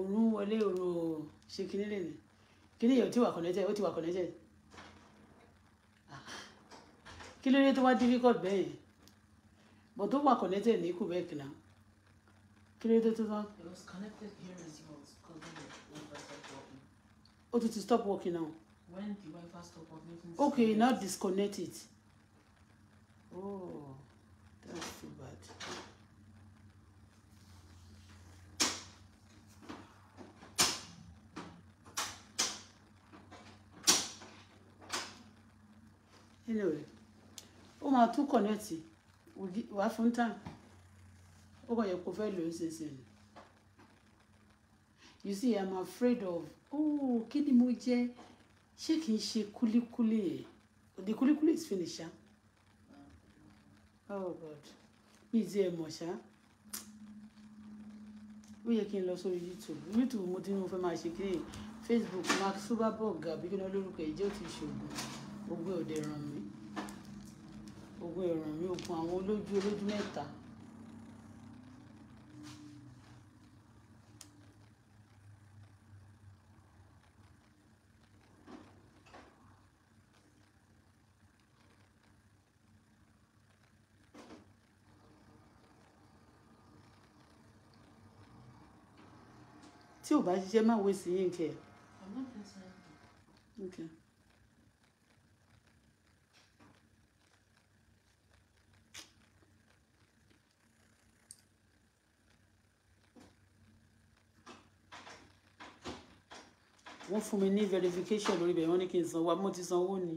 òórùn wọlé òórùn ò ṣe kíní lè ní kíní yẹn ò ti wà connected ó ti wà connected ah. kí ló dé tó wá difficult bẹ́ẹ̀ yẹn bọ̀ tó wà connected ní ikú bẹ́ẹ̀ kìnnà kí ló dé tó wá. ó tún ti stop working now. the Wi-Fi stop working. Okay, now disconnect it. Oh, that's it. anyway ó máa tún connect wá fun time ó kàn yẹ kó fẹ́ lò ó you see i'm afraid of oh kí ni mo jẹ ṣé kì í ṣe kúlíkúlí yẹn the kúlíkúlí is finished ṣá oh god mi ti ẹ mọ̀ ṣá ó yẹ kí n youtube youtube mo ti ní mo fẹ́ máa ṣe kiri facebook mark zuckerberg àbí kí ni olórúkọ ìjẹ́ ò ti ṣògùn ogbé òde ràn mí ògùn ẹ̀rùn mi ògùn àwọn olójú olójú mẹ́ta. tí ò bá ṣiṣẹ́ má wé sí yín kẹ́ ẹ̀. Okay. wọ́n fún mi ní verification lórí ibẹ̀ wọ́n ní kí n sanwó mo ti sanwó ni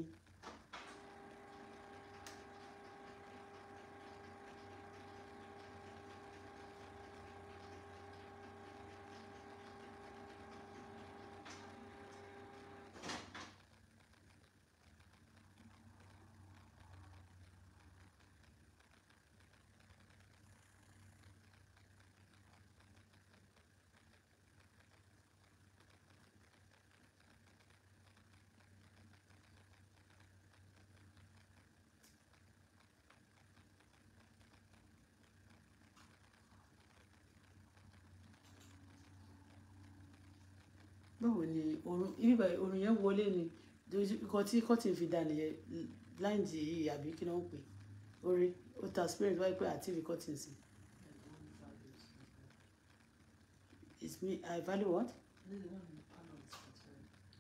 kò lè orun ibi bàyí orun yẹn wọlé ni nǹkan tí cotton fi dà nìyẹn blind yìí àbí kí ló ń pè orí ó ta spirit wáyé pé àti ibi cotton sí. it's me i value what.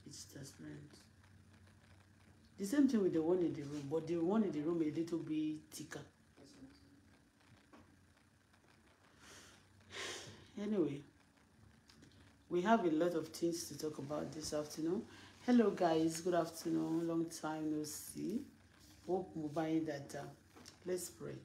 it's transparent. The same thing with the one in the room, but the one in the room a little bit thicker. Anyway we have a lot of things to talk about this afternoon hello guys good afternoon long time no see hope mo bá yín let's pray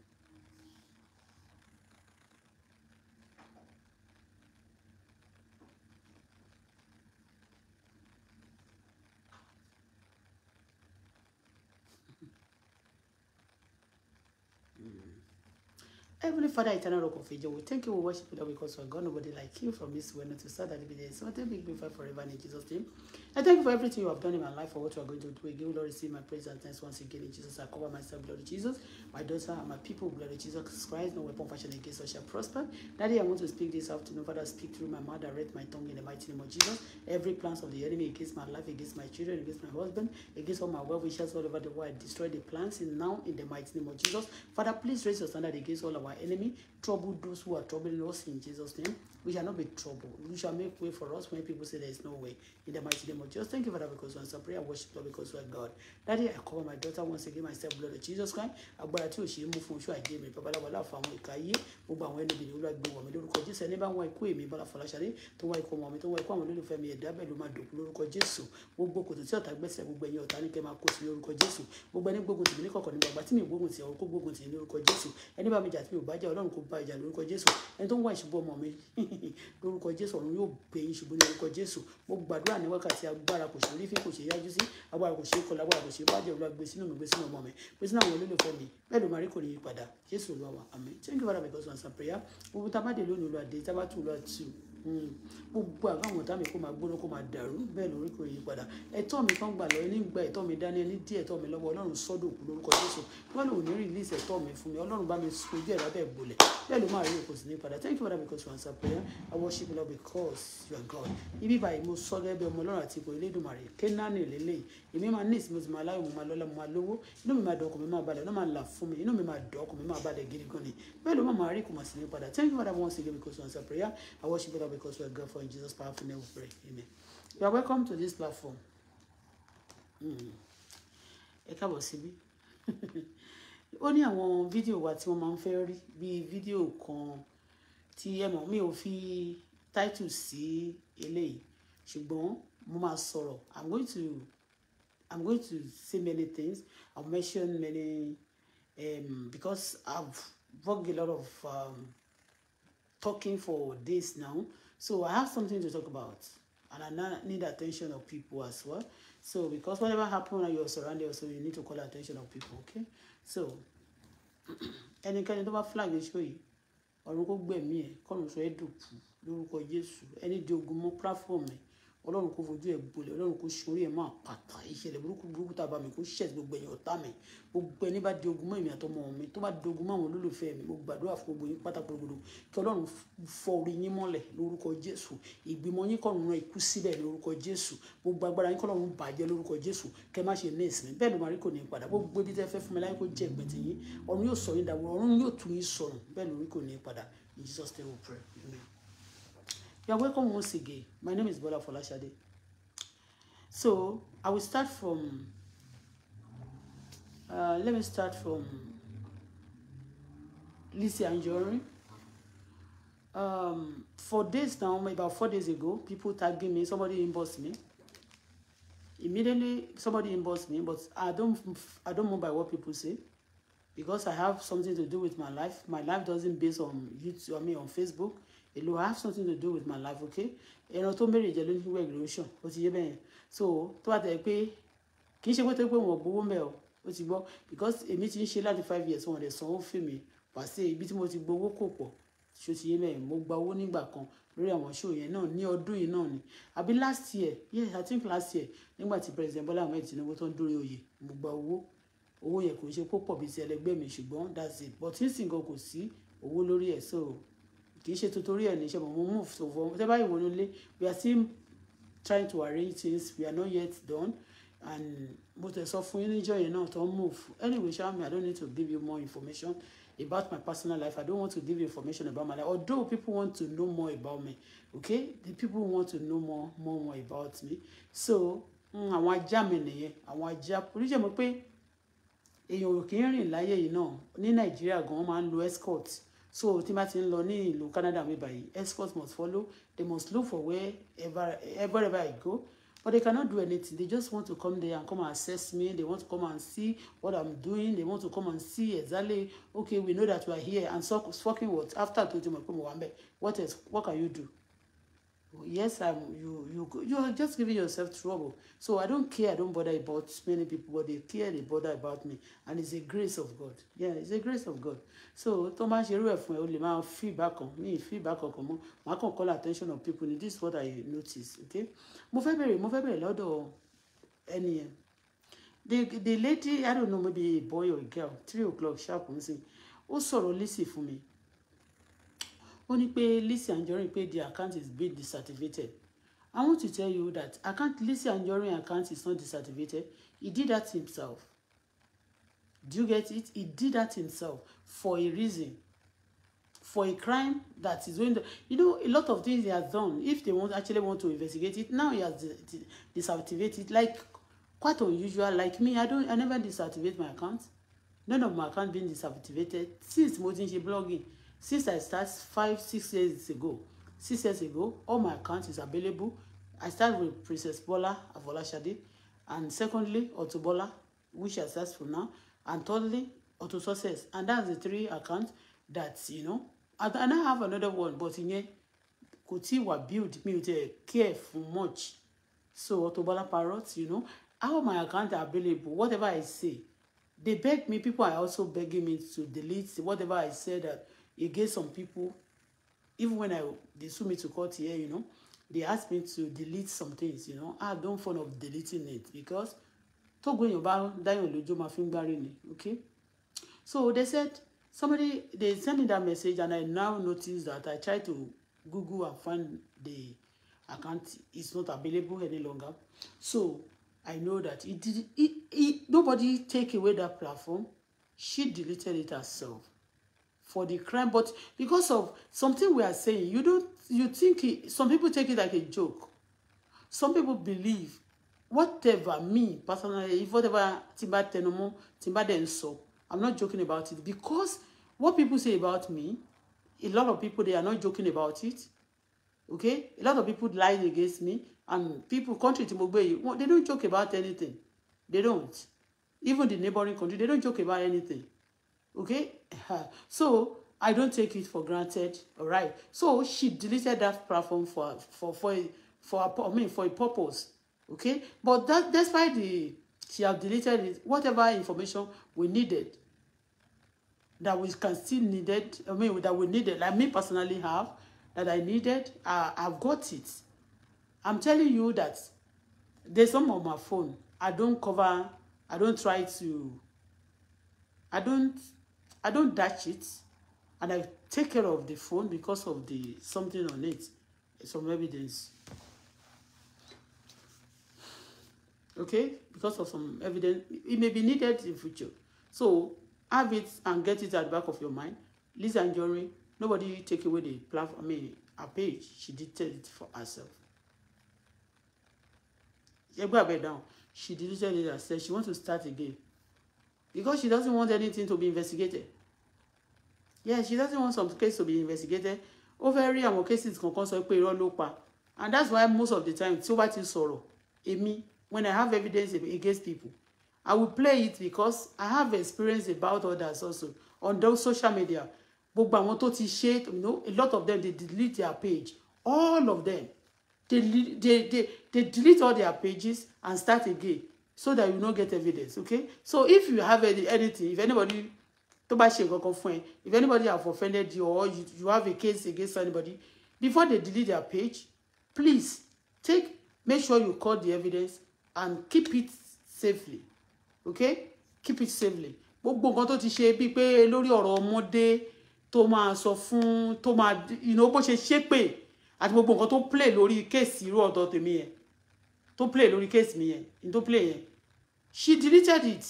Heavenly Father, eternal rock of ages, we thank you, we worship you, that because we are God, nobody like you from this world, to start that be there. So thank you, be glorified forever in Jesus' name. I thank you for everything you have done in my life, for what you are going to do again. Lord, receive my praise and thanks once again in Jesus. I cover myself, Lord Jesus, my daughter, and my people, Lord Jesus Christ. No weapon fashioned against us shall prosper. Daddy, I want to speak this afternoon. Father, speak through my mouth, direct my tongue in the mighty name of Jesus. Every plans of the enemy against my life, against my children, against my husband, against all my well wishes all over the world, destroy the plans in now in the mighty name of Jesus. Father, please raise your standard against all our enemy, trouble those who are troubling us in Jesus' name. We shall not be troubled. You shall make way for us when people say there is no way. In the mighty name of Jesus, thank you, Father, because you answer I worship Lord, because we are God. Daddy, I call my daughter once again, myself, blood of Jesus Christ. Agbára tí òṣèré mú fún oṣù àjẹ́ mi, bàbá aláwọ̀ aláfọ̀ àwọn ìka ayé, gbogbo àwọn when olúwa gbé wọ̀ mí lórúkọ Jésù ẹni bá wọn ikú èmi bọ́lá Fọláṣadé tó wá ikú ọmọ mi tó wá ikú àwọn olólùfẹ́ mi ẹ̀dá bẹ́ẹ̀ ló máa dòkú lórúkọ Jésù. Gbogbo kòtò tí ọ̀tá gbẹ́sẹ̀ gbogbo ẹ̀yin ọ̀tá ní kẹ́ you kó sí lórúkọ Jésù. Gbogbo ẹni gbógun tì mí ní kọ̀kọ̀ ní gbàgbà tí mi gbógun tì ọ̀rọ̀ kó gbógun tì ní lórúkọ Jésù. Ẹni bá mi jà tí mi bájà ọlọ́run kò bá ìjà lórúkọ jésù ẹni tó ń wá ìṣubú ọmọ mi lórúkọ jésù ọ̀run yóò gbé yín ṣubú lórúkọ jésù mo gbàdúrà ní wákàtí agbára kò ṣe rí fi ṣe yájú sí agbára kò ṣe kọlá agbára kò ṣe bájà olúwa gbé sínú mi gbé sínú ọmọ mi gbé sínú àwọn olólùfẹ́ mi bẹ́ẹ̀ ló máa rí kò ní yí jésù olúwa wa àmín thank you father because you answer prayer gbogbo àwọn ọ̀tá mi kó máa gbóná kó máa dàrú bẹ́ẹ̀ lórí kò yí padà ẹ̀tọ́ mi kan gbà lọ ẹni gba ẹ̀tọ́ mi dání ẹni díẹ̀ ẹ̀tọ́ mi lọ́wọ́ ọlọ́run sọ́dọ̀ òkú lórúkọ jésù wọn lòun ní release ẹ̀tọ́ mi fún mi ọlọ́run bá mi sojú ẹ̀rọ abẹ́ ìbolẹ̀ bẹ́ẹ̀ ló máa rí òkú sí ní padà thank you father because you answer prayer i worship you lord because you are god ibi báyìí mo sọ lẹ́bẹ̀ ọmọ ọlọ́run àti ipò elédùnmarè kénáàní lélẹ́yìí èmi máa ní ìsinmi máa láyọ̀ mo máa lọ́lá mo máa lówó inú mi máa dọ̀ ọkàn mi máa balẹ̀ inú máa là fún mi inú mi máa dọ̀ ọkàn mi máa balẹ̀ gidi gan ni bẹ́ẹ̀ ló máa thank you father once because you answer prayer i worship you lord because we're grateful in Jesus' powerful name we pray. Amen. You are welcome to this platform. Eka mm. káàbọ̀ síbí. Ó ní àwọn fídíò wa tí wọ́n máa ń fẹ́ rí bíi fídíò kan tí mi ò title C eléyìí ṣùgbọ́n mo mama sorrow. I'm going to I'm going to say many things I've mentioned many um, because I've worked a lot of um, talking for this now So I have something to talk about. And I need attention of people as well. So because whatever happened, and you're surrounded, so you need to call attention of people, okay? So ẹnikẹ́ni tó bá flag show yìí ọ̀run kó gbẹ̀mí ẹ̀ kọ́run sọ Do you lórúkọ Jésù Any di ogun mọ́ platform me ọlọ́run kò fojú ẹ̀ bolẹ̀ ọlọ́run kò ṣorí ẹ̀ máa pàtà ìṣẹ̀lẹ̀ burúkú burúkú tá a bá mi kò ṣẹ̀ gbogbo ẹ̀yìn ọ̀tá mi gbogbo ẹni bá di ogun mọ́ èmi àtọmọ mi tó bá di ogun mọ́ àwọn olólùfẹ́ mi mo gbàdúrà fún gbogbo yín pátákórogodo kí ọlọ́run fọ orí yín mọ́lẹ̀ lórúkọ jésù ìgbìmọ̀ yín kọ́ ọ̀run ikú síbẹ̀ lórúkọ jésù gbogbo agbára yín kọ́ ọ̀run bàjẹ́ lórúkọ jésù kẹ́ má ṣe ní ìsinmi bẹ́ẹ̀ ló máa rí kò ní padà gbogbo ibi tẹ́ fẹ́ fún mi láyé kó jẹ́ ìgbẹ̀tì yín ọ̀run You're welcome once again. My name is Bola Folashade. So I will start from. Uh, let me start from Lisi and Jory. Um, for days now, maybe about four days ago, people tagging me. Somebody inboxed me. Immediately, somebody inboxed me, but I don't. I don't move by what people say because I have something to do with my life. My life doesn't base on YouTube. I mean, on Facebook it will have something to do with my life okay ẹran tó mẹ́rin ìjẹ́ ló ní wẹ̀ evolution ó ti yé bẹ́ẹ̀ so tó bá tẹ̀ pé kì í ṣe pé tó pé wọ́n gbowó mẹ́ o ó ti gbọ́ because èmi ti ń ṣe láti five years wọn ò lè sanwó fún mi pàṣẹ ibi tí mo ti gbowó kò pọ̀ ṣó ti yé mẹ́rin mo gba owó nígbà kan lórí àwọn ṣó yẹn náà ní ọdún yìí náà ni àbí last year yes i think last year nígbà tí president Bola Ahmed Tinubu tó ń dórí oyè mo gba owó owó yẹn kò ṣe púpọ̀ bíi ti ẹlẹgbẹ́ mi ṣùgbọ́n that's it but nísìnyí kan kò sí owó lórí ẹ̀ so kì í ṣe tutorial ní ṣe but mo move so for tẹ́ báyìí wọnú ilé we are still trying to arrange things we are not yet done and mo tẹ̀ sọ fún yín níjọ́ yẹn náà tó ń move anyway Sawumi I don't need to give you more information about my personal life. I don't want to give information about my life. Although people want to know more about me, okay? The people want to know more, more, more about me. So, hmm, àwọn ajá mi nìyẹn, àwọn ajá. Oríṣi mi pé èèyàn ò kí ń rìn láyé yìí náà ní Nàìjíríà gan-an máa ń lo escort so tí bá ti ń lọ ní ìlú Canada mi báyìí escort must follow they must look for where ever ever I go but they cannot do anything they just want to come there and come and assess me they want to come and see what i'm doing they want to come and see exactly okay we know that we are here and so fucking what after i told you my promo what else what can you do yes i'm you you you are just giving yourself trouble so i don't care i don't bother about many people but they care they bother about me and it's a grace of god yeah it's a grace of god so Thomas, máa ń ṣerú on me feedback on me. I can call attention of people this is what i notice okay mo fẹ́ bèrè mo fẹ́ bèrè lọ́dọ̀ the the lady i don't know maybe a boy or a girl three o'clock sharp n sin ó sọ̀rọ̀ lisi fún mi ó ní pé Lizzy Anjorin pé the account is being deactivated I want to tell you that account Lizzy Anjorin account is not deactivated he did that himself do you get it he did that himself for a reason for a crime that is going to you know a lot of things he has done if they want actually want to investigate it now he has deactivated like quite unusual like me i don't i never deactivate my account none of my account been deactivated since mo ti ń ṣe blogging Since I start five, six years ago, six years ago, all my accounts is available. I start with Princess Bola Avola Shadi, and secondly, Auto which I start from now, and thirdly, Auto Success. And that's the three accounts that, you know, and, and I have another one, but in here, wa build me ò tiẹ̀ care for much so Auto parrots, you know all my accounts are available whatever I say they beg me people are also begging me to delete whatever I said that against some people. Even when I they sue me to court here, you know, they asked me to delete some things, you know. I don't fun of deleting it because Togo Yoba Dayon Lojo Mafimbarini, okay? So they said somebody they sent me that message and I now notice that I tried to Google and find the account is not available any longer. So I know that it did it, it nobody take away that platform. She deleted it herself for the crime. But because of something we are saying, you don't you think it, some people take it like a joke. Some people believe whatever me personally, if whatever Timba Tenomo, Timba Denso, I'm not joking about it because what people say about me, a lot of people they are not joking about it. Okay, a lot of people lying against me, and people country Timogbe, they don't joke about anything. They don't. Even the neighboring country, they don't joke about anything. Okay, so I don't take it for granted. All right. So she deleted that platform for for for for a, I mean for a purpose. Okay. But that that's why the she have deleted it, whatever information we needed that we can still needed. I mean that we needed. Like me personally have that I needed. Uh, I've got it. I'm telling you that there's some on my phone. I don't cover. I don't try to. I don't I don't dash it. And I take care of the phone because of the something on it, some evidence. Okay? Because of some evidence. It may be needed in future. So have it and get it at the back of your mind. Lisa and Jory, nobody take away the platform. I mean, her page. She deleted it for herself. Egbabe down. She deleted it herself. She wants to start again. Because she doesn't want anything to be investigated. Yes, she doesn't want some case to be investigated ó fẹ́ rí àwọn cases kankan sọ pé irọ́ ló pa and that's why most of the time tí ó bá ti sọ̀rọ̀ èmi when I have evidence against people I will play it because I have experience about others also on those social media gbogbo àwọn tó ti ṣe you know a lot of them they delete their page all of them they they they, they delete all their pages and start again so that you no get evidence okay so if you have any, anything if anybody To bá ṣe nǹkan kan fún ẹ if anybody have offended you or you, you have a case against anybody before they delete their page please take make sure you call the evidence and keep it safely okay keep it safely gbogbo nǹkan tó ti ṣe bíi pé lórí ọ̀rọ̀ ọmọdé tó máa sọ fún tó máa ìnáwó bó ṣe ṣépè àti gbogbo nǹkan tó play Lori case irú ọ̀dọ̀ tèmi yẹn To play Lori case mi yẹn ní tó play yẹn she deleted it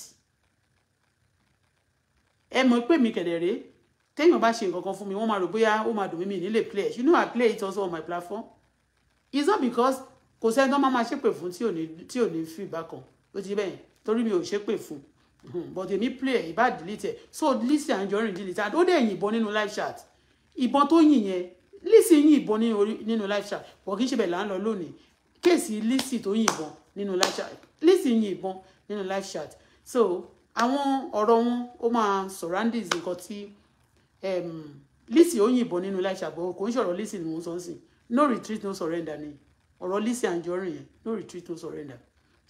ẹ mọ̀ pé mi kẹ̀dẹ̀ rèé téèyàn bá ṣe nǹkan kan fún mi wọ́n máa rò bóyá ó máa dùn mí mi nílé play you know I play it also on my platform it's not because kò sẹ́ni tó máa máa ṣépè fún tí ò ní tí ò ní fi ìbákan ó ti bẹ́ẹ̀ torí mi ò ṣépè fún hmm, but èmi play ẹ̀ ìbá delete ẹ̀ so Lizzy Anjorin delete and ó dẹ̀ yìnbọn nínú live chat ìbọn tó yìn yẹn Lizzy yìnbọn nínú live chat wọ́n kì í ṣe bẹ̀ là ń lọ lónìí kéèsì Lizzy tó yìnbọn nínú live chat Lizzy yìnbọn nínú live chat so àwọn ọ̀rọ̀ wọn ó máa surroundings nǹkan tí Lizzy ó yìnbọn nínú láìsàgbọ́ kò ń ṣọ̀rọ̀ Lizzy ni mo sọ sí no retreat no surrender ni ọ̀rọ̀ Lizzy Anjorin yẹn no retreat no surrender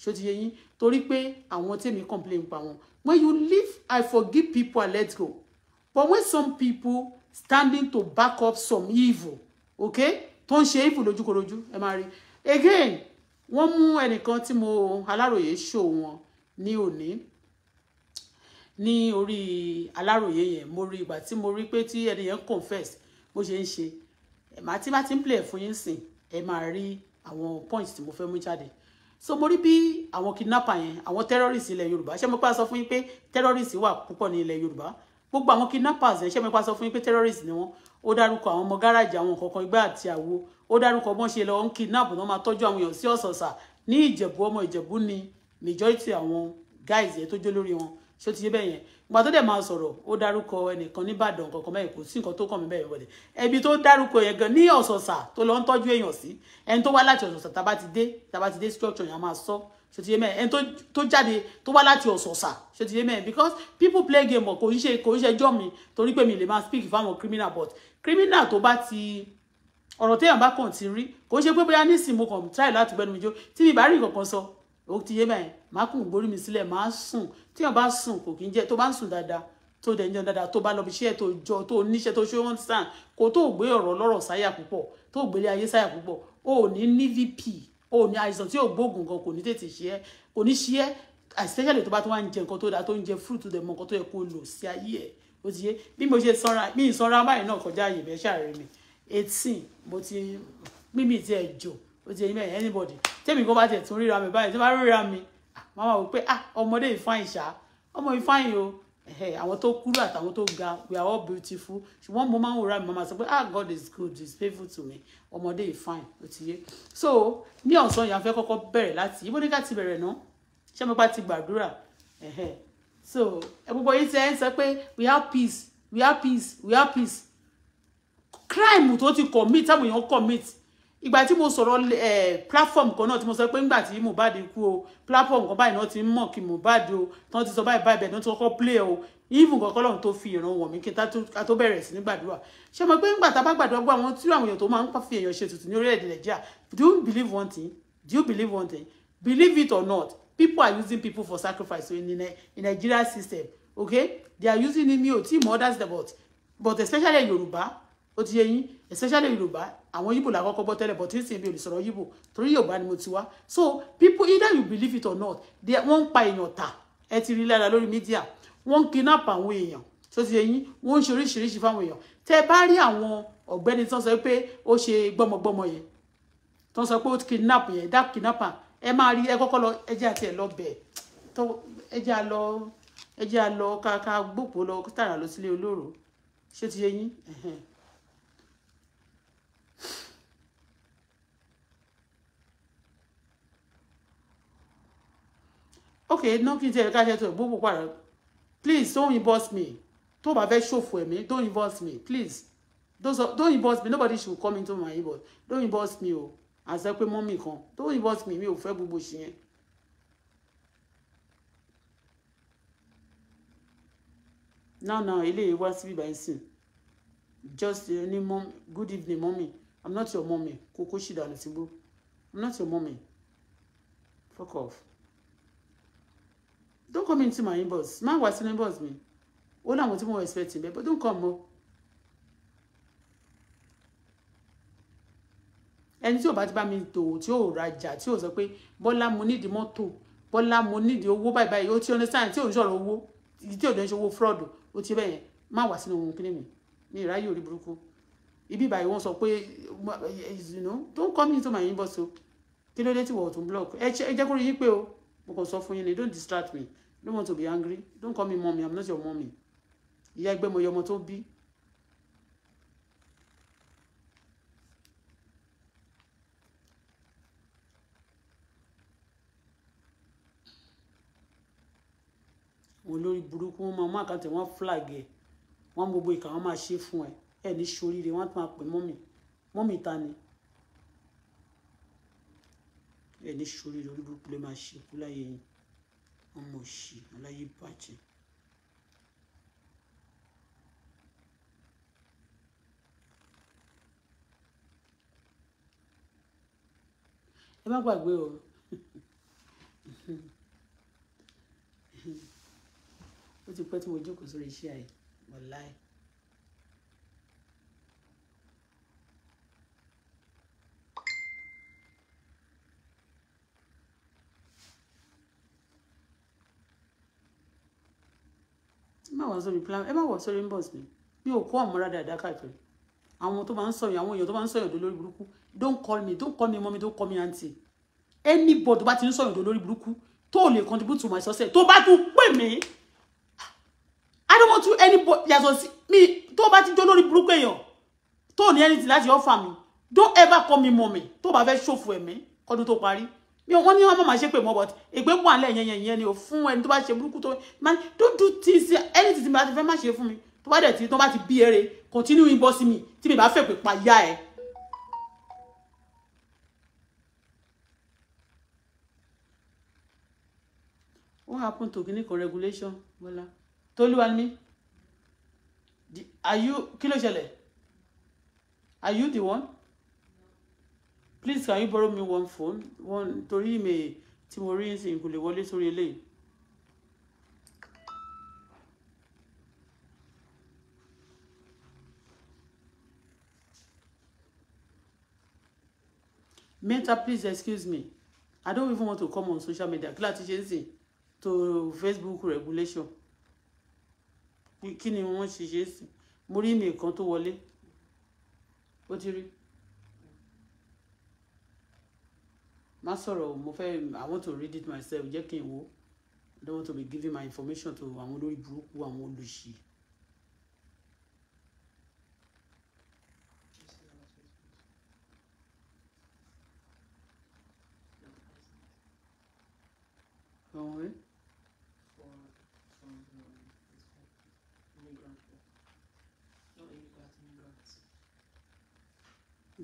ṣó ti yé yín torí pé àwọn tèmi complain pa wọn when you leave I forgive people and let go but when some people standing to back up some evil okay tó ń ṣe evil lójúkorojú ẹ máa rí again wọ́n mú ẹnìkan tí mo aláròye show wọn ní òní ní orí aláròye yẹn mo rí ìgbà tí mo rí pé tí ẹni yẹn confess bó ṣe ń ṣe ẹ̀mà tí bá ti ń play fún yín sìn ẹ máa rí àwọn points tí mo fẹ́ mú jáde so mo rí bí àwọn kidnapper yẹn àwọn terrorists ilẹ̀ yorùbá ṣé mo pa sọ fún yín pé terrorists wà púpọ̀ ní ilẹ̀ yorùbá gbogbo àwọn kidnappers ẹ ṣe mi pa sọ fún yín pé terrorists ni wọn ó dárúkọ àwọn ọmọ gáràjì àwọn nǹkan kan igbá àti àwo ó dárúkọ bọ́n ṣe lọ ń kidnap wọn máa tọ́jú àwọn èèyàn sí ọ̀sọ̀ọ̀sà ní ìjẹ̀bú ọmọ ìjẹ̀bú ni majority àwọn guys yẹn tó jó lórí wọn ṣó ti yé bẹ́ẹ̀ yẹn ìgbà tó dẹ̀ máa sọ̀rọ̀ ó dárúkọ ẹnìkan nìbàdàn kankan bẹ́ẹ̀ kò sí nǹkan tó kàn mí bẹ́ẹ̀ wọlé ẹbí tó dárúkọ yẹn gan ní ọ̀sọ̀ọ̀sà tó lọ ń tọ́jú èèyàn sí ẹni tó wá láti ọ̀sọ̀ọ̀sà tá a bá ti dé tá a bá ti dé structure yẹn a máa sọ ṣó ti yé mẹ́ẹ̀ ẹni tó jáde tó wá láti ọ̀sọ̀ọ̀sà ṣó ti yé mẹ́ẹ̀ because people play game kò ń ṣe kò ń ṣe jọ́ mi torí pé mi lè máa speak criminal but criminal tó bá ti ọ̀rọ̀ téèyàn bá kàn ti rí try láti gbẹnu mi jó tí mi bá máa kù gbórí mi sílẹ̀ máa sùn tíyàn bá sùn kò kí ń jẹ́ tó bá ń sùn to tó dẹ̀ ń jẹun dáadáa tó bá lọ bí iṣẹ́ tó jọ tó níṣẹ́ tó ṣe wọ́n sàn kó tó gbé ọ̀rọ̀ lọ́rọ̀ sáyà púpọ̀ tó gbélé ayé sáyà púpọ̀ o ò ní vp o ò ní àìsàn tí ò gbóògùn gan kò ní tètè ṣe é kò especially tó bá tó wá ń jẹ nǹkan tó dáa tó fruit tó dẹ̀ mọ nǹkan tó yẹ kó lò sí ayé ẹ̀ ó ti yé bí mo ṣe sanra mi ìsanra báyìí náà kọjá àyè bẹ́ẹ̀ ṣàárẹ̀ mi eighteen mo ti mímì tí ẹ jò ó ti yẹ anybody tẹ́mi kan bá tẹ̀ tún ríra mi báyìí tí bá ríra mi màmá wò pé ah ọmọdé ìfáyín ṣá ọmọ ìfáyín o àwọn tó kúrú àtàwọn tó ga we are all beautiful ṣùgbọ́n mo máa ń wòrà mi màmá sọ pé ah God is good he is faithful to me ọmọdé ìfáyín ó ti yé so ní ọ̀sán yẹn a fẹ́ kọ́kọ́ bẹ̀rẹ̀ láti ibo ní ká ti bẹ̀rẹ̀ náà ṣé mo bá ti gbàdúrà so gbogbo yìí ti ẹ ń sọ pé we have peace we have peace we have peace crime tó ti commit táwọn èèyàn commit ìgbà tí mo sọ̀rọ̀ platform kan náà tí mo sọ pé ńgbà tí Mohbad kú o platform kan báyìí náà ti ń mọ̀ kí Mohbad o tán ti sọ báyìí báyìí bẹ̀ẹ̀ náà ti kọ́kọ́ play o even kankan lọ́run tó fi ìran wọ̀n mí kí n ta tó bẹ̀rẹ̀ sí ní gbàdúrà ṣe mọ̀ pé ńgbà tá bá gbàdúrà gbọ́ àwọn tí àwọn èèyàn tó máa ń fi èèyàn ṣe tuntun ní orílẹ̀-èdè Nàìjíríà do you believe one thing do you believe one thing believe it or not people are using people for sacrifice in in Nigeria system okay they are using me o tí mo others about but especially Yorùbá ó ti yé yín especially yorùbá àwọn yìbò la kọ́kọ́ gbọ́ tẹ́lẹ̀ but nísìnyí mi ò lè sọ̀rọ̀ yìbò torí yorùbá ni mo ti wá so people either you believe it or not they wọ́n ń pa èèyàn ta ẹ ti rí lára lórí mídíà wọ́n ń kidnap àwọn èèyàn tó ti yẹyìn wọ́n ń ṣe oríṣiríṣi fáwọn èèyàn tẹ́ bá rí àwọn ọ̀gbẹ́ni tó ń sọ pé ó ṣe gbọ́mọgbọ́mọ yẹn tó ń sọ pé ó kidnap yẹn that kidnapper ẹ máa rí ẹ kọ́kọ́ lọ ẹ jẹ́ àti ẹ lọ bẹ̀ tó ẹ jẹ́ à lọ ẹ jẹ́ à lọ ká ká gbòpó lọ tààrà lọ sílé olóró ṣé ti yẹyìn okay no kí n tiẹ̀ ká to tó gbogbo pàrọ̀ please don't involve me tó bá show for me. don't involve me please don't involve me nobody should come into my inbox don't involve me oh. As pé mọ́mì kan don't involve me mi ò fẹ́ gbogbo ṣe yẹn. now now eléyìí wá síbí by sìn just uh, eh, mom good evening mommy i'm not your mommy kókó ṣì dànù sígbó i'm not your mommy fuck off don't come into my inbox má wá sínú inbox me? All láwọn tí mo expect bẹ́ẹ̀ but don't come o. And tí bad bá ti bá mi tò tí ò rajà tí ò money the motto. mo nídìí mọ́tò bọ́lá mo by owó báyìí understand tí ò ń sọ̀rọ̀ owó tí ò dẹ̀ ń ṣe owó fraud ó ti bẹ́ẹ̀ yẹn má wá sínú ohun kíní mi mi ìráyè orí burúkú ibi ìbàyè wọn sọ pé you know don't come into my inbox o kí ló dé tí wọ́n block ẹ jẹ́ kó rí yín pé o mo kàn sọ fún yín don't distract me don't want to be angry don't call me mommy i'm not your mommy ìyá ẹgbẹ́ mo yọ ọmọ tó bí. wọn lórí burúkú wọn mama. mú àkàtẹ wọn flag ẹ wọn gbogbo ìkà wọn máa ṣe fún ẹ ẹ ní ṣoríire wọn máa mommy. Mommy, tani. ta ni ẹ ní ṣoríire orí burúkú lè máa ṣe ọmọ òṣì aláyé bàjẹ́. ẹ má gbàgbé o ó ti pẹ́ tí mo jókòó sórí iṣẹ́ àì wọ̀láì. ẹ má wà sórí plan ẹ má wà sórí inbox mi mi ò kó àmúra dáadáa káàkiri àwọn tó máa ń sọyàn àwọn èèyàn tó máa ń sọyàn lórí buruku. don't call me don't call me mommy don't call me aunty anybody tó bá ti ń sọyàn lórí burúkú tó lè contribute to my success tó bá tún pè mí i don't want to anybody yàtọ̀ sí mi tó bá ti jó lórí burúkú èèyàn tó ní anything láti offer mi don't ever call me mommy tó bá fẹ́ ṣòfò ẹ̀mí kọ́dún to parí mi ò wọ́n ní wọn máa ṣe pé mo but ègbé wà yen yen yen ni ò fún ẹni tó bá ṣe burúkú tó máa don't do things anything tí mo bá ti fẹ́ má ṣe fún mi to bá dẹ̀ tí tó bá ti bí eré continue in bọ́ mi tí mi bá fẹ́ pé pa yá ẹ̀. what happened to guinea con regulation Bọ́lá tolúwa ni are you kilo ló are you the one please can you borrow me one phone one torí mi tí mo rí sí kò lè wọlé sórí eléyìí. mentor please excuse me i don't even want to come on social media kí láti ṣe ń to facebook regulation kí ni wọ́n ṣe ṣe ń sìn mo rí mi kan tó wọlé ó ti rí. má sọ̀rọ̀ mo fẹ́ i want to read it myself jẹ́ kí n wo i don't want to be giving my information to àwọn olórí burúkú àwọn olùsì. Oh, eh?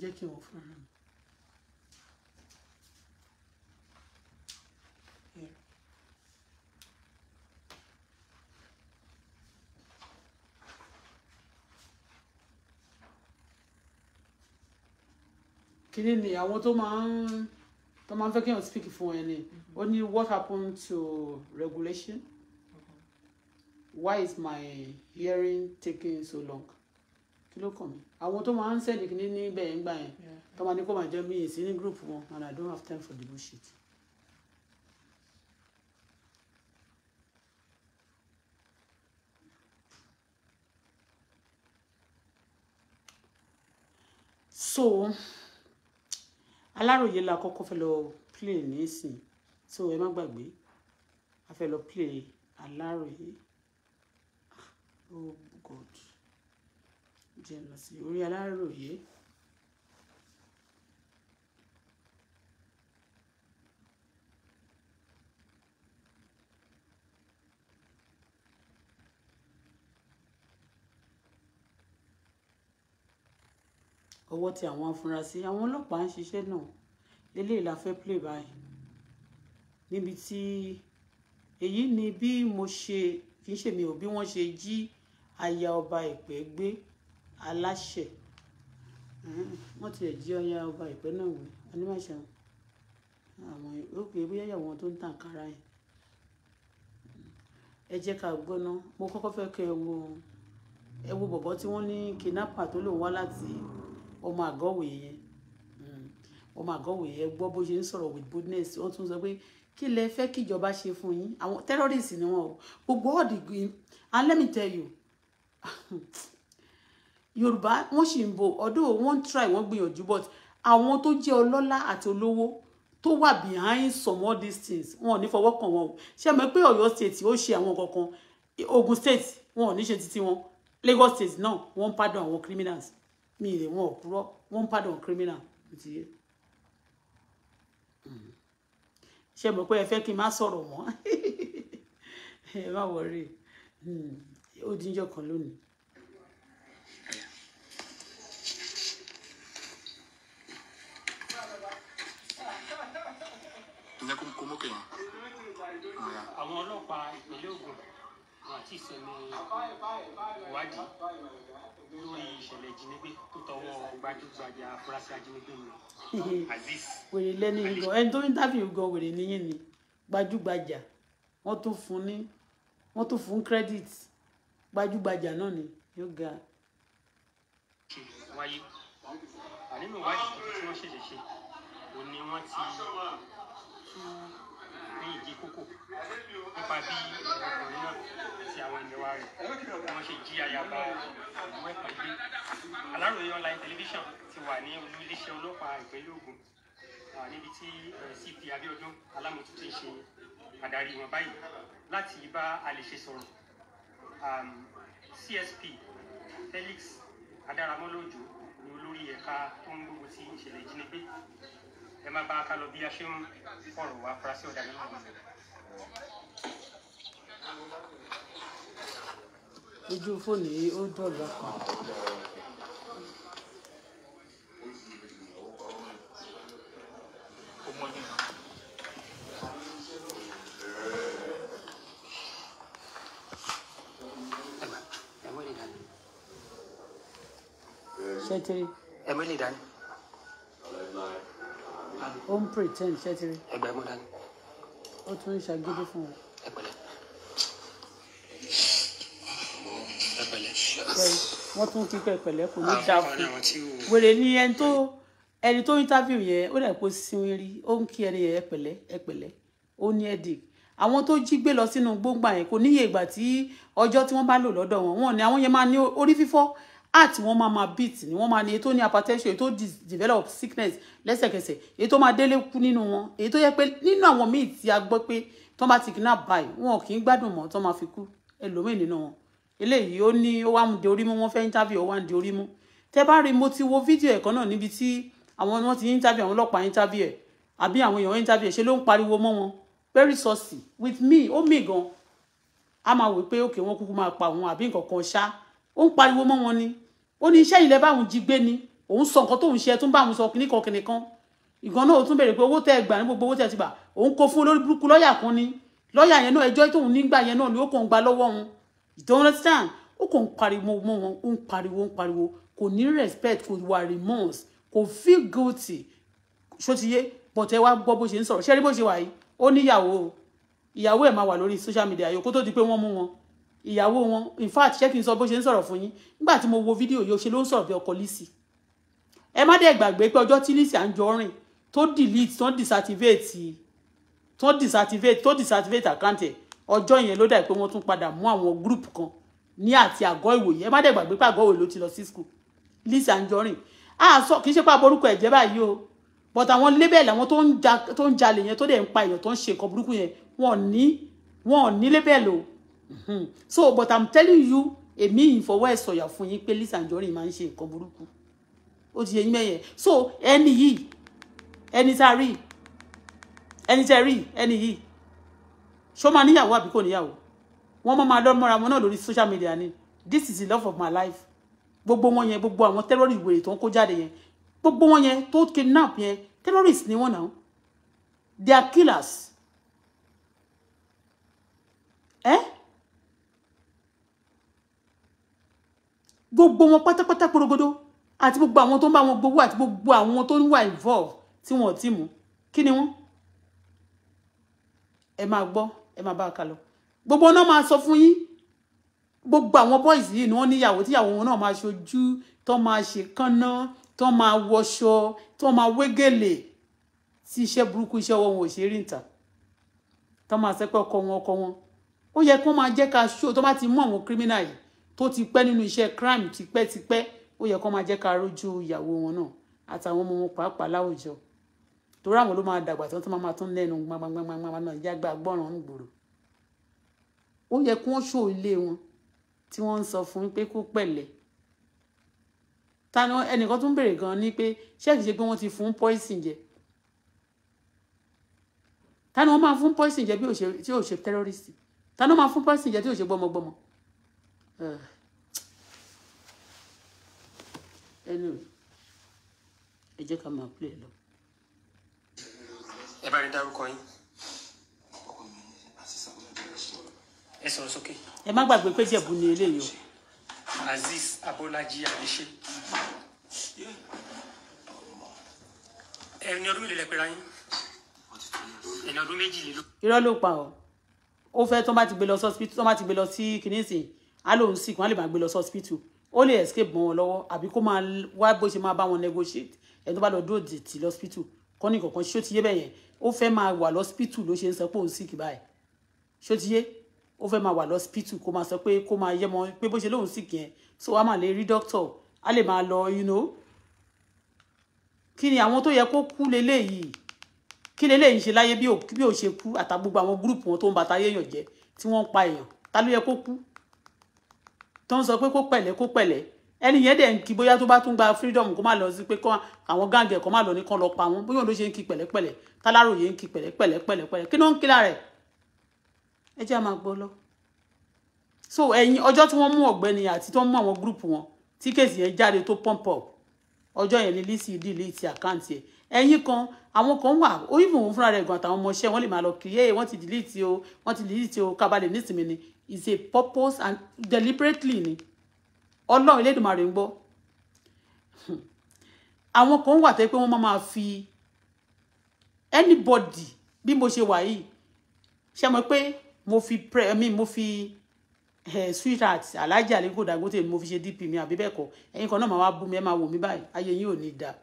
jẹ́ kí wọ́n fún ara kíní ni àwọn tó máa ń tó máa ń fẹ́ kí èèyàn speak fún ẹ ni mm-hmm. ó ní what happened to regulation why is my hearing taking so long kí ló kàn mí àwọn tó máa ń sẹ́ni kíní ní bẹ́ẹ̀ ń gbà yẹn tó máa ní kó máa jẹ́ mí ìsí ní group wọn and I don't have time for the bullshit. So aláròye la kọ́kọ́ fẹ́ lọ play nísìn so ẹ má gbàgbé a fẹ́ lọ play aláròye ah, oh god jẹ́ lọ sí orí aláròye. ọwọ́ tẹ àwọn afurasí àwọn ọlọ́pàá ń ṣiṣẹ́ náà lélẹ́yìí la fẹ́ play báyìí níbi tí èyí ni bí mo ṣe kì í ṣe mi ò bí wọ́n ṣe jí aya ọba ìpẹ́ gbé aláṣẹ wọ́n tiẹ̀ jí aya ọba ìpẹ́ náà wẹ̀ onímọ̀ṣẹ́ àwọn òkè bóyá ìyàwó wọn tó ń tàn kára yẹn ẹ jẹ́ ká gbọ́ná mo kọ́kọ́ fẹ́ kẹ́ ẹ wo ẹ wo bọ̀bọ́ tí wọ́n ní kidnapper tó lòun wá láti ọmọ àgọ́wé yẹn ọmọ hmm. àgọ́wé yẹn gbọ́ bó ṣe ń sọ̀rọ̀ with boldness wọ́n tún sọ pé kí lẹ fẹ́ kíjọba ṣe fún yín àwọn terrorist ni wọn o gbogbo all the and let me tell you yorùbá wọ́n sì ń bo ọdún wọ́n try wọ́n gbìyànjú but àwọn tó jẹ́ ọlọ́lá àti olówó tó wà behind some all these things wọn ò ní fọwọ́ kàn wọn o ṣe mọ̀ pé ọ̀yọ́ state ó ṣe àwọn kankan ogun state wọn ò ní ṣe títí wọn lagos state náà wọ́n ń pardon àwọn criminals mi ì lè wọn ò kúrò wọn ń pardon criminal mo ti yé hmm. ṣe mọ̀ pé ẹ fẹ́ kí n má sọ̀rọ̀ mọ́ ẹ má wọrí hmm. ó díjọ́ kan lónìí. àwọn ọlọ́pàá ìpínlẹ̀ Ògùn wọn àti ìsinmi ìwádìí lórí ìṣẹ̀lẹ̀ ìjínigbé tó tọwọ́ gbajúgbajà afurasí ajínigbé mi Azeez. wèrè lẹ́ni gan ẹni tó ń dábìí gan wèrè níyìn ni gbajúgbajà wọ́n tún fún ní wọ́n tún fún credit gbajúgbajà náà ni yóò ga. wáyé nínú ìwádìí tuntun tí wọ́n ṣẹ̀ṣẹ̀ ṣe òní wọ́n ti tú ní ìdí kókò nípa bí ọkùnrin náà àti àwọn ìyẹwà rẹ̀ wọ́n ṣe jí ayaba wẹ́pẹ̀ gbé aláròye online television ti wà ní olú iléeṣẹ́ ọlọ́pàá ìpínlẹ̀ Ògùn níbi tí CP Abíọ́dún Alámòtú ti ń ṣe adarí wọn báyìí láti bá a lè ṣe sọ̀rọ̀ um, CSP Felix Adaramọ́lójó ni olórí ẹ̀ka tó ń gbógun ti ìṣẹ̀lẹ̀ ìjínigbé ẹ má bá a ká lọ bí a ṣe ń fọ̀rọ̀ wá afurasí ọ̀daràn náà ojú fóònù yìí ó dọ̀gba kan. ṣé tiri àbí. ó ń pretend ṣé ti rí. ẹgbẹ́ mú dání. ó tún ń ṣàgídí fún wa. ẹ pẹ̀lẹ́. ẹ pẹ̀lẹ́. wọ́n tún kí pẹ̀lẹ́ kò ní dáa fún wèrè ni ẹni tó ẹni tó interview yẹn ó dàgbò sinwin rí ó ń kí ẹni yẹn ẹ pẹ̀lẹ́ ẹ pẹ̀lẹ́ ó ní ẹ̀dì àwọn tó jí gbé lọ sínú gbóngbà yẹn kò níye ìgbà tí ọjọ́ tí wọ́n bá lò lọ́dọ̀ wọn wọn ni àwọn yẹn máa ní orí fífọ́ heart wọn máa máa beat ni wọ́n máa ní èyí tó ní hypertension èyí tó develop sickness lẹ́sẹ̀kẹsẹ̀ èyí tó máa délé kú nínú wọn èyí tó yẹ pé nínú àwọn míì tí a gbọ́ pé tó máa ti kidnap báyìí wọn kì í gbádùn mọ́ tó máa fi kú ẹlòmíì nínú wọn eléyìí ó ní ó wá ń orí mú wọ́n fẹ́ interview ó wá ń di orí mú tẹ́ bá rí mo ti wo fídíò ẹ̀kan náà níbi tí àwọn wọn ti interview àwọn ọlọ́pàá interview ẹ̀ àbí àwọn èèyàn interview ẹ̀ ṣe ló ń pariwo mọ́ wọn very saucy with me ó mì gan a máa wò pé òkè wọn kúkú máa pa òun àbí nǹkan kan ṣá ó ń pariwo mọ́ wọn ni ó ní iṣẹ́ ìlẹ́ báwọn jí gbé ni òun sọ nǹkan tóun ṣe ẹ tún báwọn sọ kìnnìkan kìnnìkan ìgbọ́n náà ó tún bèrè pé owó tẹ́ ẹ gbà ní gbogbo owó tẹ́ ti gbà òun kó fún olórí burúkú lọ́ọ̀yà kan ni lọ́ọ̀yà yẹn náà ẹjọ́ tóun nígbà yẹn náà ni ó kàn gba lọ́wọ́ wọn don't understand ó kàn ń pariwo mọ́ wọn ó ń pariwo ń pariwo kò ní respect kò wà remorse kò feel guilty ṣótiyé bọ̀tẹ́ wá gbọ́ bó ṣe ń sọ̀rọ̀ ṣẹ́rí bó ṣe wà yìí ó níyàwó ìyàwó ẹ̀ máa wà lórí social media yòókó tó di pé wọ́n mú wọn ìyàwó wọn in fact ṣé kí n sọ bó ṣe ń sọ̀rọ̀ fún yín nígbà tí mo wo fídíò yìí ó ṣe ló ń sọ̀rọ̀ bí ọkọ Lizzy ẹ má dẹ̀ gbàgbé pé ọjọ́ tí Lizzy Anjorin tó delete tó deactivate tó deactivate tó deactivate account ẹ̀ ọjọ́ yẹn ló dà pé wọ́n tún padà mú àwọn group kan ní àti àgọ́ ìwòye ẹ má dẹ̀ gbàgbé pé àgọ́ ìwòye ló ti lọ sí school Lizzy Anjorin a sọ kì í ṣe pa borúkọ ẹ̀jẹ̀ báyìí o but àwọn label àwọn tó ń jalè yẹn tó dẹ̀ ń pa èèyàn tó ń ṣe nǹkan burúkú yẹn wọn ní wọn ní label o Hmm. so but i'm telling you èmi ìfọwọ́ ẹ̀ sọ̀yà fún yín pé Lizzy Anjorin máa ń ṣe nǹkan burúkú ó ti yẹ yín so ẹni yìí ẹni tá a rí ẹni tẹ́ rí ẹni yìí ṣó máa níyàwó àbí kò níyàwó wọ́n máa máa lọ mọ́ra wọn náà social media ni this is the love of my life gbogbo wọn yẹn gbogbo àwọn terrorist wey tó ń kó jáde yẹn gbogbo wọn yẹn tó kidnap yẹn terrorist ni wọn náà they are killers. Eh? gbogbo wọn pátápátá porogodo àti gbogbo àwọn tó ń bá wọn gbowó àti gbogbo àwọn tó ń wà involve tí wọn ò tí mú kí ni wọn ẹ máa gbọ́ ẹ máa bá a kà lọ gbogbo náà máa sọ fún yín gbogbo àwọn boys yìí ni wọ́n níyàwó tíyàwó wọn náà máa ṣojú tó máa ṣe kánná tó máa wọṣọ tó máa wégèlè tí iṣẹ́ burúkú iṣẹ́ ọwọ́ wọn ò ṣe rí níta tó máa sẹ́pẹ́ ọkọ wọn ọkọ wọn ó yẹ kó máa jẹ́ ká ṣó tó bá ti mú àwọn kírímínà yìí tó ti pẹ́ nínú iṣẹ́ crime tipẹ́tipẹ́ ó yẹ kó máa jẹ́ ká rójú ìyàwó wọn náà àtàwọn ọmọ wọn pàápàá láwùjọ torí àwọn ló máa dàgbà tí wọ́n tún máa tún lẹ́nu gbangbangbangba náà yágbá gbọ́ràn ń gbòòrò ó yẹ kí ṣó ilé wọn tí wọ́n ń sọ fún pé kó pẹ̀lẹ́ tani ẹnìkan tún béèrè gan ni pé ṣẹ́ẹ̀kì ṣe pé wọ́n ti fún poison jẹ tani wọ́n máa fún poison jẹ bí tí ò ṣe terrorist tani wọ́n máa fún poison jẹ tí ò ṣe gbọmọgbọmọ. Uh. anyway ẹ jẹ́ ká máa play lọ. ẹ bá rí dárúkọ yín. ẹ sọ̀rọ̀ sókè. ẹ má gbàgbé pé jẹ̀bú ni eléyìí o. Azeez Abolaji Adéṣe. ẹni ọdún mélòó lẹ yín ẹni ọdún méjìlélógún. irọ́ ló pa ọ́ ó fẹ́ tó bá ti gbé lọ sí kìnìún sìn á lóun sì kó wọ́n lè bá gbé lọ sí ó lè escape mọ́ wọn lọ́wọ́ àbí kó máa wá bó ṣe máa bá wọn negotiate ẹni tó bá lọ dúró dì tì lọ́spítù kọ́ ní kọ̀ọ̀kan ṣó ti yé bẹ́yẹn ó fẹ́ máa wà lọ́spítù ló ṣe ń sọ pé òun sick báyìí ṣó ti yé ó fẹ́ máa wà lọ́spítù kó máa sọ pé kó máa yẹ mọ́ pé bó ṣe lóun sick yẹn so wàá máa lè rí doctor á lè máa lọ you know kí ni àwọn tó yẹ kó kú leléyìí kí leléyìí ṣe láyé bí ò ṣe kú àtàgbogbo àwọn gúrùpù wọn tó ń bàtà yéèyàn jẹ tí wọ́n pa èèyàn ta ló yẹ kó kú tó ń sọ pé kó pẹ̀lẹ́ kó pẹ̀lẹ́ ẹni yẹn dẹ̀ ń kí bóyá tó bá tún gba freedom kó má lọ sí pé àwọn gáàngẹ̀ kan má lọ ní kan lọ pa wọn bóyá ló ṣe ń kí pẹ̀lẹ́pẹ̀lẹ́ táláròyé ń kí pẹ̀lẹ́pẹ̀lẹ́ pẹ̀lẹ́pẹ̀lẹ́ kí ló ń kí lára ẹ jẹ́ àmà gbọ́ lọ. so ẹ̀yin ọjọ́ tí wọ́n mú ọ̀gbẹ́ni àti tó ń mú àwọn gúrùpù wọn tí kéèsì yẹn jáde tó pump up ọjọ́ yẹn ni Lizzy delete account yẹn ẹ̀yin kan àwọn kan wà ó yìnbọn fúnra rẹ̀ gan àtàwọn ọmọọṣẹ́ wọn lè máa lọ kiri ẹ̀ wọ́n ti delete o wọ́n ti delete o kábàlẹ̀ nísìnyí ni is a purpose and deliberately ni ọlọ́run Elédùmarè ń gbọ́ àwọn kan wà tẹ́ pé wọ́n máa fi anybody bí mo ṣe wà yìí ṣe mọ̀ pé mo fi pre mi mo fi eh, sweetheart alájà lẹ́kọ̀ọ́ Dangote mo fi ṣe dp mi àbí bẹ́ẹ̀ kọ́ ẹ̀yin kan náà máa wá bú mi ẹ̀ máa wò mí báyìí ayé yín ò ní dáa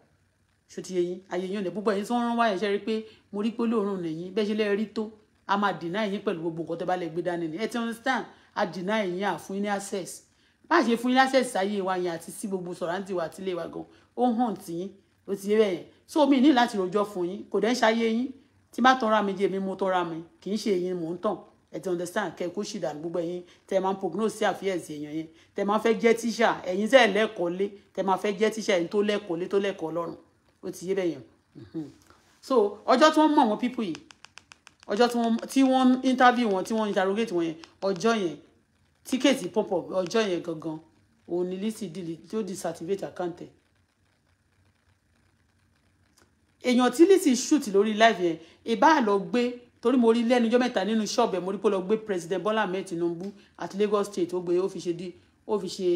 ṣòtìyẹ yín ayé yín ò ní púpọ̀ ẹ̀yin tí wọ́n rán wáyé ṣe rí pé mo rí pé olóòórùn nìyí bẹ́ẹ̀ ṣe lẹ́ẹ̀rí tó a máa deny yín pẹ̀lú gbogbo nǹkan tẹ́ bá lè gbé dání ni ẹ understand a deny yín à fún yín ní access bá a ṣe fún yín access ayé wa yẹn àti sí gbogbo sọ̀ráǹtì wa àti ilé wa gan ó hàn tì yín ó ti yé bẹ́ẹ̀ yẹn so mi ní láti rojọ́ fún yín kò dẹ́ ń ṣayé yín tí bá tọ́ra mi jẹ́ èmi mo tọ́ra mi kì í ṣe èyí mò ń tàn ẹ ti understand kẹ kó ṣìdà gbogbo ẹ̀yin tẹ máa ń prognose sí àfíẹ̀sì èèyàn yẹn tẹ máa fẹ́ jẹ́ tíṣà ẹ̀yin tẹ́ ẹ̀ lẹ́kọ̀ọ́ lé tẹ máa fẹ́ jẹ́ tíṣà ẹ̀yin tó lẹ́kọ̀ọ́ lé tó lẹ́kọ̀ọ́ lọ́rùn ó ti yé bẹ́ẹ̀ yẹn mhm. so ọjọ́ tí wọ́n mọ̀ wọ́n people yìí ọjọ́ tí wọ́n interview wọn tí wọ́n interrogate wọn yẹn ọjọ́ yẹn tíkẹ́ẹ̀tì pop up ọjọ́ yẹn gangan òun ni Lizzy delete tí ó deactivate account ẹ̀ èèyàn tí Lizzy shoot lórí live yẹn ìbá lọ gbé torí mo rí lẹ́nujọ́ mẹ́ta nínú ṣọ́ọ̀bù ẹ̀ mo rí pé lọ gbé president Bola Ahmed Tinubu àti Lagos state ó gbé ó fi ṣe dí ó fi ṣe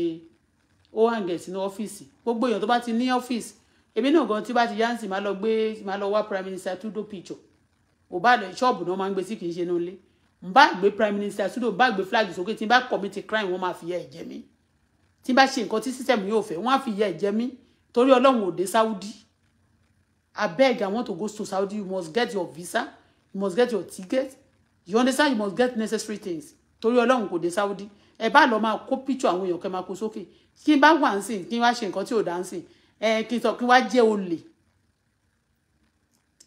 ó hàǹgẹ̀ sínú ọ́fíìsì gbogbo èèyàn tó bá ti ní ọ́fíìsì èmi náà gan tí bá ti yáǹsì máa lọ gbé máa lọ wá prime minister tudo picture ò bá lọ ṣọ́ọ̀bù náà máa ń gbé sí kì í ṣe inú ilé n bá gbé prime minister sudo n bá gbé flag sókè tí n bá commit crime wọ́n máa fi yẹ ẹ̀jẹ̀ mi tí n bá ṣe nǹkan tí system yóò fẹ́ wọ́n á fi yẹ ẹ̀jẹ̀ mi torí ọlọ́run ò dé saudi abeg i want to go to saudi you must get your visa you must get your ticket you understand you must get necessary things torí ọlọ́run kò dé saudi ẹ bá lọ máa kó picture àwọn èèyàn kẹ máa kó sókè kí n bá wà ń sìn kí n wá ṣe nǹkan tí ò dá ń sìn ẹ kí n sọ kí n wá jẹ́ olè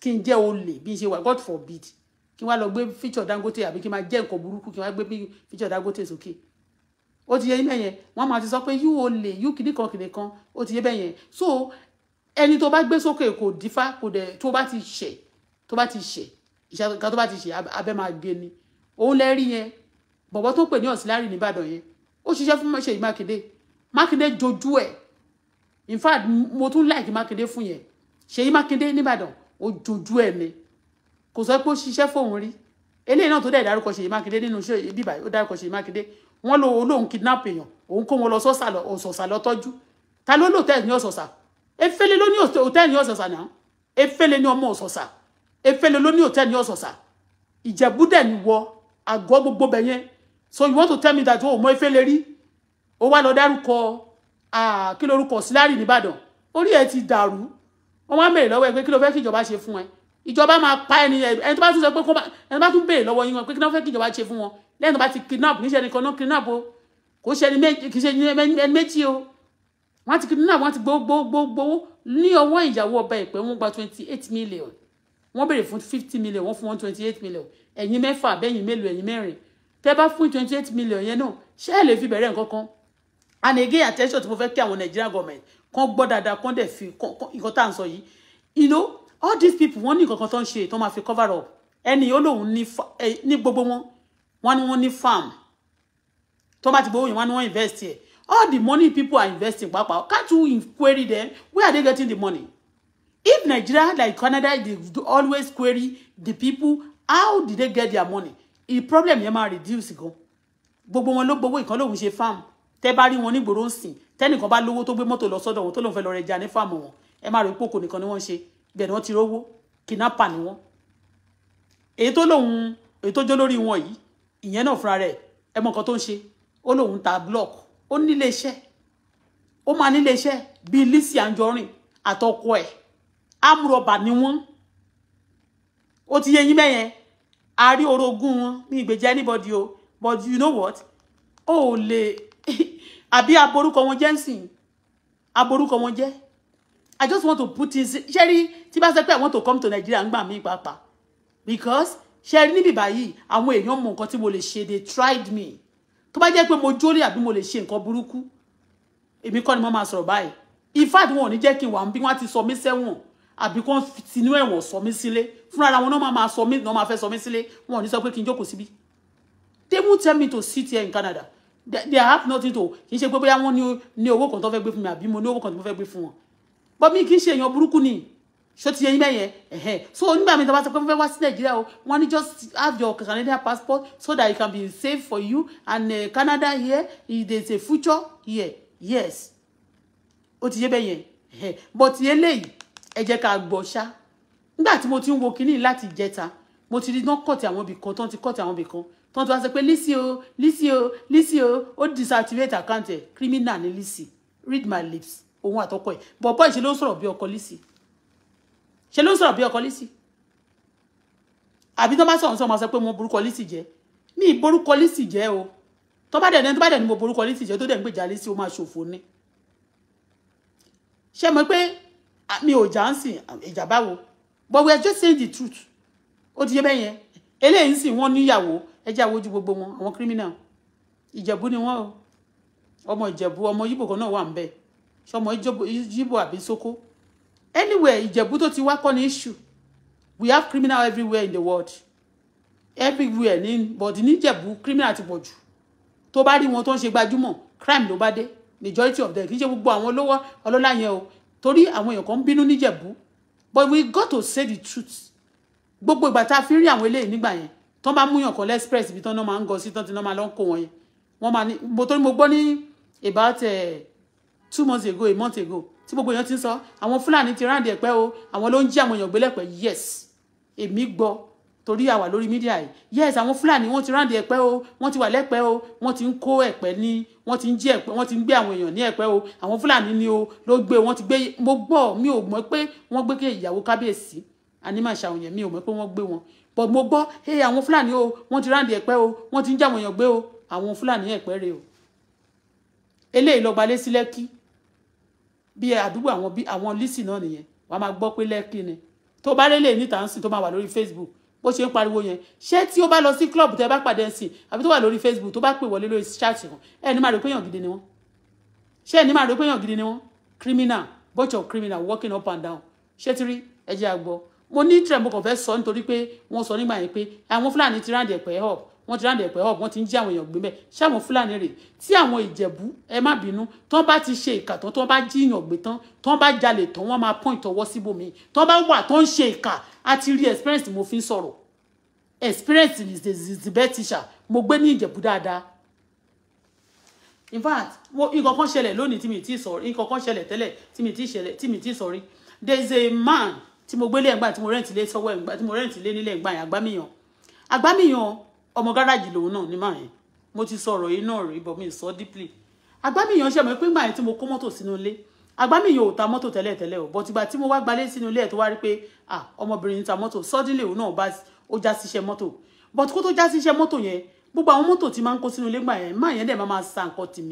kí n jẹ́ olè bí n ṣe wà God forbid kí n wá lọ gbé fíṣọ̀ Dangote àbí kí n máa jẹ́ nǹkan burúkú kí n wá gbé fíṣọ̀ Dangote sókè ó ti yẹ ibẹ̀ yẹn wọ́n máa ti sọ pé yú olè yú kìnnìkan kìnnìkan ó ti yẹ bẹ́ẹ̀ so ẹni tó bá gbé sókè kò dífá kò dẹ̀ tó bá ti ṣẹ̀ tó bá ti ṣẹ̀ ìṣàkà tó bá ti ṣẹ̀ abẹ́ máa gé ni òun lẹ́rí yẹn bọ̀bọ̀ tó pè ní ọ̀sìlárì nìbàdàn yẹn ó ṣiṣẹ́ fún Ṣèyí Mákindé Mákindé jojú ẹ̀ in fact mo tún like Mákindé fún yẹn Ṣèyí Mákindé nìbàdàn ó jojú ẹ̀ ni kò sọ pé ó ṣiṣẹ́ fóun rí eléyìí náà tó dẹ̀ dárúkọ Ṣèyí Mákindé nínú iṣẹ́ bíbá ó dárúkọ Ṣèyí Mákindé wọ́n lo olóhùn kidnap èèyàn òun kó wọn lọ sọ́sàlọ̀ ọ̀sọ̀sàlọ̀ tọ́jú ta ló lò tẹ́ẹ̀ ní ọ̀sọ̀sà efele ló ní òtẹ́ẹ̀ ní ọ̀sọ̀sà náà efele ní ọmọ ọ̀sọ̀sà efele ló ní òtẹ́ẹ̀ ní ọ̀sọ̀sà ìjẹ̀bú dẹ̀ wọ àgọ́ gbogbo bẹ̀ yẹn so you want to tell me that o ò mọ efele rí o wá lọ dárúkọ kí lorúkọ sílárì nìbàdàn orí ẹ ti dàrú wọ́n máa ń béèrè lọ́wọ́ ẹ pé kí ló fẹ́ kí ìjọba ṣe fún ẹ ìjọba máa pa ẹni ẹni tó bá tún sọ pé ẹni tó bá tún béèrè lọ́wọ́ yín wọn pé kí ló fẹ́ kí ìjọba ṣe fún wọn lẹ́yìn tó bá ti kidnap níṣẹ́ ni náà kidnap o kò ṣe ẹni méjì kì í ṣe ẹni méjì o wọ́n ti kidnap wọ́n ti gbogbogbò ní ọwọ́ ìyàwó ọba ìpẹ́ wọ́n gba twenty eight million wọ́n béèrè fún fifty million wọ́n fún wọn twenty eight million ẹ̀yin mẹ́fà bẹ́yìn mélòó ẹ̀yin mẹ́rin tẹ́ bá fún twenty eight million yẹn náà ṣé lè fi bẹ̀rẹ̀ nǹkan kan and again attention tí mo fẹ́ kí àwọn Nigerian government kán gbọ́ dáadáa kán dẹ̀ fi nǹkan tá à ń sọ yìí you know all these people wọ́n ní nǹkan kan tó ń ṣe tó máa fi cover up ẹni olóhùn ní gbogbo wọn wọ́n ní wọ́n ní farm tó bá ti gbowó yẹn wọ́n ní wọ́n invest yẹn all the money people are investing pàápàá can't you query them where are they getting the money if Nigeria like Canada they always query the people how did they get their money the problem yẹn máa reduce gan gbogbo wọn ló gbowó ìkan lóhùn ṣe farm tẹ́ bá rí wọn nígboro ń sìn tẹ́nìkan bá lówó tó gbé mọ́tò lọ sọ́dọ̀ wọn tó lóun fẹ́ lọ rẹ̀ jà ní fáàmù wọn ẹ má rí pòkò nìkan ni wọ́n ṣe bẹ́ẹ̀ ni wọ́n ti rówó kìnnápà ni wọ́n èyí tó lòun èyí tó jó lórí wọn yìí ìyẹn náà fúnra rẹ̀ ẹ mọ nǹkan tó ń ṣe ó lòun ta block ó nílé iṣẹ́ ó máa nílé iṣẹ́ bíi Lizzy Anjorin àtọkọ ẹ̀ amúrọ̀bà ni wọ́n ó ti yẹ yín bẹ́yẹn a orogún wọn ní ìgbèjà anybody o but you know what o ò lè àbí aborúkọ wọn jẹ́ nsìn aborúkọ wọn jẹ́ i just want to put in ṣẹ́rí tí bá ṣe pé i want to come to nigeria ń gbà mí pàápàá because ṣẹ́rí níbi báyìí àwọn èèyàn mọ nǹkan tí mo lè ṣe they tried me tó bá jẹ́ pé mo jólè àbí mo lè ṣe nǹkan burúkú èmi kọ́ ni mo máa sọ̀rọ̀ báyìí in fact wọn ò ní jẹ́ kí n wà bí wọ́n ti sọ mí sẹ́wọ̀n àbí kí wọ́n tinú ẹ̀wọ̀n sọ mí sílé fúnra ara wọn náà máa sọ mí náà máa fẹ́ sọ mí sílé wọn ò ní sọ pé kí n jókòó síbí they won't tell me to sit here in Canada they have nothing to kì í ṣe pé bóyá wọ́n ní owó kan tó fẹ́ gbé fún mi àbí mo ní owó kan tó fẹ́ gbé fún wọn but mi kì í ṣe èèyàn burúkú ni ṣó ti yẹyin bẹ́yẹn ẹ̀hẹ́ so nígbà mi tó bá sọ pé mo fẹ́ wá sí nàìjíríà o wọ́n ní just have your Canadian passport so that it can be safe for you and uh, Canada here there is a future here yes ó ti yé bẹ́yẹn ẹ̀hẹ́ but eléyìí ẹ jẹ́ ká gbọ́ ṣá nígbà tí mo ti ń wo kinní láti ìjẹta mo ti rí náà kọ̀tì àwọn ibì kan tán ti kọ̀tì àwọn ibì kan tó tó wá sọ pé Lizzy o Lizzy o Lizzy o ó deactivate account ẹ̀ criminal ní Lizzy read my lips òun àtọkọ ẹ̀ bọ̀bọ̀ ìṣe ló ń sọ̀rọ̀ bí ọkọ Lizzy ṣe ló ń bí ọkọ Lizzy àbí tó bá sọ̀rọ̀ sọ̀rọ̀ máa sọ pé mo borúkọ Lizzy jẹ́ mi ìborúkọ Lizzy jẹ́ o tó bá dẹ̀ni tó bá dẹ̀ni mo borúkọ Lizzy jẹ́ tó dẹ̀ ń gbèjà Lizzy ó máa ṣòfò ni ṣe mọ̀ pé mi ò jà ń sìn ìjà báwo but we are just saying the truth ó ti yé bẹ́yẹn eléyìí ń sìn wọ́n níyàwó ẹ jẹ́ àwojú gbogbo wọn àwọn criminal ìjẹ̀bú ni wọ́n o ọmọ ìjẹ̀bú ọmọ yíbò kan náà wà ń bẹ ṣọmọ yíbò àbí sókó anywhere ìjẹ̀bú tó ti wá kọ́ ní issue we have criminal everywhere in the world everywhere ní bọ̀dì níjẹ̀bú criminal ti pọ̀ jù tó bá rí wọn tó ń ṣe gbajúmọ̀ crime ló bá dé majority of them kì í ṣe gbogbo àwọn olówó ọlọ́lá yẹn o torí àwọn èèyàn kan ń bínú níjẹ̀bú but we got to say the truth gbogbo ìgbà tá a fi ń rí àwọn eléyìí nígbà yẹn tán bá múyàn kan lẹ́sprẹ̀sì ibi tán náà máa ń gọ sí tán tí náà máa lọ́n kó wọn yẹn wọ́n máa ní mo tó ní mo gbọ́ ní about eh, two months ago a month ago tí gbogbo èèyàn ti ń sọ àwọn fúlàní ti ráǹdì ẹ̀pẹ́ o àwọn ló ń jí àwọn èèyàn gbé lẹ́pẹ́ yes èmi gbọ́ torí àwà lórí mídíà yìí yes àwọn fúlàní wọ́n ti ráǹdì ẹ̀pẹ́ o wọ́n ti wà lẹ́pẹ́ o wọ́n ti ń kó ẹ̀pẹ́ ní wọ́n ti ń jí ẹ̀pẹ́ wọ́n ti ń gbé àwọn èèyàn ní ẹ̀pẹ́ o àwọn fúlàní ni o ló gbé wọ́n ti gbé mo gbọ́ mi ò mọ̀ pé wọ́n gbé ìyàwó kábíyèsí ànímàṣà òyìn mi ò mọ̀ pé wọ́n gbé wọn but mo gbọ́ hey àwọn fúlàní o wọ́n ti ráǹdì ẹ̀pẹ́ o wọ́n ti ń jàwọn èèyàn gbé o àwọn fúlàní ẹ̀pẹ́ rè o eléyìí lọ́ọ́ gbalé sí lẹ́kí bí àdúgbò àwọn bí àwọn lísì náà nìyẹn wàá máa gbọ́ pé lẹ́kí ni tó bá lélẹ̀ níta ń sìn tó máa wà lórí facebook bó ṣe ń pariwo yẹn ṣé tí ó bá lọ sí club tẹ bá pàdé ẹ̀sìn àbí tó wà lórí facebook tó bá pè wọlé lórí chat wọn ẹ ní máa rò pé èèyàn gidi ni wọn ṣé ẹ ní máa rò pé gidi ni wọn criminal bunch of criminal walking up and down ṣé ti rí ẹ jẹ́ àgbọ̀ mo ní tìrẹ̀ mo kàn fẹ́ sọ nítorí pé wọ́n sọ nígbà yẹn pé àwọn fúlàní ti ráǹdì ẹ̀pẹ́ họ̀ wọ́n ti ráǹdì ẹ̀pẹ́ họ̀ wọ́n ti ń jí àwọn èèyàn gbé bẹ́ẹ̀ ṣé àwọn fúlàní rè tí àwọn ìjẹ̀bú ẹ má bínú tán bá ti ṣe ìkà tán tán bá jí èèyàn gbé tán tán bá jalè tán wọ́n máa pọ́n ìtọ́wọ́ síbòmí tán bá wà tán ń ṣe ìkà á ti rí experience mo fi ń sọ̀rọ̀ experience is the, best teacher mo gbé ní ìjẹ̀bú dáadáa in fact nǹkan kan ṣẹlẹ̀ lónìí tí mi ti sọ̀rọ̀ nǹkan kan ṣẹlẹ̀ tẹ́lẹ̀ tí mi ti ṣẹlẹ̀ there is a man tí mo gbélé ẹ̀ngbà tí mo rẹ́ǹtì lé sọ́wọ́ ẹ̀ngbà tí mo rẹ́ǹtì lé nílẹ̀ ẹ̀ngbà yẹn àgbámìyàn àgbámìyàn ọmọ gáràjì lòun náà ní màáyẹn mo ti sọ̀rọ̀ yìí náà rí bọ̀mí sọ dípìlì àgbámìyàn ṣe mọ̀ pé ńgbà yẹn tí mo kó mọ́tò sínú ilé àgbámìyàn ò ta mọ́tò tẹ́lẹ̀ tẹ́lẹ̀ o bọ̀tìgbà tí mo wá gbalé sínú ilé ẹ̀ tó wá rí pé ah ọmọbìnrin ta mọ́tò suddenly òun náà ó já síṣẹ́ mọ́tò bọ̀tí kó tó já síṣẹ́ mọ́tò yẹn gbogbo àwọn mọ́tò tí máa ń kó sínú ilé gbà yẹn máa yẹn dẹ̀ máa máa sa nǹkan tì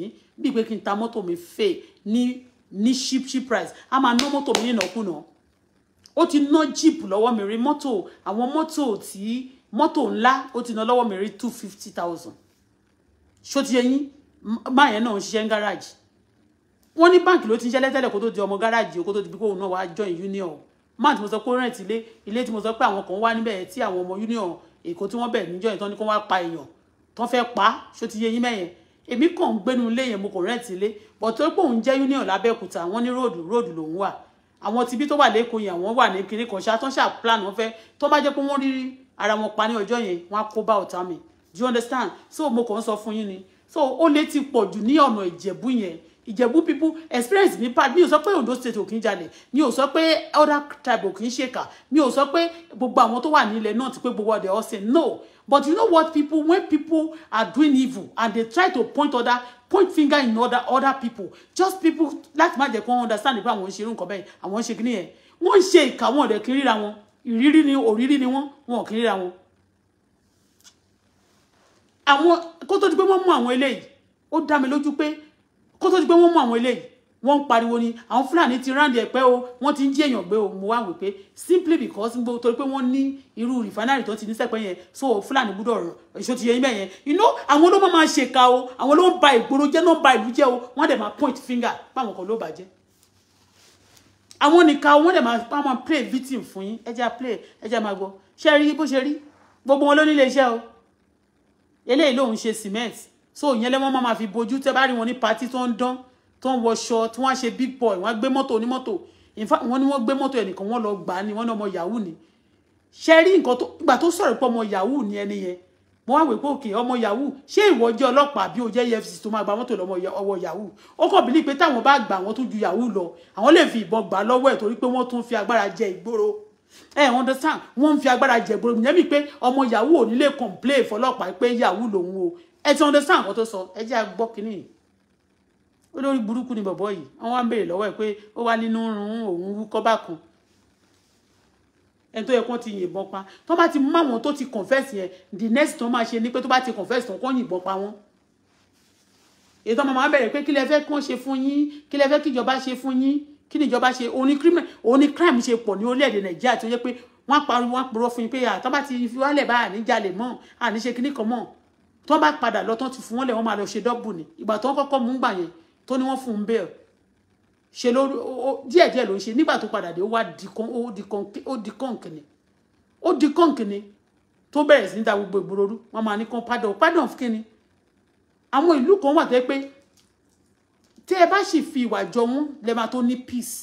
bíi pé kí n ta mọ́tò mi fè ní ní cheap cheap price a máa ná mọ́tò mi nínàkúnàá ó ti ná jíìpù lọ́wọ́ mi rí mọ́tò àwọn mọ́tò tí mọ́tò ńlá ó ti ná lọ́wọ́ mi rí two fifty thousand ṣó ti yẹn báyẹn náà ń ṣiṣẹ́ ń gáràjì wọ́n ní báǹkì ló ti ń ṣẹlẹ̀ tẹ́lẹ̀ kó tó di ọmọ gáràjì kó tó di pípé náà wàá join union má tí mo sọ pé ó rẹ̀ǹtì ilé ilé tí mo sọ pé àwọn kan wá níbẹ̀ tí àwọn ọmọ union èkó tí wọ́n bẹ̀ níjọ́ yẹn tán ni kó wá pa èèyàn tán fẹ́ pa ṣó ti yẹ yín mẹ́yẹn èmi kàn ń gbénu ilé yẹn mo kò rẹ̀ǹtì ilé bọ̀ tó pé òun jẹ́ union lábẹ́òkúta wọ́n ní róòdù róòdù lòun wà àwọn tibí tó wà lẹ́kọ̀ọ́ yẹn àwọn wà ní kinní kan ṣáà tó ń ṣáà plan wọn fẹ́ tó bá jẹ́ pé wọ́n rí ara wọn pa ní ọjọ́ yẹn wọ́n á kó bá ọ̀tá mi do you understand so mo kàn ń sọ fún yín ni so ó lè ti pọ̀ jù ní ọ̀nà ìjẹ̀bú yẹn ìjẹ̀bú people experience mi part mi ò sọ pé ondo state ò kí ń jalè mi ò sọ pé other tribe ò kí ń ṣèkà mi ò sọ pé gbogbo àwọn tó wà ní ilẹ̀ náà ti pé gbogbo ọ̀dẹ̀ ọ̀sẹ̀ no but you know what people when people are doing evil and they try to point other point finger in other other people just people láti má jẹ́ kí wọ́n understand pé àwọn ń ṣe irú nǹkan bẹ́ẹ̀ àwọn ń ṣe kíní yẹn wọ́n ń ṣe ìka wọn ọ̀dẹ̀ kiri ra wọn ìrírí ni òrírí ni wọ́n wọn ò kiri ra wọn. àwọn kó tó di pé wọ́n mú àwọn eléyìí ó dá mi lójú pé kó tó di pé wọ́n mú àwọn eléyìí wọ́n ń pariwo ni àwọn fúlàní ti ráǹdì ẹ̀pẹ́ o wọ́n ti ń jí èèyàn gbé o mo wá wò simply because gbogbo torí pé wọ́n ní irú rìfánárì tó ti ní sẹ́pẹ́ yẹn so fúlàní gbúdọ̀ rọ̀ èso ti yẹ yín yẹn you know àwọn ló máa ṣèkà o àwọn ló ń ba ìgboro jẹ́ ló ń ba ìlú jẹ́ o wọ́n dẹ̀ máa point finger páwọn kan ló bàjẹ́ àwọn nìkan wọ́n dẹ̀ máa máa play victim fún yín ẹja play ẹja máa gbọ́ ṣe rí bó ṣe rí gbogbo wọn ló nílé iṣẹ́ o eléyìí lòun so ìyẹn lẹ́wọ́n máa fi bojú tẹ́ bá rí wọn ní patí tó ń wọṣọ tí wọ́n á ṣe big boy wọ́n á gbé mọ́tò onímọ́tò in fact wọ́n ní wọ́n gbé mọ́tò ẹnìkan wọ́n lọ gbà á ni wọ́n ní ọmọ yahoo ni ṣe rí nǹkan tó ìgbà tó sọ̀rọ̀ pé ọmọ yahoo ni ẹni yẹn mo wá wò pé òkè ọmọ yahoo ṣé ìwọ jẹ́ ọlọ́pàá bí o jẹ́ efcc tó máa gba mọ́tò lọ́mọ ọwọ́ yahoo ó kàn bílí pé táwọn bá gbà wọ́n tún ju yahoo lọ àwọn lè fi ìbọn gbà lọ́wọ́ ẹ̀ torí pé wọ́n tún fi agbára jẹ ìgboro ẹ understand wọ́n ń fi agbára jẹ ìgboro ìyẹn mi pé ọmọ yahoo ò ní lè complain fọlọ́pàá pé yahoo lòun o ẹ ti understand nǹkan tó sọ ẹ jẹ́ àgbọ́ yìí olórí burúkú ni bọ̀bọ̀ yìí àwọn ń béèrè lọ́wọ́ ẹ̀ pé ó wá nínú rún òun wúkọ́ bá kan ẹni tó yẹ kó ti yìnbọn pa tó bá ti mú àwọn tó ti confess yẹn the next tó máa ṣe ni pé tó bá ti confess tán kó yìnbọn pa wọ́n ètò ọmọ máa bẹ̀rẹ̀ pé kí lẹ fẹ́ kí wọ́n ṣe fún yín kí lẹ fẹ́ kí ìjọba ṣe fún yín kí ni ìjọba ṣe òní crime òní crime ṣe pọ̀ ní orílẹ̀-èdè nàìjíríà tó yẹ pé wọ́n pariwo wọ́n purọ́ fún yín pé àtọ́ bá ti fi wálẹ̀ bá àní jalè mọ́ àní ṣe kíní kan mọ́ tó bá padà lọ ti fún wọn lẹ̀ wọ́n máa lọ ṣe dọ́bù ni ìgbà tó ń kọ́kọ́ mú gbà yẹn tó ní wọ́n fún un bẹ́ẹ̀ ṣe ló díẹ̀díẹ̀ ló ń ṣe nígbà tó padà dé ó wá di kọ́ǹkìnì ó di kọ́ǹkìnì tó bẹ̀rẹ̀ sí ní da gbogbo ìgboro rú wọ́n máa ní kan pardon pardon fún kínni àwọn ìlú kan wà tẹ́ pé tẹ́ ẹ bá sì fi ìwà jọ wọ́n lẹ máa tó ní peace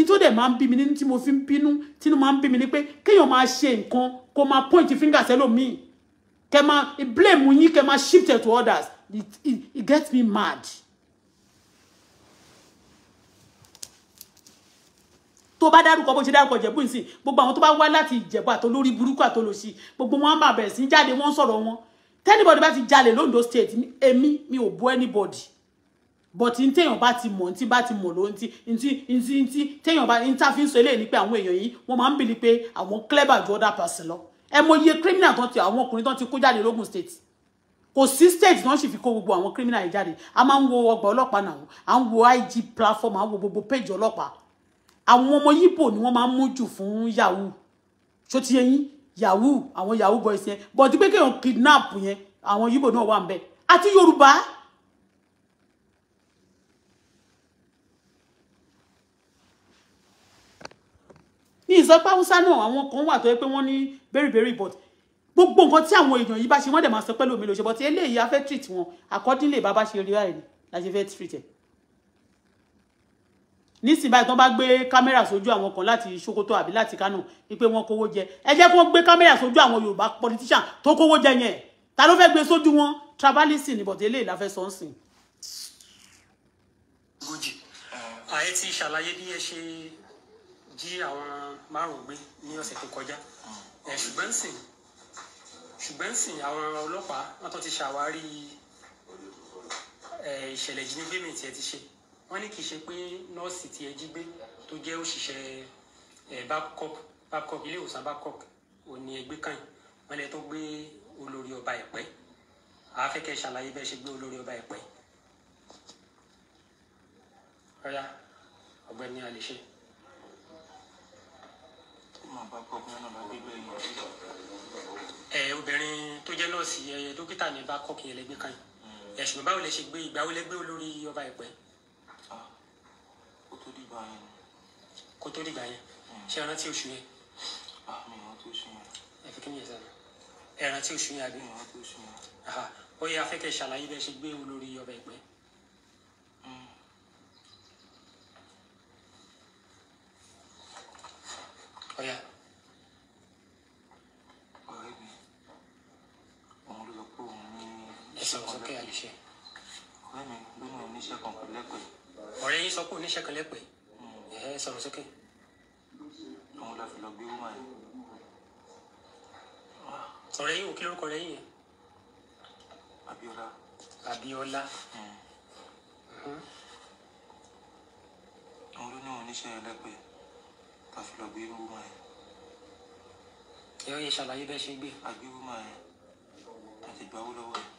ìtò dẹ̀ máa ń bí mi nínú tí mo fi ń bínú tínú máa ń bí mi ní pé kéèyàn máa ṣe nǹkan kó máa point finger sẹ́lòmíì kẹ́ máa blame yín kẹ́ máa shift it to others it, it, it gets me mad. tó bá dárúkọ bó ṣe dárúkọ Ìjẹ̀bú ìsìn gbogbo àwọn tó bá wá láti Ìjẹ̀bú àtolórí burúkú àtolòṣì gbogbo wọn máa sí jáde wọ́n sọ̀rọ̀ wọn tẹ́nibọ́dì bá ti jalè londo state èmi mi ò bú anybody but n téèyàn bá ti mọ̀ n tí bá ti mọ̀ ló ń tí n tí n tí n tí téèyàn bá n tá fi ń sọ eléyìí ni pé àwọn èèyàn yìí wọ́n máa ń bìlí pé àwọn clever ju other person lọ ẹ mọ iye criminal tán ti àwọn ọkùnrin tán ti kó jáde lógùn state kò sí state náà sì fi kó gbogbo àwọn criminal yìí jáde a máa ń wo ọgbà ọlọ́pàá náà à ń wo IG platform à ń wo gbogbo page ọlọ́pàá àwọn ọmọ yíbò ni wọ́n máa ń mú jù fún yahoo ṣó ti yẹn yahoo àwọn yahoo boys yẹn bọ̀dí pé kéèyàn kidnap yẹn àwọn yíbò náà wà ń bẹ̀ àti yorùbá ní ìsọpá haúsá náà àwọn kan wà tó yẹ pé wọ́n ní bẹ́rìbẹ́rì but gbogbo nǹkan tí àwọn èèyàn yìí bá ṣe wọ́n dẹ̀ máa sọ pẹ́lú omi lòṣèbọ̀ tí eléyìí afẹ́ treat wọn accordingly bàbá ṣe rí báyìí la ṣe fẹ́ treat ẹ̀ nísìnyí báyìí tí wọ́n bá gbé kámẹ́rà sójú àwọn kan láti Sokoto àbí láti Kano wípé wọ́n kówó jẹ ẹ jẹ́ kó gbé kámẹ́rà sójú àwọn Yorùbá politician tó kówó jẹ yẹn ta ló fẹ́ gbé sójú wọn tribalism ni bọ̀dé lè láfẹ́ sọ ń sìn. ààyè ti ṣàlàyé bí ẹ ṣe jí àwọn márùn-ún gbé ní ọ̀sẹ̀ tó kọjá ẹ̀ mm. eh, ṣùgbọ́n sìn ṣùgbọ́n sìn àwọn ọlọ́pàá wọ́n tó ti ṣàwárí eh, ìṣẹ̀lẹ̀ ìjínigbé mi tiẹ̀ ti ṣe wọ́n ní kì í ṣe pé nọ́ọ̀sì tí ẹ gbé tó jẹ́ òṣìṣẹ́ ẹ̀ eh, Babcock Babcock ilé ìwòsàn Babcock òní ẹgbẹ́ kan wọ́n lẹ tó gbé olórí ọba ẹ̀pẹ́ àáfẹ́kẹ́ ṣàlàyé bẹ́ẹ̀ ṣe gbé olórí ọba ẹ̀pẹ́ ọ̀yá ọ̀gbẹ́ni àlèṣe. ẹ obìnrin tó jẹ́ nọ́ọ̀sì ẹ dókítà ní Babcock yẹn lẹ́gbẹ́ kan mm. ẹ̀ ṣùgbọ́n báwo lẹ ṣe gbé ìgbà wo lẹ gbé olórí ọba ẹ̀pẹ́ kó tó dìgbà yẹn hmm. ṣé ẹ ah, rántí oṣù yẹn. ẹ fi kí ni ẹ sẹ́nu ẹ rántí oṣù yẹn àbí. ó yẹ afẹ́kẹ́ ṣàlàyé bẹ́ẹ̀ ṣe gbé olórí ọbẹ̀ ìpẹ́. Hmm. ọ̀yà. ọ̀rẹ́ mi òun ló sọ pé òun ní. ẹ sọ̀rọ̀ sókè àyè ṣe. ọ̀rẹ́ mi ló ní oníṣẹ́ kan pẹ̀lẹ́pẹ̀. ọ̀rẹ́ yín sọ pé oníṣẹ́ kan lẹ́pẹ̀ẹ́ ẹ sọ̀rọ̀ sókè òun lọ fi lọ gbé wúmọ yẹn ọ̀rẹ́ yìí ò kí lórúkọ rẹ yìí Abíọ́lá Abíọ́lá òun ló ní òun níṣẹ́ ẹlẹ́pẹ́ tá a fi lọ gbé wúmọ yẹn. ẹ ó yẹ ṣàlàyé bẹ́ẹ̀ ṣe gbé. àgbé wúmọ yẹn àti ìgbàwó lọ́wọ́ yẹn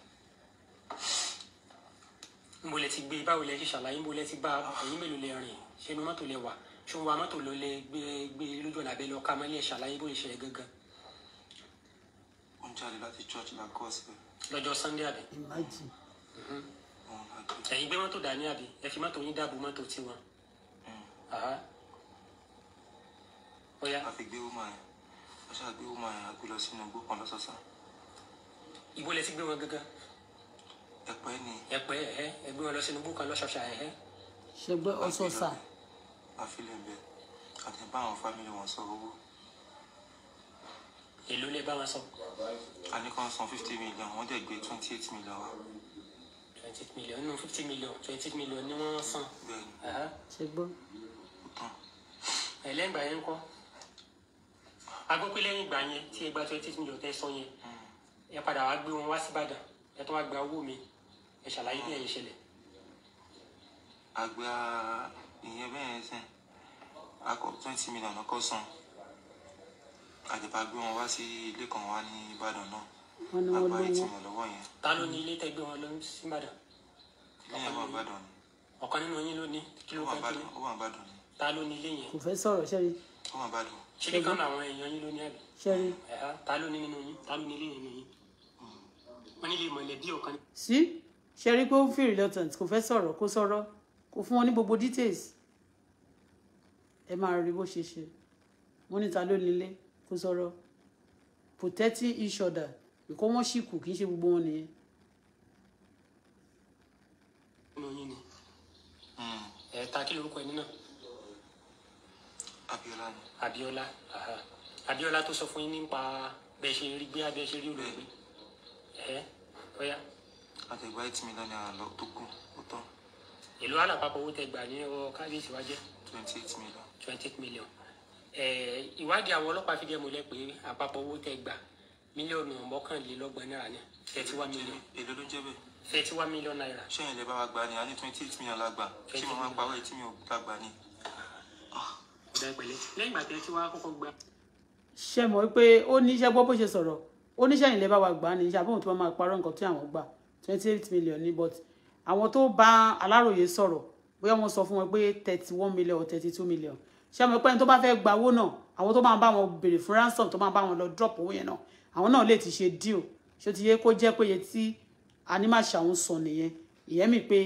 mo ti gbé báwo lè ṣe ṣàlàyé mo ti bá ẹ̀yin mélòó lè rìn ṣẹnu mọ́tò lẹ wà ṣùgbọ́n wa mọ́tò ló lè gbé gbé lójú ọ̀nà abẹ́lẹ́ ọ̀ka mọ́lẹ̀ ṣàlàyé bó ìṣẹ̀lẹ̀ gangan. ó ń jáde láti church náà kọ́ sí. lọ́jọ́ sunday àbí. Mhm. ẹ̀yin gbé mọ́tò dání àbí ẹ fi mọ́tò yín dáàbò mọ́tò tiwọn. ọ̀ya. Hmm. a fi gbé wúmọ̀ yẹn a ṣáà gbé wúmọ̀ yẹn a gbé lọ sínú igbó kan lọ́sọ̀ọ̀sán. ibo lẹ ti gbé wọn gangan. ẹ̀pẹ́ ni. ẹ̀pẹ́ ẹ̀hẹ́ ẹgbẹ́ wọn lọ sínú igbó kan lọ́sọ̀ọ̀sà ẹ̀hẹ́. ṣègbè ọ̀sọ̀ọ̀sà àfilẹ̀bẹ̀ àti bá àwọn fámìlì wọn sọ owó. èló lè bá wọn sọ. a ní kàn san fifty million wọ́n dẹ̀ gbé twenty eight million wá. twenty eight million nínú fifty million twenty eight million ni wọ́n san. bẹ́ẹ̀ni. ṣe gbọ́. ẹlẹ́gbàá yẹn ń kọ́ agbópin lẹ́yìn ìgbà yẹn tí ẹ gba twenty eight million tẹ́ san yẹn hmm. ẹ padà wá gbé wọn wá síbàdàn ẹ tó wá gba owó mi ẹ ṣàlàyé bí ẹ̀yìn ṣẹlẹ̀. àgbà ìyẹn bẹ́ẹ̀ sẹ́n akọ twenty million ọkọ san àdìbà gbé wọn wá sí ilé kan wá ní Ìbàdàn náà àgbà yìí ti mọ̀ lọ́wọ́ yẹn. ta ló ní ilé tẹ́ gbé wọn lọ sí Ìbàdàn. ilé yẹn wà Ìbàdàn ni. ọ̀kan nínú yín ló ní kí ló fẹ́ kí ó wà Ìbàdàn ni. ta ló ní ilé yẹn. kò fẹ́ sọ̀rọ̀ ṣẹ́rí. ó wà Ìbàdàn. ṣé kan àwọn èèyàn yín ló ní àbí. ṣẹ́rí. ta ló ní nínú yín ta ló ní ilé yẹn nínú yín. Hmm. wọ́n ní ilé mọ̀lẹ́bí ọ̀kan. sí ṣẹ́rí pé ó ń fìrì lọ́tàn kò fẹ́ sọ̀rọ̀ kó sọ̀rọ̀ kò fún wọn ní gbogbo details ẹ máa rí bó ṣe ṣe mo níta ló nílé kó sọ̀rọ̀ protecting each other nǹkan wọn ṣì kù kì í ṣe gbogbo wọn nìyẹn. ọmọ yín ni hmm. ẹ ta kí lorúkọ ẹni náà. Abíọ́lá ni. Abíọ́lá Abíọ́lá tó sọ fún yín nípa bẹ́ẹ̀ ṣe rí gbé abẹ́ ṣe rí olùgbé ẹ ọ̀ya. àtẹ̀gbá ẹ̀ tí mi lọ́nà àlọ́ tó kù ìlú alápapọ̀ owó tẹ gbà ní ọwọ́ kábíyèsí wa jẹ́. twenty eight million. twenty eight million. ìwádìí àwọn ọlọ́pàá fìdí ẹ̀ múlẹ̀ pé àpapọ̀ owó tẹ gbà mílíọ̀nù mọ́kànlélọ́gbọ̀n náírà ni thirty one million. èló ló jẹ́ bẹ́ẹ̀. thirty one million naira. ṣé ìyẹn lè bá wa gbà ni a ní twenty eight million la gbà ṣé mo máa parọ́ ètí mi ò gbà gbà ni. Ah. lẹ́yìn ìgbà tẹ́ tí wàá kọ́kọ́ gbà. ṣe mọ̀ pé ó níṣẹ́ gbọ́ bó ṣe sọ̀rọ̀ ó níṣẹ́ ìyẹn lè bá wa gbà ni ṣàbọ̀n tó máa parọ́ nǹkan tí àwọn gbà twenty eight million ni but àwọn tó ba aláròye sọ̀rọ̀ bóyá wọ́n sọ fún wọn pé thirty one million or thirty two million ṣé àwọn ẹgbẹ́ ni tó bá fẹ́ gba owó náà àwọn tó máa bá wọn béèrè fún ransom tó máa bá wọn lọ drop owó yẹn náà àwọn náà lè ti ṣe deal ṣó ti yẹ kó jẹ́ pé iye tí animaṣàwọn sọ nìyẹn ìyẹn mi pé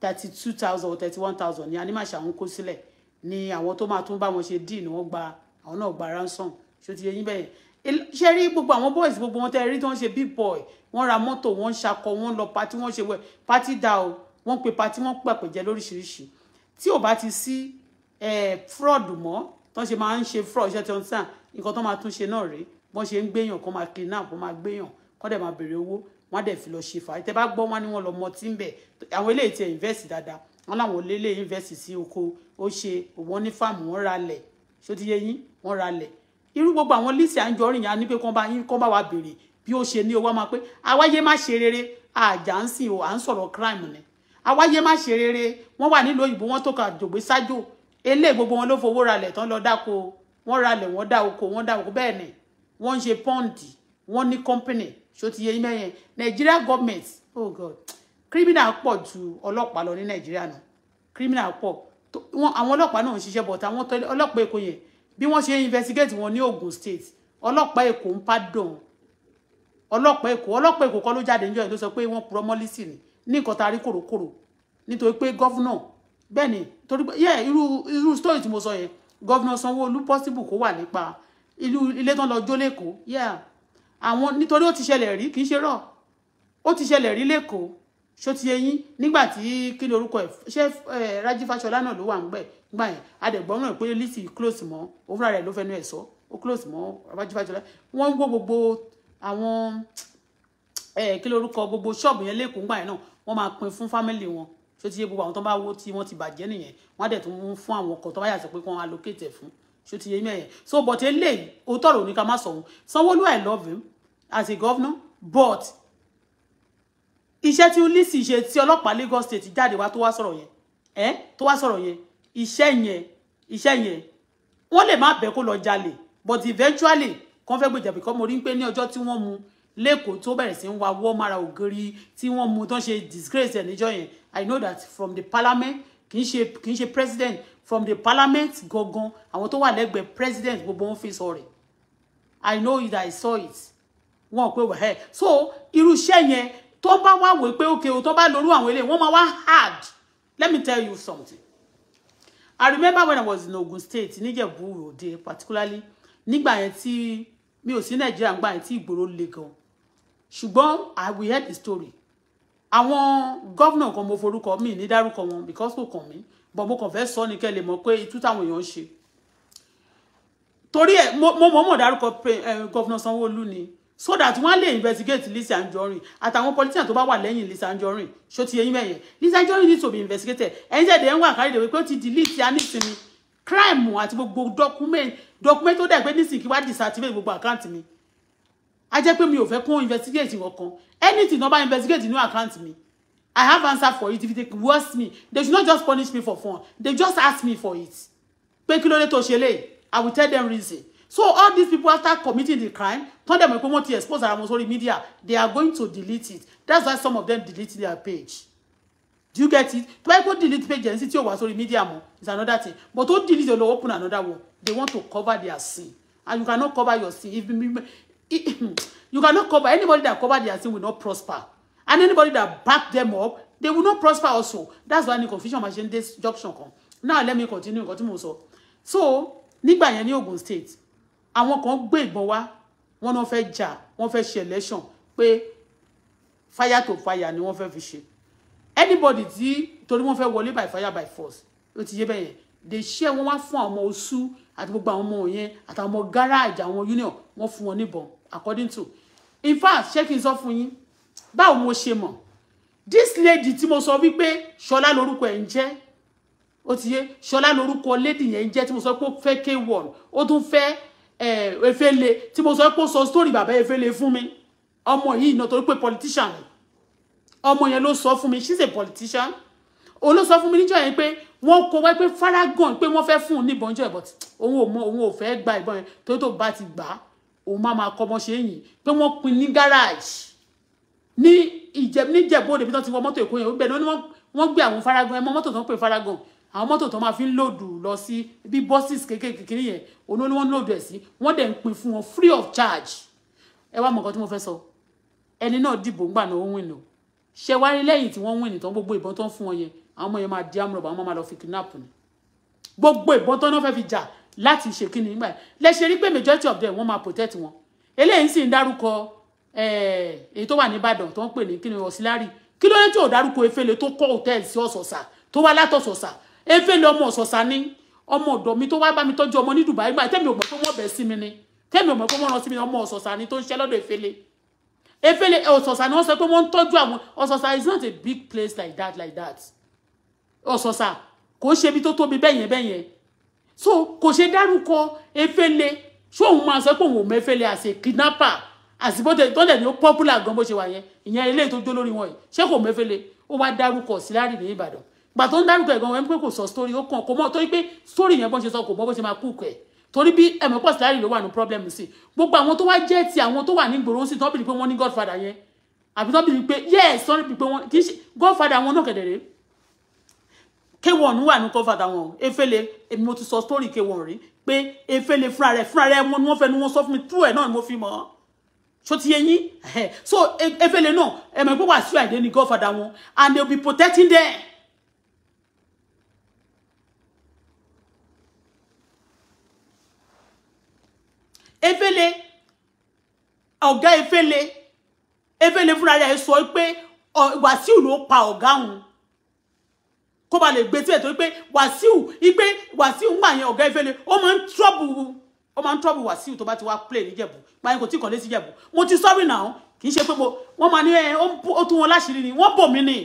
thirty two thousand or thirty one thousand ni animaṣàwọn kó sílẹ̀ ni àwọn tó máa tún bá wọn ṣe deal ni wọ́n gba àwọn náà gba ransom ṣó ti yẹ yín bẹ́yẹn ṣe rí gbogbo àwọn boys gbogbo wọn tẹ rí tí wọ́n ṣe big boy wọ́n ra mọ́tò wọ́n ń ṣakọ wọ́n lọ pati wọ́n ṣe wẹ pati dà o wọ́n pe pati wọ́n pàpẹjẹ lóríṣìíríṣìí tí ò bá ti sí fraud mọ́ tí wọ́n ṣe máa ń ṣe fraud ṣe tí wọ́n sàn nǹkan tó máa tún ṣe náà rèé wọ́n ṣe ń gbéyàn kó máa kidnap kó máa gbéyàn kó dẹ̀ máa béèrè owó wọ́n dẹ̀ fi lọ ṣe fà tẹ́ bá gbọ́ wọn ni wọ́n lọ mọ tí ń bẹ̀ àwọn eléyìí ti invest dáadáa wọ́n làwọn lélẹ̀ invest sí oko ó ṣe òwò ní fáàmù wọ́n ra lẹ̀ ṣó ti yé yín wọ́n ra lẹ̀ irú gbogbo àwọn Lizzy Anjorin yẹn á ní pé kán bá yín kán bá wa béèrè bí ó ṣe ní owó máa pé àwáyé má ṣe rere àjà ń sìn o à ń sọ̀rọ̀ crime ni àwáyé má ṣe rere wọ́n wà nílùú òyìnbó wọ́n tó ka jògbé sájò eléyìí gbogbo wọn ló fowó ralẹ̀ tán lọ dáko wọ́n ralẹ̀ wọ́n dá oko wọ́n dá oko bẹ́ẹ̀ ni wọ́n ń ṣe pọ́ǹdì wọ́n ní company ṣó ti yẹ yín mẹ́yẹn Nigeria government oh god criminal pọ̀ ju ọlọ́pàá lọ ní Nigeria náà criminal pọ̀ àwọn ọlọ́pàá náà ń ṣiṣẹ́ bọ̀tà àwọn ọlọ́pàá Èkó yẹn bí wọ́n ṣe investigate wọn ní Ogun State ọlọ́pàá Èkó ń pardon ọlọ́pàá Èkó ọlọ́pàá Èkó kọ́ ló jáde níjọ́ yẹn tó sọ pé wọ́n purọ́ mọ́ Lizzy ni ní nǹkan tá a rí kòrókòrò nítorí pé gọ́fúnà bẹ́ẹ̀ ni torí pé yẹ irú irú story tí mo sọ yẹn gọ́fúnà Sanwó-Olú possible kó wà nípa ìlú ilé tán lọ jó lẹ́kọ̀ọ́ yẹ àwọn nítorí ó ti ṣẹlẹ̀ rí kì í ṣe rọ̀ ó ti ṣẹlẹ̀ rí lẹ́kọ̀ọ́ ṣó ti yẹ yín nígbà tí kí lorúkọ ẹ̀ ṣé eh, Rájí Fáṣọlá náà ló wà ń gbẹ̀ gbà yẹn adẹ̀gbọ́n náà pé Lizzy close mọ́ òwúrọ̀ rẹ̀ ló fẹ́nu ẹ̀ sọ ó close mọ́ abájúbájúlá wọ́n ń gbọ́ gbogbo àwọn kí lórúkọ gbogbo ṣọ́ọ̀bù yẹn lẹ́kọ̀ọ́ gbà yẹn náà wọ́n máa pín fún fámìlì wọn ṣó ti yé gbogbo àwọn tó bá wó tí wọ́n ti bàjẹ́ nìyẹn wọ́n á dẹ̀ tún fún àwọn ọkọ̀ tó bá yàtọ̀ pé wọ́n allocate ẹ̀ fún ṣó ti yé mẹ́yẹn so but eléyìí òótọ́ rò ní ká má sọ̀hún Sanwó-Olú I love him as a governor but iṣẹ́ tí Lizzy ṣe tí ọlọ́pàá Lagos State jáde wá tó wá sọ̀rọ̀ yẹn ẹ́ tó wá sọ̀rọ̀ yẹn iṣẹ́ yẹn iṣẹ́ yẹn wọ́n lè má bẹ̀ kó lọ jalè but eventually kàn fẹ́ gbèjà bìkọ́ mo rí pé ní ọjọ́ tí wọ́n mu lẹ́kọ̀ọ́ tó bẹ̀rẹ̀ sí ń wa wọ́ mara ògiri tí wọ́n mu tán ṣe disgrace ẹ̀ níjọ́ yẹn i know that from the parliament kì í ṣe kì í ṣe president from the parliament gangan àwọn tó wà lẹ́gbẹ̀ẹ́ president gbogbo wọn fèsì ọ̀rẹ́ i know it i saw it wọn pé wà ẹ́ so irú iṣẹ́ yẹn tó bá wà wò pé òkè o tó bá lórú àwọn eléyìí wọ́n máa wá hard let me tell you something I remember when I was in Ogun State níjẹ̀bú òde particularly nígbà yẹn tí mi ò sí Nàìjíríà nígbà yẹn tí ìgboro le I will hear the story I want àwọn gómìnà kan mo forúkọ mi ní dárúkọ wọn because kò kàn me, but mo kàn fẹ́ sọ ní kẹ́lẹ̀ mọ̀ pé itú táwọn èèyàn ń ṣe torí ẹ̀ mo mọ̀ mọ̀ dárúkọ eh, gómìnà Sanwó-Olú ni so that wọ́n lè investigate Lizzy Anjorin àtàwọn politician tó bá wà lẹ́yìn Lizzy Anjorin ṣó ti yẹyin mẹ́yẹn Lizzy Anjorin need to be investigated ẹni tẹ̀ dẹ̀ ń wà kárí ìdèwé pé ó ti delete ya nísìnyí crime àti gbogbo document document tó dẹ̀ pé nísìnyí kí wá disactivate gbogbo account mi a jẹ́ pé mi ò fẹ́ kún investigate kankan anything no bá investigate new account mi I have answer for it if they coerce me they should not just punish me for fun they just ask me for it pé kí ló dé tó ṣe léyìí I will tell them reason so all these people after committing the crime tán them mọ̀ pé wọ́n expose ara wọn sórí media they are going to delete it that's why some of them delete their page do you get it Why go delete page ẹ̀ ń sí tí ò wá media mọ́ is another thing but tó delete ẹ̀ lọ open another one they want to cover their sin and you cannot cover your sin if you cannot cover anybody that cover their sin will not prosper and anybody that back them up they will not prosper also that's why the confusion machine dey junction kan now let me continue Continue tí so nígbà yẹn ní Ogun State àwọn kan gbé ìbọn wá wọn náà fẹ́ jà wọ́n fẹ́ ṣe election pé fire to fire ni wọ́n fẹ́ fi ṣe anybody tí torí wọ́n fẹ́ wọlé by fire by force ó ti yé bẹ́yẹn lè ṣe wọ́n wá fún àwọn ọmọ oṣù àti gbogbo àwọn ọmọ yẹn àtàwọn ọmọ gáràjì àwọn union wọ́n fún wọn níbọn according to in fact ṣé kí n sọ fún yín báwo mo ṣe mọ̀ this lady tí mo sọ wípé ṣọlá lórúkọ ẹ̀ ń jẹ́ ó ti yé ṣọlá lórúkọ lady yẹn ń jẹ́ tí mo sọ pé ó fẹ́ k1 ó tún fẹ́ Eh, efele tí mo sọ pé ó sọ story bàbá efele fún mi ọmọ yìí náà torí pé politician ni ọmọ yẹn ló sọ fún mi she's a politician òun ló sọ fún mi níjọ́ yẹn pé wọ́n kó wá pé Faragan pé wọ́n fẹ́ fún un níbọn jẹ́ but òun ò mọ òun ò fẹ́ gba ìbọn yẹn torí tó bá ti gbà á òun máa máa kọ́ ọmọ ṣe yìn pé pin ní garage Ni, ìjẹ̀bú níjẹ̀bú òde bí wọ́n ti wọ mọ́tò èkó yẹn ó bẹ̀rẹ̀ wọ́n gbé àwọn Faragan ẹ mọ mọ́tò tó ń pè Faragan àwọn mọ́tò tó máa fi ń lòdù lọ sí bí buses kékeré yẹn òun ni wọ́n ń lòdù ẹ̀ sí wọ́n dẹ̀ ń pín fún wọn free of charge ẹ wá mọ̀ nǹkan tí mo fẹ́ sọ ẹni náà dìbò ńgbà náà ó wìn lò ṣe wárí lẹ́yìn tí wọ́n wìn nìtàn gbogbo ìbọn tó ń fún wọn yẹn àwọn ọmọ yẹn máa di amúrọ̀bà àwọn ọmọ máa lọ fi kidnap ni gbogbo ìbọn tó náà fẹ́ fi jà láti ṣe kí ni nígbà yẹn lẹ́sẹ̀ rí pé majority of them wọ́n máa protect wọn eléyìí sì ń dárúkọ èyí tó wà ní Ìbàdàn tó ń pè ní kí ni auxiliary kí ló dé tí ò dárúkọ efele tó kọ́ hòtẹ́ẹ̀lì sí ọ̀sọ̀sà tó wá látọ̀sọ̀sà efe lọ ọmọ ọ̀sọ̀sà ni ọmọ ọ̀dọ̀ mi tó wá bá mi tọ́jú ọmọ ní Dubai gbà tẹ́mi ò mọ̀ pé wọ́n bẹ̀ sí mi ni tẹ́mi ò mọ̀ pé wọ́n rán sí mi ọmọ ọ̀sọ̀sà ni tó ń ṣe lọ́dọ̀ efele efele ọ̀sọ̀sà ni wọ́n sọ pé wọ́n ń tọ́jú àwọn ọ̀sọ̀sà is not a big place like that like that ọ̀sọ̀sà kò ń ṣe ibi tó tóbi bẹ́yẹn bẹ́yẹn so kò ṣe dárúkọ efele ṣé òun máa sọ pé òun ò mọ efele as a kidnapper àsìbótẹ tó dẹ̀ ní ó popular gan bó ṣe wà yẹn ìyẹn eléyìí tó jó lórí wọn yìí ṣé kò mọ efele ó wá dárúkọ sí láàrin ní Ìbàdàn gbà tó ń dárúkọ ẹ̀gbọ́n wọn pé kò sọ story ó kàn kò mọ̀ torí pé story yẹn bọ́n ṣe sọ kò mọ̀ bó ṣe máa kú kẹ̀ torí bí ẹ̀mọ́ pọ̀ síláàrí ló wà ní problem sí gbogbo àwọn tó wá jẹ́ ti àwọn tó wà ní gbòòrò sí tọ́bìrì pé wọ́n ní godfather yẹn àbí tọ́bìrì pé yes tọ́bìrì pé wọ́n kì í ṣe godfather wọn náà kẹ̀dẹ̀rẹ́ k1 wà ní godfather wọn efele èmi mo ti sọ story k1 rí pé efele fúnra rẹ̀ fúnra rẹ̀ wọn ni wọ́n fẹ́ ni wọ́n sọ fún mi tú ẹ̀ náà ni mo fi mọ̀ so ti yẹn yín so efele náà ẹ̀mọ́ pé wàásù àìdè ni godfather wọn and they will be protecting them efele ọ̀gá efele efele fúnra rẹ̀ sọ pé Wàsíù ló pa ọ̀gá òun kó ba lè gbé síbẹ̀ tó pé Wàsíù ipe Wàsíù ń gbà yẹn ọ̀gá efele ó máa ń trọ́bù ó máa ń trọ́bù Wàsíù tó bá ti wá play níjẹ̀bù báyìí kò tí kò lé sí Ìjẹ̀bù mo ti sọ́rí náà kì í ṣe pé wọ́n máa ní ẹ ó tún wọn láṣìírí ni wọ́n bò mí ni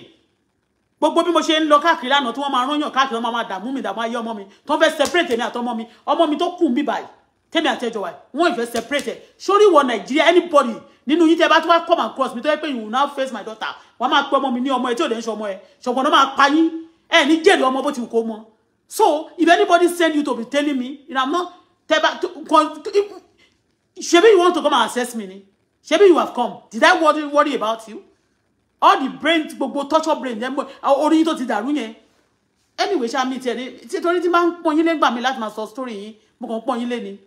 gbogbo bí mo ṣe ń lọ káàkiri lánàá tí wọ́n máa rányàn káàkiri wọ́n máa dààmú mi dààmú ayé ọmọ mi tó ń fẹ́ separate èmi àtọmọ mi ọmọ mi tó kù mí báyìí Tell tèmi àti ẹjọ́ wa wọ́n ìfẹ́ separate sórí ìwọ nàìjíríà anybody nínú yín tẹ́ bá tún wá come and cross mi tó you, pé you now face my daughter wọ́n máa pe ọmọ mi ní ọmọ ẹ show ò lè ń ṣe ọmọ ẹ ṣọ̀gbọ́n náà máa pa yín ẹ ní jèrè so if anybody send you to be telling me you know, not. tẹ́ bá ṣebí you want to come and assess me ni you have come did I worry, worry about you all the brain touch your brain yẹn orí yín tó ti dàrú yẹn anyway shall mi tell you? It's a máa man. pọ́n yín lẹ́gbàá mi láti máa sọ story yín mo kàn ń pọ́n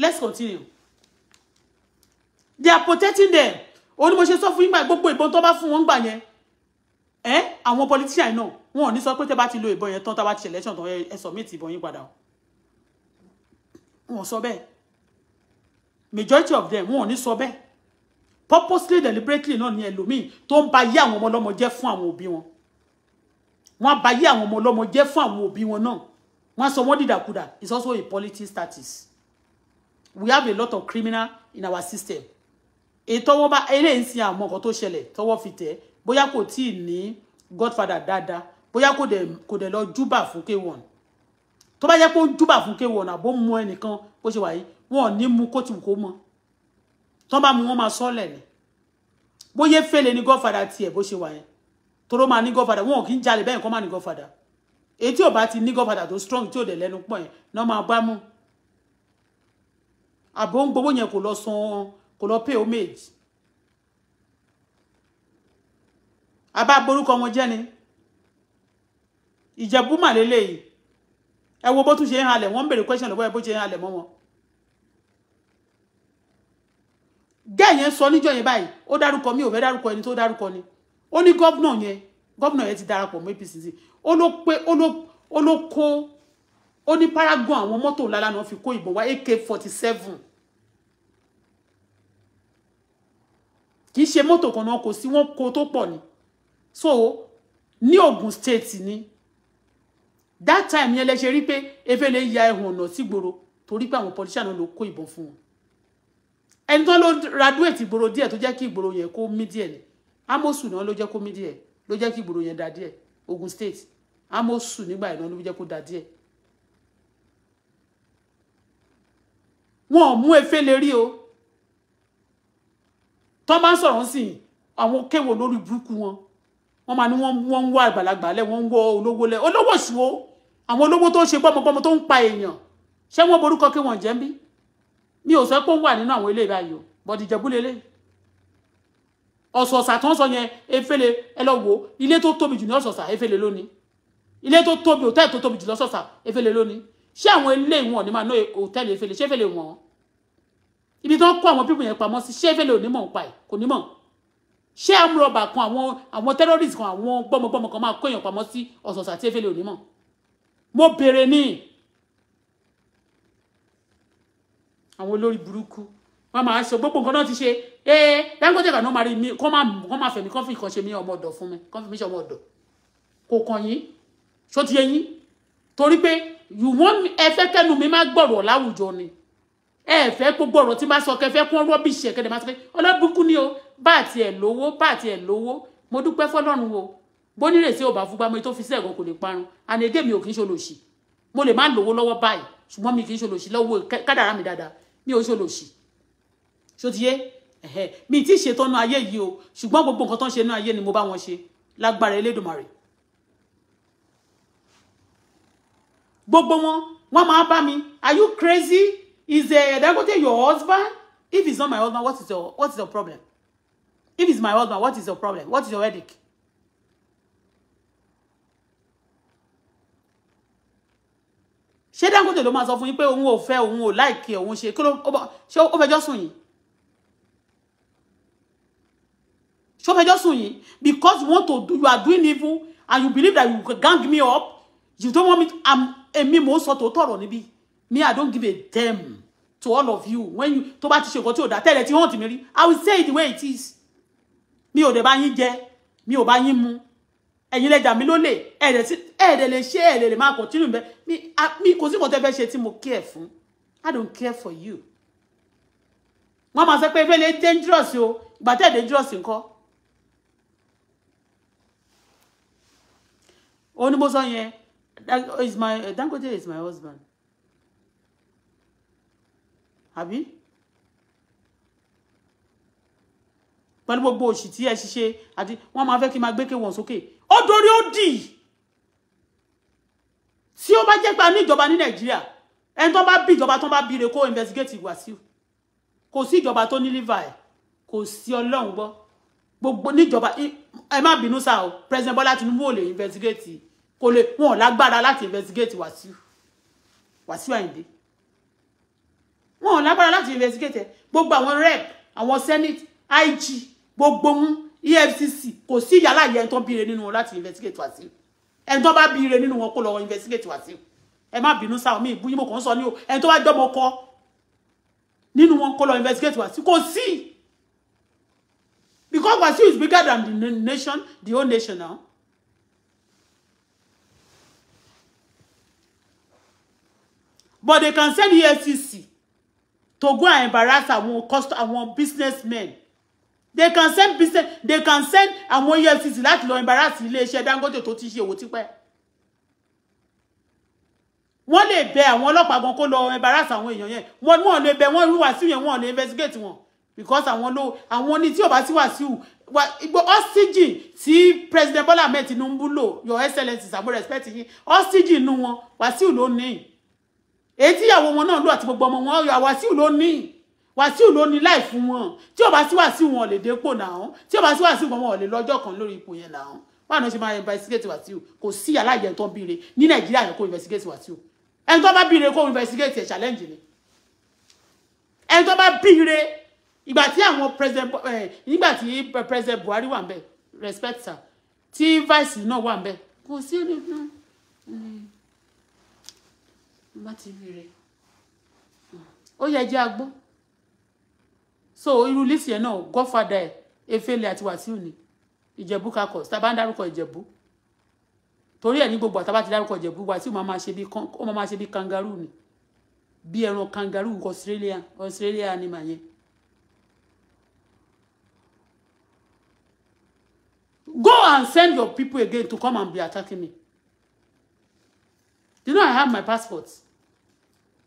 let's continue they are protecting them Only ni mo ṣe sọ fún yín gbà gbogbo ìbọn tó bá fún wọn gbà yẹn ẹ àwọn politician náà wọn ò ní sọ pé tẹ bá ti lo ìbọn yẹn tán tá bá ti ṣe election tán ẹ submit ìbọn yín padà wọn sọ bẹ́ẹ̀ majority of them wọn ò ní sọ bẹ́ẹ̀ purposely deliberately náà ni ẹlòmíì tó ń ba yé àwọn ọmọ ọlọ́mọ jẹ́ fún àwọn òbí wọn wọn ba yé àwọn ọmọ ọlọ́mọ jẹ́ fún àwọn òbí wọn náà wọn sọ wọn dìdàkudà it's also a politics status we have a lot of criminal in our system ètò e wọn bá eléyìí sin àwọn nǹkan tó ṣẹlẹ̀ tọ́wọ́ fi tẹ̀ bóyá kò tí ì godfather Dada. bóyá kò dẹ̀ kò dẹ̀ lọ júbà fún k1 tó bá jẹ́ pé ó júbà fún k1 àbó mu ẹnìkan bó ṣe wà yìí wọn ò mu kó ti wù kó mọ tó bá mu wọn máa sọ́ọ̀lẹ̀ ni bóyá fèlè ní godfather tiẹ̀ e bó ṣe wà yẹn tóró máa ní godfather wọn ò kí ń jalè bẹ́ẹ̀ kọ́ máa godfather èyí tí ò bá ti ní godfather tó strong tí ò dẹ̀ lẹ́nu pọ̀ yẹn náà máa bá mú àbò ń gbowó yẹn kò lọ san kò lọ pay homage àbá borúkọ wọn jẹ́ ni ìjẹ̀bú mà lélẹ́yìí ẹ wo bó tún ṣe ń halẹ̀ wọ́n ń bèrè question lọ́wọ́ ẹ bó ṣe ń halẹ̀ mọ́ wọn. gẹ́ẹ̀ yẹn sọ níjọ́ yẹn báyìí ó dárúkọ mi ò fẹ́ dárúkọ ẹni tó dárúkọ ni ó ní gómìnà yẹn gómìnà yẹn ti darapọ̀ mọ́ APC ó ló pé ó ló kó ó ní paragon àwọn mọ́tò ńlá lánàá fi kó ìbọn wá ak forty seven kì í ṣe mọ́tò kan náà kò sí wọ́n kó tó pọ̀ ni so ní Ogun State ni that time yẹn lẹ ṣe rí pé efele ya ẹ̀hùn ọ̀nà sígboro torí pé àwọn politician náà ló kó ìbọn fún wọn ẹni tó ló graduate ìgboro díẹ̀ tó jẹ́ kí ìgboro yẹn kó mí díẹ̀ ni amosu náà ló jẹ́ kó mí díẹ̀ ló jẹ́ kí ìgboro yẹn dá díẹ̀ Ogun State amosu nígbà yẹn náà ló jẹ́ kó dá díẹ̀ wọn ò mú efele rí o tó bá ń sọ̀rọ̀ sí àwọn kéwòn lórí burúkú wọn wọ́n máa ní wọ́n ń wá àgbàlagbà lẹ̀ wọ́n ń wọ́ olówó lẹ̀ olówó ṣùwó àwọn olówó tó ṣe gbọ́mọgbọ́mọ tó ń pa èèyàn ṣé wọ́n borúkọ kí wọ́n jẹ́ ń bí mi ò sọ pé ó wà nínú àwọn ilé ìbáyò bọ́dì jẹ́búlélé ọ̀sọ̀ọ̀sà tó ń sọ yẹn efele ẹ lọ wo ilé tó tóbi jù ní ọ̀sọ̀ọ̀sà efele lónìí ilé tó tóbi òtẹ́ẹ̀ tó tóbi jù lọ́sọ̀ọ̀sà efele lónìí ṣé àwọn ilé ìwọ̀n ni máa ná hòtẹ́ẹ̀lì efele ṣé efele wọ̀n ibi tí wọ́n kó àwọn pípọ̀ yẹn pamọ́ sí ṣé efele onímọ̀ ń pa ẹ̀ kò nímọ̀ ṣé amúrọ̀bà kan àwọn àwọn terrorist kan àwọn gbọ́mọgbọ́mọ kan máa kó èèyàn pamọ́ sí ọ̀sọ̀ọ̀sọ̀ àti efele onímọ̀ mo béèrè ní àwọn olórí burúkú wọn máa ṣe gbogbo nǹkan náà ti ṣe ee Dangote kan náà máa rí mi kọ́ máa fẹ̀mí kọ́ fi nǹkan ṣe mí ọmọ ọ̀dọ̀ fún mi kọ́ fi mí ṣe ọmọ ọ̀dọ̀ kò kàn yín ṣó ti yẹ yín torí pé you want ẹ fẹ́ kẹ́nu mi má gbọ̀rọ̀ láwùjọ ni ẹ fẹ́ gbogbo ọ̀rọ̀ tí máa sọ kẹfẹ́ kún rọ́bìṣì ẹ̀ kẹ́dẹ̀ máa sọ pé ọlọ́bùkún ni o bá àti ẹ̀ lówó bá àti ẹ̀ lówó mo dúpẹ́ fọlọ́run o bónírèsí ò bá fúgbà mo tó fi sí ẹ̀gàn kò lè parun àná èdè mi ò kì í ṣolòṣì mo lè má lówó lọ́wọ́ báyìí ṣùgbọ́n mi kì í ṣolòṣì lọ́wọ́ kádàrá mi dáadáa mi ò ṣolòṣì ṣòtiyé mi ti ṣètọ́nú ayé yìí o ṣùgbọ́n gbogbo nǹkan tó ń ṣe nú ayé ni mo bá wọn ṣe lágbára Elédùmarè gbogbo wọn wọ́n máa bá mi are you crazy is uh, Dangote your husband if he's not my husband what is your what is your problem if he's my husband what is your problem what is your headache. ṣé Dangote ló máa sọ fún yín pé òun ò fẹ́ òun ò láìkí òun ṣe kí ló ṣe ó fẹjọ́ sùn yín ṣó fẹjọ́ sùn yín because you want to do you are doing evil and you believe that you gang me up you don't want me to. I'm, èmi mò ń sọ tòótọ́ ọ̀rọ̀ níbí me i don't give a damn to all of you when you tó bá ti ṣe nǹkan tí ò dá tẹ́lẹ̀ tí wọ́n ti mi rí i will say it the way it is mi ò dẹ̀ bá yín jẹ mi ò bá yín mu ẹ̀yin lẹ́jà mi ló lè ẹ̀ẹ̀dẹ̀ lè ṣe ẹ̀ẹ̀dẹ̀ lè máa continue bẹ́ẹ̀ mi kò sí nǹkan tẹ́ fẹ́ ṣe tí mo care fún i don't care for you wọ́n máa sọ pé ìfẹ́lẹ́ dangerous o ìgbà tẹ́ dangerous nǹkan ó ní mo sọ yẹn is oh, my uh, Dangote is my husband. Àbí? Pẹ̀lú gbogbo òṣì tí ẹ ṣiṣẹ́ àti wọ́n máa fẹ́ kí n máa gbékè wọ̀n sókè. Ó dorí ó dì. Tí ó bá jẹ́ pé a ní ìjọba ní Nàìjíríà, ẹni tó bá bí ìjọba tó bá bí re kó investigate Wàsíù. Kò sí ìjọba tó ní liver ẹ̀. Kò sí ọlọ́run gbọ́. Gbogbo níjọba ẹ má bínú sáà o, President Bola Tinubu ò lè investigate kò lè wọn ò lágbára láti investigate Wàsíù Wàsíù Àyìndé wọn ò lágbára láti investigate gbogbo àwọn rep àwọn senate IG gbogbo mú EFCC kò sí ìyálà yẹn tó bíire nínú wọn láti investigate Wàsíù ẹni tó bá bíire nínú wọn kó lọ investigate Wàsíù ẹ má bínú sáwọn míì búyí mo kàn sọ ní o ẹni tó bá jọmọ kọ nínú wọn kó lọ investigate Wàsíù kò sí because Wàsíù is bigger than the nation the whole nation now. Huh? but they can send the EFCC to go and embarrass àwọn cost àwọn businessmen they can send business they can send àwọn EFCC láti lọ embarrass they Dangote tó ti ṣe òwò tipẹ́ wọ́n lè bẹ àwọn ọlọ́pàá gan kó lọ embarrass àwọn èèyàn yẹn wọ́n wọ́n lè bẹ wọ́n rí Wàsíù yẹn wọ́n lè investigate wọn because àwọn ló àwọn ní tí ò bá sí Wàsíù wa igbo oxygen tí President Bola Ahmed Tinubu lò your excellency sabo respect yín oxygen nu wọn Wàsíù ló ní èyí tí ìyàwó wọn náà lò àti gbogbo ọmọ wọn Wàsíù ló ní Wàsíù ló ní láì fún wọn tí ó bá sí Wàsíù wọn ò lè dépò náà tí ó bá sí Wàsíù wọn ò lè lọ́jọ́ kan lórí ipò yẹn náà báwo ni wọ́n ṣe máa investigate Wàsíù kò sí aláìyẹ tó ń bíire ní Nàìjíríà yẹn kó investigate Wàsíù ẹni tó bá bíire kó investigate ẹ̀ challenge ni ẹni tó bá bíire ìgbà tí àwọn president eh, nígbà tí president Buhari wà ń bẹ respect sir tí vice náà wà ń bẹ kò sí ẹni náà má ti rí rẹ̀ ó yẹ jẹ́ agbó so irú lísì yẹn náà godfather ẹ̀ efele àti wàsíù ni ìjẹ̀bú kakọ̀ tá a bá ń dárúkọ ìjẹ̀bú torí ẹ̀ ní gbogbo àtàbá ti dárúkọ ìjẹ̀bú wàsíù máa máa ṣe bí kangaroo ni bí ẹran kangaroo australia australia animal yẹn Go and send your people again to come and be attacking me. You know, I have my passports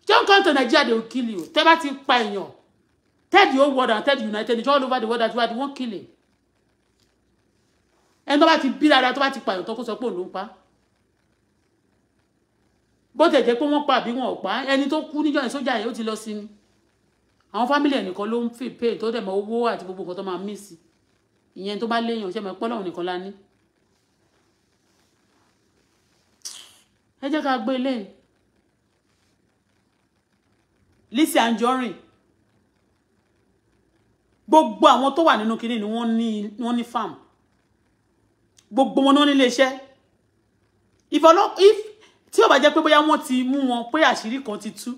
don't come to Nigeria they will kill you tẹ́ bá ti pa tell the whole world and tell the United Nations all over the world that you are the one killing ẹni tó bá ti bí dáadáa tó bá ti pààyàn tó kó sọ pé òun ló ń pa bó tẹ̀ jẹ́ pé wọ́n pa àbí wọn ò pa ẹni tó kú níjọ́ yẹn sójà yẹn ó ti lọ pay tó dẹ̀ mọ owó àti go nǹkan tó máa mí sí ìyẹn tó bá léèyàn ṣe mọ̀ pé Ọlọ́run nìkan la ní. ẹ jẹ́ ká gbé eléyìí Lizzy Anjorin gbogbo àwọn tó wà nínú kinní ni wọ́n ní farm gbogbo wọn ni wọ́n ní iléeṣẹ́ if tí ó bá jẹ́ pé bóyá wọ́n ti mú wọn pé àṣírí kan ti tú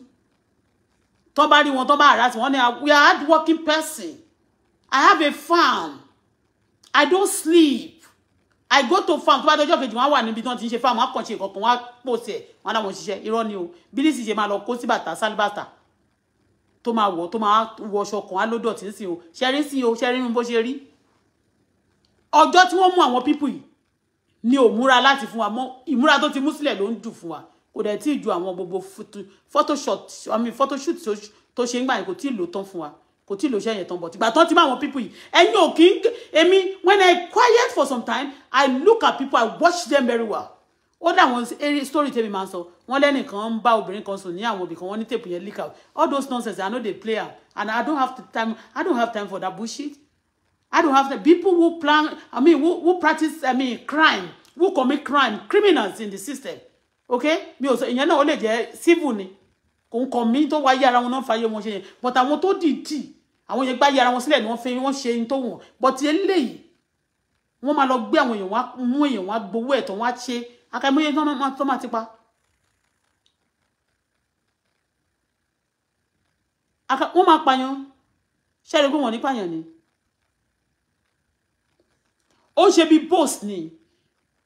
tó bá rí wọn tó bá àrà tí wọ́n ní we are hard working person I have a farm I don't sleep I go to farm tó bá dọjọ́ kejì wọ́n wà níbi tí wọ́n ti ń ṣe farm wọ́n á kàn ṣe ìkọ̀kan wọ́n á pòsẹ̀ wọ́n á dáwọn ṣiṣẹ́ irọ́ ni o bí ní sì ṣe máa lọ kó sí bàtà sálíbàtà tó máa wọ̀ tó máa wọṣọ kan alódọ̀tí sí o ṣẹ́rí sí o ṣẹ́rí nu bó ṣe rí ọjọ́ tí wọ́n mú àwọn pípù yìí ni ò múra láti fún wa mọ́ ìmúra tó ti mú sílẹ̀ ló ń dùn fún wa kò dẹ̀ tí ì ju àwọn gbogbo photoshoot tó ṣe ń gbà yẹn kò tí ì lò tán fún wa kò tí ì lò ṣe yẹn tán bọ̀ tìgbà tán ti mú àwọn pípù yìí ẹ̀yin ò kí èmi when I quiet for some time I look at people I watch them very well ó dáwọn eré story tèmi máa ń sọ wọn lẹ́nìkan ń bá obìnrin kan sùn ní àwọn òbí kan wọn ní tèpù yẹn leak out all those nonsense i no dey play am and i don't have time i don't have time for that bullshit i don't have time people who plan i mean who, who practice i mean crime who commit crime criminals in the system okay mi ò sọ ìyẹn náà ó lè jẹ́ civil ni kò ń kàn mí tó wáyé ara wọn náà fàyè wọn ṣe yẹn but àwọn tó dìídì àwọn yẹn gbáyé ara wọn sílẹ̀ ni wọ́n fi wọ́n ṣe ní tó wọ̀n but eléyìí wọ́n máa lọ gbé àwọn èèyàn wá mú èèyàn wá gbowó ẹ̀tọ́ wá ṣe akẹ́mọ́yé tó máa ti pa wọ́n máa pààyàn ṣẹ́rí pé wọ́n ní pààyàn ni ó ń ṣe bí bóòsì ni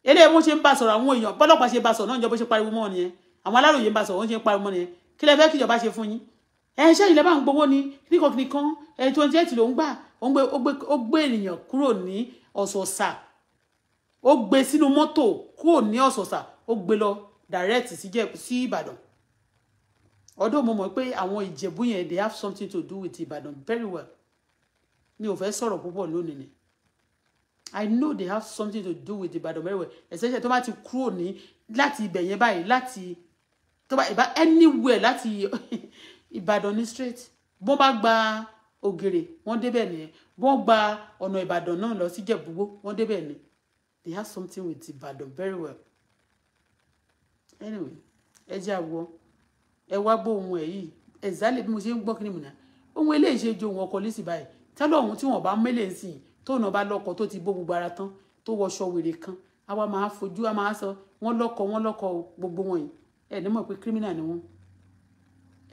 eléyìí wọ́n ṣe ń bá sọ̀rọ̀ àwọn èèyàn bọ́lọ́pàá ṣe bá sọ̀rọ̀ náà ìjọba ṣe pariwo mọ́ nìyẹn àwọn aláròye ń bá sọ̀rọ̀ wọ́n ṣe ń pariwo mọ́ nìyẹn kí lẹ fẹ́ kíjọba ṣe fún yín ẹ ni nìkan nìkan ó gbé sínú mọ́tò kúrò ní ọ̀sọ̀ọ̀sà ó gbé lọ direct sí ìbàdàn ọdún mo mọ̀ pé àwọn ìjẹ̀bú yẹn they have something to do with ìbàdàn very well mi ò fẹ́ sọ̀rọ̀ púpọ̀ lónìí ni i know they have something to do with ìbàdàn very well especially tó bá ti kúrò ní láti ibẹ̀ yẹn báyìí láti tó bá ìbá anywhere láti ìbàdàn ní straight bó bá gba ògèrè wọ́n débẹ̀ nìyẹn bó gba ọ̀nà ìbàdàn náà lọ sí jẹ̀búgbó wọ́n débẹ̀ nìyẹn they have something with the Ibadan very well anyway ẹ jẹ́ àwọ ẹ wá gbọ́ ohun ẹ̀ yìí ẹ̀zálẹ̀ bí mo ṣe ń gbọ́ kí ni mìíràn ohun eléyìí ṣe ju ohun ọkọ̀ lẹ́sìn báyìí tẹ́lẹ̀ ọ̀hún tí wọ́n bá mẹ́lẹ̀ sí i tóun náà bá lọ́kọ̀ tó ti bó gbogbo ara tán tó wọṣọ kan a wá máa a máa sọ wọ́n lọ́kọ̀ wọ́n lọ́kọ̀ gbogbo wọn yìí ẹ̀ ní mọ̀ pé kírímìnà ni wọ́n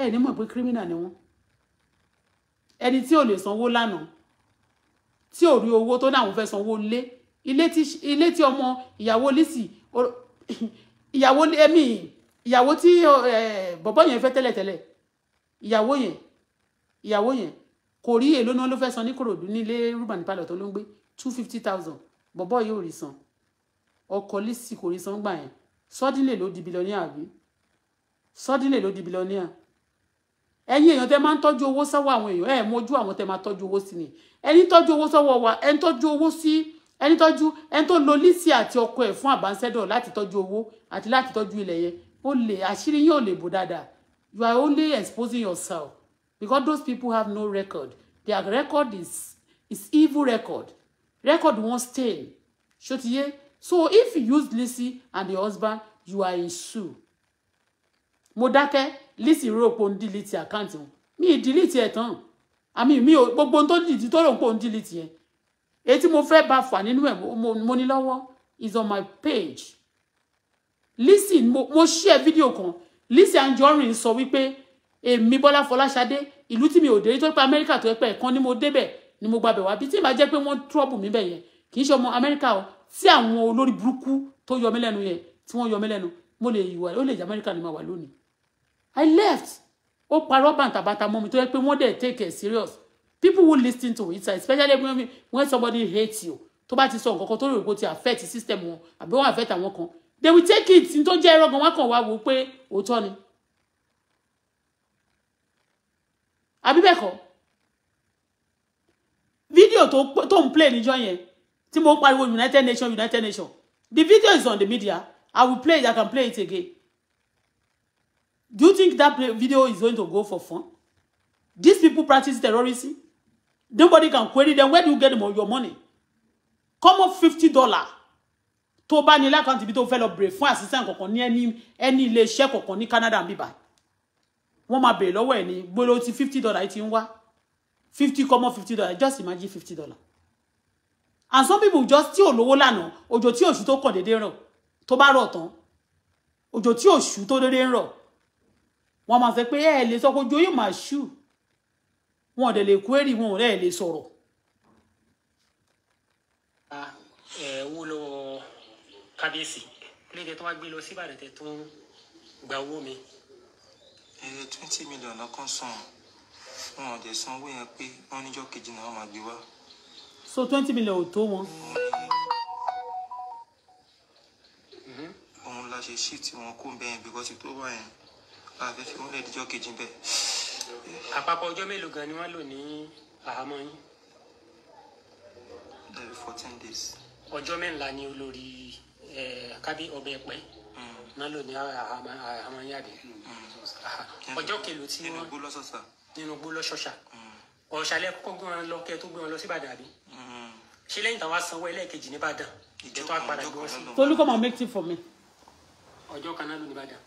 ẹ̀ ní mọ̀ pé kírímìnà ni wọ́n ẹni tí ò lè sanwó lánàá tí ò rí owó tó náà wọ́n fẹ́ sanwó lé ilé tí ọmọ ìyàwó Lizzy ìyàwó ẹ̀mí ìyàwó tí bọ̀bọ̀ yẹn fẹ́ tẹ́lẹ̀tẹ́lẹ̀ ìyàwó yẹn ìyàwó yẹn kò rí èlò náà ló fẹ́ san ní Kòròdú nílé Rúbàní Palọ̀ tó ló ń gbé two fifty thousand bọ̀bọ̀ yóò rí san ọkọ Lizzy kò rí san gbà yẹn sọ́dínlẹ̀ ló di billionaire àbí sọ́dínlẹ̀ ló di billionaire ẹ̀yin èèyàn tẹ́ máa ń tọ́jú owó sọ́wọ́ àwọn èèyàn ẹ̀ mọ́jú àwọn tẹ́ máa tọ́jú owó sí ni ẹni tọ́jú owó sọ́wọ́ wa ẹni tọ́jú owó sí ẹni tọ́jú ẹni tó lo Lizzy àti ọkọ ẹ̀ fún àbánsẹ́dọ̀ láti tọ́jú owó àti láti tọ́jú ilẹ̀ yẹn ó lè àṣírí yín ò lè bò dáadáa you are only exposing yourself because those people have no record their record is is evil record record won't stain ṣòtìyé so if you use Lizzy and your husband you are in sue mo dákẹ́ Lizzy rò pé ó ń delete àkáǹtì wọn mi ì delete ẹ̀ tán àmì mi ò gbogbo ohun tó dìdí tó rò pé ó ń delete yẹn Eti mo fe ba fà nínú ẹ̀ mo ní lọ́wọ́ is on my page listen mo, mo share video kan Lizzy Anjorin sọ wípé èmi Bọ́lá Fọláṣadé ìlú tí mi o de. tó pa America to pẹ́ kan ni mo débẹ̀ ni mo gbàbẹ̀ wa. bí tí ìbá jẹ́ pé wọ́n trọ́bù mi be yẹn kì í ṣe ọmọ Amẹ́ríkà o tí àwọn olórí burúkú tó yọ mí lẹ́nu yẹn tí wọ́n yọ mí lẹ́nu mo le yìí wà ó lè jẹ́ ni mo wà lónìí I left ó parọ́ bàǹtàbàǹtà mo mi to yẹ pé wọ́n dẹ̀ take it serious people who listen to it especially when, when somebody hates you tó bá ti sọ nǹkan kan tó rò pé ó ti affect system wọn àbí wọn affect àwọn kan they will take it ní tó jẹ́ irọ́ gan wọn kàn wá wò ó pé òótọ́ ni àbí bẹ́ẹ̀ kọ́ fídíò tó ń play níjọ́ yẹn tí mo pariwo United Nations United Nations the video is on the media I will play it I can play it again do you think that video is going to go for fun these people practice terrorism Nobody can query them. Where do you get them all your money? Come up fifty dollar. Tó bá ní lákàntì bito tó fẹ́ lọ bèrè assistant koko ní ẹni Any ilé iṣẹ́ kankan ní Canada and bíbá. Wọ́n máa bèrè lọ́wọ́ ẹ̀ ní ti fifty dollar iti unwa. Fifty come up fifty dollar just imagine fifty dollar. And some people just ti ò lówó lánàá òjò tí òṣù tó kàn déédéé rọ̀ tó bá Ojo ti òjò tí òṣù tó déédéé ń rọ̀ wọ́n máa sọ pé ẹ̀ lè sọ pé wọn ò dẹ̀ lè kúérì wọn ò dẹ̀ lè sọ̀rọ̀. Ah, owó lọ́wọ́ kábíyèsí léde tó wá gbé lọ síbàdàn tẹ tó ń gba owó mi. èrè twenty million lọ́kàn sàn wọn ò dẹ̀ san owó yẹn pé wọ́n níjọ́ kejì náà máa gbé wá. so twenty million ò tó wọn. Mm-hmm. òun la ṣe ṣí tí wọn kó bẹ́ẹ̀ bí kò sí tó wà yẹn àfẹ́fẹ́ wọn lè díjọ́ kejì bẹ́ẹ̀ àpapọ̀ ọjọ́ mélòó gan ni wọ́n lò ní àhámọ́ yín. ọjọ́ mẹ́ńlá ni olórí kábí ọbẹ̀ ẹ̀pẹ́ hmm. náà lò ní àhámọ́ yín àbí. Hmm, ọjọ́ kèlò tí wọ́n nínú gbó lọ́sọ̀ọ̀sà hmm. ọ̀ṣàlẹ̀ kọ́kọ́ gbé wọn lọ kẹ́ tó gbé wọn lọ sí Ìbàdàn àbí. ṣé lẹ́yìn táwa sanwó ẹlẹ́ẹ̀kejì ní Ìbàdàn ìjẹ́tọ́ tea for me. ọjọ́ kan náà lò ní Ìbàdàn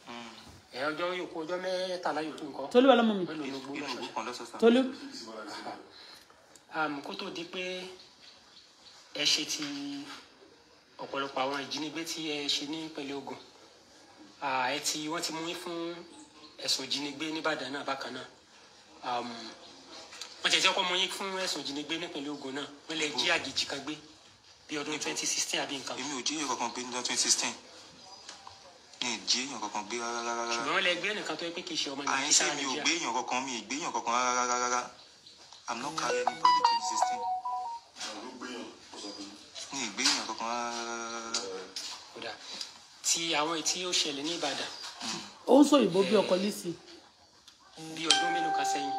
ẹ ọjọ́ yòókù ọjọ́ mẹ́tàlá yòókù nǹkan. tolú wà lọ́mọ mi. tolú. kó tó di pé ẹ ṣe ti ọ̀pọ̀lọpọ̀ àwọn ìjínigbé tí ẹ ṣe ní pẹ̀lú ogun ẹ ti wọ́n ti mú yín fún ẹ̀sùn ìjínigbé nìbàdàn náà bákan náà wọ́n tẹ̀sí ọkọ mọ yín fún ẹ̀sùn ìjínigbé nípínlẹ̀ Ògùn náà wọ́n lè jí àjèjì kan gbé bí ọdún twenty sixteen àbí nǹkan. èmi ò jí èrò kankan gbé ní ọdún twenty sixteen ní ìdí kankan gbé rárá rárá. ṣùgbọ́n lẹ gbé ẹnìkan tó yẹ pé kì í ṣe ọmọ nàìjíríà. àyìnṣe mi ò gbé èèyàn kankan mi ì gbé èèyàn kankan rárá rárá rárá i'm not carry anybody to existing. ní ìgbé èèyàn kankan rárá rárá rárá. ti àwọn tí ó ṣẹlẹ̀ ní ìbàdàn. ó ń sọ òyìnbó bí ọkọ lisi. Mm. bí ọdún mélòó kan sẹ́yìn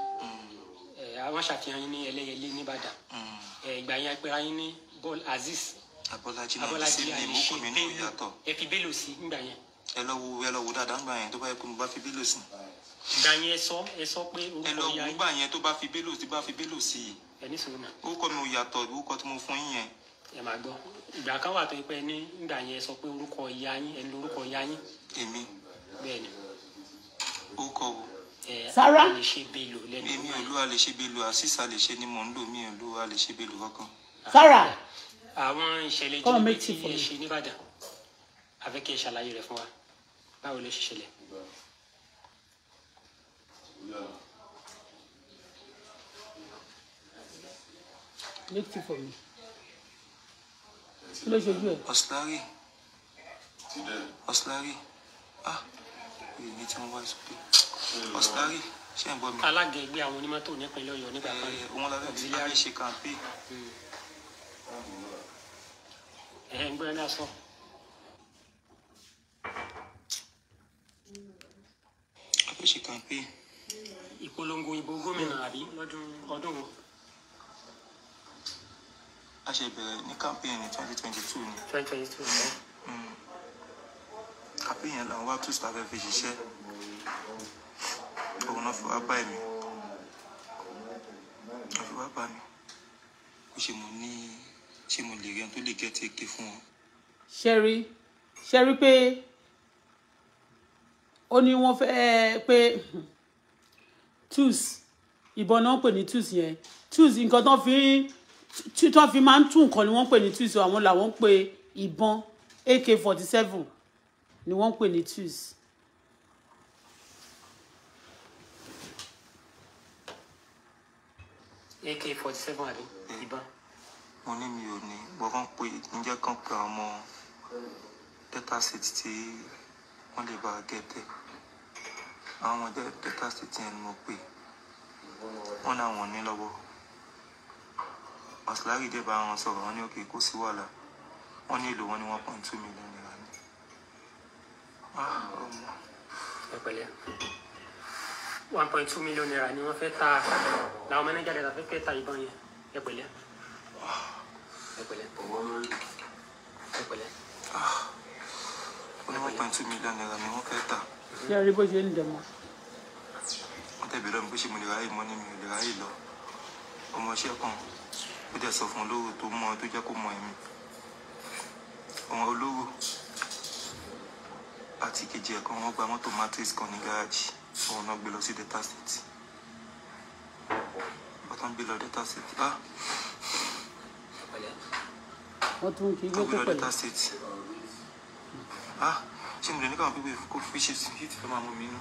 àwọn mm. eh, ṣàfihàn yín ní ẹlẹ́yẹlé nìbàdàn mm. eh, ìgbà yẹn agbára yín ní bọ́ọ̀lù aziz abọ́lájí náà sí ni mo kò ní ìyàtọ̀ ẹ fi bélò sí nígbà yẹn ẹ lọ wo ẹ lọ wo dáadáa ńgbà yẹn tó bá yẹ kó mo bá fi bélò sí. ìgbà yẹn sọ ẹ sọ pé orúkọ ìyá yín. ẹ lọ wo ìgbà yẹn tó bá fi bélò sí bá fi bélò sí i. ẹ ní sòwò náà. orúkọ mi ò yàtọ̀ orúkọ tí mo fún yín yẹn. ẹ máa gbọ́ ìgbà kan wà tó yẹ pé ní ìgbà yẹn sọ pé orúkọ ìyá yín ẹ ní orúkọ ìyá yín. èmi. bẹ́ẹ̀ni. orúkọ wo. Sara èmi ò lo àlèṣe bélò àṣìṣà àlèṣe ni mò ń lò mí ò lo àlèṣe bélò kankan. Sara. àwọn ìṣẹ̀lẹ̀ jẹ́ pé kí ẹ ṣe níbàdàn àfẹ́kẹ́ ṣàlàyé rẹ̀ fún wa báwo ló ṣe ṣẹlẹ̀. make tea for me kí ló ah ìrìn tí wọ́n wá sókè ọ̀sìlárí ṣé ń gbọ́ mi. alága ẹgbẹ́ àwọn onímọ́tò nípínlẹ̀ ọ̀yọ́ nígbà kan. Eh, òun la fẹ́ fi láyé ṣe kàǹpé. ẹ̀ ń gbọ́ ẹ náà sọ. ó ṣe campaign. ìpolongo ìbò gómìnà àbí lọ́dún ọdún wo. a ṣe bẹ̀rẹ̀ ní campaign ní twenty twenty two ni. twenty twenty two ni. Hmm. campaign yẹn làwọn wá tún sábẹ́ fi ṣiṣẹ́ òun náà fi wá bá mi náà fi wá bá mi kó ṣe mo ní ṣe mo lè rí ẹni tó lè gẹ́tì èké fún wọn. ṣe rí ṣe rí pé ó ní wọ́n fẹ́ pé tools ìbọn náà ń pè ní tools yẹn tools nǹkan tó fi tó fi máa ń tún nǹkan ni wọ́n pè ní tools àwọn làwọn ń pè ìbọn ak forty seven ni wọ́n ń pè ní tools. ak forty seven àbí ìbọn. mo ní mi ò ní gbọ́kàn pé ǹjẹ́ kan pé ọmọ delta state tí wọ́n lè bá a gẹ́tẹ̀ àwọn delta state yẹn ni mo pè wọ́n ní àwọn ní lọ́wọ́ ọ̀sùlárí dé bá wọn sọ̀rọ̀ wọn ní òkè kó sí wàhálà wọ́n ní èlò wọn ní one point two million naira ni. Ah, ẹ pẹ̀lẹ́ one point two million naira ni wọ́n fẹ́ ta làwọn mẹ́nẹ́jà dẹ̀ tàbí fẹ́ ta ìbọn yẹn ẹ pẹ̀lẹ́ ẹ pẹ̀lẹ́ ẹ pẹ̀lẹ́. Ah, wọ́n ní one point two million naira ni wọ́n fẹ́ ta ṣé ẹ rí bó ṣe ń dẹ̀ mọ́. ó tẹ̀bí rẹ̀ mi pé ṣé mo lè ráyè mọ́ ni mi ò lè ráyè lọ ọmọọṣẹ́ kan ó dẹ̀ sọ fún olówó tó mọ tó jẹ́ kó mọ ẹ̀mí ọmọ olówó àti kejì ẹ̀kan wọn gba mọ́tò matrix kan ní gáràjì òun náà gbé lọ sí delta state ọtán gbé lọ delta state ah wọ́n tún kí gbé tó pẹ̀lú ah ṣé nílò nígbà pípé kó fi ṣe sí títí fẹ́ máa mú mi nú.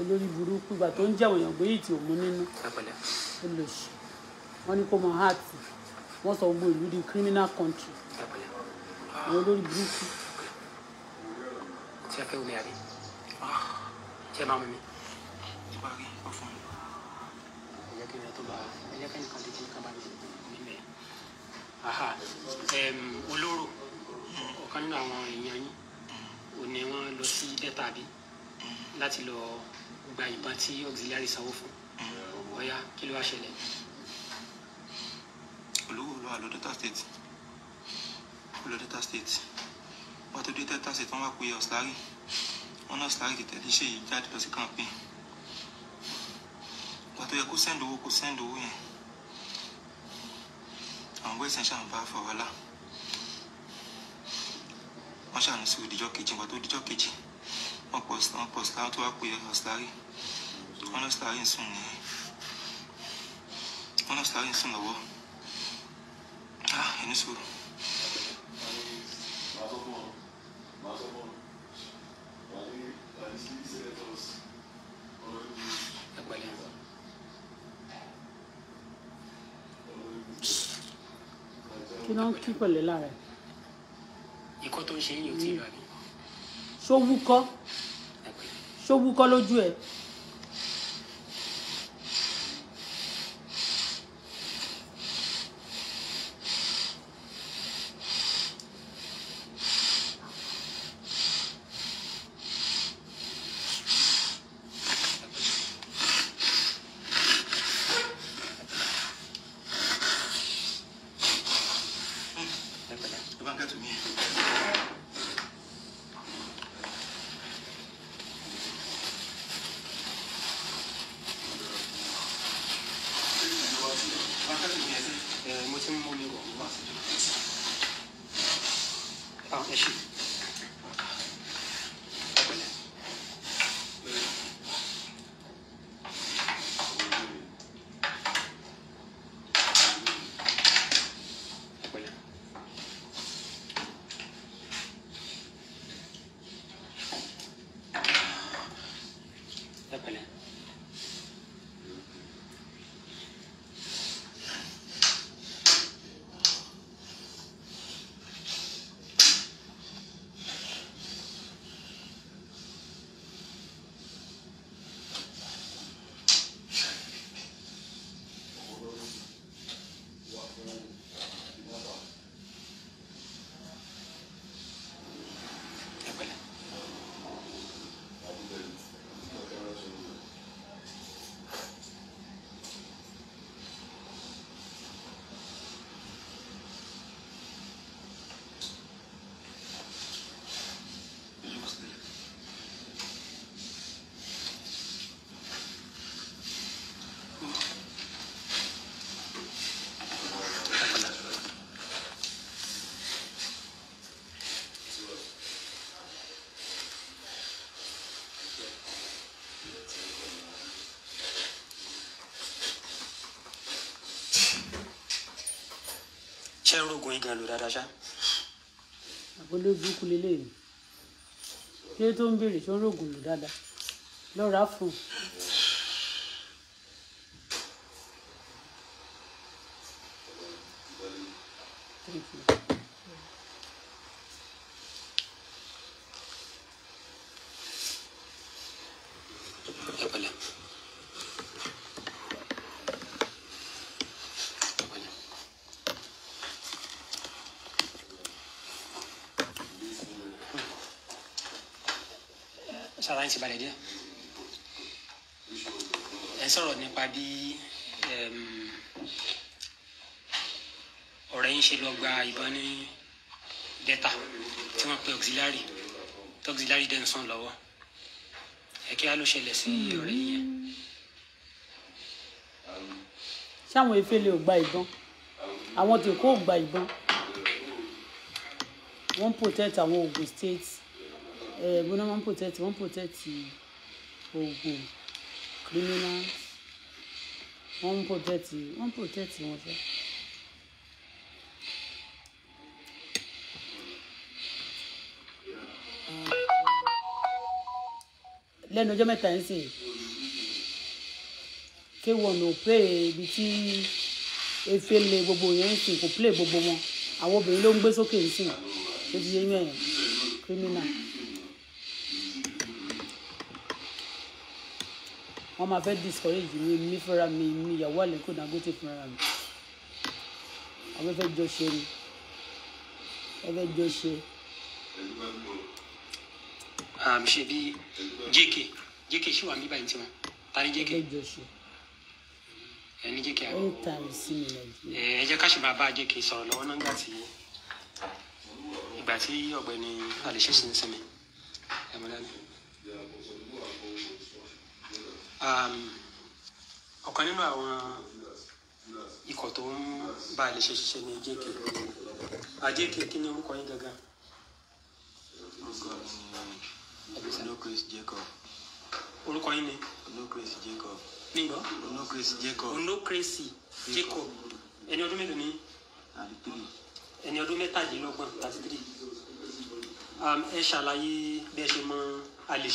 olórí burúkú ìgbà tó ń jẹ̀wọ̀n èèyàn gbé ìtì òmu nínú olóṣù wọn ní kó mọ háàtì wọn sọ gbogbo ìlú di criminal country àwọn olórí burúkú. tí a fẹ́ omi àbí tí ah. a máa mú mi. ìparí ọ̀fun. ẹ̀yẹ́ kí ni tó olóró ọ̀kan nínú àwọn èèyàn yín òní wọ́n lọ sí delta bí láti lọ gba ìbọn tí auxiliary sanwó fún ọ̀yá kí ló wá ṣẹlẹ̀. olówó ló wà lọ delta state lọ delta state wọ́n tó dé delta state wọ́n wá pé ọ̀sìlárì wọ́n náà ọ̀sìlárì tẹ̀lé ṣe yìí jáde lọ sí campaign wọ́n tó yẹ kó sẹ́ńdowó kó sẹ́ńdowó yẹn àwọn bóyá ìsẹ̀ńṣà ń bá wọ́n ṣàánú sí òdìjọ́ kejì wọ́n tó díjọ́ kejì wọ́n pọ̀ wọ́n pọ̀ síláwọ́ tó wá pé ọ̀sílárí wọ́n lọ sílárí ń sùn ní wọ́n lọ sílárí ń sùn lọ́wọ́ á ẹni sòrò. kí ló ń kí pẹ̀lú lára ẹ̀ ikọ́ tó ń ṣe yín ò tí ì lọ ni. ṣó wúkọ́ ṣó wúkọ́ lójú ẹ̀. ṣe ń rògùn igan lò dáadáa ṣá. àbólé burúkú lélẹ́yìn kí ló tó ń béèrè ṣé ó ń rògùn lò dáadáa lọ́ọ́ rà fún un. yín ti balẹ̀ díẹ̀ ẹ sọ̀rọ̀ nípa bí ọ̀rẹ́ yín ṣe lọ gba ìbọn ní dẹ́ta tí wọ́n pe auxiliary tí auxiliary dẹ̀ ń sàn lọ́wọ́ ẹ kí á ló ṣẹlẹ̀ sí ọ̀rẹ́ yín yẹn. ṣáwọn efele ò gba ìbọn àwọn tèkó ò gba ìbọn wọ́n protect àwọn Ogun State ẹ̀ẹ́dùn eh, náà wọ́n protect on protect oògùn criminals wọ́n protect on protect wọn fẹ́. lẹ́nu ọjọ́ mẹ́ta ń sìn kéwọn ò pé ibi tí efe le gbogbo yẹn ń sìn kò play gbogbo wọn àwọn obìnrin ló ń gbé sókè ń sìn ló ti yé yín ẹ̀yìn criminal. wọ́n máa fẹ́ discourage mi mi fúnra mi mi ìyàwó Àlíkò Dangote fúnra mi àwọn fẹ́ jọ ṣe ni ẹ fẹ́ jọ ṣe. Um, ṣe bí jk jk ṣì wà ní báyìí tiwọn parí jk. ẹ fẹ́ jọ ṣe. ẹni jk àwọn. ó ń ta mi sí mi nàìjíríà. ẹ jẹ́ ká ṣe máa bá jk sọ̀rọ̀ lọ́wọ́ náà nígbà tí ìgbà tí ọ̀gbẹ́ni àlè ṣe sí sinmi ẹ mọ̀ dáadáa. Um, ọ̀kan nínú àwọn ikọ̀ tó ń bá a lè ṣe ṣiṣẹ́ ní JK ah, JK kí ni orúkọ yín gangan. orúkọ mi ni onokris Jacob. orúkọ yín ni. onokris Jacob. nígbà. onokris Jacob. onokris Jacob ẹni ọdún mélòó ni. ẹni ọdún mẹ́tàdínlọ́gbọ̀n thirty three. Um, ẹ ṣàlàyé bí ẹ ṣe mọ àlè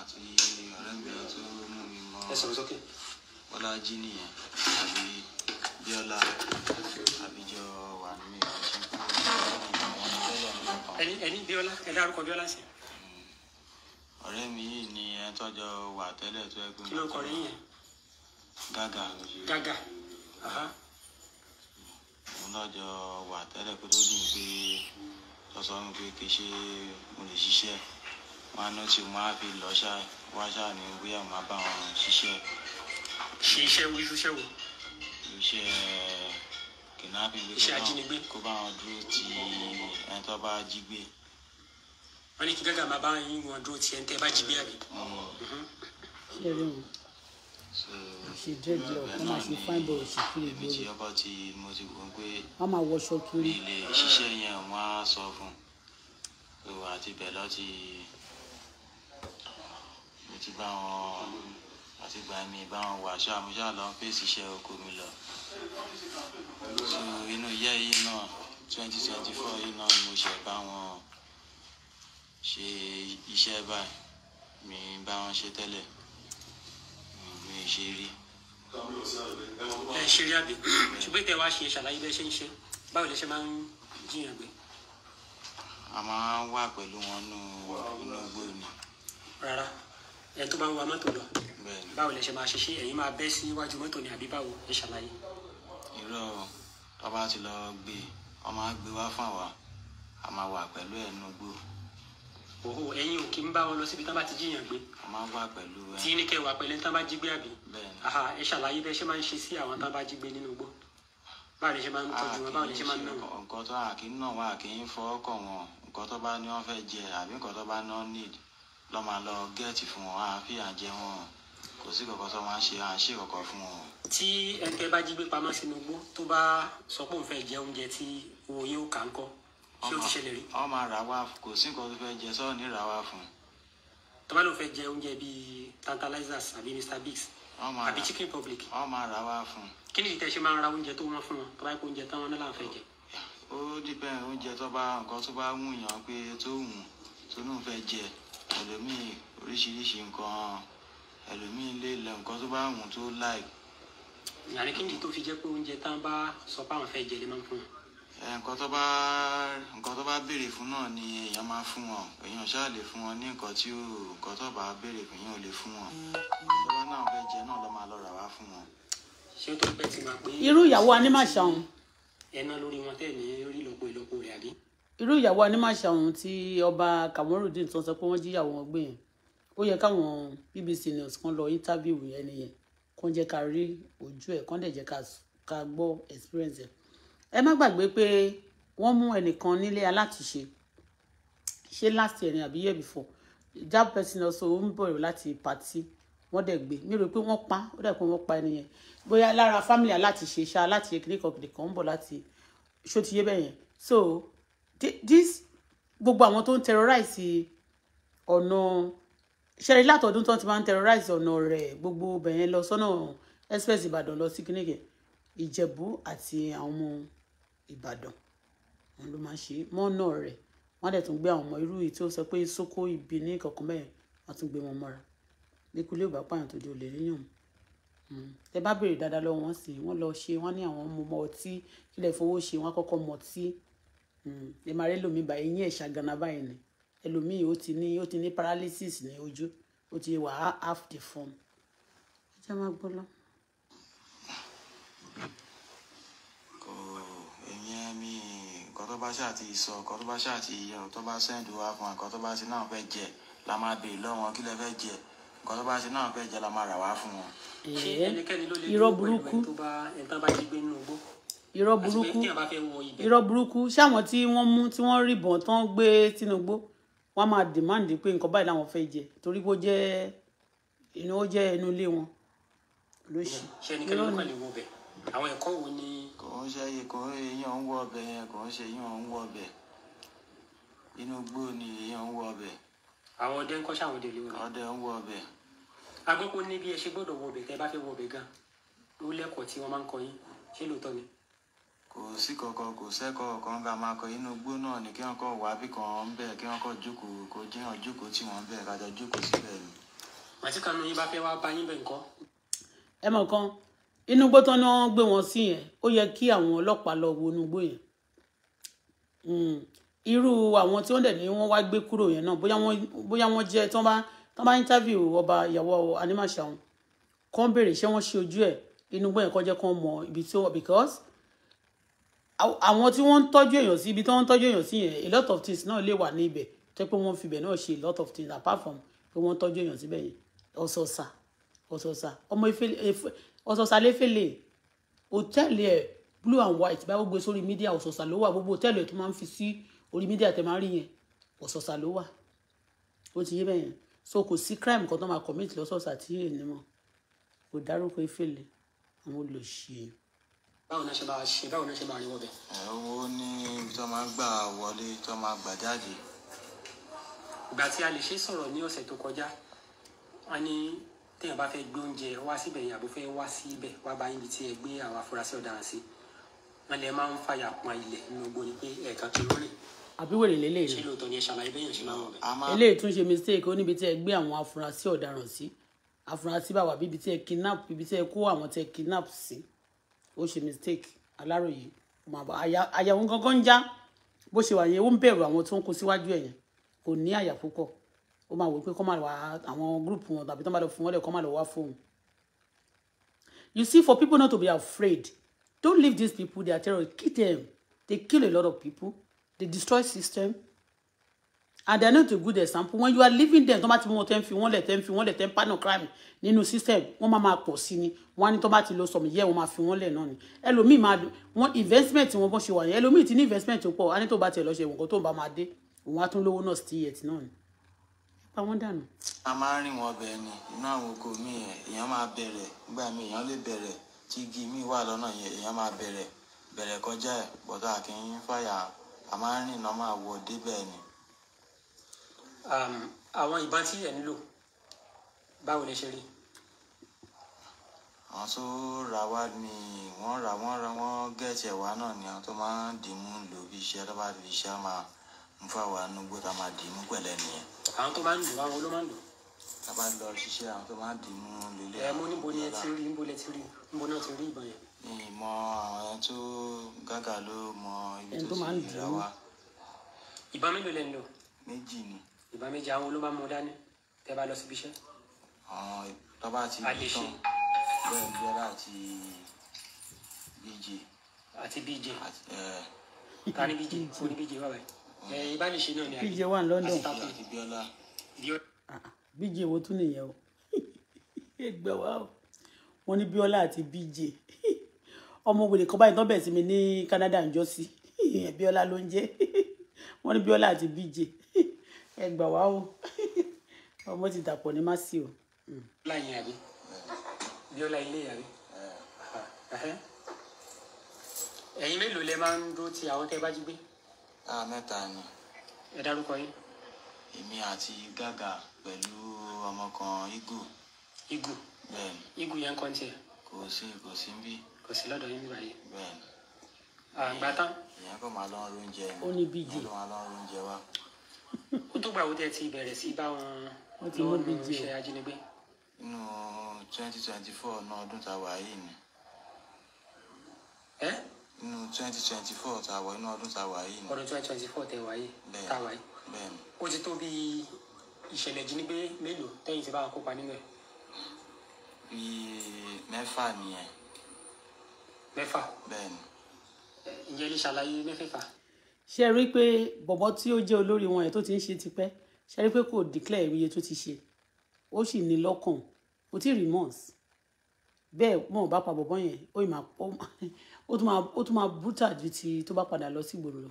àti ọ̀rẹ́ mi tó mú mi mọ́ bọ́lá jí nìyẹn àbí bíọ́lá àbíjọ wà ní ẹni ẹni bíọ́lá ẹ dárúkọ bíọ́lá sí. ọ̀rẹ́ mi yìí ni ẹ tọ́jọ wà tẹ́lẹ̀ tó ẹ gbé. kí ló kọ yín yẹn. gàgà. gàgà òun lọ́jọ́ wà tẹ́lẹ̀ kó tó dín pé sọ́sọ́ ń pé kì í ṣe mo lè ṣiṣẹ́ máa ná tí máa fi lọ wá ṣá ni bóyá máa bá wọn ṣiṣẹ́. ṣe iṣẹ́ wo iṣẹ́ wo. iṣẹ́ kidnapping gbé iṣẹ́ kó bá wọn dúró ti ẹni tó bá jí gbé. wọ́n ní kí gàgà máa bá wọn dúró ti ẹni tẹ́ bá jí gbé àbí. Mhm. ṣé ọ̀kan máa ṣe fáìn bọ̀rọ̀ sí fún ìgboro. èmi tí ọba tí mo ti gbọ́n pé. wọ́n máa wọṣọ kiri. ilé ṣiṣẹ́ yẹn wọ́n á sọ fún ìwà àti bẹ̀lọ́ ti ti bá wọn àti gbà mí bá wọn wà ṣáà mo lọ pèsè iṣẹ́ oko mi lọ so inú iṣẹ́ yìí náà twenty twenty four yìí náà mo ṣe bá wọn ṣe iṣẹ́ báyìí mi bá wọn ṣe tẹ́lẹ̀ mi ṣe rí. ẹ ṣe rí àbí ṣùgbọ́n ìtẹ̀ wá ṣe ṣàlàyé bẹ́ẹ̀ ṣe ń ṣe báwo lẹ ṣe máa ń jiyàn gbé. a máa ń wà pẹ̀lú wọn nínú igbó ni. rárá ẹ tó bá ń wa mọ́tò lọ báwo lẹ ṣe máa ṣiṣẹ́ ẹ̀yin máa bẹ́ sí iwájú mọ́tò ni àbí báwo ẹ ṣàlàyé. irọ́ ọba ti lọ gbé ọ máa gbé wá fún àwa a máa wà pẹ̀lú ẹ̀ nugbó. òhò ẹ̀yin ò kí ń bá wọn lọ síbi tán bá ti jíyàn gbé. a máa wà pẹ̀lú ẹ. tí ní kẹ́ wà pẹ̀lú tán bá jí gbé àbí. bẹ́ẹ̀ni. ẹ ṣàlàyé bẹ́ẹ̀ ṣe máa ń ṣe sí àwọn tán bá jí gbé nínú igbó báwo lè ṣe máa ń tọ́jú wọn báwo lè ṣe máa ń nà lọ́ máa lọ gẹ́ẹ̀tì fún wọn àfi àjẹ wọn kò sí kankan tó máa ń ṣe àṣì kankan fún wọn. tí ẹnikẹ́ni bá jí gbé pamọ́ sínú igbó tó bá sọ pé òun fẹ́ jẹ oúnjẹ tí owó yóò kà ń kọ́ ṣé ó ti ṣẹlẹ̀ rí. wọ́n máa rà wá kò sí nǹkan tó fẹ́ jẹ sọ́ọ̀ ní rà wá fún un. tó bá ló fẹ́ jẹ oúnjẹ bíi tantalizers àbí Mr Biggs àbí Chicken Republic. wọ́n máa rà wá fún un. kí ni ìtẹ̀sí máa ń ra oúnjẹ tó wọ́n fún wọn tó bá yẹ kó oúnjẹ táwọn náà là fẹ́ jẹ ó dípẹ́ oúnjẹ tó bá nǹkan tó bá wù yàn pé tó wù tó náà fẹ́ jẹ ẹlòmíì oríṣiríṣi nǹkan ẹlòmíì lè lọ nǹkan tó bá wùn tó láì. ìyàrá kejì tó fi jẹ́ pé oúnjẹ tá a bá sọ pé fẹ́ jẹ lè máa fún wọn. nǹkan tó bá nǹkan tó bá béèrè fún náà ni èèyàn máa fún wọn èèyàn ṣáà lè fún wọn ní nǹkan tí nǹkan tó bá béèrè fún yín ò lè fún wọn ìjọba náà fẹ́ jẹ náà lọ́ máa lọ rà wá fún wọn. ṣé tó pẹ́ ti máa pé. irú ìyàwó anímàṣà òun. ẹ irú ìyàwó anímàṣà ọ̀hún tí ọba kamorudin tó sọ pé wọ́n jíyàwó wọn gbé yẹn ó yẹ káwọn BBC news kan lọ interview yẹn nìyẹn kàn jẹ́ ká rí ojú ẹ̀ kàn dẹ̀ jẹ́ ká gbọ́ experience ẹ̀ ẹ má gbàgbé pé wọ́n mú ẹnìkan nílé alátúnṣe ṣé last year ni àbí year before that person also ń bọ̀rọ̀ láti party wọ́n dẹ̀ gbé mi rò pé wọ́n pa ó dẹ̀ pé wọ́n pa ẹnìyẹn bóyá lára family alátúnṣe ṣá aláti ṣe kìnìkan kìnìkan ń bọ̀ láti ṣó ti yé bẹ́yẹn so this gbogbo àwọn tó ń terrorize ọ̀nà ṣẹ́rí látọ̀dún tó ti máa ń terrorize ọ̀nà rẹ̀ gbogbo bẹ̀yẹn lọ sọ́nà express ìbàdàn lọ sí kíníkẹ̀ ìjẹ̀bú àti àwọn ọmọ ìbàdàn wọn ló máa ṣe mọ́nà rẹ̀ wọ́n dẹ̀ tún gbé àwọn ọmọ irú yìí tí ó sọ pé sóko ibi ní kankan bẹ́ẹ̀ wọ́n tún gbé wọn mọ́ra nípínlẹ̀ òbá pààyàn tó di olè níyàn hmm, tẹ bá béèrè dáadáa lọ́wọ́ wọn sí wọ́n lọ ṣe wọ́n ní àwọn ọmọ ọtí kílẹ̀ fowó ṣe wọ́n kọ́kọ́ mọ ọtí Hmm. ẹ máa rí ẹlòmíì báyìí eyín ẹ̀ ṣàgànà báyìí ni ẹlòmíì ó ti ní ó ti ní paralysis ní ojú ó ti wà half deformed ẹ jẹ́ máa gbọ́ lọ. kọ́ tó bá ṣáà ti sọ kọ́ tó bá ṣáà ti yẹ ọ́ tó bá sẹ́ǹdì wá fún wa kọ́ tó bá ṣe náà fẹ́ jẹ la máa bèè lọ́wọ́ kí lẹ fẹ́ jẹ kọ́ tó bá ṣe náà fẹ́ jẹ la máa rà wá fún wọn. ṣé ẹnikẹ́ni ló lè dúró pẹ̀lú ẹ̀ tó bá ẹ̀ tó bá jí gbé nínú igbó irọ́ burúkú irọ́ burúkú ṣé àwọn tí wọ́n mú tí wọ́n rìbọn tán gbé Tinubu wọ́n máa demand pé nǹkan báyìí làwọn fẹ́ jẹ torí pé ó jẹ́ inú ó jẹ́ inú ilé wọn ló ṣe. ṣé àwọn ẹ̀kọ́ wo ni. kò ń ṣe kò èèyàn ń wọ ọbẹ̀ yẹn kò ń ṣe èèyàn ń wọ ọbẹ̀ inú gbó ni èèyàn ń wọ ọbẹ̀. àwọn ọdẹ ń kọ́ sáwọn ọdẹ lóore. ọdẹ ń wọ ọbẹ̀. agbẹ́kùn ní bí ẹ ṣe gbọ́dọ̀ wọ ọbẹ̀ tẹ́ bá fẹ́ wọ ọbẹ̀ gan-an ó lẹ́kọ̀ọ́ tí wọ́n máa ń kọ yín ṣé lóòótọ́ ni kò sí kankan kò sẹ́kọ̀ọ́ kan ká máa kọ inú igbó náà ni kí wọ́n kọ́ wá bí kan ń bẹ̀ kí wọ́n kọ́ jókòó kó jẹ́yàn jókòó tí wọ́n ń bẹ̀ kájọ jókòó síbẹ̀ ni. màtí kanu yín bá fẹ́ wá bá yín bẹ̀ nǹkan. ẹ mọ̀ kan inú igbó tán ni wọ́n gbé wọn sí yẹn ó yẹ kí àwọn ọlọ́pàá lọ wo inú igbó yẹn hmm, irú àwọn tí wọ́n dẹ̀ ní wọ́n wá gbé kúrò yẹn náà bóyá wọ́n jẹ́ tán bá tán bá interview ọba ìyàwó animashaun kán béèrè ṣé wọ́n ṣe ojú ẹ̀ because àwọn tí wọ́n ń tọ́jú èèyàn sí ibi tí wọ́n ń tọ́jú èèyàn sí yẹn a lot of things náà lè wà ní ibẹ̀ tó pé wọ́n fi ibẹ̀ náà ṣe a lot of things apart from pé wọ́n tọ́jú èèyàn síbẹ̀ yẹn ọ̀sọ̀ọ̀sà ọ̀sọ̀ọ̀sà ọmọ ọ̀sọ̀ọ̀sà lẹ́fẹ̀lẹ̀ hòtẹ́ẹ̀lì ẹ̀ blue and white báwo gbé sórí mídíà ọ̀sọ̀ọ̀sà ló wà gbogbo hòtẹ́ẹ̀lì ẹ̀ tó máa ń fi sí orí mídíà tẹ̀ máa ń rí yẹn ọ̀sọ̀ọ̀sà ló wà ó so kò sí crime kan tó máa commit lọ́sọ̀ọ̀sà tí èèyàn mọ̀ kò dárúkọ ìfẹ́lẹ̀ àwọn olùṣèlú báwo náà ṣe máa ṣe báwo náà ṣe máa rí wọn bẹ. owó ní ibi tó máa ń gbà wọlé tó máa gbà jáde. ìgbà tí a lè ṣe sọ̀rọ̀ ní ọ̀sẹ̀ tó kọjá wọn ní téèyàn bá fẹ́ gbé oúnjẹ wá síbẹ̀ yẹn àbò wá síbẹ̀ wá bá ibi tí ẹ gbé àwọn afurasí ọ̀daràn sí wọn lè máa ń fàyà pọn ilẹ̀ nínú gbóni pé ẹ̀ẹ̀kan tó lórí àbí wèrè lélẹ̀ lóòótọ́ ni ẹ ṣàlàyé bẹ́ẹ̀ yẹn ṣe máa wọ̀ mistake ó níbi tí ẹ gbé àwọn afurasí ọ̀daràn sí afurasí bá wà bíbi tí ẹ ó ṣe mistake aláròye àyà òun gangan ń já bó ṣe wà yẹn ó ń bẹ̀rù àwọn tó ń kó síwájú ẹ̀ yẹn kò ní àyà púpọ̀ ó máa wò pé kọ́ máa wá àwọn gúrùpù wọn tàbí tó máa lọ fún wọn lẹ̀ kọ́ máa lọ wá fóun. you see for people not to be afraid don't leave these people they are terrorists kill them they kill a lot of people they destroy system and they are not a good example when you are leaving them tó bá ti mú wọn tẹ́ ń fi wọ́n lẹ̀ tẹ́ ń fi wọ́n lẹ̀ tẹ́ ń pàdánù crime nínú system wọ́n máa máa pọ̀ sí ni wọ́n á ní tó bá ti lọ sọ̀mù yẹ́ wọ́n máa fi wọ́n lẹ̀ náà ni ẹlòmíì máa wọ́n investment wọn bọ́n ṣe wà yẹn ẹlòmíì ti ní investment tó pọ̀ á ní tó bá tiẹ̀ lọ ṣe nǹkan tó bá máa dé òun á tún lówó náà sí iyẹ̀ tí náà ni pa wọ́n dànù. a máa ń rìn wọn bẹ́ẹ̀ ni inú àwọn oko mi yẹn èèyàn máa bẹ̀rẹ̀ nígbà míì èèyàn lè bẹ̀rẹ̀ tí igi mi wà lọ́nà yẹn èèyàn máa bẹ̀rẹ̀ bẹ̀rẹ̀ kọjá ẹ̀ bọ́dọ̀ àkínyìn fàyà a máa ń rìn náà máa wọ débẹ̀ ni Um, àwọn ìbọn tí ẹ̀ ń lò báwo lè ṣe rí. àwọn tó ra wá ni wọ́n ra wọ́n ra wọ́n gẹ̀ẹ́tì ẹ̀wà náà ni àwọn tó máa ń dìímú lò bí iṣẹ́ tó bá fi iṣẹ́ máa ń fà wá nùgbò tá a máa dìímú pẹ̀lẹ́ nìyẹn. àwọn tó máa ń lò àwọn ló máa ń lò. tá a bá lọ ṣiṣẹ́ àwọn tó máa ń dìímú lélẹ̀. ẹ mo níbo ni ẹ ti rí níbo lẹ ti rí níbo náà ti rí ìbọn yẹn. ìmọ̀ àwọn tó gàgà ló mọ ibi tó ti rí ni ìbá méjì àwọn olóma mú dání tẹ́ bá lọ síbi iṣẹ́. tọ́ba ti bí tán bẹ́ẹ̀ bíọ́lá àti bj. àti bj ta ni bj kò ní bj wà báyìí ìbá náà ni àyè bj wà ní London àti bíọ́lá. bj ah, ah. wo tún nìyẹn o gbẹ wa o wọn ní bíọ́lá àti bj ọmọ wèrè kan báyìí tán bẹ̀ sí mi ní Canada ń jọ sí bíọ́lá ló ń jẹ́ wọn ní bíọ́lá àti bj ẹ gbà wá o ọmọ ti dàpọ̀ ní má o. bíọ́lá yẹn àbí bíọ́lá ilé àbí ẹ̀yin mélòó lẹ máa ń dúró ti àwọn tẹ́ bá jí gbé. a mẹ́ta ni. ẹ dárúkọ yín. èmi àti gàgà pẹ̀lú ọmọ kan igu. igu. bẹ́ẹ̀ni. igu yẹn kọ́ tiẹ̀. kò sí kò sí ń bí. kò sí lọ́dọ̀ yín bíbá yìí. bẹ́ẹ̀ni. àgbà tán. ìyẹn kò máa lọ ń ó ní bíi jù. ó máa lọ ń ó tó gbà wo tẹ́ ti bẹ̀rẹ̀ sí bá wọn lọ́wọ́ iṣẹ́ ajínigbé. nínú twenty twenty four náà ọdún tá a wà yìí ni. ẹ. nínú twenty twenty four tá a wà inú ọdún tá a wà yìí ni. ọdún twenty twenty four tẹ wà yìí tá a wà yìí. bẹ́ẹ̀ni. ó ti tó bí ìṣẹ̀lẹ̀ ìjínigbé mélòó tẹ́yìn ti bá wọn kópa nínú ẹ̀. bíi mẹ́fà nìyẹn. mẹ́fà. bẹ́ẹ̀ni. ǹjẹ́ ilé ṣàlàyé mẹ́fẹ̀ẹ̀fà ṣe rí i pé bọ̀bọ̀ tí ó jẹ́ olórí wọn yẹn tó ti ń ṣe tipẹ́ ṣe rí i pé kò declare iye tó ti ṣe ó sì ní lọ́kàn kò tí ì remorse bẹ́ẹ̀ mọ̀ bá pa bọ̀bọ̀ yẹn ó ì máa ó tún máa bútà ju ti tó bá padà lọ sí ìgboro lọ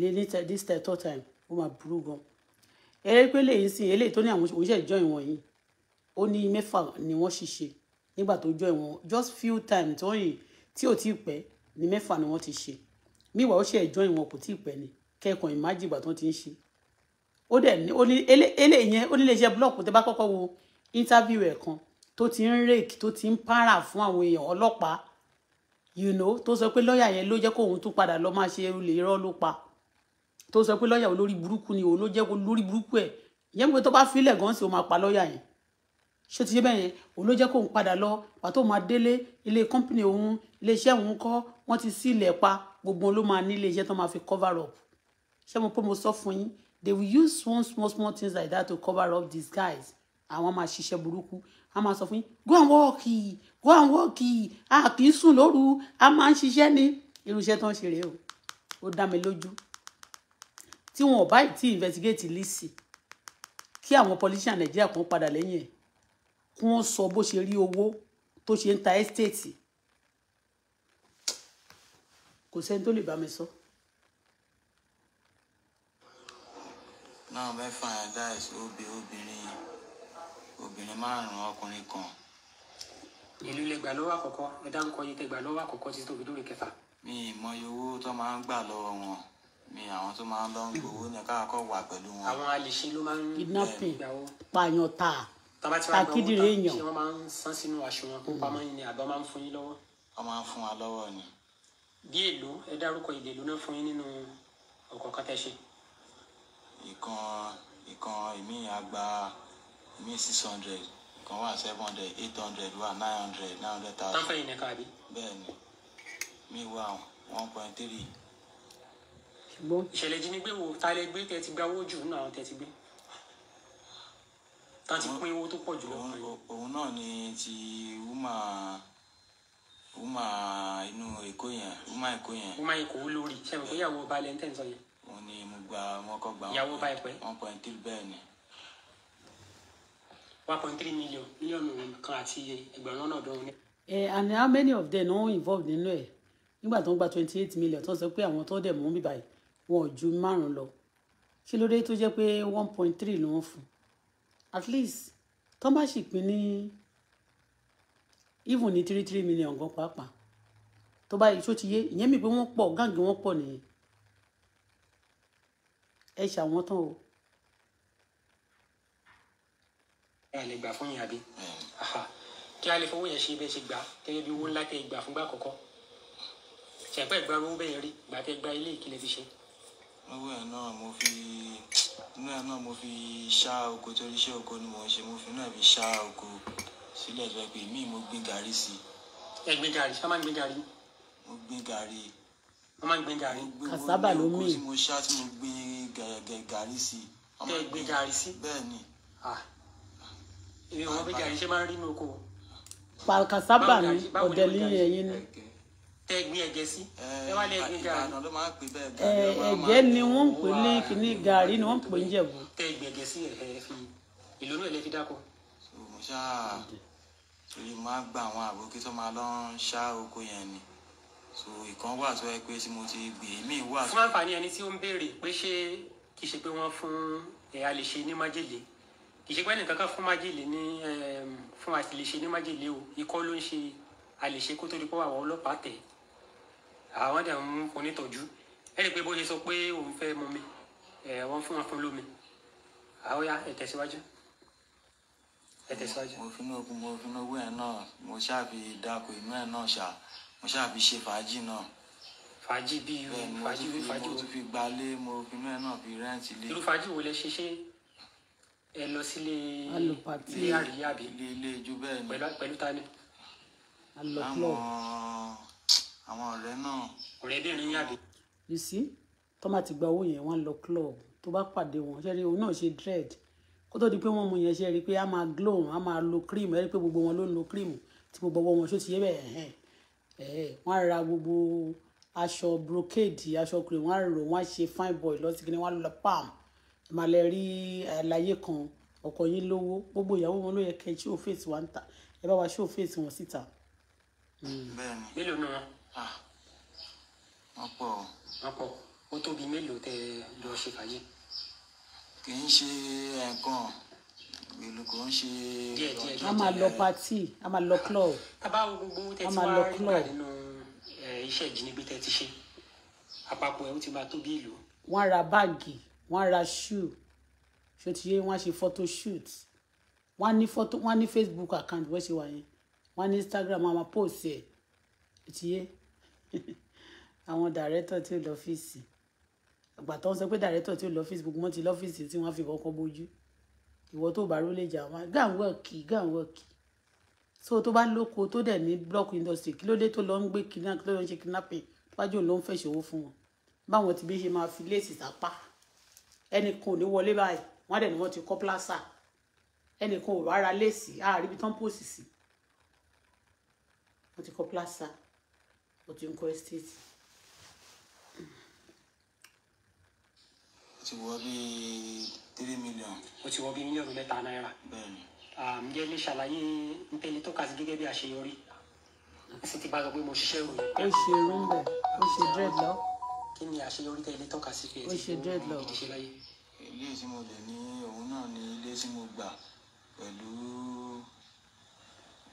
lé ní this third time ó máa burú gan ẹ rí i pé lẹ́yìn sí eléyìí tó ní àwọn òṣìṣẹ́ join wọn yìí ó ní mẹ́fà ni wọ́n sì ṣe nígbà tó join wọn just few times tó yìn tí ò tí ì pẹ́ ni mẹ́fà ni wọ́n ti ṣe meanwhile ó ṣe join wọn kò tí ì pẹ́ ni kẹ́kọ̀ọ́ imagine ìgbà tó ti ń ṣe ó dẹ̀ ní eléyìí yẹn ó ní lè tẹ́ bá kọ́kọ́ wo interview ẹ̀ kan tó ti ń rake tó ti ń para fún àwọn èèyàn ọlọ́pàá you know tó sọ pé lọ́ọ̀yà yẹn ló jẹ́ kó òun tún padà lọ́ọ́ máa ṣe olè irọ́ ló pa tó sọ pé lọ́ọ̀yà olórí burúkú ni òun ló jẹ́ kó lórí burúkú ẹ̀ ìyẹn pé tó bá filẹ̀ gan sí o máa pa lọ́ọ̀yà yẹn ṣé ti ṣe bẹ́ẹ̀ yẹn òun ló jẹ́ kó òun padà lọ pàtó máa délé ilé kọ́ńpìnì òun iléeṣẹ́ òun kọ́ wọ́n ti sí ilẹ̀ pa gbogbo ló máa nílé iṣẹ́ tó máa fi cover up ṣé mo pé mo sọ fún yín they will use one small small things like that to cover up these guys àwọn máa ṣiṣẹ́ burúkú a máa sọ fún yín go and work go and work a kì í sùn lóru a máa ń ṣiṣẹ́ ní irúṣẹ́ tó ń ṣe rèé o ó dá mi lójú tí wọn ò bá ti investigate Lizzy kí àwọn politician Nàìjíríà kan padà lẹ́yìn ẹ̀ kí wọ́n sọ bó ṣe rí owó tó ṣe ń ta estate kò sẹ́ni tó lè bá mi sọ. náà mẹ́fà dáìsí obì obìnrin obìnrin márùn-ún ọkùnrin kan. ìlú lè gbà lọ́wọ́ àkọ́kọ́ ẹ dárúkọ yìí tẹ gbà lọ́wọ́ àkọ́kọ́ títí tóbi lórí kẹfà. mi ìmọye owó tó máa ń gbà lọ́wọ́ wọn mi àwọn tó máa ń lọ ń gbowó hmm. ní káàkó wà pẹ̀lú wọn. àwọn àlìṣe ló máa ń kidnapping pààyàn ta takídìrí èèyàn. ṣé wọ́n máa ń san sínú àṣùwọ̀n tó pamọ́ hmm. yìí ni àbọ̀ máa ń fún yín lọ́wọ́. wọ́n máa ń fún wa lọ́wọ́ ni bí èlò ẹ dárúkọ ìlè èlò náà fún yín nínú ọ̀kọ̀ọ̀kan tẹ́ ṣe. ìkan ìkan èmi àgbà èmi six hundred ìkan wà seven hundred eight hundred wà nine hundred nine hundred thousand. táfẹ́ yìí nìkan àbí. bẹ́ẹ̀ni mi wà one point three. ìṣẹ̀lẹ̀ ìjínigbé wo ta lẹ gbé tẹ́ ti gba owó jù nínú àwọn tẹ́ ti gbé tá ti pín owó tó pọ̀ jù òun náà ni ti wúmà. Uh, wúmà inú èkó yẹn wúmà èkó yẹn. wúmà èkó olórí sẹ́mi kó yàwó ọba ń sọ yẹn. mo ní mo gba wọn kọ gba yàwó ọba ẹ̀pẹ́. one point three ni. one point three million mílíọ̀nù kan àti ẹgbẹ̀rún lọ́nà ọ̀dọ́run. ẹ and how many of them no involved nínú ẹ nígbà tó ń gba twenty eight million tó ń sọ pé àwọn tó dẹ̀ mọ́ bíbá yìí wọn ò ju márùn lọ kí ló dé tó jẹ́ pé one point three ni wọ́n fún at least tó bá sì pín ní even ní three three million gan pàápàá tó bá iṣó ti yé ìyẹn mi pé wọ́n pọ̀ gáàgì wọ́n pọ̀ nìyẹn ẹ ṣàwọn tán o. ẹ lè gbà fún yín àbí kí a lè fowó yẹn ṣe bẹ́ẹ̀ ṣe gbà gẹ́gẹ́ bí owó ńlá tẹ gbà fúngbà àkọ́kọ́ ṣẹ̀pẹ́ ìgbà owó bẹ́ẹ̀ rí gbà tẹ gba ilé ìkílẹ̀ ti ṣe. owó ẹ̀ náà mo fi inú ẹ̀ náà mo fi ṣá oko torí iṣẹ́ oko ni mò ń ṣe mo fi inú fi ṣá oko sílẹ̀ tó yẹ pé mí mo gbé gàrí sí. ẹ gbé gàrí ṣá máa ń gbé gàrí. mo gbé gàrí. wọ́n máa ń gbé gàrí. kàsábà ló mí. mo ṣá tí mo gbé gàrí sí. ẹ gbé gàrí sí. bẹ́ẹ̀ ni. èmi ò mọ bí gàrí ṣe máa ń rí ní oko. pa kàsábà mi ọ̀dẹ̀ líle ẹ̀yìn ni tẹgbin ẹ̀gẹ́ sí ẹ wá lẹ gbin gàrí ẹ̀gẹ́ ni wọ́n ń pè ní kíní gàrí ni wọ́n ń pè ní jẹ̀bú. tẹgbin ẹ̀gẹ́ sí ẹ fi ìlú náà lè fi dáko torí mo á gba àwọn àbókí tó máa lọ ń ṣá oko yẹn ni so ìkan wà tó yẹ pé tí mo ti gbè é mi wà. fún àǹfààní ẹni tí ó ń béèrè pé ṣé kì í ṣe pé wọ́n fún ẹ̀yà lè ṣe ní májèlé kì í ṣe pé ẹnìkan kan fún májèlé ní fún àtìlẹ́ṣe ní májèlé o ikọ́ ló ń ṣe àlèṣe kó tó di pọ́ àwọn ọlọ́pàá tẹ̀ àwọn dẹ̀ ń onítọ̀jú ẹni pé bó ṣe sọ pé òun fẹ́ mọ mi wọ́n fún wọn fún lómi àwọn ya ẹ̀ tẹ̀síwájú mo fi náà mo fi náà owó ẹ̀ náà mo ṣáàfi dáko inú ẹ̀ náà ṣá mo ṣáàfi ṣe fàájì náà. fàájì bí irú fàájì bí fàájì wo. mo tún fi gbalé mo fi inú ẹ̀ náà fi rẹ́ǹtì lé. irú fàájì wo lẹ ṣe ṣe ẹ lọ sílé ilé àríyá bí. ilé ilé ijó bẹ́ẹ̀ ni. pẹ̀lú pẹ̀lú ta ni. àwọn àwọn ọ̀rẹ́ náà. ọ̀rẹ́bìnrin yàgbé. you see tọ́mà ti gba owó yẹn wọ́n lọ club tó bá pàdé wọn ṣẹ́ni òun náà ṣe dread kó tó di pé wọ́n mu yẹn ṣe rí i pé a máa glow a máa lo cream ẹ rí i pé gbogbo wọn ló ń lo cream tí gbogbo ọwọ́ wọn ṣó ti yé bẹ́ẹ̀ ẹ̀hẹ́n ẹ̀hẹ́n wọ́n á ra gbogbo aṣọ brocade aṣọ cream wọ́n á rò wọ́n á ṣe fine boy lọ́sìkì ni wọ́n á lọ palm ìmàlẹ̀ rí àlàyé kan ọkọ yín lówó gbogbo ìyàwó wọn ló yẹ kẹ́ ṣó fèsì wá ń ta ẹ bá wa ṣó fèsì wọn síta. Hmm. bẹ́ẹ̀ni mélòó ni wọn. wọn pọ̀ ó tóbi mélòó tẹ lọ ṣe fàyè kì í ṣe ẹ̀ẹ̀kan ìlú kò ń ṣe. a máa lọ pati a máa lọ club. a bá wo gbogbo owó tẹ́ ti wá rí gbà nínú eh, iṣẹ́ ìjínigbé tẹ́ ṣe àpapọ̀ ẹ̀ ó ti máa tó ìlú. wọ́n ra báàgì wọ́n ra shoe ṣó ti yé wọ́n ṣe photo shoot wọ́n ní photo wọ́n ní facebook account bó ṣe wà yẹn wọ́n ní instagram wọ́n post ẹ̀ ṣó ti yé àwọn director tí ó lọ àgbà tó ń sọ pé dàrẹ́tọ̀ tí ó lọ Facebook wọ́n ti lọ́fíìsì tí wọ́n fi kọ́kọ́ bójú ìwọ tó bá rólé jà wọn gàn wọ́ọ̀kì gàn wọ́ọ̀kì so tó bá lóko tó dẹ̀ ní block industry kí ló dé tó lọ ń gbé kidnap tó lọ ń ṣe kidnapping tó bá jò ló ń fẹ́ ṣòwò fún wọn báwọn ti bí ṣe máa fi léèsì sápá ẹnìkan ò ní wọlé báyìí wọ́n dẹ̀ ni wọ́n ti kọ́ plaza ẹnìkan ò rárá léèsì àárí ibi tán pòsì sí wọ́n ti kọ́ plaza wọ́n ti ń kọ́ estate ti wọ bíi three million. o ti wọ bíi mílíọ̀nù mẹ́ta náírà. bẹ́ẹ̀ni. ǹjẹ́ lè ṣàlàyé ntẹ́ni tó kà sí gẹ́gẹ́ bí àṣeyọrí sì ti bá sọ pé mo ṣiṣẹ́ ìròyìn. ó ṣe irun bẹ̀ ó ṣe dreadlock. kí ni àṣeyọrí tẹ́ ilé tọ́ka sí pé ẹ ti ṣe dreadlock. ìdí ṣe láyé. ilé tí mo lè ní òun náà ni ilé tí mo gbà pẹ̀lú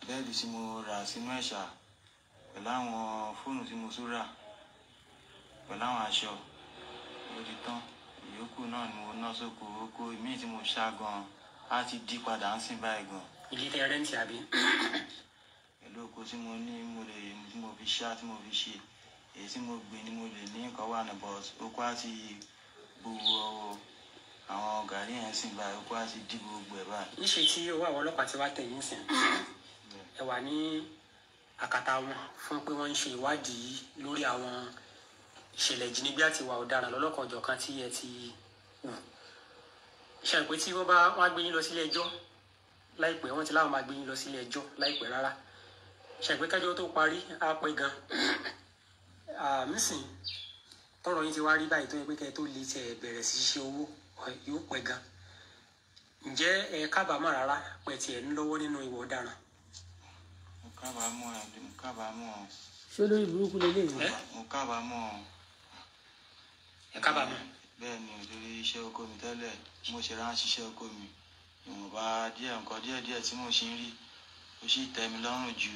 bẹ́ẹ̀dì tí mo rà sínú ẹ̀ṣà pẹ̀lú àwọn fóònù tí mo tún rà pẹ̀lú àwọn aṣọ ó ti tán yòókù náà ni mo ná sóko oko míì tí mo ṣá gan á ti di padà ń sìn báyìí gan. ìdí tẹ rẹ́ǹtì àbí. pẹ̀lú oko tí mo ní mo lè tí mo fi ṣá tí mo fi ṣe èyí tí mo gbìn ni mo lè ní nǹkan wà ní but oko á ti gbogbo àwọn gàrí yẹn sìn báyìí oko á ti di gbogbo ẹ̀ báyìí. níṣẹ́ tí owó àwọn ọlọ́pàá ti wá tẹ̀ sìn ẹ wà ní àkàtà wọn fún pé wọ́n ń ṣe ìwádìí lórí àwọn ìṣẹ̀lẹ̀ ìjínigbé àti ìwà ọ̀daràn lọ́lọ́kan ọ̀jọ̀kan tí ẹ ti wù ṣàrò pé tí wọ́n bá wọ́n á gbé yín lọ sílé ẹjọ́ láìpẹ́ wọ́n ti láwọn máa gbé yín lọ sílé ẹjọ́ láìpẹ́ rárá ṣàrò pé kẹjọ́ tó parí á pẹ́ gan àmísìn tọ̀rọ̀ yín ti wá rí báyìí tó yẹ pé kẹ tó lè tẹ bẹ̀rẹ̀ sí ṣe owó yóò pẹ́ gan ǹjẹ́ ẹ kábàámọ̀ rárá pẹ̀ tiẹ̀ ń lọ́wọ́ nínú ìwà ọ̀daràn. mo kábàámọ̀ mo kábàámọ̀. ṣé olórí burúkú lélẹ́yìn. mo kábàámọ̀ ẹ kábàámọ̀. bẹ́ẹ̀ ni lórí iṣẹ́ oko mi tẹ́lẹ̀ mo ṣe ránṣẹ́ iṣẹ́ oko mi ìwọ̀nba díẹ̀ nǹkan díẹ̀ díẹ̀ tí mo ṣe ń rí ó sì tẹ́ mi lọ́rùn ju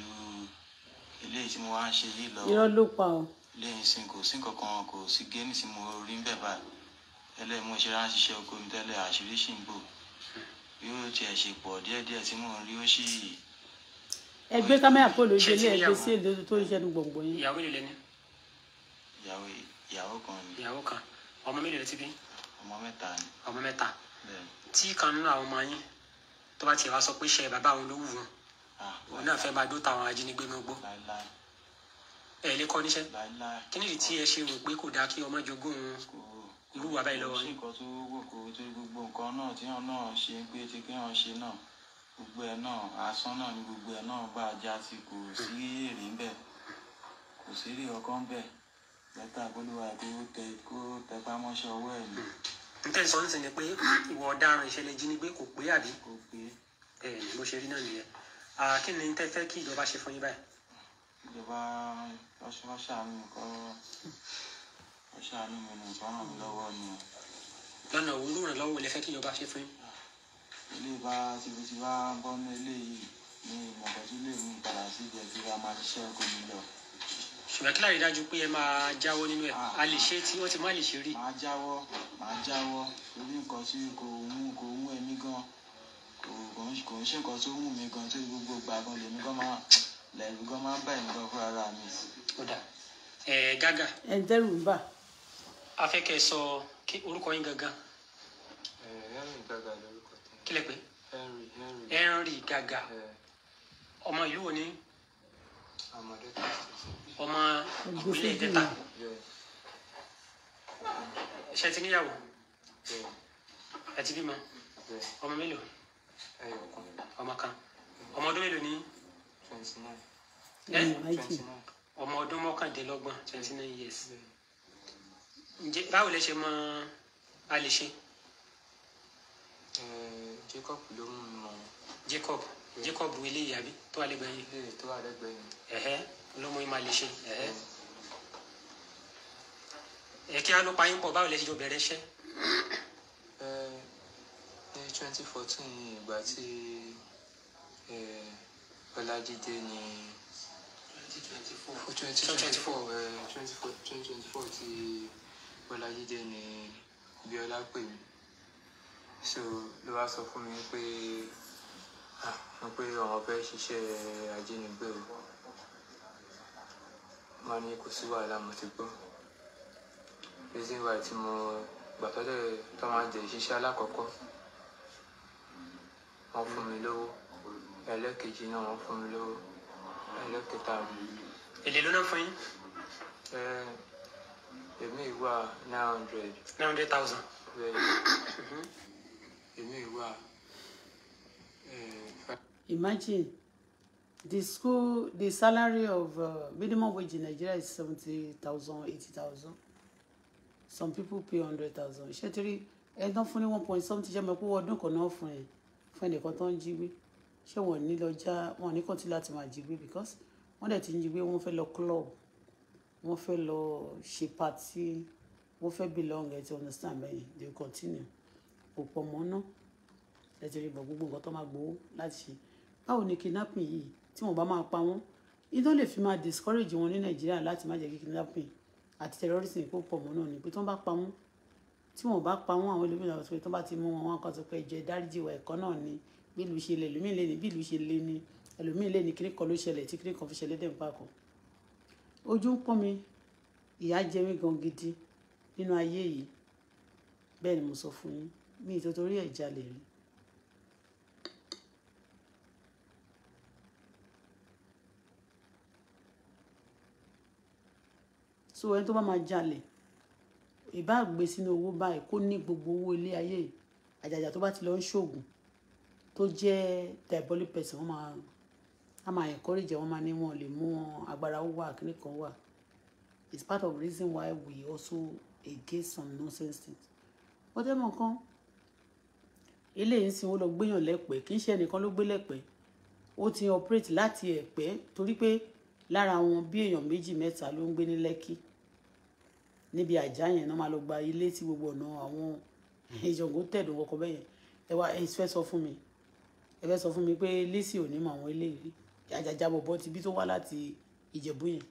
eléyìí tí mo wá ń ṣe yìí lọ. irọ́ ló pa o. lẹ́yìn sin kò sí kankan kò sí géènì tí mo rí ń bẹ̀ báyìí tẹ́lẹ̀ mo ṣe ránṣẹ́ iṣẹ́ oko mi tẹ́lẹ̀ àṣírí sì ń bò bí ó tiẹ̀ ṣe pọ̀ díẹ̀ díẹ̀ tí mo rí ó sì. ẹ gbé kámẹ́rà kó ilé ẹ sí èdè tó ń ṣẹ́nu gbọ̀ngbọ̀n yẹn. ìyàwó ìlú lẹ́ni. ìyàwó yìí ìyàwó kan ni. ìyàwó kan ọmọ mélòó lè ti bí. ọmọ mẹ́ta ni. ọmọ mẹ́ta. tí kan nínú àwọn ọmọ yín tó bá tiẹ̀ wá sọ pé iṣẹ́ bàbá òun ló wù wọn ah. òun náà fẹ́ máa dó tàwọn ajínigbé náà gbó ẹ lè kọ́ níṣẹ́ kí nìdí tí ẹ ṣe rò pé kò dáa kí ọmọ jogún irú wa báyìí lọ́wọ́ yín. kò sí nǹkan tó gbogbo nǹkan náà tí wọn náà ṣe pé tí kí wọn ṣe náà gbogbo ẹ náà asán náà ni gbogbo ẹ náà bá a já sí kò sí èrè ń kò sí èrè ọkàn bẹ́ẹ̀ lẹ́tà bolúwa pé ó tẹ kó tẹpá mọ́ṣẹ́ ọwọ́ ẹ̀ ni. n tẹ́ sọ ń sìn ni pé ìwọ ọ̀daràn ìṣẹ̀lẹ̀ ìjínigbé kò pé àbí. kò pé. ẹ ẹ bó ṣe rí náà nìyẹn kí ni tẹ́ fẹ́ kí ìjọba ṣe fún yín báyìí. ìjọba ọṣàánú kọ́ ọṣàánú mi ni nǹkan ràn mí lọ́wọ́ ni. lọ́nà òun ló ràn lọ́wọ́ ilé fẹ́ kí ìjọba ṣe fún yín. ilé bá ti fi ti wá gbọ́nú ṣùgbọ́n kí láàrin dájú pé ẹ máa jáwọ́ nínú ẹ̀ a lè ṣe tí wọ́n ti má lè ṣe rí. màá jáwọ́ màá jáwọ́ torí nǹkan tí kò mú kò mú ẹ̀mí gan kò ń ṣe nǹkan tó mú mi gan tó gbogbo gbà gan lèmi gan máa lẹ́rù gan máa bá ẹ̀mí gan fúnra mi. kódà ẹ gágà. ẹ dẹ́rù ń bà. a fẹ́ kẹ́ ẹ sọ orúkọ yín gangan. ẹ Henry Gaga lórúkọ tó. kílẹ̀ pé. Henry Henry. ọmọ ìlú wo ni. àmọ̀dé tó ṣe é ọmọ ìpínlẹ̀ ìdẹ́ta ṣe ti níyàwó ẹ ti bímọ ọmọ mélòó ọmọ kan ọmọ ọdún mélòó ní ọmọ ọdún mọ́kàndínlọ́gbọ̀n twenty nine years ǹjẹ́ báwo lẹ ṣe mọ a lè ṣe. Jacob ló ń mọ. Jacob. Jacob eléyìí àbí tó wà lẹ́gbẹ̀ẹ́ yìí. eléyìí tó wà lẹ́gbẹ̀ẹ́ yìí. ẹ̀hẹ́ lọ́mọ yìí máa lè ṣe ẹ̀hẹ́. ẹ kí á ló pa yín pọ̀ báwo lẹ ṣe jọ bẹ̀rẹ̀ iṣẹ́. ẹ ní twenty fourteen ìgbà tí Ọlájídé ni twenty four twenty twenty four ti Ọlájídé ni Bíọ́lá pè mí so ló wá sọ fún mi pé wọ́n pé àwọn fẹ́ ṣiṣẹ́ ajínigbé o máa ní kò sí wàhálà mo ti gbọ́ reason tí mo gbà tọ́lẹ̀ tó máa jẹ ìṣiṣẹ́ alákọ̀ọ́kọ́ wọ́n fún mi lówó ẹlẹ́kejì náà wọ́n fún mi lówó ẹlẹ́kẹta. èlé ló náà fún yín. ẹ èmi ìwà nine hundred. nine hundred thousand. èmi ìwà imagine the school the salary of uh, minimum wage in Nigeria is seventy thousand eighty thousand some people pay hundred thousand ṣé torí ẹ tán one point something ṣe mọ pé ọdún kan náà fún ẹ fún ẹnìkan tó ń jí gbé ṣé wọn ní lọ já wọn ní kàn tí láti máa jí gbé because wọn dẹ̀ ti ń jí gbé wọn fẹ́ lọ club wọn fẹ́ lọ ṣe party wọn fẹ́ belong ẹ ti understand bẹ́ẹ̀ they continue kò pọ̀ mọ́ náà ẹ ti rí bọ̀ gbogbo nǹkan tó máa gbowó láti ṣe báwo ni kidnapping yìí tí wọ́n bá máa pa wọ́n iná lè fi máa discourage wọn ní nàìjíríà láti má jẹ́ kí kidnapping àti terrorism kó pọ̀ mọ́ náà ni pé tí wọ́n bá pa wọ́n tí wọ́n bá pa wọ́n àwọn olómìnira sọ pé tí wọ́n bá ti mú wọn wọn kan sọ pé ẹjọ́ ìdáríjì wa ẹ̀kọ́ náà ni bí ìlú ṣe lè ẹlòmíì lè ní bí ìlú ṣe lè ní ẹlòmíì lè ní kíní kan ló ṣẹlẹ̀ tí kíní kan fi ṣẹlẹ̀ dẹ̀ ń pa kan ojú ń pọ́n mi ìyà jẹ mí gan gidi nínú ayé yìí bẹ́ẹ̀ ni mo sọ fún yín mi ìtòtòrí ẹ̀ jalè rí so ẹni tó bá máa jalè ìbá gbé sínú owó báyìí kó ní gbogbo owó ilé ayé àjàjà tó bá ti lọ ń ṣoògùn tó jẹ́ diabolic person wọ́n máa a máa encourage wọn máa ní wọn lè mú wọn agbára ó wà kan wà it's part of the reason why we also against some nonsense things wọ́n tẹ́ mọ̀ kan eléyìí ń sin ó lọ gbéyàn lẹ́pẹ́ kì í ṣe ẹnìkan ló gbé lẹ́pẹ́ ó ti operate láti ẹ̀pẹ́ torí pé lára wọn bí èèyàn méjì mẹ́ta ló ń gbé ní lẹ́kì níbi àjà yẹn náà máa lọ gba ilé tí gbogbo ọ̀nà àwọn hmm. ìjọ̀ngó tẹ̀dùn kọkọ bẹ́yẹn ẹ wá ẹ fẹ́ sọ fún mi ẹ fẹ́ sọ fún mi pé Lizzy ò ní mọ àwọn ilé yìí àjàjà bọ̀bọ̀ ti bí tó wá láti Ìjẹ̀bú yẹn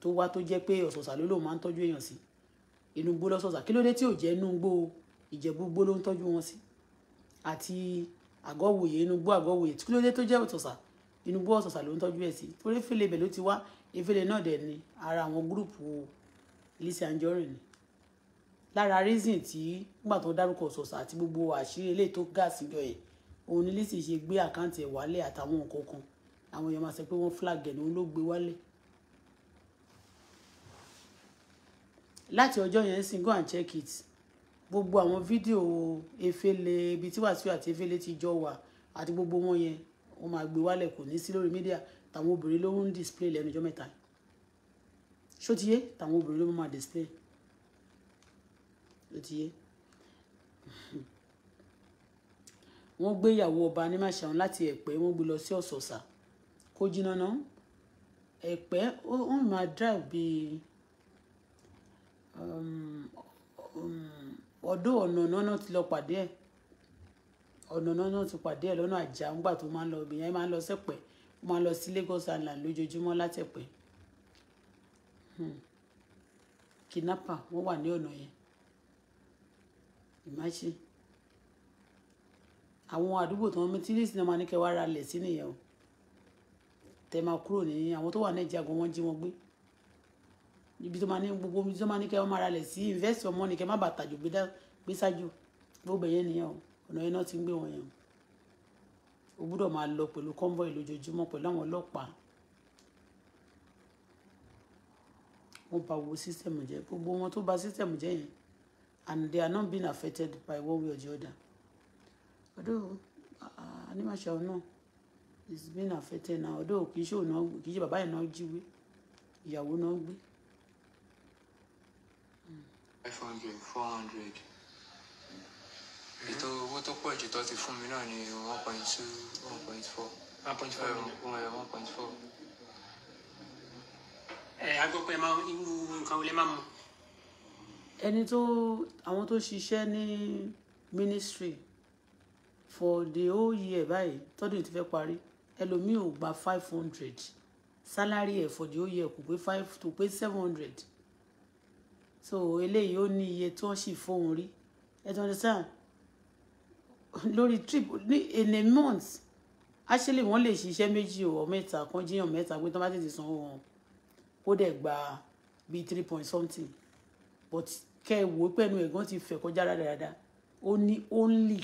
tó wá tó jẹ́ pé ọ̀sọ̀ọ̀sà ló lóun máa ń tọ́jú èèyàn sí inú gbó lọ́sọ̀ọ̀sà kí ló dé tí ò jẹ́ inú gbó Ìjẹ̀bú gbó ló ń tọ́jú wọn sí àti àgọ́wòye inú gbó àgọ́wòye kí ló dé tó jẹ́ ọ̀sọ̀ọ̀sà inú gbó ọ̀sọ̀ọ̀sà ló ń tọ́jú ẹ̀ sí torí fèlè ibẹ̀ ló ti wá efèlè náà dẹ̀ ni ara àwọn gúrùpù Lizzy Anjorin ni lára reason tí nígbà tó dárúkọ sọ̀sà àti gbogbo àṣírí eléyìí tó gà síjọ yẹn òun ni Lizzy ṣe gbé àkáǹtì ẹ̀ wálẹ̀ àtàwọn nǹkan kan àwọn èèyàn máa sọ pé wọ́n flag ẹ̀ ni òun ló gbé wálẹ̀. láti ọjọ́ yẹn sì go and check it gbogbo àwọn fídíò efele ibi tí Wàsíù àti efele ti jọ wà àti gbogbo wọn yẹn wọ́n máa gbé wálẹ̀ kò ní sí lórí mídíà tàwọn obìnrin ló ń display lẹ́nu ọjọ́ mẹ́ta yìí ṣó ti yé tàwọn obìnrin ló máa display ṣó ti yé wọ́n gbé ìyàwó ọba ní màṣàun láti ẹ̀pẹ́ wọ́n gbé lọ sí ọ̀sọ̀ọ̀sà kó jiná ná ẹ̀pẹ́ ó ń máa drive bíi um, um, ọdún ọ̀nà náà ti lọ pàdé ẹ̀ ọ̀nà náà ti pàdé ẹ̀ lọ́nà àjà ńgbà tó máa ń lọ obìnrin yẹn máa ń lọ sẹ́pẹ́ máa ń lọ sí Lagos Island lójoojúmọ́ látẹ̀pẹ́ Hmm. kidnapper wọ́n wà ní ọ̀nà yẹn ìmáṣe àwọn àdúgbò tó ń mi tí lísì náà máa ní kẹ́ wá ra lẹ̀ sí nìyẹn o tẹ máa kúrò ní àwọn tó wà ní ìjà gan wọ́n jí wọn gbé ibi tó máa ní gbogbo ibi tó máa ní kẹ́ wọ́n máa ra lẹ̀ sí invest your money kẹ́ má bàa tàjò gbé ṣáájú gbogbo ẹ̀yẹ nìyẹn o ọ̀nà yẹn náà ti ń gbé wọn yẹn o gbúdọ̀ máa lọ pẹ̀lú convoy lójoojúmọ́ pẹ̀lú àwọn ọlọ́pàá wọ́n bà wo system jẹ́ gbogbo wọn tó bà system jẹ́ yẹn and they are not being affected by one way or the other although uh, animasha náà is being affected now although kì í ṣe òun náà kì í ṣe bàbá yẹn náà jíwé ìyàwó náà gbé. five hundred four hundred ètò owó tó pọ̀ jù tó ti fún mi náà ni one point two one point four one point five one point four. Eh, ẹ agbọ́pẹ́ máa irú nǹkan wo ẹni tó àwọn tó ṣiṣẹ́ ní ministry for the whole year báyìí tọ́dún ti fẹ́ parí ẹlòmíì ò gba five hundred salary ẹ̀ for the whole year kò pé five to pé seven hundred so eléyìí ó ní iye tó ń sì fóun rí ẹ tó ń sàn lórí trip ní in a month actually wọ́n lè ṣiṣẹ́ méjì ọ̀ mẹ́ta kan jíyàn mẹ́ta pé tó bá tètè sanwó wọn ó dẹ̀ gba bíi three point something but kẹ́ ẹ wò ó pẹ̀lú ẹ̀gbọ́n ti fẹ̀ kọjá dáadáa ó ní only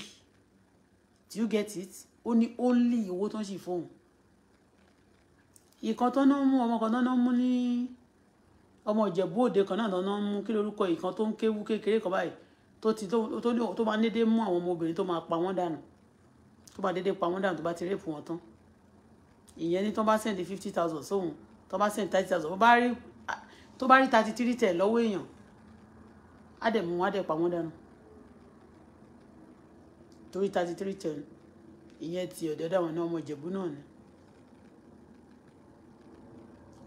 do you get it ó ní only owó tó ń ṣì fóun ìkan tó ná mú ọmọ kan náà mú ní ọmọ ìjẹ̀bú òde kan náà náà mú kí lórúkọ ìkan tó ń kéwú kékeré kan báyìí tó ti tó máa dédé mú àwọn ọmọbìnrin tó máa pa wọ́n dànù tó máa dédé pa wọ́n dànù tó bá ti rèpù wọn tán ìyẹn ní tó bá sẹ́ndí fifty thousand sóhun tó bá send thirty thousand tó bá rí thirty three tẹ̀ lọ́wọ́ èèyàn á dẹ̀ mú wọn á dẹ̀ pa wọ́n dànù torí thirty three tẹ̀ ìyẹn ti ọ̀dọ́dọ̀ àwọn náà ọmọ ìjẹ̀bú náà ni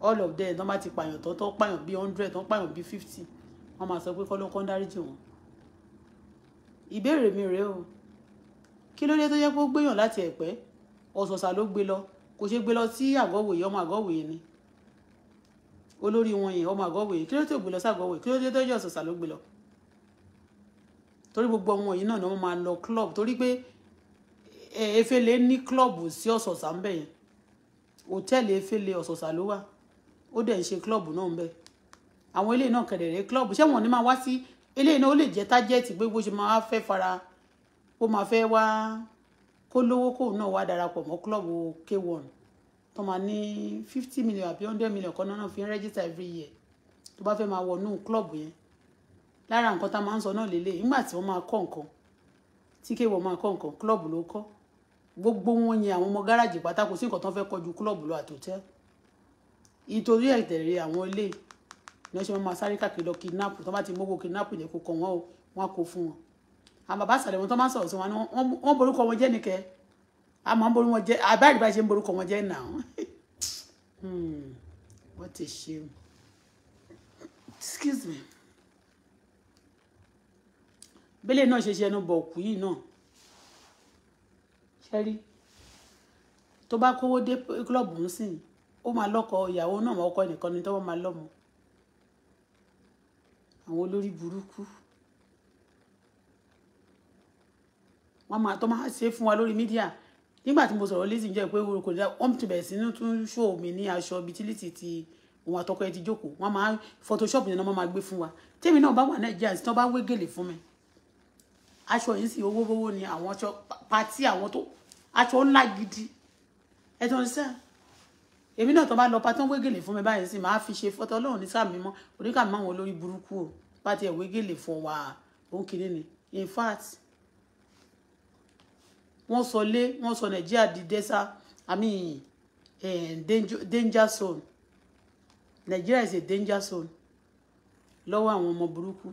all of them tó bá ti pààyàn tó tó pààyàn bíi hundred tó pààyàn bíi fifty wọ́n máa sọ pé kọ́ ló kọ́ ń dáríjì wọn ìbéèrè mi rèé o kí ló dé tó yẹ kó gbéyàn láti ẹ̀pẹ́ ọ̀sọ̀ọ̀sà ló gbé lọ kò ṣe gbé lọ sí àgọ́wòye ọmọ àgọ́wòye ni olórí wọn yẹn ọmọ àgọ́wé kí ló tó gbé lọ ságọ́wé kí ló tó tọ́jú ọ̀sọ̀sà ló gbé lọ torí gbogbo ọmọ yìí náà ni wọ́n máa lọ club torí pé e, efele ní club sí ọ̀sọ̀sà ń bẹ̀ yẹn hòtẹ́ẹ̀lì efele ọ̀sọ̀sà ló wà ó dẹ̀ ń ṣe club náà ń bẹ̀ àwọn eléyìí náà kẹ̀dẹ̀rẹ̀ club ṣé wọn ní máa wá sí eléyìí náà ó lè jẹ́ tájẹ́ẹ̀tì pé bó ṣe máa fẹ́ fara ó máa fẹ́ wá kó lówó kóun náà wá darapọ̀ mọ́ club k1 tó máa ní fifty million àbí hundred million kan náà fi ń register every year tó bá fẹ́ máa wọnú club yẹn lára nǹkan tá a máa ń sọ náà lélẹ̀ nígbà tí wọ́n máa kọ́ nǹkan tí kéwọ́n máa kọ́ nǹkan club ló kọ́ gbogbo wọn yẹn àwọn ọmọ gáràjì pátá kò sí nǹkan tó fẹ́ kọ́ ju club lọ àtòtẹ́ ìtòrí ẹ̀tẹ̀rẹ̀ àwọn ilé ní ṣe wọn máa sáré káàkiri lọ kidnap tó bá ti mọ́wọ́ kidnap yẹn kó kàn wọ́n o wọ́n á kó fún wọn àwọn bàbá àsàlẹ̀ wọn tó máa sọ̀rọ̀ sí wọn wọ́n borúkọ wọn jẹ́nìkẹ́ a máa ń borí wọn jẹ́ àbáyé bá ṣe ń borúkọ wọn jẹ́ nà what hmm, a shame excuse me bẹ́lẹ̀ náà ṣe ṣe ẹnu bọ̀ òkú yìí náà ṣẹ́rí tó bá kówó dé kílọ̀bù ń sìn ó máa lọ́kọ ìyàwó náà máa kọ́ ẹnìkan ní tọ́wọ́ máa lọ́mọ àwọn olórí burúkú wọ́n máa tó máa ṣe fún wa lórí mídíà nígbà tí mo sọ̀rọ̀ lizzy jẹ́ pé kò dá wọ́n ti bẹ̀rẹ̀ sí ní tún ṣó mi ní aṣọ bíi tí lizzy ti òun àtọkọ ẹ ti jókòó wọ́n máa photoshop yẹn wọ́n máa gbé fún wa tèmi náà bá wà nàìjíríà tí wọ́n bá wé gèlè fún mi aṣọ yìí sì owó bówó ni àwọn aṣọ pàtí àwọn tó aṣọ ńlá gidi ẹ tó ń sẹ́ èmi náà tó bá lọ patán wé gèlè fún mi báyìí sì máa fi ṣe fọ́tọ̀ ọlọ́run ní sàmì mọ́ oníkàmí àwọn olórí burúkú o bá tiẹ̀ wé gèlè fún wa òun kìíní ni in fact wọ́n sọ lé wọ́n sọ nàìjíríà di dẹ́sà i mean eh, danger, danger zone nàìjíríà is a danger zone lọ́wọ́ àwọn ọmọ burúkú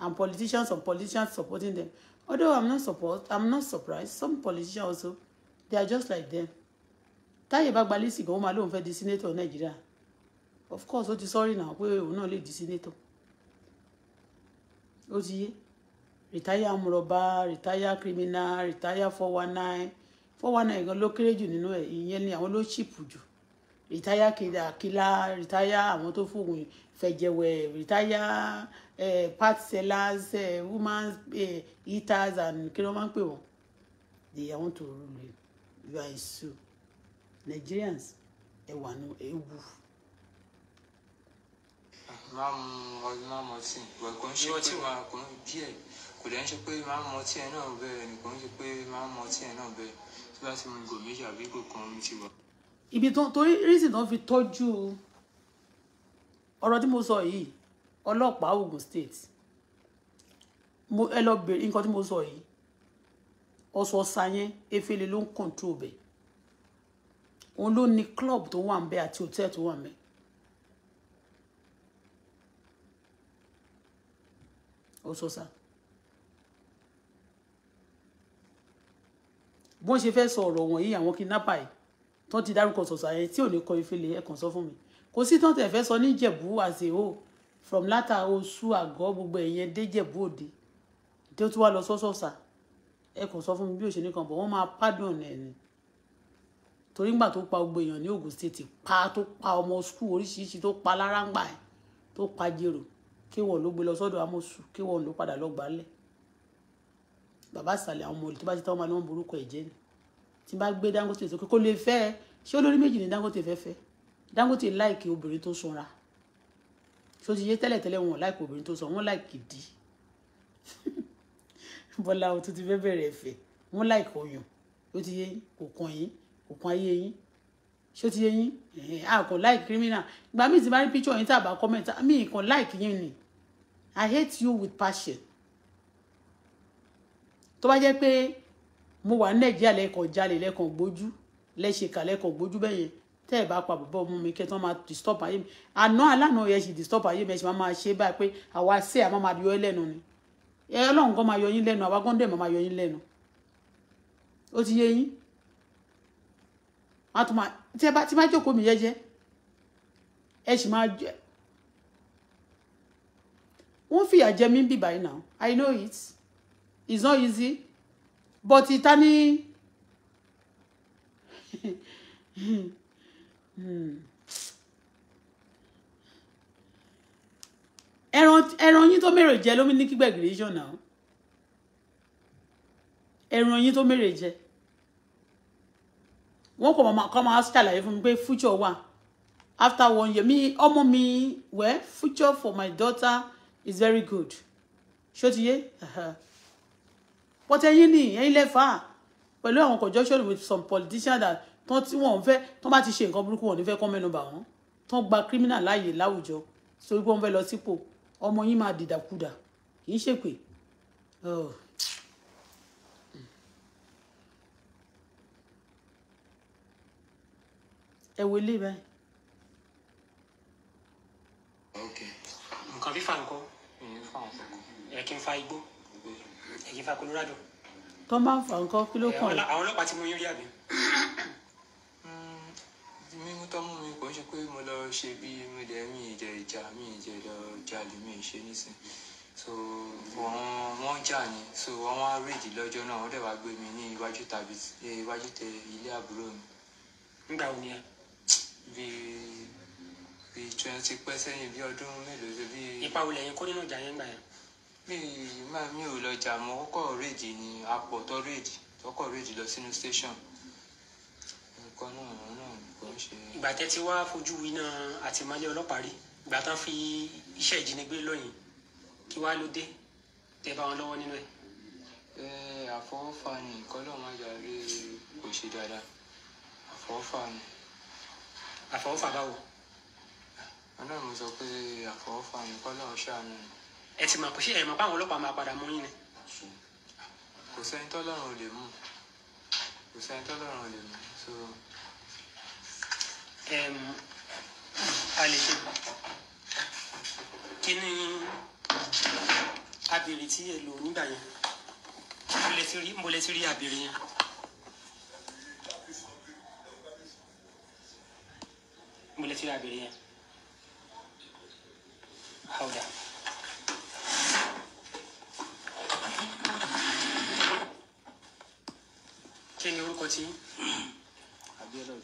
and politicians and politicians supporting them although i'm not support i'm not surprised some politicians also they are just like them táyé bá gbalẹ̀ sí gan ó máa lóun fẹ́ di senator nàìjíríà of course ó ti sọ́rí náà pé òun náà lè di senator ó ti yé retire amúrọ̀bá retire criminal retire four one nine four one nine gan ló kéré jù nínú ẹ̀ ìyẹn ni àwọn ló ṣìpù jù retire kìlà retire àwọn tó fògùn fẹ̀jẹ̀wẹ̀ retire eh, part sellers eh, women eh, eaters and kí ló máa ń pè wọ́n they want to rule you you are a sue Nigerians ẹ wà ní ewu. máa mú ọdún máa mọ̀ sí ìwẹ̀kùn ṣé ọtí wà kùn díẹ̀ kò dẹ̀ ń ṣe pé máa ń mọ tí náà bẹ́ẹ̀ nìkan ń ṣe pé máa ń mọ tí náà bẹ́ẹ̀ tí bá ti mu ìgò méjì àbí ìgò kan omi ti wà. ibi tó torí reason tó fi tọ́jú ọ̀rọ̀ tí mo sọ yìí ọlọ́pàá Ogun State mo ẹ lọ bèrè nǹkan tí mo sọ yìí ọ̀sọ̀ sayẹn efele ló ń control bẹ̀ òun ló ní club tó wà ń bẹ àti hòtẹ́ẹ̀ tó wà ń bẹ ọ̀sọ̀ sayẹn. bọ́n ṣe fẹ́ sọ ọ̀rọ̀ wọ̀nyí àwọn kidnapper yìí tán ti dárúkọ sọ̀sọ̀ ayẹ tí ò ní kọ ìfẹ́lé ẹ̀kan sọ fún mi kò sí tán tẹ̀ fẹ́ sọ ní Ìjẹ̀bú àṣehò from lata oṣù àgọ́ gbogbo ẹ̀yẹn dé Ìjẹ̀bú Òde tí ó tún wá lọ sọ́sọ̀ọ̀sà ẹ̀kan sọ fún mi bí ò ṣe ní kan bọ̀ wọ́n máa pardon ẹ̀ ni torí ngbà tó pa gbogbo èèyàn ní Ògùn state pa tó pa ọmọ skul oríṣiríṣi tó pa lárangba ẹ̀ tó pa jèrò kéwọ̀n ló gbé lọ sọ́dọ̀ amóṣù kéwọ̀n ló padà lọ gbálẹ̀ Baba àsàlẹ̀ àwọn ọmọ olè tó bá ti tọ́ ọmọ ni wọ́n borúkọ ẹ̀jẹ̀ ni tí bá gbé Dangote sókè kó lè fẹ́ ṣé olórí méjì ni Dangote fẹ́ fẹ́ Dangote láìkì obìnrin tó sanra ṣó ti yé tẹ́lẹ̀tẹ́lẹ̀ wọn láìkì obìnrin tó sanra wọn láìkì dí bọ́lá o tó ti fẹ́ bẹ̀rẹ̀ ẹ̀fẹ̀ wọn láìkì oyún ó ti yé kò kàn yín kò kàn ayé yín ṣó ti yé yín a kò láìkì criminal ìgbà míì ti bá rí picture yín tàbá comment mi kàn láìkì yín ni I hate you with passion tó bá jẹ́ pé mo wà ní nàìjíríà lẹ́ẹ̀kan jalè lẹ́ẹ̀kan gbójú lẹ́ṣẹ̀ka lẹ́ẹ̀kan gbójú bẹ́ẹ̀ yẹn tẹ́ ẹ̀ bá pa bàbá ọmọ mi kẹ́ tí wọ́n máa disturb ayé mi àná alánà yẹn ṣì disturb ayé mi ẹ̀ ṣì máa máa ṣe báyìí pé àwa ṣe àmọ́ máa yọ ẹ́ lẹ́nu ni ẹ ọlọ́run kan máa yọ yín lẹ́nu àwa gọ́ndẹ̀ máa yọ yín lẹ́nu ó ti yé yín wọ́n á tún máa tí ẹ bá tí bá jókòó mi jẹ́jẹ́ ẹ ṣì máa jẹ́ wọ́n fìyà jẹ mí bíbáyìí náà I know it it's not easy but ìta ní ẹran ẹran yín tó mèrè jẹ ló ní kígbẹ̀gìrì yàn náà ẹran yín tó mèrè jẹ wọn kò máa kọ́ máa ṣàlàyé fún mi pé future wà after one year mi ọmọ mi wẹ future for my daughter is very good ṣó ti yé. but ẹ̀yin ni ẹ̀yin lẹ́fà pẹ̀lú àwọn conjunction with some politicians that tán tí wọ́n fẹ́ tán bá ti ṣe nǹkan burúkú wọn ní fẹ́ kọ́ mẹ́nu bà wọ́n tán gba criminal láàyè láwùjọ sórí pé wọ́n fẹ́ lọ sípò ọmọ yín máa dìdàkudà kì í ṣèpè. Oh. ẹ wo ilé báyìí. nǹkan fífa nǹkan ẹ̀ kí n fa igbó ẹ̀yin fa Colorado. tó máa ń fa nǹkan kí ló kàn yín. àwọn ọlọ́pàá ti mú yín rí àbí. Mm, mímú tó mú mi kò ń ṣe pé mo lọ ṣe bí mi dẹ̀ mi ìjẹ ìjà mi ìjẹ lọ jalè mi ìṣe nísìn so wọn wọn jà ní so wọn wá rèdì lọ́jọ́ náà wọ́n dẹ̀ wá gbé mi ní iwájú tàbí eh, iwájú tẹ ilé àbúrò mi. nígbà wo ni ẹ. bíi bíi twenty pẹ́ sẹ́yìn bíi ọdún mélòó bíi. ipa wo lẹ́yìn kó nínú ìjà yẹn gbà yẹn máa mi ò lọ jà mọ́ kọ́kọ́ rèjì ni apọ̀ tọ́ rèjì tọ́kọ̀ rèjì lọ sínú station nǹkan náà ọ̀rọ̀ náà nǹkan ṣe. ìgbà tẹ́ ti wá fojú winá àtìmọ́lé ọlọ́pàá rí ìgbà tán fi iṣẹ́ ìjínigbé lọ́yìn kí wàá ló dé tẹ́ bá wọn lọ́wọ́ nínú ẹ̀. ẹ àfọwọ́fà ni nǹkan náà má yàrá kò ṣe dáadáa àfọwọ́fà ni. àfọwọ́fà báwo. ọlọ́run sọ pé àfọwọ́fà nǹkan náà ṣàánú ni ẹ ti mọ̀ kò ṣe ẹ̀ mọ̀ báwọn ọlọ́pàá máa padà mú yín ni. kò sẹ́ni tọ́lọ́run ò lè mú kò sẹ́ni tọ́lọ́run ò lè mú so. a lè ṣe kí ni abèrè tí ẹ lò nígbà yẹn mo lè ti rí abèrè yẹn. mo lè ti rí abèrè yẹn. Hold on. kí ni orúkọ tí.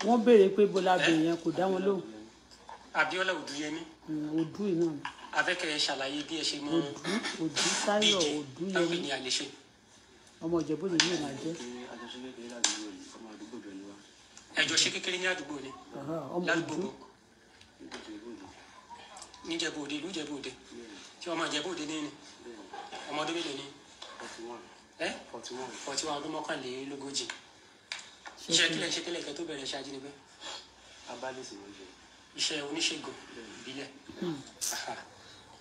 wọ́n béèrè pé bọ́lá bèrè yẹn kò dá wọn lóhùn. abiola oduyemi. Mm, odu iná. afẹ́kẹ́ ṣàlàyé bí ẹ ṣe mọ. odu odu táyọ̀ odu yẹmi. táwọn ènìyàn ṣe. ọmọ ìjẹ̀bú ni yóò máa jẹ́. ẹjọ́ ṣe kékeré ní àdúgbò ni. ládùúgbò níjẹ̀bú òde ìlú ìjẹ̀bú òde tí ọmọ ìjẹ̀bú òde ní ni ọmọ ọdún mélòó ni. forty one forty one ọdún mọ́kànlélógójì iṣẹ́ kílẹ̀ ṣe tẹ́lẹ̀ kẹ́ tó bẹ̀rẹ̀ ṣe ajínigbé. abánisìnwó jẹ. iṣẹ́ oníṣègùn ìbílẹ̀.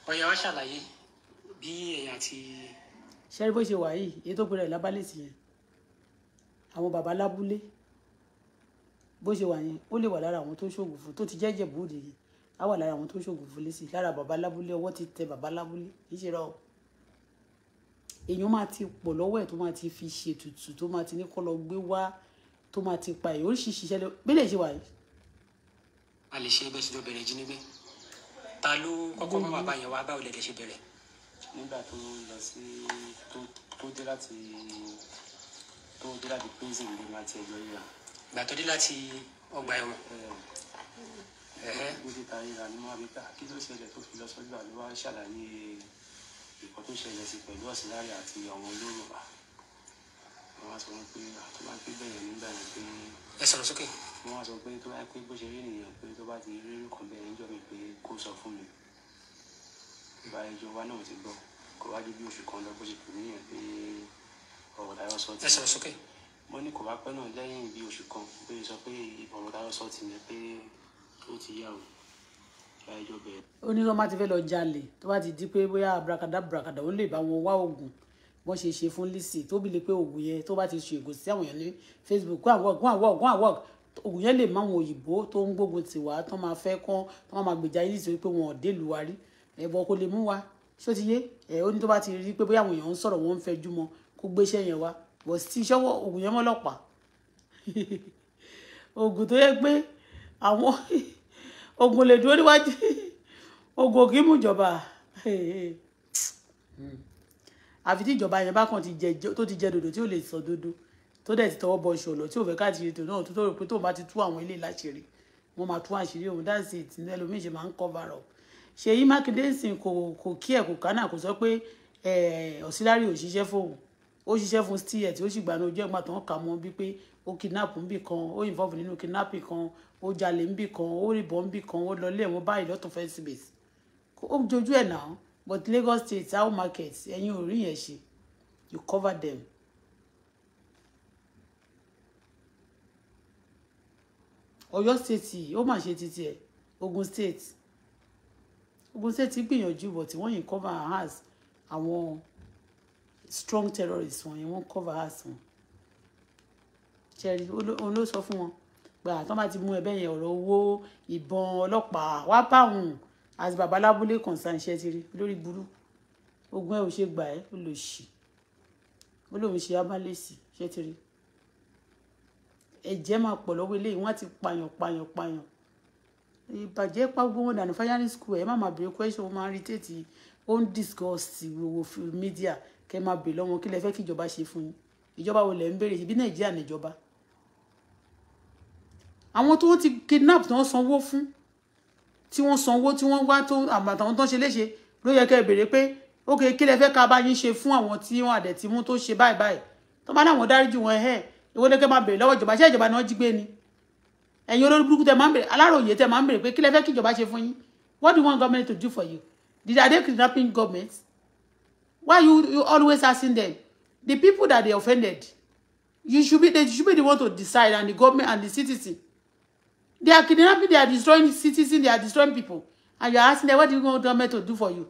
ọ̀yà hmm. wa ṣàlàyé bí ẹ̀yà àti. ṣẹ́rí bó ṣe wà yìí èyí tó bẹ̀rẹ̀ lábálẹ̀sì yẹn àwọn baba lábúlé bó ṣe wà yẹn ó lè wà lára àwọn tó ṣògùn fún tó ti jẹ́jẹ̀ bóde yìí á wà lára àwọn tó ṣògùn fún lẹ́sìn lára baba lábúlé ọwọ́ ti tẹ baba lábúlé kì í ṣe ra èèyàn máa ti pọ̀ lọ́wọ́ ẹ̀ tó máa ti fi ṣètùtù tó máa ti ní kọ́ lọ gbé wá tó máa ti pa èyí oríṣiríṣi iṣẹ́ lọ bí lè ṣe wà yìí. a lè ṣe bẹ́ẹ̀ sì lọ bẹ̀rẹ̀ jínigbé ta ló kọ́kọ́ mú bàbá yẹn wá báwo lè lè ṣe bẹ̀rẹ̀. nígbà tó lọ sí tó dé láti tó dé láti prison lè máa ti ẹjọ́ yíra. ìgbà tó dé láti ọgbà ẹ̀wọ̀n. ó ti ta yíra ní mọ́àbíkà ah, kí ló ṣẹlẹ̀ tó fi lọ sọ́jọ́ àlọ́ ṣàlàyé ìkọ́ tó ṣẹlẹ̀ sí pẹ̀lú ọ̀sìn láàrin àti àwọn olóró ah, wọ́n á sọ wọn pé ah, tó bá pé bẹ́ẹ̀ nígbà yẹn pé. ẹ sọ̀rọ̀ sókè. wọ́n á sọ pé tó bá pé bó ṣe rí nìyẹn pé tó bá ti rí rí bẹ́ẹ̀ níjọ́ mi pé kó sọ fún mi. ìgbà ìjọ wa náà ti gbọ́ kó wájú bí oṣù kan lọ bó ṣe pè mí pé ọ̀rọ̀ Táyọ̀ sọ ti. ẹ sọ̀rọ̀ sókè. mo ní kò bá pẹ́ náà lẹ́yìn bí oṣù kan pé sọ pé ọ̀rọ̀ Táyọ̀ sọ ti yẹn pé ó ti yá o ó ní lọ́ọ́ má ti fẹ́ lọ jalè tó bá ti di pé bóyá abrakadabrakada ó lè bá wọn wá oògùn wọ́n ṣe ṣe fún Lizzy tó bí le pé òògùn yẹn tó bá ti ṣe ègò sí àwọn èèyàn ní Facebook go and work go and work go and work òògùn yẹn lè máwọn òyìnbó tó ń gbógun tiwa tó máa fẹ́ kán tó máa gbèjà Lizzy pé wọn ò délùú wa rí ẹ̀bọ̀ kò lè mú wa ṣó ti yé ẹ̀ ó ní tó bá ti rí pé bóyá àwọn èèyàn ń sọ̀rọ̀ wọn ń fẹjú mọ́ kó gbéṣẹ́ yẹn wá bọ̀ sí sọ́wọ́ òògùn yẹn mọ́lọ́pàá òògùn tó yẹ àfi tí ìjọba yẹn bá kàn ti jẹ tó ti jẹ dòdò tí ò lè sọ dòdò tó dẹ̀ ti tọwọ́ bọ ṣòlò tí ò fẹ́ káàkiri tò náà tó tó rò pé tó bá ti tú àwọn ilé láṣìírí wọ́n máa tú àṣírí òun that's it ní ẹlòmíì ṣe máa ń cover up Ṣèyí Mákindé sìn kò kò kí ẹ̀ kò kánà kò sọ pé ọ̀sílárì ò ṣiṣẹ́ fóun ó ṣiṣẹ́ fún steer tí ó sì gbaná ojú ẹ̀gbọ́n àtàwọn kà mọ́ bíi pé ó kidnap nbì kan ó involve nínú kidnapping kan ó jalè nbì kan ó rìbọn nbì kan ó lọ ilé ẹ̀wọ̀n báyìí lọ́tún fẹ́ẹ́ síbèsì ó jojú ẹ̀ náà but Lagos State how market ẹ̀yin ò rí yẹn ṣe you cover them. Ọ̀yọ́ state yìí ó mà ṣe títí ẹ̀ Ogun state Ogun state gbìyànjú but wọ́n yìí cover her hours àwọn strong terrorists wọ̀nyí wọ́n cover her. hours wọn ṣẹ́rí òun ló sọ fún wọn gbà tán bá ti mú ẹbẹ́ yẹn ọ̀rọ̀ owó ìbọn ọlọ́pàá wá bá òun as bàbá lábúlé concern ṣe ti rí lórí burú ogun ẹ ò ṣe gbà ẹ ó lò sí ó lòun ṣe abálẹ̀sì ṣe ti rí ẹ̀jẹ̀ máa pọ̀ lọ́wọ́ eléyìí wọ́n ti pààyàn pààyàn pààyàn ìbàjẹ́ pa gbogbo wọn dànù fáyánì school ẹ̀ má máa bèrè question wọn máa ń rí tètè ó ń discuss ìwòwò media kẹ́ máa bèrè lọ́wọ́ kí lẹ fẹ́ kí ìjọba ṣe fún yín ìjọba wo lẹ ń bèrè ṣe bí nàìjíríà níjọba àwọn tó ti kidnap tó ń sanwó fún tí wọ́n sanwó tí wọ́n wá tó àtàwọn tó ń ṣe léṣe ló yẹ kẹ́ ẹ béèrè pé ok kí lẹ fẹ́ ká bá yín ṣe fún àwọn tí wọ́n àdẹ̀ tí mú tó ṣe báyìí báyìí tó bá láwọn dáríjì wọn ẹ̀ ìwọ lẹ́kẹ́ máa béèrè lọ́wọ́ ìjọba ṣé ìjọba ni wọ́n jí gbé ni ẹ̀yin olórí burúkú tẹ máa ń béèrè aláròyé tẹ máa ń béèrè pé kí lẹ fẹ́ kí ìjọba ṣe fún yín what do you want government to do for you did they kidnapping government why you you always asking them the people that they offended you should be they should be the one to decide and the government and the citizen They are kidnapping, they are destroying citizens, they are destroying people. And you are asking them, what do you want government to do for you?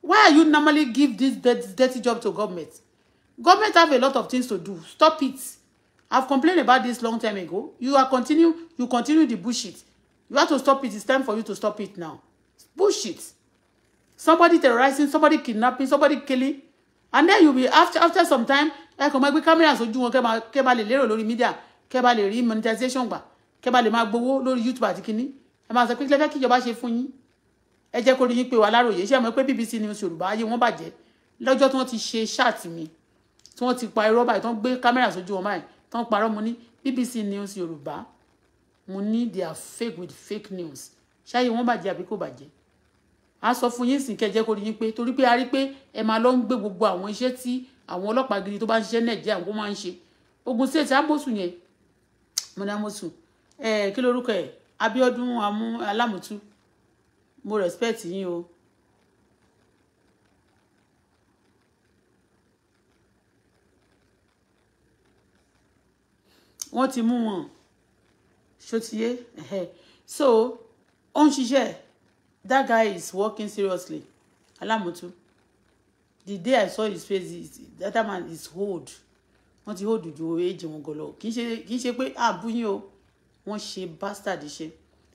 Why are you normally give this dirty, job to government? Government have a lot of things to do. Stop it. I've complained about this long time ago. You are continue, you continue the bullshit. You have to stop it. It's time for you to stop it now. bullshit. Somebody terrorizing, somebody kidnapping, somebody killing. And then you'll be after after some time, ẹ kàn máa gbé kámẹ́rà sójú wọn kẹ́ máa lè lérò lórí mídíà kẹ́ máa lè rí monetization gbà kẹ́ bá lè máa gbowó lórí youtube àti kínní ẹ máa sọ pé kílẹ̀ fẹ́ kíjọba ṣe fún yín ẹ jẹ́ kó rí yín pé wà láròyé ṣé àmọ́ pé bbc news yorùbá ayé wọn bàjẹ́ lọ́jọ́ tí wọ́n ti ṣe ṣáàtì mi tí wọ́n ti pa irọ́ báyìí tí wọ́n gbé kámẹ́rà sójú wọn báyìí tí wọ́n parọ́ mo ní bbc news yorùbá mo ní they are fake with fake news ṣáàyè wọn bàjẹ́ àbí kò bàjẹ́ a sọ fún yín sìn kẹ́ jẹ́ kó rí yín pé torí pé a rí pé ẹ máa lọ ń gbé gbogbo àwọn iṣẹ́ tí àwọn ọlọ́pàá gidi tó bá ń ṣiṣẹ́ nàìjíríà wọ́n máa ń ṣe ogun state amosu yẹn mo ní amosu ẹ kí lorúkọ ẹ Abíọ́dún amú alámùtú mo respect yín o. wọ́n ti mú wọn ṣótiyé so ó ń ṣiṣẹ́ that guy is working seriously alámùtú the day i saw his face is that man is old wọ́n ti hold ju age wọn gọlọ kì í ṣe kì í ṣe pé àbúyín ah, o wọ́n ṣe bastard ṣe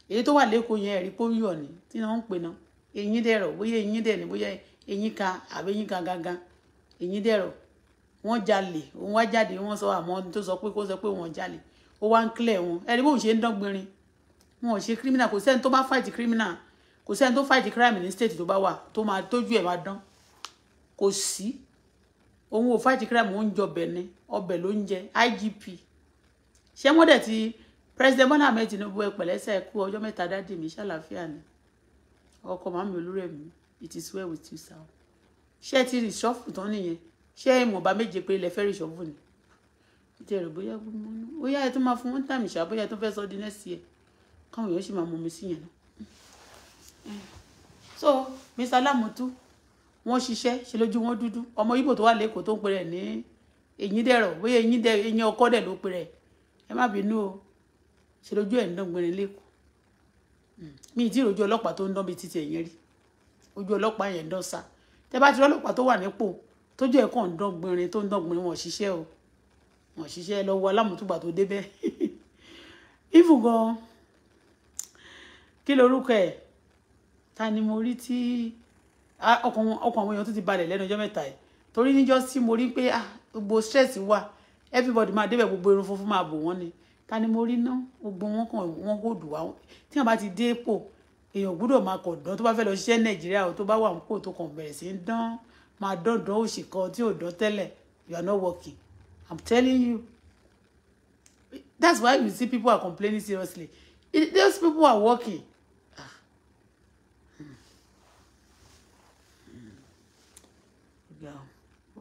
èyí tó wà lẹ́kọ̀ọ́ yẹn ẹ̀rí pó yọ̀ ni tí wọ́n ń pè ná eyín dẹ̀rọ̀ bóyá eyín dẹ̀ ni bóyá eyín ka àbí eyín ka gangan eyín dẹ̀rọ̀ wọ́n jalè òun wá jáde wọ́n sọ àmọ́ tó sọ pé kó sọ pé wọ́n jalè ó wá ń clear wọn ẹ̀rí bóun ṣe ń dọ́gbìnrin wọn ò ṣe criminal kò sẹ́ni tó bá fight criminal kò sẹ́ni tó fight crime ní state tó bá wà tó máa tójú ẹ̀ máa dán kò sí òun ò fight crime òun jọbẹ̀ ni ọbẹ̀ ló ń jẹ IGP ṣé wọ́n dẹ̀ ti president Bola Ahmed Tinubu ẹ pẹ̀lẹ́sẹ̀ kú ọjọ́ mẹ́ta dáàdì mi ṣàlàáfíà ni ọkọ màmí Olúrẹ̀mí it is well with you sir ṣé ti rìn ṣọ́ọ̀fù tán nìyẹn ṣé ìmọ̀ọ́ba méje pé ilẹ̀ fẹ́ rìn ṣọ́ọ̀fù ni ìtẹ̀ rẹ̀ bóyá gbogbo ọ̀nà bóyá ẹ tún máa fún one time ṣá bóyá ẹ tún fẹ́ sọ di next year káwọn èèyàn sì máa mú mi sí yẹn náà so Mr. Lamutu wọ́n ṣiṣẹ́ ṣe lójú wọn dúdú ọmọ Ìgbò tó wà lẹ́kọ̀ọ́ tó ń pè rẹ̀ ní eyín dẹ̀rọ̀ bóyá eyín ọkọ́ dẹ̀ ló pè rẹ̀ ẹ má bínú o ṣe lójú ẹ̀ ń dán gbẹ̀rin lẹ́kọ̀ọ́ hmm. mi ti rojú ọlọ́pàá tó ń dán bíi títí ẹ̀yìn rí ojú ọlọ́pàá yẹn ń dán sá tẹ bá ti rí ọlọ́pàá tó wà nípò tójú ẹ̀ kàn ń dán gbẹ̀rin tó ń dán gbẹ̀rin wọn ṣiṣẹ́ o wọn ṣiṣẹ́ lọ́wọ́ alámùtúgbà tó débẹ̀ ìfù gan kí lorúkọ ẹ̀ ta ni mo rí tí ọkàn àwọn èèyàn tó ti balẹ̀ lẹ́nu ọjọ́ mẹ́ta yìí torí níjọ́ sí mo rí pé ah, gbogbo stress wà everybody máa débẹ̀ gbogbo irun funfun máa bò wọ́n ni ta ni mo rí ná gbogbo wọn kàn wọn kò dùn wá tí wọn bá ti dé pò èèyàn gbọ́dọ̀ máa kàn dán tó bá fẹ́ lọ ṣiṣẹ́ nàìjíríà o tó bá wà nípò tó kàn bẹ̀rẹ̀ sí í dán máa dán dán òṣì kan tí ò dán tẹ́lẹ̀ you are not working i'm telling you that's why you see people are complaining seriously those people are working.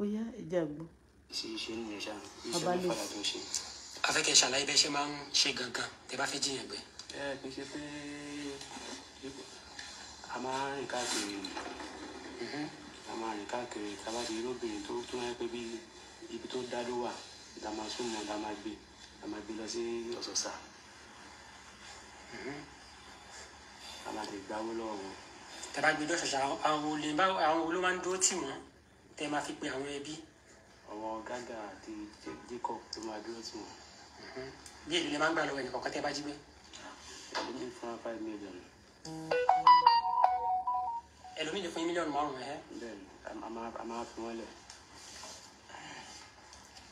ó yá ẹja gbọ́. ṣe iṣẹ́ nìyẹn ṣáà iṣẹ́ ló padà tó ṣe afẹ́kẹ́ ṣàlàyé bẹ́ẹ̀ ṣe máa ń ṣe gangan tẹ bá fẹ́ jiyàn gbé. ẹ kì í ṣe pé a máa ń rìn káàkiri mm-hmm. a máa rìn káàkiri tá a bá ti rí obìnrin tó tó yẹ pé bí ibi tó dá ló wà la máa súnmọ́ la máa gbé la máa gbé lọ sí ọ̀sọ̀sà mm-hmm. a máa lè gbáwó lọ́wọ́ wọn. tẹ bá gbé lọ́sọ̀sà àwọn olè àwọn olè máa ń dúró tì wọ́n tẹ máa fi pe àwọn ẹbí. ọwọ́ gágà àti jacob ló máa dúró tì wọ́n bí èlé máa ń gbà lọ́wọ́ ẹnì kọ̀ọ̀kan tẹ́ bá jí gbé. ẹlòmíì lè fún yín mílíọ̀nù márùn-ún ẹ̀. a máa fi wọ́n lẹ̀.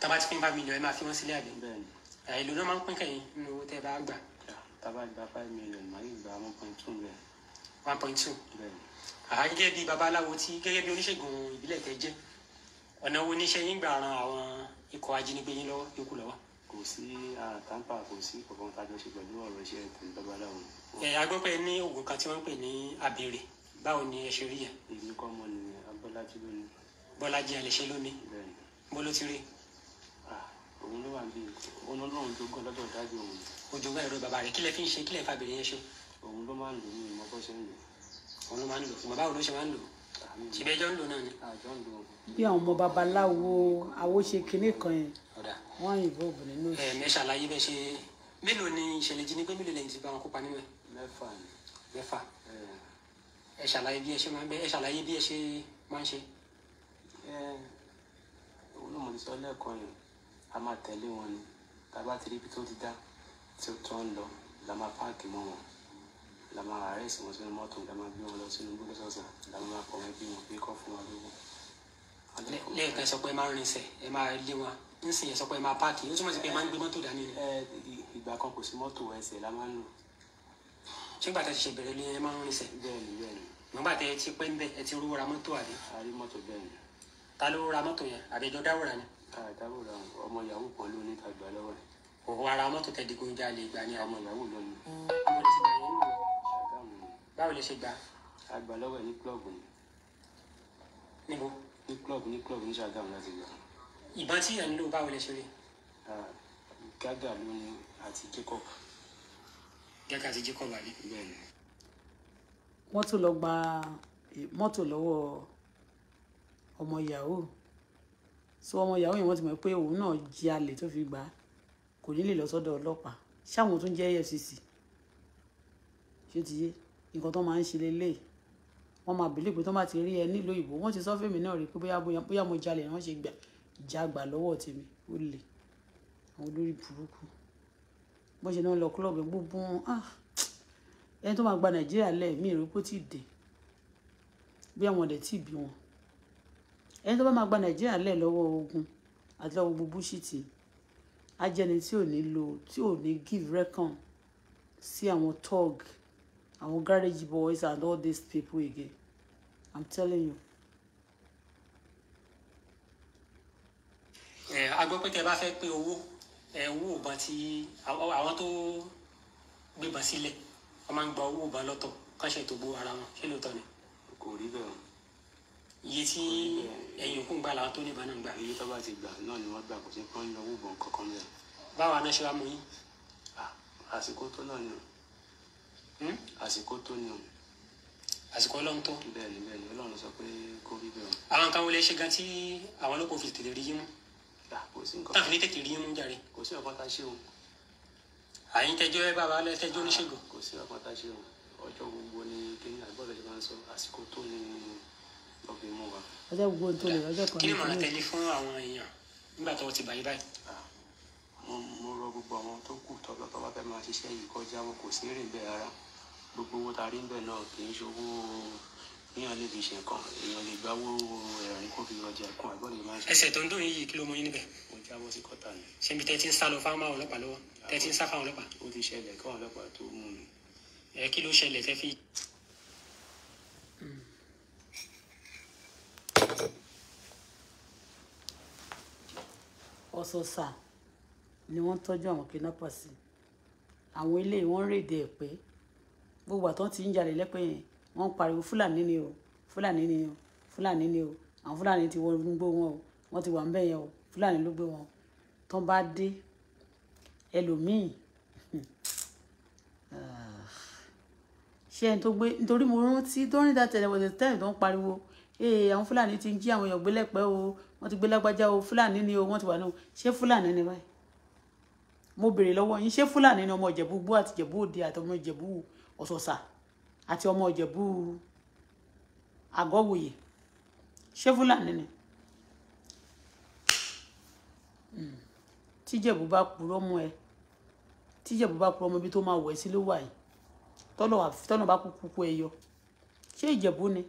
tábà ti pín bá mílíọ̀nù ẹ máa fi wọ́n sílẹ̀ àbí. ìlú náà máa ń pín kẹ́yìn nínú owó tẹ́ bá gbà. tábà gba five million máa yìí gba one point two million. one point two. àá gẹ́gẹ́ bí babaláwo tí gẹ́gẹ́ bí oníṣègùn ìbílẹ̀ tẹ́ jẹ́ ọ̀nà wo níṣẹ́ yín gbà ran àwọn ikọ̀ ajínigbé yín lọ́wọ́ yókù lọ́wọ́ kò sí àtàǹpà kò sí kankan tá a jọ ṣe pẹ̀lú ọ̀rọ̀ iṣẹ́ ìtàn babaláwo. ẹ agbọ́pẹ́ ní oògùn kan tí wọ́n ń pè ní abèrè báwo ni ẹ ṣe rí yẹn. èmi kọ́ mọ ni abọ́lájí lónìí. bọ́lájí àlẹ́ṣẹ́ lónìí. bẹ́ẹ̀ni. bó ló ti rí. òun ló wà níbi òun ọlọ́run tó gbọ́ lọ́dọ̀ dájú òun. ojú bá ẹ̀rọ bàbá rẹ̀ kílẹ̀ fi ń ṣe kílẹ̀ fa abèrè yẹn ṣe. òun ló máa ń lò ní ìmọ̀ bó ṣe ń lò. òun ló máa ń lò ìmọ̀ báwo ló ṣe máa ń lò. ṣìbẹ́jọ́ ń lò náà ni. bí àwọn ọmọ babaláwo àwo ṣe kinní kan yẹn wọ́n yìnbọn obìnrin ní oṣù. ẹ̀ẹ́mẹ́ ṣàlàyé bẹ́ẹ̀ ṣe mélòó ni ìṣẹ̀lẹ̀ jí ni pé mélòó lẹ́yìn ti bá wọn kópa nínú ẹ̀. mẹ́fà ni. mẹ́fà ẹ ṣàlàyé bí ẹ ṣe máa ń bẹ ẹ ṣàlàyé bí ẹ ṣe máa ń ṣe. ẹ olùmọ̀ sọ lẹ́ẹ̀kan yìí a máa tẹ̀lé wọn ni tàbá ti rí ibi tó ti dá tí ó tọ́ ń lọ la máa páàkì mọ́ wọn la máa àárẹ̀ sí wọn sínú mọ́tò la máa gbé wọn lọ sínú gbọ́dọ̀sọ̀sà la máa pọ̀ wọn bí nísìnyí sọ pé ẹ máa páàkì ó túmọ̀ sí pé ẹ máa ń gbé mọ́tò dání ni. ìgbà kan kò sí mọ́tò ẹsẹ̀ la máa ń lò. ṣé ìgbà tẹ ti ṣe bẹ̀rẹ̀ ni ẹ máa ń rinṣẹ́. bẹ́ẹ̀ni bẹ́ẹ̀ni. nígbà tẹ ti pẹ́ ńbẹ ẹ ti rówó mọ́tò àbí. a rí mọ́tò bẹ́ẹ̀ ta ló ra mọ́tò yẹn àbí dáwòrán ni. káà dáwòrán ọmọ yahoo kan ló ní tàgbà lọ́wọ́ rẹ̀. òwò ara mọ́tò tẹ ní club ní club ní club láti gbà ìbọn tí èèyàn ń lò báwo lè ṣe rí. gágà ló ní àti Jacob. gágà àti Jacob àlè. bẹ́ẹ̀ni. wọ́n tún lọ gba mọ́tò lọ́wọ́ ọmọ yahoo so ọmọ yahoo yẹn wọ́n ti mọ̀ pé òun náà jí alẹ̀ tó fi gbà á kò ní lè lọ sọ́dọ̀ ọlọ́pàá ṣáwọn tún jẹ́ EFCC ṣé ti yé nǹkan tó máa ń ṣe lélẹ́yìí wọ́n máa bìlíì pé tó bá ti rí ẹ nílùú ìbò wọ́n ti sọ fèmí náà rí pé bóyá mo jalè ni wọ́n ṣe gbà ìjàgbà lọ́wọ́ tèmi ó lè àwọn olórí burúkú bó ṣe náà lọ kílọ̀bù gbogbo wọn ah, ẹni tó máa gba nàìjíríà lẹ̀ mí ìrò kó tí ì dé bí àwọn ọ̀dẹ̀ tí ì bí wọn ẹni tó bá máa gba nàìjíríà lẹ̀ lọ́wọ́ ogun àti lọ́wọ́ gbogbo búṣìtì ajẹni tí ò ní lo tí ò ní give reckon sí àwọn tug àwọn garage boys and all these people again i'm telling you a gbọ́ pé tẹ́ bá fẹ́ pín owó owó ìbọn tí àwọn tó gbébọn sílẹ̀ wọ́n máa ń gba owó ìbọn lọ́tọ̀ kán ṣètò gbó ara wọn ṣé lóòótọ́ ni. kò rí bẹ́ẹ̀ o. iye tí ẹ̀yìn òkú ń gbà làwọn tó níbọn náà ń gbà. iye tó bá ti gbà náà ni wọ́n gbà kò sí kán lọ owó ìbọn kankan lẹ̀. báwa náà ṣe wá mú yín. àsìkò tó náà ni o. Hmm? àsìkò tó ni o àsìkò ọlọ́run tó. bẹ́ẹ̀ni bẹ́ẹ̀ni ọlọ́run sọ pé kó rí bẹ́ẹ̀ o. àwọn kan wọlé ṣe gan tí àwọn olóko fi tàfi ní tètè rí mú jàre. kò sí ọkọ tá a ṣe o. àyín tẹjọ ẹ bàbá alẹ tẹjọ oníṣègùn. kò sí ọkọ tá a ṣe o ọjọ́ gbogbo ni kéyìn àgbọ̀dọ̀ ṣe máa ń sọ àsìkò tó ní ọbẹ̀ mú wa. ọjọ́ gbogbo tó lè ọjọ́ kan ní. kí ni màá tẹ̀lé fún àwọn èèyàn nígbà tó ti bàyí báyìí. mo rọ gbogbo àwọn tó kù tọ́lọ́ tó fẹ́ máa ṣiṣẹ́ yìí kọjá wọn kò sí èrè bẹ́ẹ̀ rárá gbogbo owó ta rí ń náà kì í ṣe èèyàn lè fi ṣe nǹkan èèyàn lè gbáwó ẹ̀rín kó fi ọjà ẹ̀kún àgbọ̀n lè má ṣe. ẹsẹ̀ tó ń dún yìí kí ló mọ yín níbẹ̀. mo jábọ́ sí kọ́tà ni. ṣé ibi tẹ́tí ń sá lọ fáwọn ọlọ́pàá lọ́wọ́ tẹ́tí ń sá fáwọn ọlọ́pàá. ó ti ṣẹlẹ̀ káwọn ọlọ́pàá tó mú mi. ẹ kí ló ṣẹlẹ̀ tẹ́ fi. ọ̀sọ̀ọ̀sà ni wọ́n tọ́jú àwọn kidnappers sí àwọn ilé wọn rèdè ẹ̀ pé gbogbo àtọ́ ti ń jalè lẹ́pẹ́ yẹn wọ́n ń pariwo fúlàní ni o fúlàní ni o fúlàní ni o àwọn fúlàní ti wọ́n gbó wọn o wọ́n ti wà ń bẹ̀ yẹn o fúlàní ló gbé wọn tó bá dé ẹlòmíì ṣé ẹni tó gbé nítorí mo rántí during that time was the tó ń pariwo ee àwọn fúlàní ti ń jí àwọn èèyàn gbé lẹ́pẹ́ o wọ́n ti gbé lágbájá o fúlàní ni o wọ́n ti wà náà ṣé fúlàní ni báyìí mo béèrè lọ́wọ́ yín ṣé fúlàní ni ọmọ ìjẹ̀bú gbó àti ìjẹ̀bú òde àti ìjẹ̀bú ọ̀sọ̀ọ̀sà àti ọmọ ìjẹ̀bú àgọ́wòye ṣé fúlàní ni hmm. tíjẹ̀bú bá purọ́ mọ́ ẹ tíjẹ̀bú bá purọ́ mọ́ ibi tó máa wọ̀ ẹ́ sí ló wà yìí tọ́nà bá kúkú kú ẹ yọ ṣé ìjẹ̀bú ni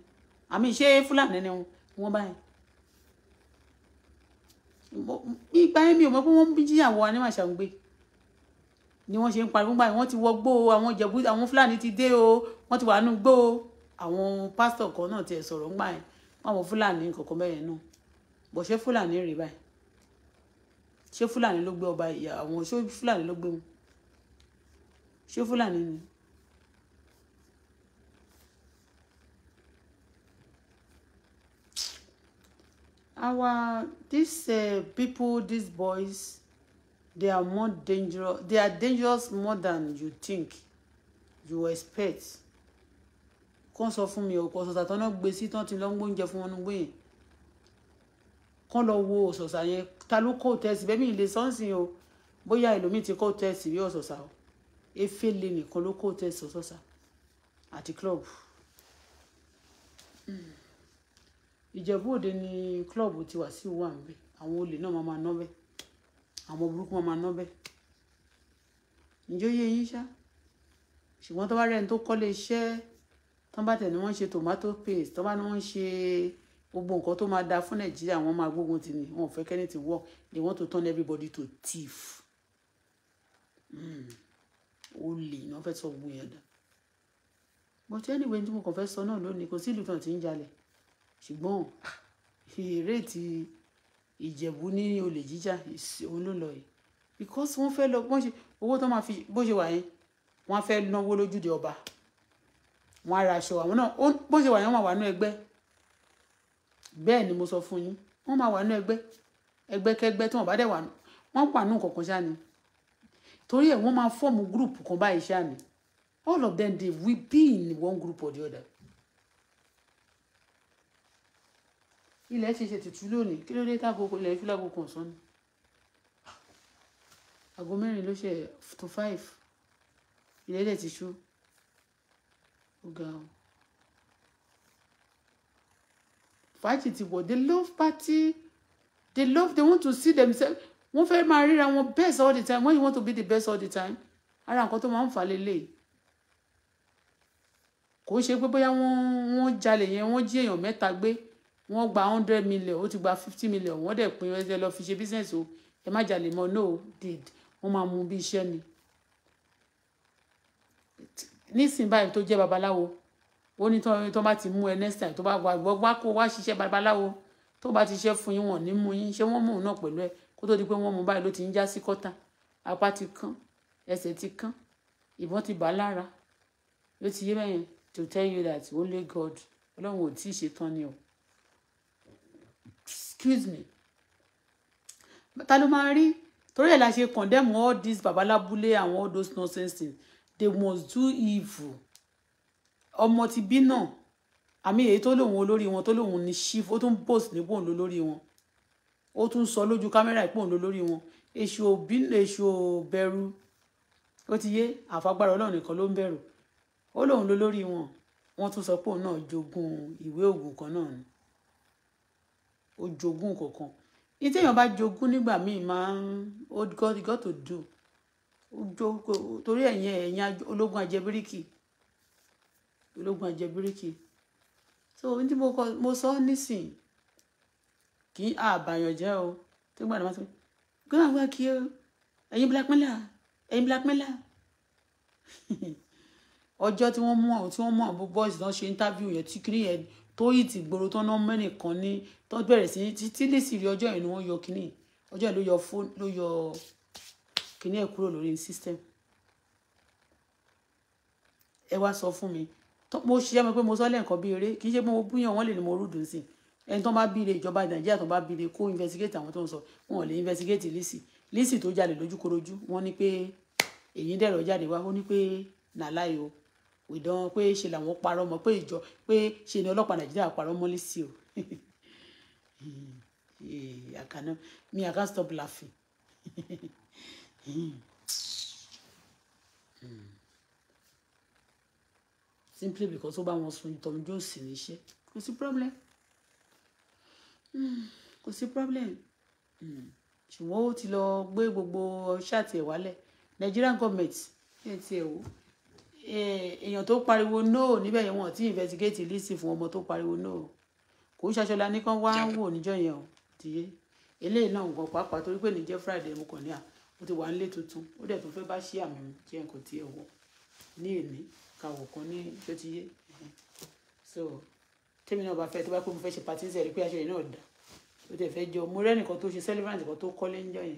àmì ṣé fúlàní ni wọ́n báyìí ìgbà yẹn mi ò mọ̀ pé wọ́n ń bí jíyàwó wa ní màṣà ń gbé ni wọ́n ṣe ń pariwo báyìí wọ́n ti wọgbó o àwọn jẹ̀bú àwọn fúlàní ti dé o wọ́n ti wà nù gbó o àwọn pásítọ̀ kan náà tiẹ̀ sọ̀rọ̀ ń gbà yẹn àwọn fúlàní kọ̀ọ̀kan bẹ́yẹn náà bọ̀ ṣé fúlàní rèé báyìí ṣé fúlàní ló gbé ọba ìyá àwọn ṣé fúlàní ló gbé wọn ṣé fúlàní ni. our these uh, people these boys they are more dangerous they are dangerous more than you think you expect kàn sọ fún mi ọkọ ọsọsà tán náà gbé tán ti lọ ń fún wọn gbé yẹn kàn lọ wo ọsọsà yẹn ta ló kó tẹsí bẹ́ẹ̀ mi ìlè sọǹsìn o bóyá ẹlòmíì ti kó tẹsí bí ọsọsà o efele nìkan ló kó tẹsí ọsọsà àti club hmm. Ìjẹ̀bú Òde ni club ti wà sí ìwà ń bẹ àwọn olè náà máa máa ná bẹ́ẹ̀ àwọn burúkú máa ná bẹ́ẹ̀ ǹjẹ́ ó yé yín ṣá ṣùgbọ́n tó bá rẹ́ni tó kọ́lé iṣẹ́ tó bá tẹ̀ ni ṣe tomato paste tó bá ní wọ́n ṣe gbogbo nǹkan tó máa da fún nàìjíríà wọ́n máa gbógun tì ní wọn ò fẹ́ kẹ́ni ti wọ̀ they want to turn everybody to thief hmm. ó lè ní wọ́n fẹ́ sọ gbogbo yẹn dà but anyway tí mo kàn fẹ́ sọ náà lónìí kò sí ìlú tán ti ń jalè ṣùgbọ́n ìrètí. ìjẹ̀bú ní olè jíjà òun ló lọ yìí because wọ́n fẹ́ lọ bọ́n ṣe owó tó máa fi bó ṣe wà yẹn wọ́n fẹ́ náwó lójúde ọba wọ́n á aṣọ àwọn náà bó ṣe wà yẹn wọ́n máa wà nú ẹgbẹ́ bẹ́ẹ̀ ni mo sọ fún yín wọ́n máa wà nú ẹgbẹ́ ẹgbẹ́kẹ́gbẹ́ tí wọ́n bá dẹ̀ wà wọ́n pa nù kọ̀ọ̀kan ṣáà ni torí ẹ̀ wọ́n máa fọ́ọ̀mù gúrùpù kan báyìí ṣáà ni all of them dey we be in one group or the other ilẹ̀ ti ṣe tìtú lónìí kí ló dé tágo ilẹ̀ fi lágo kan sọ́ni àgọ́ mẹ́rin ló ṣe to five ilẹ̀ dẹ̀ ti ṣú ó ga o fàájì ti wọ̀ they love party they love they want to see themselves wọ́n fẹ́ máa ríra wọn best all the time when you want to be the best all the time ara nǹkan tó máa ń fà lélẹ̀ kò ń ṣe pé bóyá wọ́n wọ́n jalè yẹn wọ́n jí èèyàn mẹ́ta gbé wọ́n gba hundred million ó ti gba fifty million wọ́n dẹ̀ pín ẹ lọ fi ṣe business o ẹ má jalè mọ́ no did wọ́n máa mú bí iṣẹ́ ni nísìnyí báyìí tó jẹ́ babaláwo ó ní tó bá ti mú ẹ next time tó bá wà wá kó wá ṣiṣẹ́ babaláwo tó bá ti ṣe fún yín wọ́n ní mú yín ṣé wọ́n mú un náà pẹ̀lú ẹ kó tó di pé wọ́n mú báyìí ló ti ń já sí kọ́ta apá ti kán ẹsẹ̀ ti kán ìbọn ti bà á lára ló ti yé mẹ́yìn to tell you that only God ọlọ́run ò tí ì ṣetán ni o excuse me ta ló máa rí torí ẹ̀ la ṣe condemn all this babalábúlé and all those nonsense things they must do evil ọmọ ti bí náà àmì èyí tó lòun olórí wọn tó lòun ní chief ó tún post ní pòun lólórí wọn ó tún sọ lójú kámẹ́rà ìpòun lólórí wọn èṣù òbí èṣù bẹ̀rù ó ti yé àfagbára ọlọ́run nìkan ló ń bẹ̀rù ó lòun lólórí wọn wọ́n tún sọ pé òun náà jogún ìwé ògùn kan náà ni ó jogún kankan ní téèyàn bá jogún nígbà míì máa ń ó got got to do torí ẹ̀yìn ẹ̀yìn ológun ajẹbíríkì ológun ajẹbíríkì so ohun tí mo sọ nísìn kì í àbàyàn jẹ́ o tó gbọ́dọ̀ máa sọ gbọ́dọ̀ wá kí o ẹ̀yin blackmailer ẹ̀yin blackmailer ọjọ́ tí wọ́n mú àwọn tí wọ́n mú àwọn boys náà ṣe interview yẹn tí kiri yẹn Tóyìn ti gbòòrò tó ná mẹ́nìkan ní tó bẹ̀rẹ̀ sí ní títí lèsì rí ọjọ́ yẹn ni wọ́n yọ kínní ọjọ́ yẹn ló yọ fóònù ló yọ kínní ẹ̀ kúrò lórí system. ẹ wá sọ fún mi mo ṣiṣẹ́ mi pé mo sọ lẹ́ẹ̀kan bí eré kì í ṣe pé mo búyàn wọ́n lè ní mo rúdù sí i ẹni tó bá bíire ìjọba nàìjíríà tó bá bíire kó investigate àwọn tó ń sọ wọn ò lè investigate lisi lisi tó jalè lójúkorojú wọ́n ní pé èyí dẹ̀rọ̀ jáde wá ó ní pé nàláyò ìdán pé ṣe làwọn parọ́ mọ́ pé ìjọ pé ṣe ni ọlọ́pàá nàìjíríà parọ́ mọ́lé sí o I cannot me I can't stop laughing. simply because ó bá wọn sun Tom Jones níṣẹ́ kò sí problem kò sí problem ṣùgbọ́n ó ti lọ gbé gbogbo ṣáàtì ẹ̀ wálẹ̀ Nigerian government ẹ̀ ti ẹ̀ wò. Eh, èèyàn tó pariwo no níbẹ̀ yẹn wọn ti investigate lisi fún ọmọ tó pariwo no kò ń ṣaṣọlá nìkan wá ń wò níjọ yẹn o tìyé eléyìí náà nǹkan pàápàá torí pé ní jẹ́ friday mo kàn ní à mo ti wà nílé tuntun ó dẹ̀ tún fẹ́ bá ṣí àmì mi jẹ́ nǹkan tí ẹ wọ̀ ní èmi kàwọ̀ kan ní tó ti yé so tèmi náà bá fẹ́ tó bá pé mo fẹ́ ṣe pàtí ń sẹ̀rí pé aṣọ yìí náà dà ó tẹ̀ fẹ́ jọ mo rẹ́nìkan tó ṣe celebrant kan tó kọ́lé ń yẹn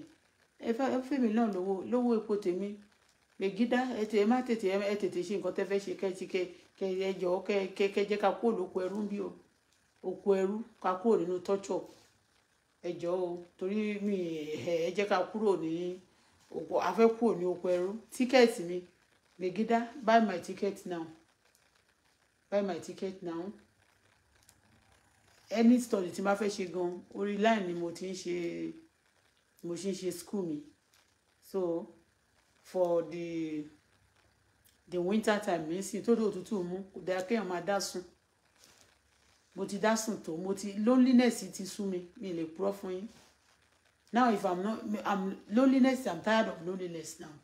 ẹ fẹ́ mi náà lówó epo tèmi Megida ẹ tètè má tètè ẹ tètè ṣe nǹkan tẹ́ fẹ́ ṣe kẹ́tì kẹ́ ẹ jọ kẹ́ kẹ́ jẹ́ ká kúrò lóko ẹrú bí o òkú ẹrú ká kúrò nínú tọ́jọ̀ ẹ jọ o torí mi ẹ jẹ́ ká kúrò ní òkú afẹ́ kúrò ní òkú ẹrú tíkẹ́ẹ̀tì mi Megida buy my ticket now buy my ticket now any study tí n bá fẹ́ ṣe gan orí line ni mo ti ń ṣe mo ti ń ṣe school mi so for the the winter time nísìn tó dé òtútù mú kò dáa kéèyàn máa dá sùn mo ti dá sùn tó mo ti loneliness ti sú mi mi lè purọ́ fún yín now if i'm not i'm loneliness i'm tired of loneliness now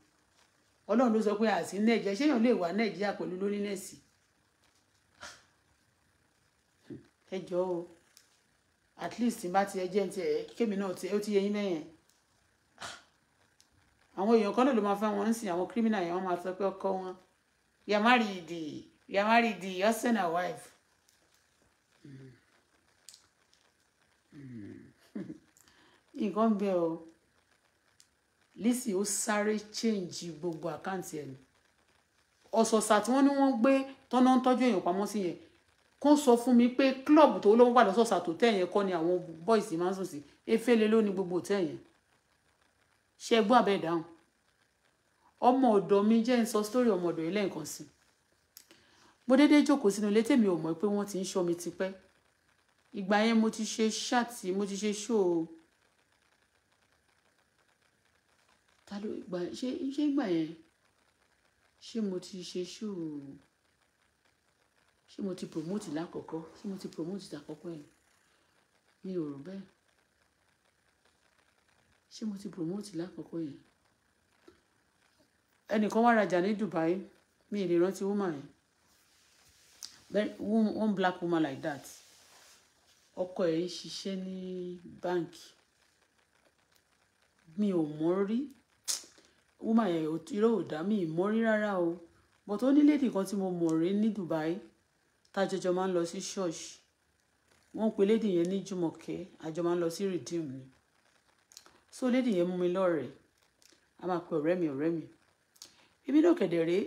ọlọ́run ló sọ pé àti nàìjíríà ṣé èèyàn lè wà nàìjíríà pẹ̀lú loneliness ẹ jọ̀ọ́ at least in n bá ti ẹ jẹ́ ní ti ẹ kémi náà ó ti yẹ yín àwọn èèyàn kan náà ló máa fẹ́ wọn ń sìn àwọn kírímìnà yẹn wọ́n máa sọ pé ọkọ wọn you marry the you marry the and wife. Hmm. Hmm. nǹkan ń bẹ o Lizzy ó sáré change gbogbo àkáǹtì ẹ̀ ọ̀sọ̀ọ̀sà tí wọ́n ní wọ́n gbé tọ́nà ń tọ́jú èèyàn pamọ́ sí yẹn kó sọ fún mi pé club tó lọ́wọ́ wà lọ́sọ̀ọ̀sà tó tẹ̀ yẹn kọ́ ni àwọn boys máa ń sùn sí efele ló ní gbogbo tẹ̀ ṣe gbọ́ abẹ́ ìdáhùn ọmọ ọ̀dọ̀ mi jẹ́ ń sọ sítórì ọmọ ọ̀dọ̀ yìí lẹ́ẹ̀kan sí mo dédé jókòó sínú ilé tèmi ò mọ̀ pé wọ́n ti ń ṣọ́ mi tipẹ́ ìgbà yẹn mo ti ṣe ṣáàtì mo ti ṣe ṣó o ta ló ìgbà ṣe ṣe ìgbà yẹn ṣé mo ti ṣe ṣó o ṣé mo ti promote lákọ̀ọ́kọ́ ṣé mo ti promote lákọ̀ọ́kọ́ yẹn mi ò rò bẹ́ẹ̀ ṣé mo ti promote lákòókò yìí ẹnìkan wá rajà ní Dubai mi ì lè rántí woman yẹn one black woman like that ọkọ ẹ̀ ń ṣiṣẹ́ ní báǹkì mi ò mọ̀ rí woman yẹn irọ́ ò dá mi ì mọ̀ rí rárá o but ó ní lady kan tí mo mọ̀ rí ní Dubai tájọjọ máa ń lọ sí ṣọ́ọ̀ṣì wọ́n pe lady yẹn ní Jùmọ̀kẹ́ àjọ máa ń lọ sí redeem ni so lady yẹn mú mi lọ́rẹ̀ẹ́ a máa pe ọ̀rẹ́ mi ọ̀rẹ́ mi èmi náà kẹ̀dẹ̀ rèé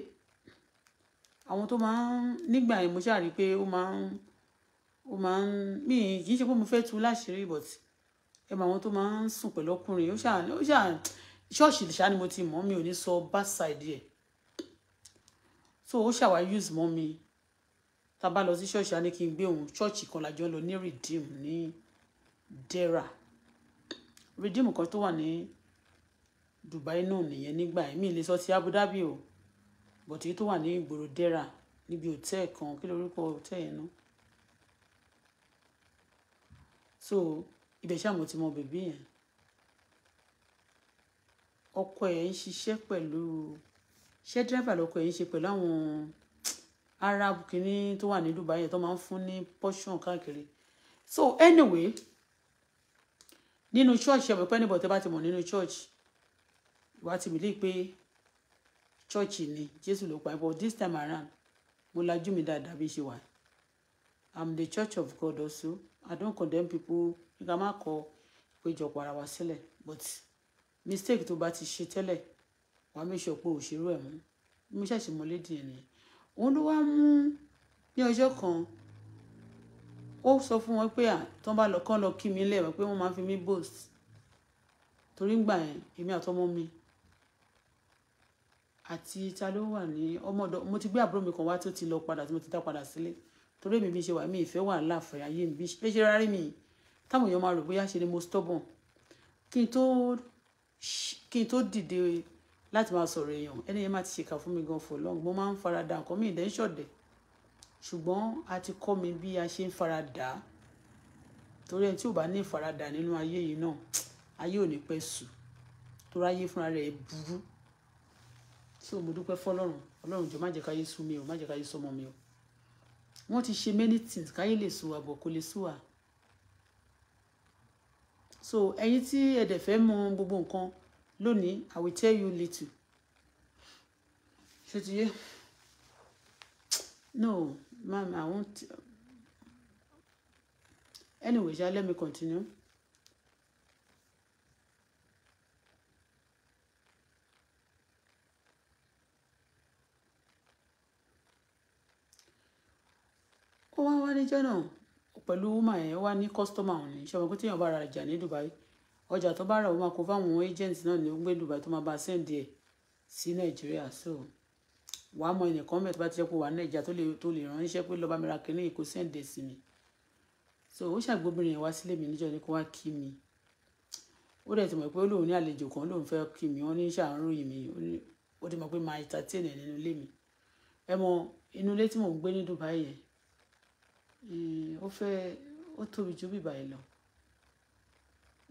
àwọn tó máa ń nígbà yẹn mo ṣáà rí i pé ó máa ń ó máa ń mí kì í ṣe pé mo fẹ́ tú láṣìírí but ẹ mọ àwọn tó máa ń sùn pẹ̀lú ọkùnrin ó ṣáà ó ṣáà ṣọ́ọ̀ṣì ṣáà ni mo ti mọ̀ mi ò ní sọ bad side so ó ṣàwá use mọ́ mi tá a bá lọ sí ṣọ́ọ̀ṣì á ní kí n gbé òun ṣọ́ọ̀ṣì kan lájọ lọ ní redeem ní dera redeem kan tó wà ní Dubai náà nìyẹn nígbà yẹn mi lè sọ ti Abu Dhabi o but èyí tó wà ní ìgboro dera níbi hòtẹ́ẹ̀ kan kí lórúkọ hòtẹ́ẹ̀ yẹn so ibẹ̀ ṣáà mo ti mọ bèbí yẹn ọkọ ẹ̀ ń ṣiṣẹ́ pẹ̀lú ṣé dírẹ́fà lọkọ ẹ̀ ń ṣe pẹ̀lú àwọn Arab kìíní tó wà ní Dubai yẹn tó máa ń fún ní portion káàkiri so anyway nínú church ẹ̀ mọ̀ pé níbọ̀ tẹ́ bá ti mọ̀ nínú church wá ti bìlí pé church ni Jésù ló pa ẹ̀ but this time around mo lajú mi dáadáa bí ṣe wà I'm the church of God also I don't condemn people nígbà má kọ ìpéjọpọ̀ ara wa sílẹ̀ but mistake tó bá ti ṣe tẹ́lẹ̀ wàá mí sọ pé òṣèrú ẹ̀ mú mo ṣàṣìmọ́lé dìé ni òun ló wá mú ní ọjọ́ kan ó sọ fún wọn pé tó bá lọ kán lọ kí mi lẹ́wọ̀ pé wọ́n máa fi mí boast torí ngbà yẹn èmi àtọmọ mi àti ta ló wà ní ọmọdọ mo ti gbé àbúrò mi kan wá tó ti lọ padà tí mo ti dá padà sílé torí èmi bí ṣe wà mí ìfẹ́ wà láàfẹ́ ayé mi bí ṣe rárí mi táwọn èèyàn máa rò bóyá ṣe ni mo stubborn kí n tó dìde láti máa sọ̀rọ̀ èèyàn ẹni yẹn máa ti ṣèkà fún mi gan for long mo máa ń farada nǹkan mi ìdẹ́ńṣọ̀dẹ̀ ṣùgbọ́n a ti kọ́ mi bí a ṣe ń faradà torí ẹni tí ò bá ní ìfaradà nínú ayé yìí náà ayé ò ní pẹ́ sùn torí ayé fúnra rẹ̀ burú tí o mo dúpẹ́ fọlọ́run ọlọ́run jọ má jẹ́ káyé sú mi o má jẹ́ káyé sọmọ mi o wọ́n ti ṣe many things káyé lè sú wa bọ̀ kó lè sú wa so ẹ̀yin tí ẹ dẹ̀ fẹ́ mọ gbogbo nǹkan lónìí i will tell you little ṣé ti yé no ma'am, I won't. Anyway, shall let me continue. ó wá wá níjọ́ náà pẹ̀lú woman yẹn wá ní customer òní ṣọmọ pé téèyàn bá ra ìjà ní Dubai ọjà tó bá rà ó máa kó fáwọn agent náà ní ó gbé Dubai to ma bá send ẹ̀ sí Nàìjíríà so wà á mọ ẹnìkan mẹ́ta bá ti jẹ́ pé wà á nàìjà tó lè tó lè ránṣẹ́ pé lọ́ba mi ra kínní kò sẹ́ǹdẹ̀ sí mi so ó ṣàgbóbìnrin yẹn wá sílé mi níjọ́ ni kó wá kí mi ó dẹ̀ ti mọ̀ pé ó lóun ní àlejò kan lóun fẹ́ kí mi wọ́n ní ṣàáròyìn mi ó ti mọ̀ pé máa entertain ẹ̀ nínú ilé mi ẹ mọ inú ilé tí mò ń gbé ní Dubai yẹn eh, ó fẹ́ ó tóbi ju bíbá yìí lọ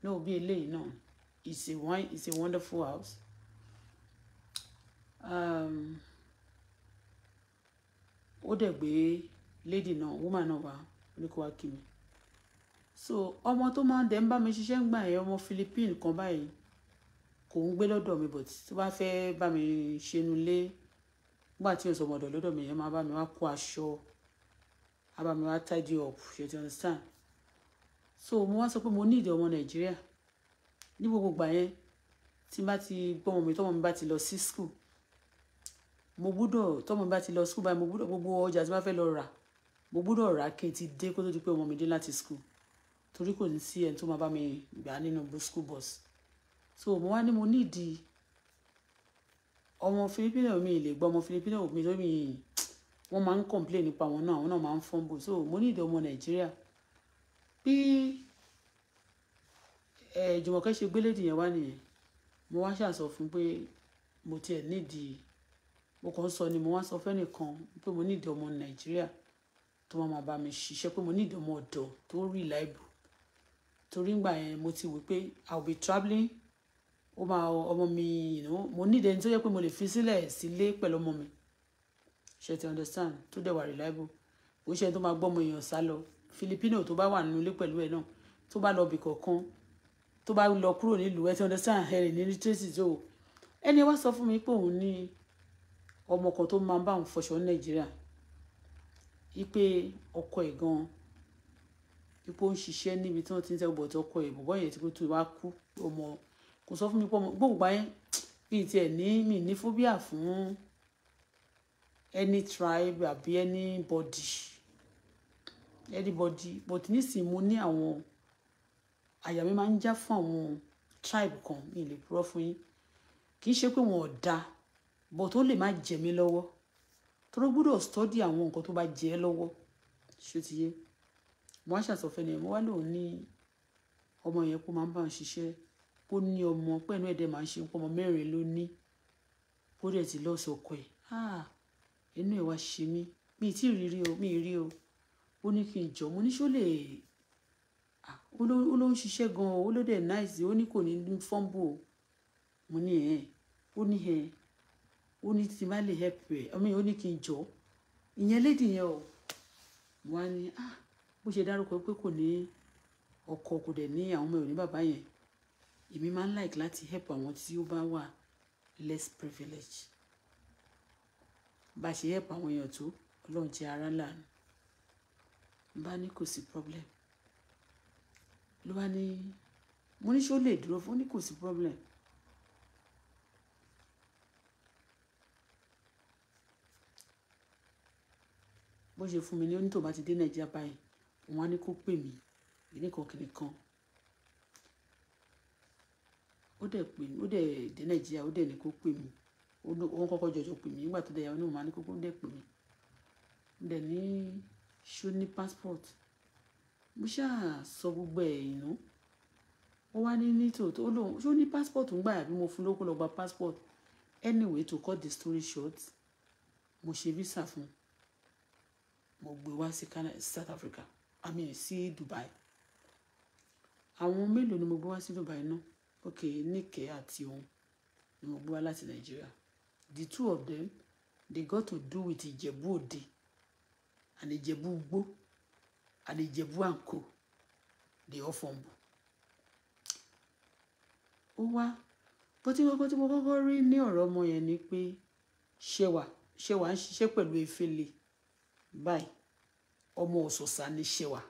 náà bí eléyìí náà it's a wonderful house. Um, ó dẹ̀ gbé lady náà woman náà wá oníkó wá so ọmọ tó máa ń dẹ̀ ń bá mi ṣiṣẹ́ ń gbà yẹn ọmọ Philippine kan báyìí kò ń gbé lọ́dọ̀ mi but tó bá fẹ́ bá mi ṣẹnu lé nígbà tí òsò ọmọdọ̀ lọ́dọ̀ mi yẹn máa bá mi wá kó aṣọ á mi wá tidy up ṣe ti understand so mo wá sọ pé mo ní ìdí ọmọ Nàìjíríà ní gbogbo gbà yẹn tí n bá ti gbọ́ ọmọ mi tọ́mọ mi bá ti lọ sí school mo gbúdọ̀ tọ́mọ bá ti lọ skul báyìí mo gbúdọ̀ gbogbo ọjà tí wọ́n fẹ́ lọ rà mo gbúdọ̀ rà kí n ti dé kó tó di pé ọmọ mi dé láti skul torí kò ní sí ẹni tó máa bá mi gbà nínú skul bus so mo wá ní mo ní ìdí ọmọ filipino mi lè gbọ́ ọmọ filipino mi tó mi wọ́n máa ń complain nípa àwọn náà àwọn náà máa ń fọ́nbù so mo ní ìdí ọmọ nàìjíríà bí ẹ eh, jùmọ̀kẹ́ ṣe gbélédìí yẹn wá nìyẹn mo wá ṣàṣọ fún pé mo tiẹ̀ nídìí mo kàn sọ ni mo wá sọ fẹ́nìkan pé mo ní ìdí ọmọ nàìjíríà tó máa máa bá mi ṣiṣẹ́ pé mo ní ìdí ọmọ ọ̀dọ́ tó reliable torí ngbà yẹn mo ti wí pé i will be travelling ó máa ọmọ mi mo ní ìdẹni tó yẹ pé mo lè fi sílẹ̀ sílé pẹ̀lú ọmọ mi ṣe ti understand tó dẹ̀ wà reliable kò ṣe tó máa gbọ́mọ èèyàn sá lọ filipino tó bá wà nínú ilé pẹ̀lú ẹ̀ náà tó bá lọ bì kọ̀ọ̀kan tó bá lọ kúrò nílùú ẹ̀ ti understand ẹ̀ ní tracy tó ẹni wá sọ fún mi pé òun ní ọmọ kan tó máa ń bá òun fọṣọ ní nàìjíríà ipe ọkọ ẹ̀ gan ipò ń ṣiṣẹ́ níbi tí wọ́n ti ń tẹ́ bọ̀tọ̀ ọkọ ẹ̀ bọ̀bọ̀ yẹn ti kó tó wá kú ọmọ kò sọ fún mi pé ọmọ gbogbo gbà yẹn bí ní mi ní fóbíà fún any tribe àbí anybody anybody but nísìnyí mo ní àwọn àyà mi máa ń já fún àwọn tribe kan mi lè purọ́ fún yín kì í ṣe pé wọn ò dáa But tó lè má jẹ mí lọ́wọ́ tóró gbúdọ̀ stọ́dì àwọn nǹkan tó bá jẹ ẹ́ lọ́wọ́ ṣó ti yé mo wá ṣàtọ̀fẹ́ ni mo wá lòun ní ọmọ yẹn kó máa ń bá ń ṣiṣẹ́ kó ní ọmọ pẹ̀lú ẹ̀dẹ̀ máa ń ṣe nǹkan ọmọ mẹ́rin ló ní kó dẹ̀ ti lọ́ọ́ sọkọ ẹ̀ ah! inú ẹ̀ wá ṣe mí mi ì tí ì rí o mi ì rí o ó ní kí n jọ mo ní ṣó ah, ó ló ń ṣiṣẹ́ gan-an ó ló dẹ̀ náìsì ó ní kò ní fọ́nbù o mo ní ẹ̀ ó ní ẹ̀ ó ní tí má lè help ẹ ọmọ yẹn ó ní kí n jọ ìyẹn lady yẹn o wọn á ní ah bó ṣe dárúkọ pé kò ní ọkọ kò dẹ̀ ní àwọn ọmọ ẹ̀ ní bàbá yẹn èmi máa ń like láti help àwọn tí ó bá wà less privilege bá a ṣe help àwọn èèyàn tó ọlọ́run jẹ́ ara láàánú bá ní kò sí problem ló bá ní mo ní ṣó lè dúró fún ní kò sí problem bó ṣe fún mi ní onítò bá ti dé nàìjíríà báyìí wọn á ní kó pè mí ìníkan kiri kan ó dẹ̀ pè mí ó dẹ̀ dé nàìjíríà ó dẹ̀ ní kó pè mí wọn kọ́kọ́ jọjọ pè mí nígbà tó dẹ̀ yà wọn ní wọn ní kókó dẹ̀ pè mí ó dẹ̀ ní ṣó ní passport mo ṣáà sọ gbogbo ẹ̀ ìnú ó wá ní ní tòótọ́ ó lóun ṣó ní passport ń gbà àbí mo fún lóko lọ gba passport anyway to cut the story short mo ṣe visa fún un mo gbé wá sí South Africa I mean sí Dubai àwọn mélòó ni mo gbé wá sí Dubai náà ok níkẹ́ àti òun ni mo gbé wá láti Nàìjíríà the two of them they got to do with Ìjẹ̀bú Òde and Ìjẹ̀bú Igbó and Ìjẹ̀bú Àǹkó they all from bu ó wá bó ti kọ́kọ́ tí mo kọ́kọ́ rí ní ọ̀rọ̀ ọmọ yẹn ni pé ṣẹwà ṣẹwà ń ṣiṣẹ́ pẹ̀lú efele báyìí ọmọ òṣòṣà ni ṣẹwà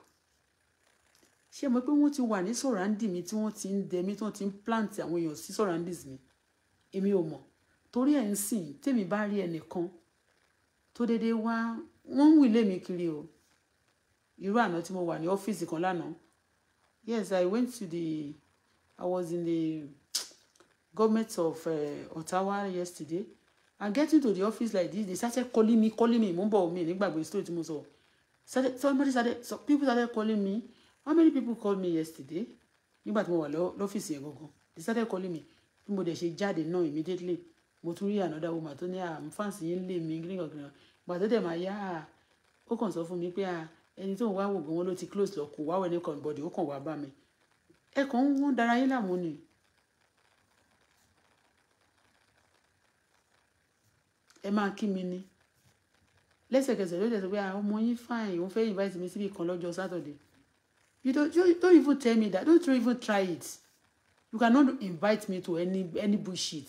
ṣé mo pé wọ́n ti wà ní sọ̀ràǹdì mi tí wọ́n ti ń dẹ mi tí wọ́n ti ń plant àwọn èèyàn sí sọ̀ràǹdì mi èmi ò mọ̀ torí ẹ̀ ń sìn tèmi bá rí ẹnìkan tó déédéé wá wọ́n ń wù ilé mi kiri o irú àná tí mo wà ní ọ́fíìsì kan lánàá yes i went to the i was in the government of uh, Ottawa yesterday and getting to the office like this they started calling me calling me mo ń bọ̀ mi nígbàgbé story tí mo sọ started somebody started so people started calling me how many people called me yesterday nígbà tí mo wà lọ́fíìsì yẹn gangan they started calling me bí mo dẹ̀ ṣe jáde náà immediately mo tún rí another woman tó ní ah, àmì fans yín lé mi gíríngàn gíríngàn gbà tó dẹ̀ máa yá ah, ó kàn sọ fún mi pé ah, ẹni tó ń wá wò gan wọn ló ti close lọ kò wá wẹ́ni kan bọ̀dì ó kàn wá bá mi ẹ kàn ń wọ́n dára yín láàmú ni ẹ máa kí mi ni lẹ́sẹ̀kẹsẹ̀ ló tẹ̀sẹ̀ pé àwọn ah, ọmọ yín fine òun fẹ́ invite mi síbi kan lọ́jọ́ Saturday you don't, you don't even tell me that don't even try it you cannot invite me to any any bullshit.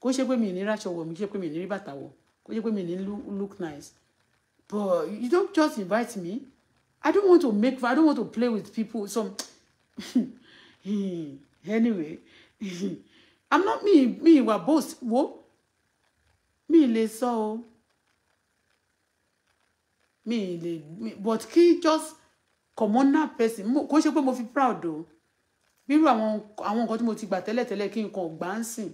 kó ṣe pé mi ní ráṣọ wọ̀ mi ṣe pé mi ní rí bàtà wọ̀ kó ṣe pé mi ní look nice but you don't just invite me I don't want to make I don't want to play with people some anyway i'm not mi mi ìwà boss wo mi lè sọ o mi lè but kí just commoner person kò ṣe pé mo fi proud o bírú àwọn àwọn nǹkan tí mo ti gbà tẹ́lẹ̀tẹ́lẹ̀ kí nǹkan ọ̀gbà ń sìn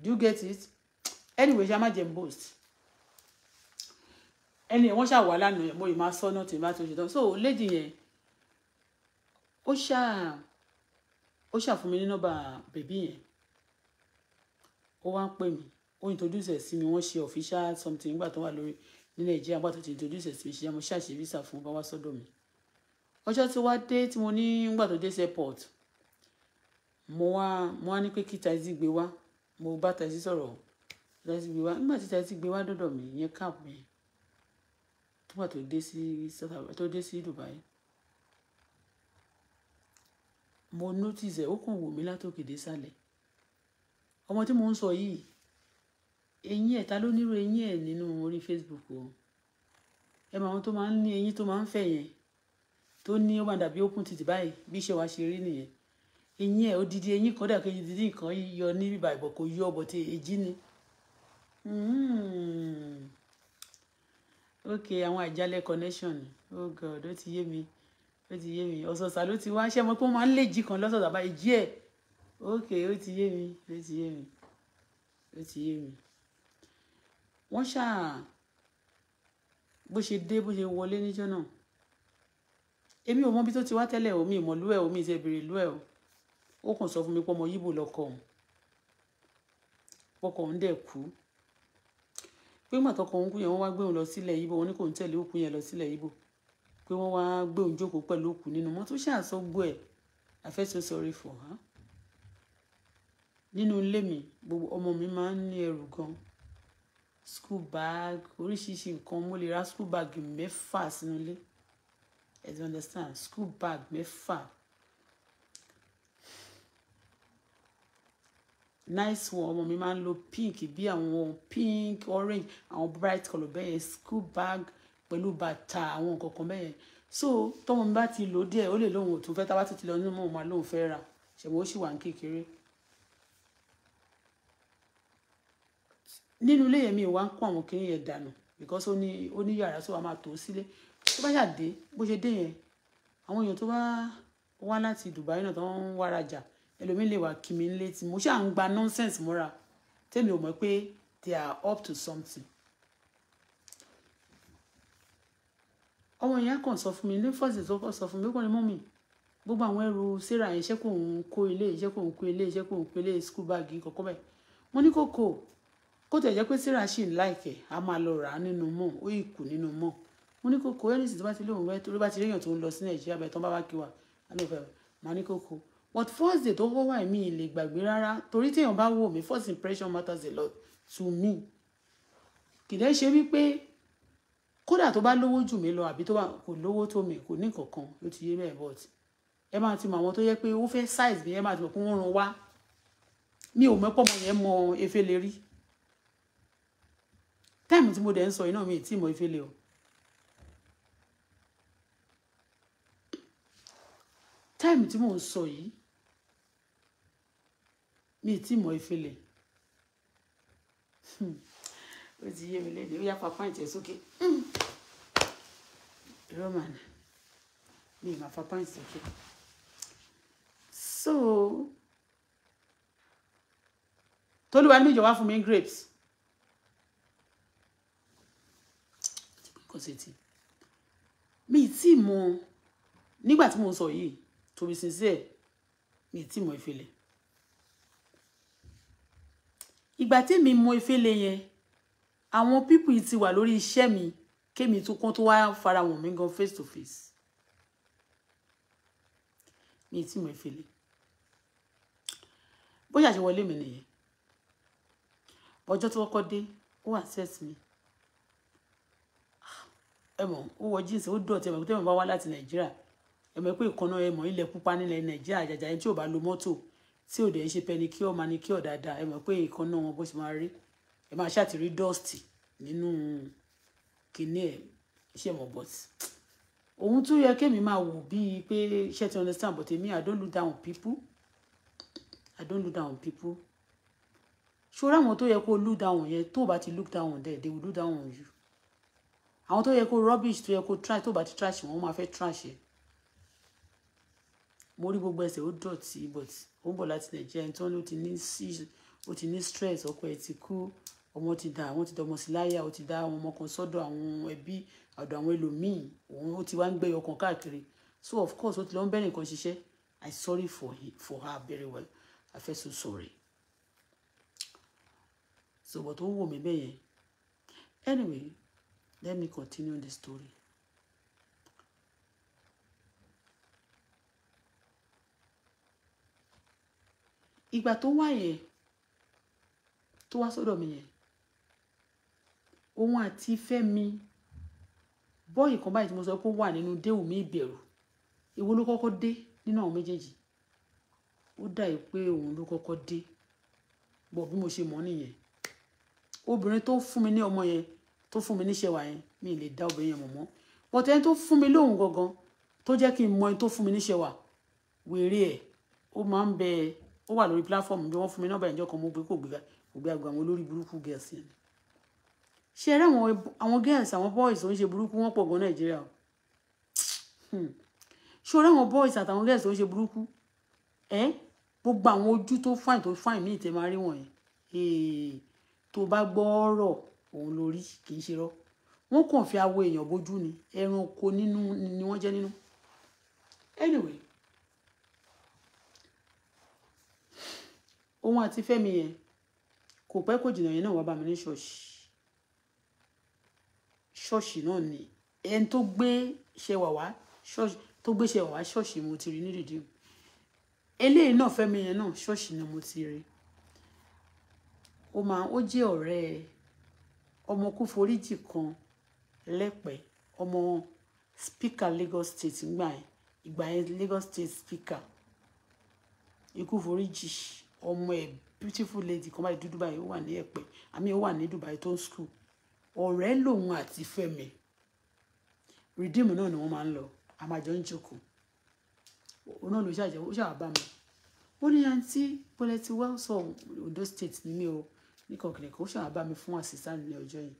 do you get it anyway ṣe a máa jẹ boast ẹni wọn ṣáà wà lánàá mo yìí máa sọ náà tèmi bá tó ṣe tán so lady yẹn ó ṣáà ó ṣàfún mi ní nọ́mbà bèbí yẹn ó wá ń pè mí ó introduce ẹ̀ sí mi wọ́n ṣe official something nígbà tó wà lórí ní nàìjíríà nígbà tó ti introduce ẹ̀ sí mi ṣe mo ṣàṣe visa fún bá wá sọ́dọ̀ mi ọjọ́ tí wá dé tí mo ní nígbà tó dé sí airport mo wá mo wá ní pé kí taxi gbé wá mo bá taxi sọ̀rọ̀ taxi gbé wá nígbà tí taxi gbé wá dọ̀dọ̀ mi ìyẹn cap mi nígbà tó dé sí South Africa tó dé sí Dubai mo notice ẹ̀ ó kàn wò mí látòkè dé sàlẹ̀ ọmọ tí mo ń sọ yìí eyín ẹ̀ ta ló nírú eyín ẹ̀ nínú orí Facebook o ẹ mọ àwọn tó máa ń ní eyín tó máa ń fẹ̀ yẹn tó ní ó máa dàbí open títì báyìí bí iṣẹ́ wa ṣe rí nìyẹn eyín ẹ̀ odidi eyín kan dàbí odidi nǹkan yọ ní bíbá kò yọ ọ̀bọ̀ tí èjì ni. Hmm. ok àwọn àjálẹ̀ connection oh God ó ti yé mi ó ti yé mi ọ̀sọ̀ọ̀sà ló ti wá ṣé mo pé wọ́n máa ń lè jí kan lọ́sọ̀ọ̀sà bá ìjì ẹ̀ ókè ó ti yé mi ó ti yé mi ó ti yé mi wọ́n ṣáà bó ṣe dé bó ṣe wọlé níjọ́ náà èmi ò mọ ibi tó ti wá tẹ́lẹ̀ o mi ò ẹ̀ o mi ì tẹ́ lú ẹ̀ o ó kàn sọ fún mi pé ọmọ yíbò lọkọ òun pọkọ òun dẹ̀ kú pé màtọkọ òun kú yẹn wọ́n wá gbé òun lọ sílẹ̀ yíbò wọ́n ní kò ń tẹ̀lé òkú yẹn lọ sílẹ̀ yíbò pé wọ́n wá gbé òun jókòó pẹ̀lú òkú nínú mọ́tò ṣàṣọgbó ẹ̀ I feel so sorry for her nínú ilé mi gbogbo ọmọ mi máa ń ní ẹrù gan school bag oríṣiríṣi nǹkan mo lè ra school bag mẹ́fà sínú ilé as you understand school bag mẹ́fà nice one ọmọ mi máa ń lo pink bí àwọn pink orange àwọn bright colour bẹ́ẹ̀ school bag pẹ̀lú bàtà àwọn nǹkan bẹ́ẹ̀ yẹn so tọmọ mi bá ti lò díẹ̀ ó lè lóun ò tún fẹ́ tábà tún ti lọ nínú mọ́ òun máa lóun fẹ́ rà ṣẹ̀wọ̀n ó sì wà ní kékeré. nínú ilé yẹn mi wá ń kó àwọn kiri yẹn dànù because ó ní ó ní yàrá tó wà máa tó sílé tó bá ṣàdé bó ṣe dé yẹn àwọn èèyàn tó bá wá láti Dubai náà tó ń wárajà ẹlòmíín lè wà kí mi létí mo ṣáà ń gba nonsense mọ́ra tẹ́mi ò mọ̀ pé they are up to something ọmọ yẹn kàn sọ fún mi ní tó kọ́ sọ fún mi ó kàn ní mọ́ mi gbogbo àwọn ẹrù sarah yẹn ṣé kò ń kó ilé ṣé kò ń kó ilé ṣé kò ń kó ilé skul báàgì kọ̀ọ̀kan bẹ́ẹ̀ mo ní kò kò kó tẹ̀ jẹ́ pé sarah ṣì ń láìkẹ̀ a máa lọ rà á nínú mọ́ ó yìí kù nínú mọ́ mo ní kò kò ẹni sì tó bá ti lóun bẹ́ẹ̀ tó bá ti léèyàn tó ń lọ sí nàìjíríà bẹ́ẹ̀ tó bá wá kí wa ní kò kò but first day tó kọ́ wà mí lè gbàgbé rárá torí téèyàn bá wò mí first impression matters a lot to me kì í dẹ́ ṣe wípé kódà tó bá lówó jù mí lọ àbí tó bá kò lówó tó mi kò ní kankan ló ti yé bẹ́ẹ̀ bọ́ọ̀tì ẹ máa ti mọ àwọn tó yẹ pé ó fẹ́ size mi ẹ máa ti mọ̀ pé wọ́n ran wá mi ò mọ́pọ̀ mọ yẹn mọ efele rí táìmù tí mo dẹ̀ ń sọ iná mi ì tí mọ efele o. táìmù tí mò ń sọ yìí mi ì tí mọ efele. Hmm ó ti yé mi léde ó yá papá ìtẹ̀ sókè roman mi ma papá ìtẹ̀ sókè so tolúwa ní ìjọba fún mi grapes kò sí ti mi tí mo nígbà tí mo sọ yìí to be sincere mi tí mo ìfẹ́lẹ̀ ìgbà tí mi mọ ìfẹ́lẹ̀ yẹn àwọn pípù yìí ti wà lórí iṣẹ́ mi kémi tó kún tó wá fara wọn mí gan face to face ní tí mo fi lè bóyá ṣe wọlé mi nìyẹn ọjọ́ tó kọ́kọ́ dé ó access mi ẹ mọ̀ ó wọ jíǹsì ó dọ̀tí ẹ mọ̀ tẹ́wọ̀n bá wá láti nàìjíríà ẹ mọ̀ pé ìkànnà ẹ mọ̀ ilẹ̀ pupa nílẹ̀ nàìjíríà àjàjà ẹni tí ò bá lo mọ́tò tí ò dẹ̀ ń ṣe pẹnikíọ̀ manikíọ̀ dáadáa ẹ mọ̀ pé ìkànnà wọn bó ṣe máa rí ẹ máa ṣáà ti rí dust nínú kinní ẹ ṣe mọ but òun tún yẹ kémi máa wò bíi pé ṣe ti understand but èmi i don't look down on people i don't look down on people ṣòro àwọn tó yẹ kó look down on yẹn tó bá ti look down on they will look down on you àwọn tó yẹ kó rubbish tó yẹ kó trash tó bá ti trash wọn máa fẹ́ trash ẹ mo rí gbogbo ẹsẹ̀ ó dọ̀tí but ó ń bọ̀ láti nàìjíríà ẹni tó ń lò ti ní stress ọkọ ẹ ti kú ọmọ ti dà àwọn ti dà ọmọ sí láyà ó ti dá àwọn ọmọ kan sọ́dọ̀ àwọn ẹbí ọ̀dọ̀ àwọn ẹlòmíì òun ó ti wá ń gbé ọkàn káàkiri so of course ó ti lọ ń bẹ̀rẹ̀ nǹkan ṣiṣẹ́ i sorry for, he, for her very well i feel so sorry so but ó wò mí bẹ́ẹ̀ yẹn anyway let me continue the story. ìgbà tó wá yẹn tó wá sọ́dọ̀ mi yẹn òun àti Fẹ́mi bọ́ọ̀yì kan báyìí tí mo sọ pé ó wà nínú déwùmí ìbẹ̀rù èwo ló kọ́kọ́ dé nínú àwọn méjèèjì ó dà yìí pé òun ló kọ́kọ́ dé bọ̀ bí mo ṣe mọ̀ nìyẹn obìnrin tó fún mi ní ọmọ yẹn tó fún mi níṣẹ́ wà yẹn mi lè dá obìnrin yẹn mọ̀ mọ́ but tó fún mi lóhùn gangan tó jẹ́ kí n mọ ẹni tó fún mi níṣẹ́ wà wèrè ẹ̀ ó máa ń bẹ ó wà lórí platform bí wọ́n fún mi nọ́mbà ìjọ kan mo gbé kò gbé àgbà àwọn olórí burúkú gẹ̀ẹ́sì ni ṣe rẹ àwọn àwọn girls àwọn boys ń ṣe burúkú wọn pọ̀ gan nàìjíríà o hmm. ṣe rẹ àwọn boys àtàwọn girls ń ṣe burúkú ẹ gbogbo àwọn ojú tó fine tó fine míì tẹ máa rí wọn yẹn tó bá gbọ́ ọ̀rọ̀ òun lórí kì í ṣe rọ wọn kàn fi awọ èèyàn bójú ni ẹranko nínú ni wọn jẹ nínú anyway òun àti Fẹ́mi yẹn kò pẹ́ kò jìnnà yẹn náà wá bá mi ní ṣọ́ọ̀ṣì ṣọ́ọ̀ṣì náà ni ẹni tó gbé ṣe wàwá ṣọ́ọ̀ṣì tó gbé ṣe wàwá ṣọ́ọ̀ṣì mo ti rí ní Redeem eléyìí náà fẹ́mi yẹn náà ṣọ́ọ̀ṣì ni mo ti rí ó máa ó jẹ́ ọ̀rẹ́ ọmọ kúforíjì kan lẹ́pẹ́ ọmọ speaker Lagos State ngbà yẹn ìgbà yẹn Lagos State speaker ikú foríjì ọmọ ẹ̀ beautiful lady kan báyìí dúdú báyìí ó wà ní ẹ̀pẹ́ àmì ó wà ní Dubai tó ń school ọ̀rẹ́ lòun àti Fẹ́mi rìdíìmù náà ni wọ́n máa ń lọ àmàjọ ń jókòó òun náà ló ṣàjẹ́ ó ṣàbá mi ó ní àǹtí bọ́lẹ̀ ti wá sọ Ondo state ní mi o níkọ̀kìnìkan ó ṣàbá mi fún àṣìṣà nílé ọjọ́ yìí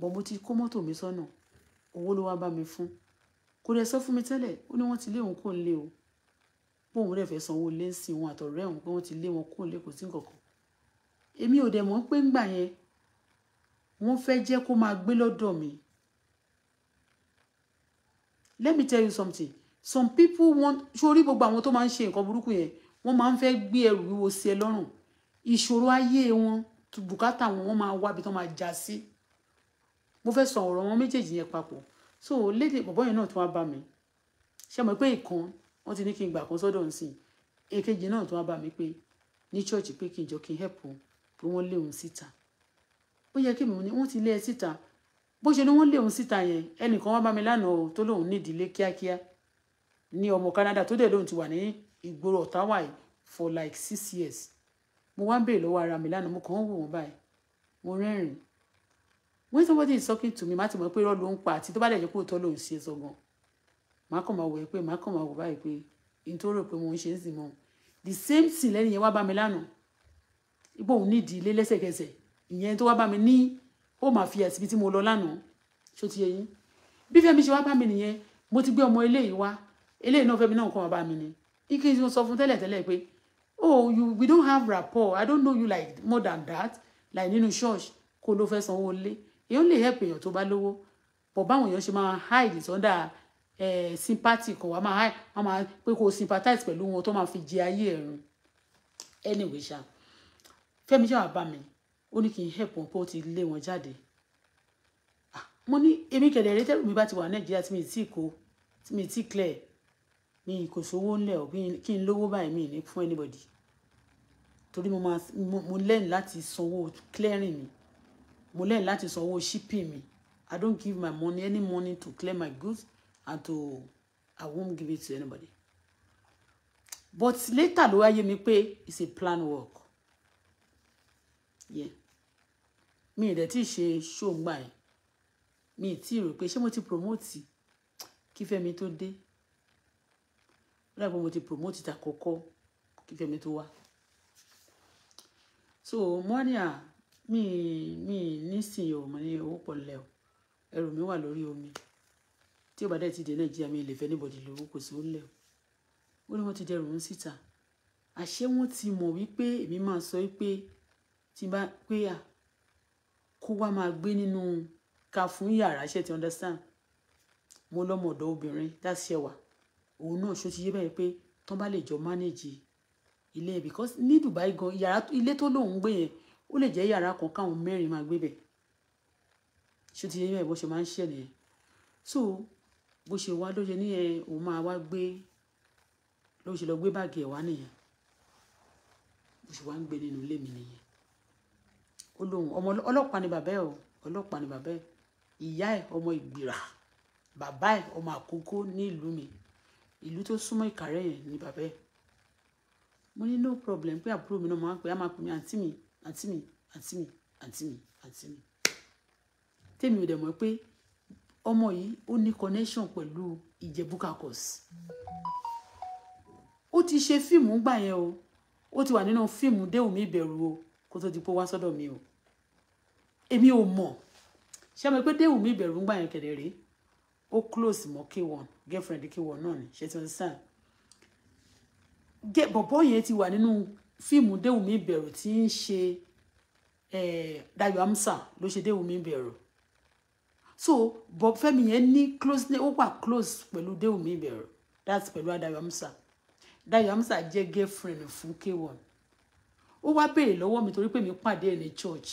bọ́ mo ti kó mọ́tò mi sọ́nà owó ló wá bá mi fún kò dẹ̀ sọ fún mi tẹ́lẹ̀ ó ní wọ́n ti lé òun kò ń lé o bóun rẹ̀ fẹ́ sanwó lé ń sìn òun àtọ̀rẹ́ òun pé wọ́n ti lé wọn kò lé kò sí nǹkan kan èmi ò dẹ̀ mọ̀ pé ńgbà yẹn wọ́n fẹ́ jẹ́ kó máa gbé lọ́dọ̀ mi let me tell you something some people want sórí gbogbo àwọn tó máa ń ṣe nǹkan burúkú yẹn wọ́n máa ń fẹ́ gbé ẹrù wíwo sí ẹ lọ́rùn ìṣòro ayé wọn bùkátà wọn wọ́n máa wábi tó máa já sí mo fẹ́ sọ ọ̀rọ̀ wọn méjèèjì yẹn papọ̀ so lédè bọ̀bọ́ yẹn náà tó wá bá mi ṣe mọ̀ pé ìkan wọ́n ti ní kí n gbà kan sọ́dọ̀ ń sìn èkejì náà tó wá bá mi pé ní ṣọ́ọ̀ṣì pé kí n jọ kí n hẹ́pù pé wọ́n léwu síta ó yẹ kí mò ń ní wọ́n ti lé ẹ síta bó ṣe ni wọ́n lé òun síta yẹn ẹnìkan wá bá mi lánàá o tó lóun nídìílé kíákíá ní ọmọ Canada tó dẹ̀ lóun ti wà ní ìgboro Ottawa yìí for like six years mo wá ń béèrè lọ́wọ́ ara mi lánàá mo kàn ń wò wọ́n báyìí mo rẹ́rìn when somebody is talking to me má ti mọ̀ pé irọ́ ló ń pa àti tó bá dẹ̀ jẹ́ pé òótọ́ lòun ṣe sọ gan má kàn máa wò ẹ́ pé má kàn máa wò báyìí pé n tó rò pé mo ń ṣe é sì mọ́ the same thing lẹ́nu yẹn wá bá mi lánàá ibo òun nídìí ilé lẹ́sẹ̀kẹsẹ̀ ìyẹn tó wá bá mi ní ó máa fi ẹ̀sìn tí mo lọ lánàá ṣó ti yé bí fẹ́mi ṣe wá bá mi nìyẹn mo ti gbé ọmọ eléyìí wá eléyìí náà fẹ́mi náà nǹkan bàbá mi ni ike tí mo sọ fún tẹ́lẹ̀ tẹ́lẹ̀ pé oh you we don't have rapport i don't know you like more than that like nínú church kó ló fẹ́ sanwó lé èèyàn lè help èèyàn tó bá lówó bọ̀ báwọn èèyàn ṣe máa hide sọ́dà eh, sympathy kan wá máa hide wọ́n máa pé kó sympathize pẹ̀lú wọn tó máa fi jẹ ayé ẹ̀rùn anyway ṣá fẹ́mi ṣáà bá mi ó ní kí n help wọn pé ó ti lé wọn jáde ah, mo ní èmi kẹ̀dẹ̀ eré tẹ́lẹ̀ mi bá ti wà nàìjíríà tí mi ti kó tí mi ti clear mi kò sówó ńlẹ̀ ọ̀ kí n lówó báyìí mi ní fún anybody torí mo máa mo lẹ́yìn láti sanwó clearing mi mo lẹ́yìn láti sanwó shipping mi I don't give my money any money to clear my goods and to I won't give it to anybody but later ló wáyé mi pé it's a plan work yeah mi ì dẹ̀ tí ì ṣe ṣóńgbà yẹn mi ì tí ì rò pé ṣé mo ti promote kí Fẹ́mi tó dé ó dàbí mo ti promote ta kọ́kọ́ kí Fẹ́mi tó wá so mọ́níà mi mi nísìnyí ò mọ̀ ní owó pọ̀ lẹ́ o ẹrù mi wà lórí omi tí ó bá dẹ̀ ti dé Nàìjíríà mi lè fẹ́ níbọ̀dì lówó kò sí ó lẹ̀ o ó ní wọ́n ti dẹrù ń síta àṣé wọ́n ti mọ̀ wípé èmi máa sọ wípé tí bá pé à kó wá máa gbé nínú ká fún yàrá ṣe ti understand mo lọ́mọ ọ̀dọ́ obìnrin dáṣẹwà òun náà ṣó ti yé bẹ́ẹ̀ pé tán bá lè jọ manage ilé ẹ̀ because ní Dubai gan yàrá ilé tó lòun gbé yẹn ó lè jẹ́ yàrá kan káwọn mẹ́rin máa gbé bẹ̀ ṣó ti yé bẹ́ẹ̀ bó ṣe máa ń ṣẹ̀ nìyẹn so bó ṣe wá ló ṣe ní ẹ òun máa wá gbé ló ṣe lọ gbé báàgì ẹ̀ wá nìyẹn bó ṣe wá ń gbé nínú ilé mi nìyẹn ó lóun ọmọ ọlọ́pàá ni bàbá ẹ̀ o ọlọ́pàá ni bàbá ẹ̀ ìyá ẹ̀ ọmọ ìgbìrà bàbá ẹ̀ ọmọ àkókò ní ìlú mi ìlú tó súnmọ́ ìkàrẹ́ yẹn ni bàbá ẹ̀ mo ní no problem pé àbúrò mi náà máa ń pè á máa pè mí àǹtí mi àǹtí mi àǹtí mi àǹtí mi àǹtí mi tèmi ò dẹ̀ mọ̀ pé ọmọ yìí ó ní connection pẹ̀lú Ìjẹ̀bú Circus ó ti ṣe fíìmù gbà yẹn o ó ti wà nínú fíìmù Déwùmí Ìbẹ̀rù o kó tó di pé wá sọ́dọ̀ mi o èmi ò mọ̀ ṣé mo pé déwù mi ìbẹ̀rù ń gbà yẹn kẹ̀dẹ̀ rèé ó close mọ́ k1 girlfriend k1 náà ni ṣe ti wọn sàn bọ̀bọ̀ yẹn ti wà nínú fíìmù déwù mi ìbẹ̀rù tí ń ṣe Dayọ̀ Amsa ló ṣe déwù mi ìbẹ̀rù so bob Fẹ́mi yẹn ní close ó wà close pẹ̀lú déwù mi ìbẹ̀rù that's pẹ̀lú Dayọ̀ Amsa Dayọ̀ Amsa jẹ́ girlfriend fún k1 ó wá béèrè lọ́wọ́ mi torí pé mi pàdé ẹ̀ ní church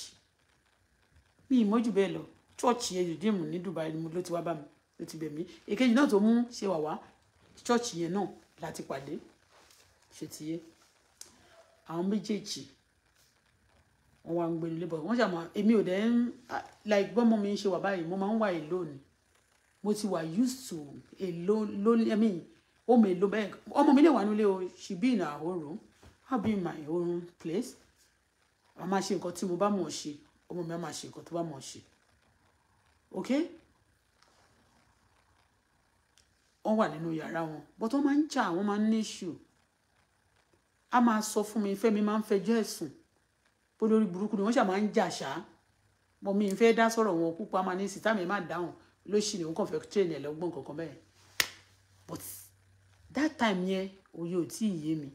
mi ìmọ́jú bẹ́ẹ̀ lọ chọ́ọ̀chì ẹ̀yọ̀dìmù ní Dubai ló ti wá bá mi ló ti bẹ̀ mí èkejì náà tó mú ṣe wà wá chọ́ọ̀chì yẹn náà láti pàdé ṣe ti yé àwọn méjèèjì wọn wá ń gbé nílé bọ̀ wọ́n ṣàmọ́ èmi ò dẹ́ ń like bọ́mọ mi ṣe wà báyìí mo máa ń wà alone mo ti wà used to a lonely I mean home alone bẹ́ẹ̀ ọmọ mi lè wà nílé o she be in her own room I be in my own place a máa ṣe nǹkan tí mo bá mọ̀ ṣe ọmọ mi á máa ṣe nǹkan tó bá mọ̀ ṣe ok wọ́n wà nínú yàrá wọn but wọ́n máa ń jà wọ́n máa ń ní ṣù á máa sọ fún mi Fẹ́mi máa ń fẹjọ́ ẹ̀sùn bó lórí burúkú ni wọ́n ṣà máa ń jà ṣá mọ mi fẹ́ dá sọ̀rọ̀ wọn púpọ̀ á máa ní sítá mi má dáhùn lóṣìlè òun kàn fẹ́ tírẹ̀nì ẹ̀ lọ́gbọ̀n kankan bẹ́ẹ̀ but that time yẹn òye ò tí ì yé mi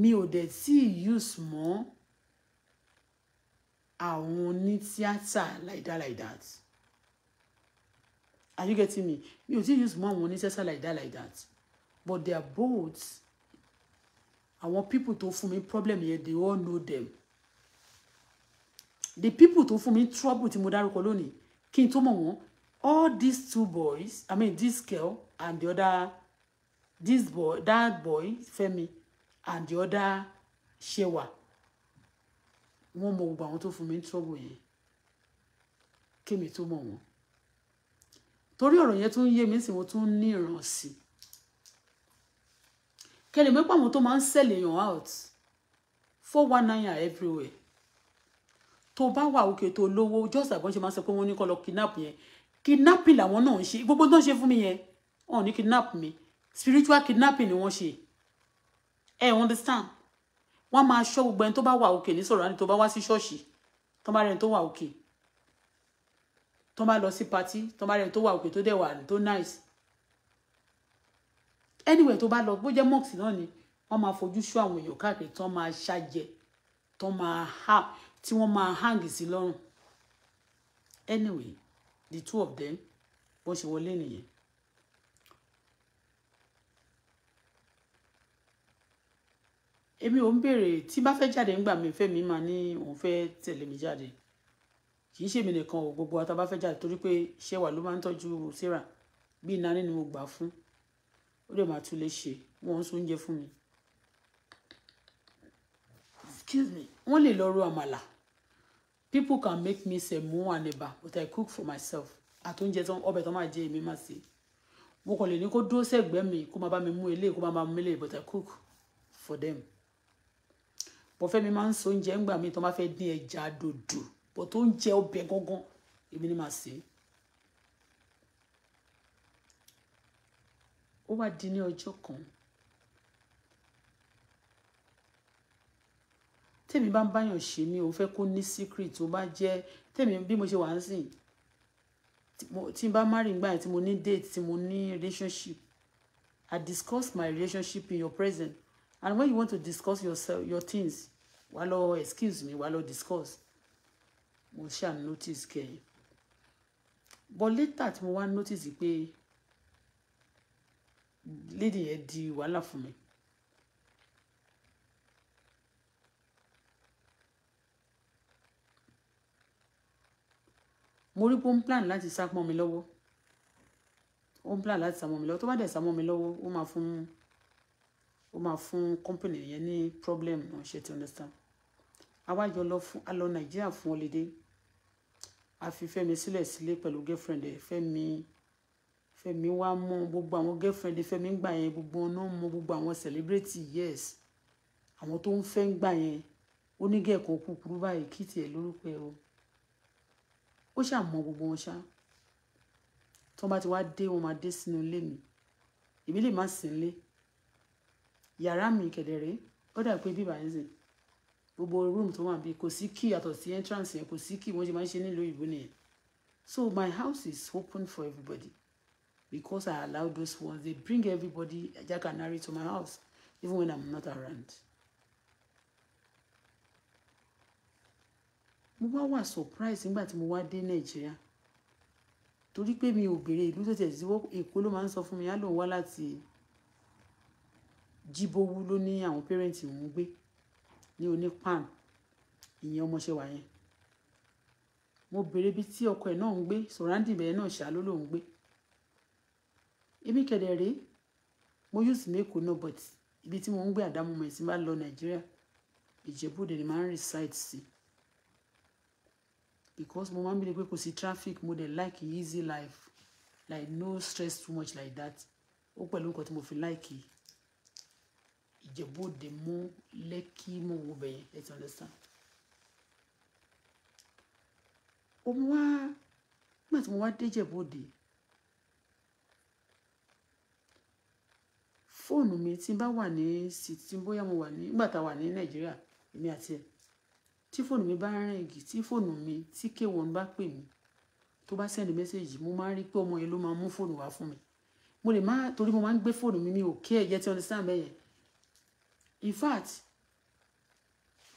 mi ò dẹ̀ tí ì use mọ́ àwọn onítíátà like that like that are you getting me mi ò tí ì use mọ́ àwọn onítíátà like that like that but they are both àwọn people tó fún mi problem yẹn they all know them the people tó fún mi trouble tí mo dárúkọ lónìí kí n tó mọ̀ wọ́n all these two boys i mean this girl and the other this boy that boy Femi and the other Shewa wọ́n mọ gbogbo àwọn tó fún mi ní trọ́bù yẹn kémi tó mọ̀ wọ́n torí ọ̀rọ̀ yẹn tó ń yé mi sí wọn tó ń ní ìran sí kẹlẹ̀ mẹ́pọ̀ àwọn tó máa ń sell èèyàn out four one nine are everywhere tó bá wà òkè tó lówó just àbọ̀n ṣe máa sọ pé wọ́n ní kọ́ lọ kidnap yẹn kidnapping làwọn náà ń ṣe gbogbo tó ń ṣe fún mi yẹn wọn ò ní kidnap mi spiritual kidnapping ni wọ́n ṣe ẹ understand wọ́n máa ṣọ́ gbogbo ẹni tó bá wà òkè ní sọ̀rọ̀ àni tó bá wá sí ṣọ́ọ̀ṣì tó bá rẹni tó wà òkè tó bá lọ sí patí tó bá rẹni tó wà òkè tó dẹ̀ wà tó nice anyway tó bá lọ bó jẹ́ mọ́ọ̀sì náà ni wọ́n máa fojú ṣọ́ àwọn èèyàn káàkiri tó máa ṣàjẹ tó máa ha tí wọ́n máa hang sí lọ́rùn anyway the two of them bó ṣe wọlé nìyẹn èmi ò ń béèrè tí bá fẹ́ jáde ńgbà mi fẹ́ mi máa ní òun fẹ́ tẹ̀lé mi jáde kì í ṣèmi nìkan ò gbogbo àtàbá fẹ́ jáde torí pé ṣẹ́wà ló máa ń tọ́jú sarah bí ìnáni ni mo gbà fún ó lè máa tún lè ṣe wọ́n ń sóúnjẹ fún mi excuse me wọ́n lè lọ ro àmàlà people can make me sẹ̀mú and ẹ̀bà but I cook for myself àtúnjẹ tán ọbẹ̀ tán máa jẹ èmi máa ṣe mo kàn lè ní kó dúró sẹ́gbẹ̀ẹ́ mi kó máa bá mi mú eléyìí kó máa bá mi mú eléyìí but I cook for them bọ́ fẹ́mi máa ń so oúnjẹ ńgbà mi tó máa fẹ́ dín ẹja dòdò bọ́ tó ń jẹ ọbẹ̀ gángan èmi ni màá sè é. ó wá di ní ọjọ́ kan tèmi bá ń báyàn ṣe ni òun fẹ́ kó ní secret tó bá jẹ́ tèmi bí mo ṣe wà ń sìn tí n bá marry ngbà yẹn tí mo ní date tí mo ní relationship I discuss my relationship in your presence and when you want to discuss yourself your things wà lọ excuse me wà lọ discuss mo ṣáà notice kẹyìn but later tí mo wá notice pé lady yẹn di wàhálà me. mi. mo plan láti sá mọ́ mi lọ́wọ́ ó plan láti sá mọ́ mi lọ́wọ́ tó bá dẹ̀ sá mọ́ mi lọ́wọ́ ó máa fún mi ó máa fún company yẹn ní problem náà ṣe ti understand Awa jọ lọ fún a lọ nàìjíríà fún holiday a fi fẹ́mi girlfriend ẹ̀ fẹ́mi fẹ́mi wá mọ gbogbo àwọn girlfriend fẹ́mi gbà yẹn gbogbo ọ̀nà mọ gbogbo àwọn celebrity yes àwọn tó ń fẹ́ ń gbà yẹn onígẹ̀ẹ́kan kúkúrú báyìí kí tiẹ̀ lórúkọ ẹ o ó ṣàmọ gbogbo wọn ṣá tí wọ́n bá ti wá dé wọ́n máa dé sínú ilé mi èmi lè má sí yàrá mi kẹ̀dẹ̀ rèé ó dà pé bíbá ń sè gbogbo room tó wà bí kò sí key àtọ̀ sí entrance yẹn kò sí key wọ́n ṣe máa ń ṣe nílùú ìbò nìyẹn so my house is open for everybody because I allow those ones they bring everybody jacanari to my house even when I'm not around. mo wá wà surprise nígbà tí mo wá dé nàìjíríà torí pé mi ò béèrè ìlú tó tiẹ̀ sí èkó ló máa ń sọ fún mi á lòun wá láti Jíbówú ló ní àwọn parent òun gbé ní onípan ìyẹn ọmọọṣẹ́ wa yẹn mo béèrè ibi tí ọkọ ẹ̀ náà ń gbé surrounding bẹ̀rẹ̀ náà ṣá ló lòún gbé ibi kẹ̀dẹ̀ rèé mo use meko náà but ibi tí mo ń gbé àdámọ́ mọ̀ tí n bá lọ nàìjíríà ìjẹ́búdè ni máa ń reside sí because mo máa ń bèrè pé kò sí traffic mo dẹ̀ like easy life like no stress too much like that ó pẹ̀lú nǹkan tí mo fi like yìí Ìjẹ̀bú Òde mo Lẹ́kì mọ́ owó bẹ̀yẹn let's understand. òun wá nígbà tí mo wá dé Ìjẹ̀bú Òde fóònù mi tí bá wà ní sìtì bóyá mo wà ní nígbà tá a wà ní Nàìjíríà èmi àti ẹ̀ tí fóònù mi bá rìn igi tí fóònù mi tí K1 bá pè mí tó bá sẹ́ndì mẹ́sẹ̀gì mo máa ń rí pé ọmọ yẹn ló máa mú fóònù wá fún mi mo lè má torí mo máa ń gbé fóònù mi mi ò kí ẹ̀ yẹ ti understand bẹ́ẹ̀ yẹn in fact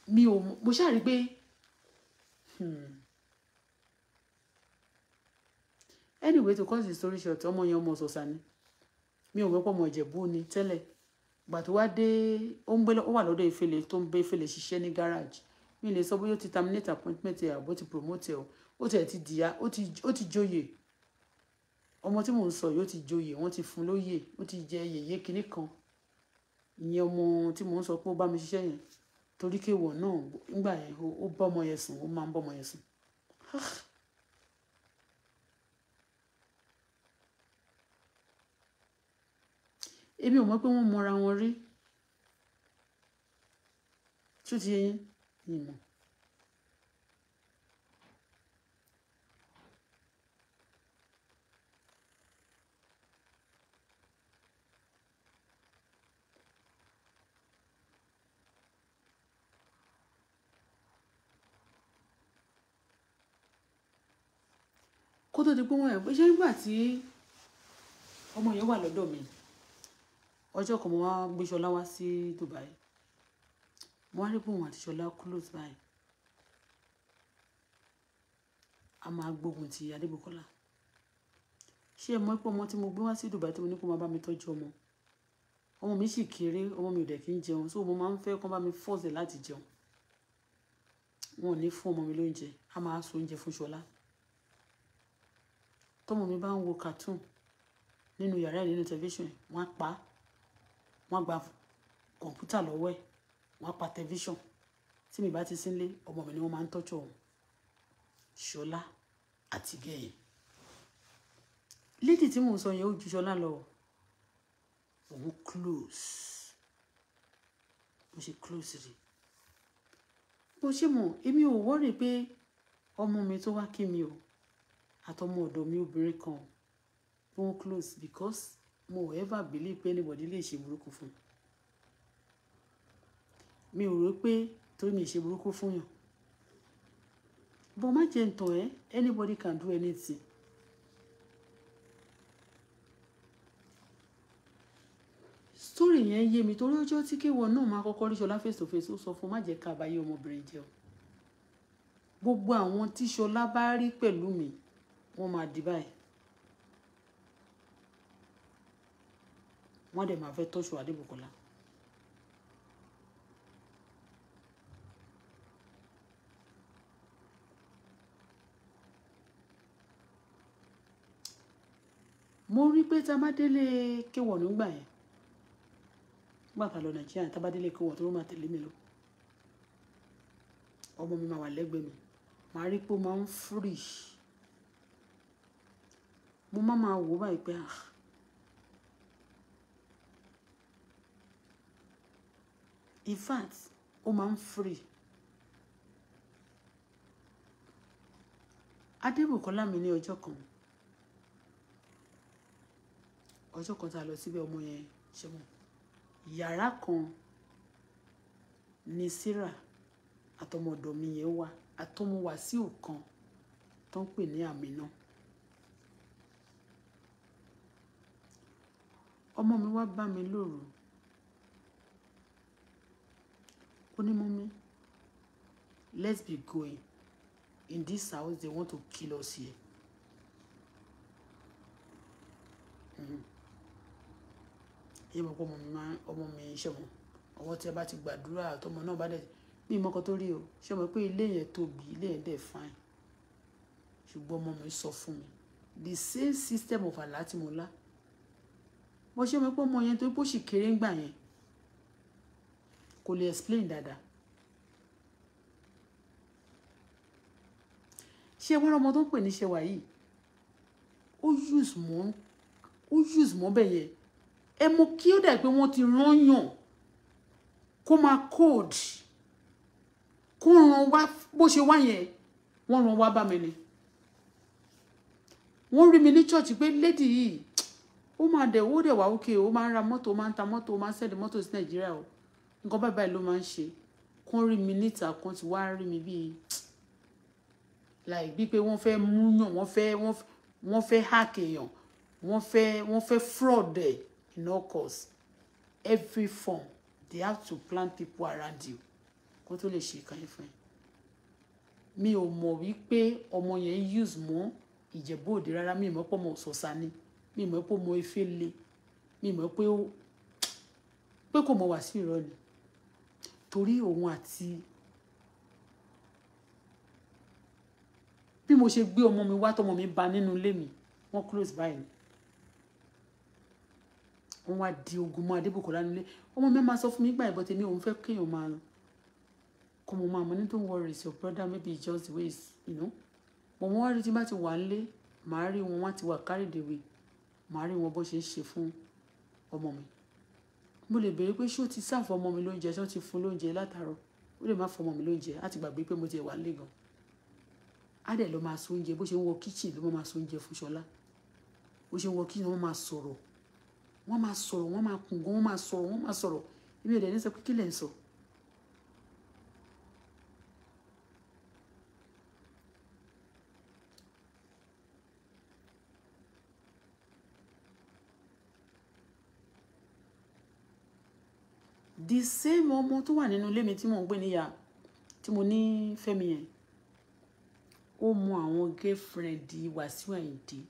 mi ò mo ṣáà rí i pé hmm. anyway to cut the story short ọmọ yẹn ọmọ ṣọ̀ṣà ni mi ò wẹ́pọ̀ ọmọ ìjẹ̀bú ni tẹ́lẹ̀ ìgbà tó wá dé ó ń gbé ó wà lọ́dọ̀ ìfẹ́lẹ̀ tó ń gbé ìfẹ́lẹ̀ ṣiṣẹ́ ní garage mi lè sọ bóyá ó ti terminate appointment ẹ̀ àbó ti promote ẹ̀ ó tiẹ̀ ti dìyà ó ti joyè ọmọ tí mò ń sọ yìí ó ti joyè wọ́n ti fún lóyè ó ti jẹ yèyé kinní kan ìyẹn ọmọ tí mò ń sọ pé ó bá mi ṣiṣẹ́ yẹn torí kéwọ̀ náà nígbà yẹn ó bá ọmọ yẹn sùn ó máa ń bá ọmọ yẹn sùn. èmi ò mọ̀ pé wọ́n mọra wọn rí tó ti yẹn ìmọ̀. kó tó di pé wọ́n ẹ̀ pé ṣé nígbà tí ọmọ yẹn wà lọ́dọ̀ mi ọjọ́ kan mo wá gbé ṣọlá wá sí Dubai mo wá rí pé òun àti ṣọlá close by, a máa gbógun ti adébùkọ́lá ṣé ẹ mọ̀ pé ọmọ tí mo gbé wá sí Dubai tí mo ní kó máa bá mi tọ́jú ọmọ ọmọ mi sì kéré ọmọ mi ò dẹ̀ kí ń jẹun so mo máa ń fẹ́ kó bá mi fọ́ọ̀sì láti jẹun wọn ò ní fún ọmọ mi lóúnjẹ a máa so oúnjẹ fún ṣọlá tọ́mọ mi bá ń wo cartoon nínú yàrá ẹ̀ nínú tẹlifíṣàn wọ́n á pa wọ́n gba kọ̀ǹpútà lọ́wọ́ ẹ̀ wọ́n pa tẹlifíṣàn tí mi bá ti sínlé ọmọ mi ni wọ́n máa ń tọ́jú òun ṣọlá àti gẹ̀yìn lídì tí mò ń sọ yẹn ó ju ṣọlá lọ òun close mo ṣe close rí mo ṣe mọ̀ èmi ò wọ́rì pé ọmọ mi tó wá kí mi o àtọmọ ọ̀dọ̀ mi obìnrin kan tó ń close because mo ò ever believe pé anybody lè ṣe burúkú fún mi mi ò rò pé torí mi ṣe burúkú fún yàn bọ́ má jẹ́ ntọ̀ ẹ́ anybody can do anything. story yẹn yé mi torí ọjọ́ tí kéwọ́n náà máa kọ́kọ́ rí ṣọlá face to face ó sọ fún má jẹ́ ká àbáyé ọmọbìnrin jẹ́ o gbogbo àwọn tí ṣọlá bá rí pẹ̀lú mi wọ́n máa di báyìí wọ́n dẹ̀ máa fẹ́ tọ́ṣù Adébùkọ́lá. mo rí pé tá a bá délé kéwọ̀n nígbà yẹn nígbà tá a lọ nàìjíríà tá a bá délé kéwọ̀n tó ló máa tẹ̀lé mi lọ ọmọ mi máa wà lẹ́gbẹ̀ẹ́ mi màá rí pé ó máa ń fúrì mo máa máa wò báyìí pé ah in fact ó máa ń free adébùkọ́lá mi ní ọjọ́ kan ọjọ́ kan tá a lọ síbẹ̀ ọmọ yẹn ṣe mọ̀ yàrá kan ní síra àtọmọdọ̀ mi yẹn wà àtọmọ wàsíù kan tó ń pè ní àmì náà ọmọ mi wá bá mi lóru ó ní mọ́mí let's be going in this house they want to kill us here. ẹ mm-hmm. mọ̀ pé ọmọ mi máa ọmọ mi ṣe mọ̀ ọwọ́ tí ẹ bá ti gbàdúrà tọmọ náà bá dẹ̀ bí ìmọ̀kọ tó rí o ṣe mọ̀ pé ilé yẹn tóbi ilé yẹn dẹ̀ fine ṣùgbọ́n ọmọ mi sọ fún mi the same system of àlá tí mo ṣe omi pé ọmọ yẹn torí pé ó kéré ń gbà yẹn kò lè explain dáadáa ṣé wọ́n ọmọ tó ń pè ní ṣẹwà yìí ó use mọ́ ó use mọ́ bẹ́ẹ̀ yẹn ẹ mọ kí ó dà pé wọ́n ti rán yàn kó máa code kó ràn wá bó ṣe wá yẹn wọ́n ràn wá bá mi ni wọ́n rí mi ní church pé lady yìí ó máa dẹ̀ owó dẹ̀ wá òkè ó máa ń ra mọ́tò ó máa ń ta mọ́tò ó máa ń sẹ́ẹ̀dì mọ́tò sí nàìjíríà o nǹkan báyìí báyìí ló máa ń ṣe kó rí mi níta kan ti wá rí mi bíi láì bíi pé wọ́n fẹ́ múyàn wọ́n fẹ́ wọ́n fẹ́ hack èèyàn wọ́n fẹ́ wọ́n fẹ́ fraud ẹ̀ in all course every form they have to plan people around you kó tó lè ṣe ìkànnì fún ẹ mi ò mọ̀ wípé ọmọ yẹn use mọ́ Ìjẹ̀bú Òde rárá mi ò mọ̀ pọ̀ mọ́ Ọ̀ṣọ́ṣà ni mi mọ̀ pé ó mọ efe le mi mọ̀ pé ó pé kò mọ̀ wá sí irọ́ ni torí òun àti bí mo ṣe gbé ọmọ mi wá tọmọ mi ba nínú ilé mi wọ́n close báyìí wọ́n wá di ogun mọ́ Adébùkọ́lá nílé ọmọ mi máa sọ fún mi gbà ìbọn tèmi òun fẹ́ kéèyàn máa kọ mo máa mọ ní don't worry it's your brother maybe it's just the way you know but wọ́n rí tí bá ti wà nílé màá rí wọn wá ti wà carry the way màá rí wọn bó ṣe ń ṣe fún ọmọ mi mo lè béèrè pé ṣé o ti sáfù ọmọ mi lóúnjẹ ṣé o ti fún lóúnjẹ látàárọ̀ ó lè má fọ ọmọ mi lóúnjẹ á ti gbàgbé pé mo ti wà nílé gan á dẹ̀ lọ máa so oúnjẹ bó ṣe ń wọ kíchìn ló máa so oúnjẹ fún ṣọlá bó ṣe ń wọ kíchìn wọ́n máa sọ̀rọ̀ wọ́n máa sọ̀rọ̀ wọ́n máa kùn gan wọ́n máa sọ̀rọ̀ wọ́n máa sọ̀rọ̀ ibi ìdẹ̀ ní sọ pé kí lẹ̀ ń sọ̀rọ̀ the same ọmọ tó wà nínú ilé mi tí mò ń gbé níyà tí mo ní fẹ́mi yẹn ó mọ àwọn girlfriend Wàsíù Àyìndé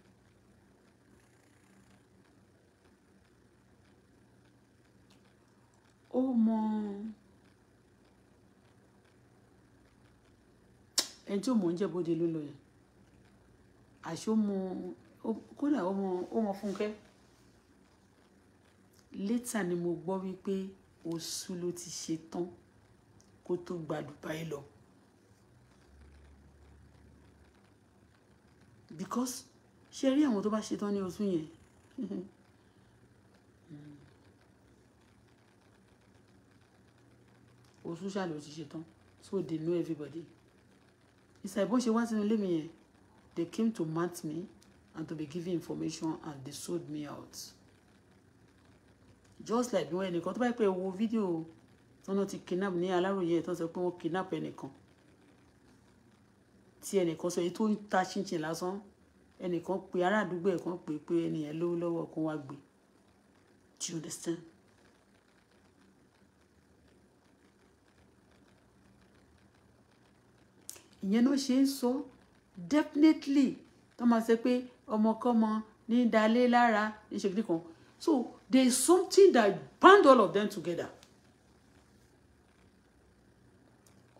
ó mọ ẹni tí ó mọ oúnjẹ bóde ló lọ yẹn àṣé ó mọ kódà ó mọ Fúnkẹ́ létà ni mo gbọ́ wípé oṣù ló ti ṣe tán kó tó gba Dubai lọ because ṣe rí àwọn tó bá ṣe tán ní oṣù yẹn oṣù ṣàlò ti ṣe tán so they know everybody ìṣàìbọn ṣe wá sínú ilé mi yẹn they came to mat me and to be given information and they sold me out just like wọn ẹnìkan tó bá yẹ pé wo fídíò tí wọn ti kidnap ní aláròye tó ń sọ pé wọn kidnap ẹnìkan tí ẹnìkan sọ èyí tó ń ta chinchin lásán ẹnìkan pe ará àdúgbò ẹ̀ kan pè pé ẹnìyẹn lówó lọ́wọ́ kan wá gbé do you understand. ìyẹn ló ṣe ń sọ definitely tó máa ṣe pé ọmọkọ́mọ ní dalé lára ní ṣèkìlì kan so There is something that bound all of them together.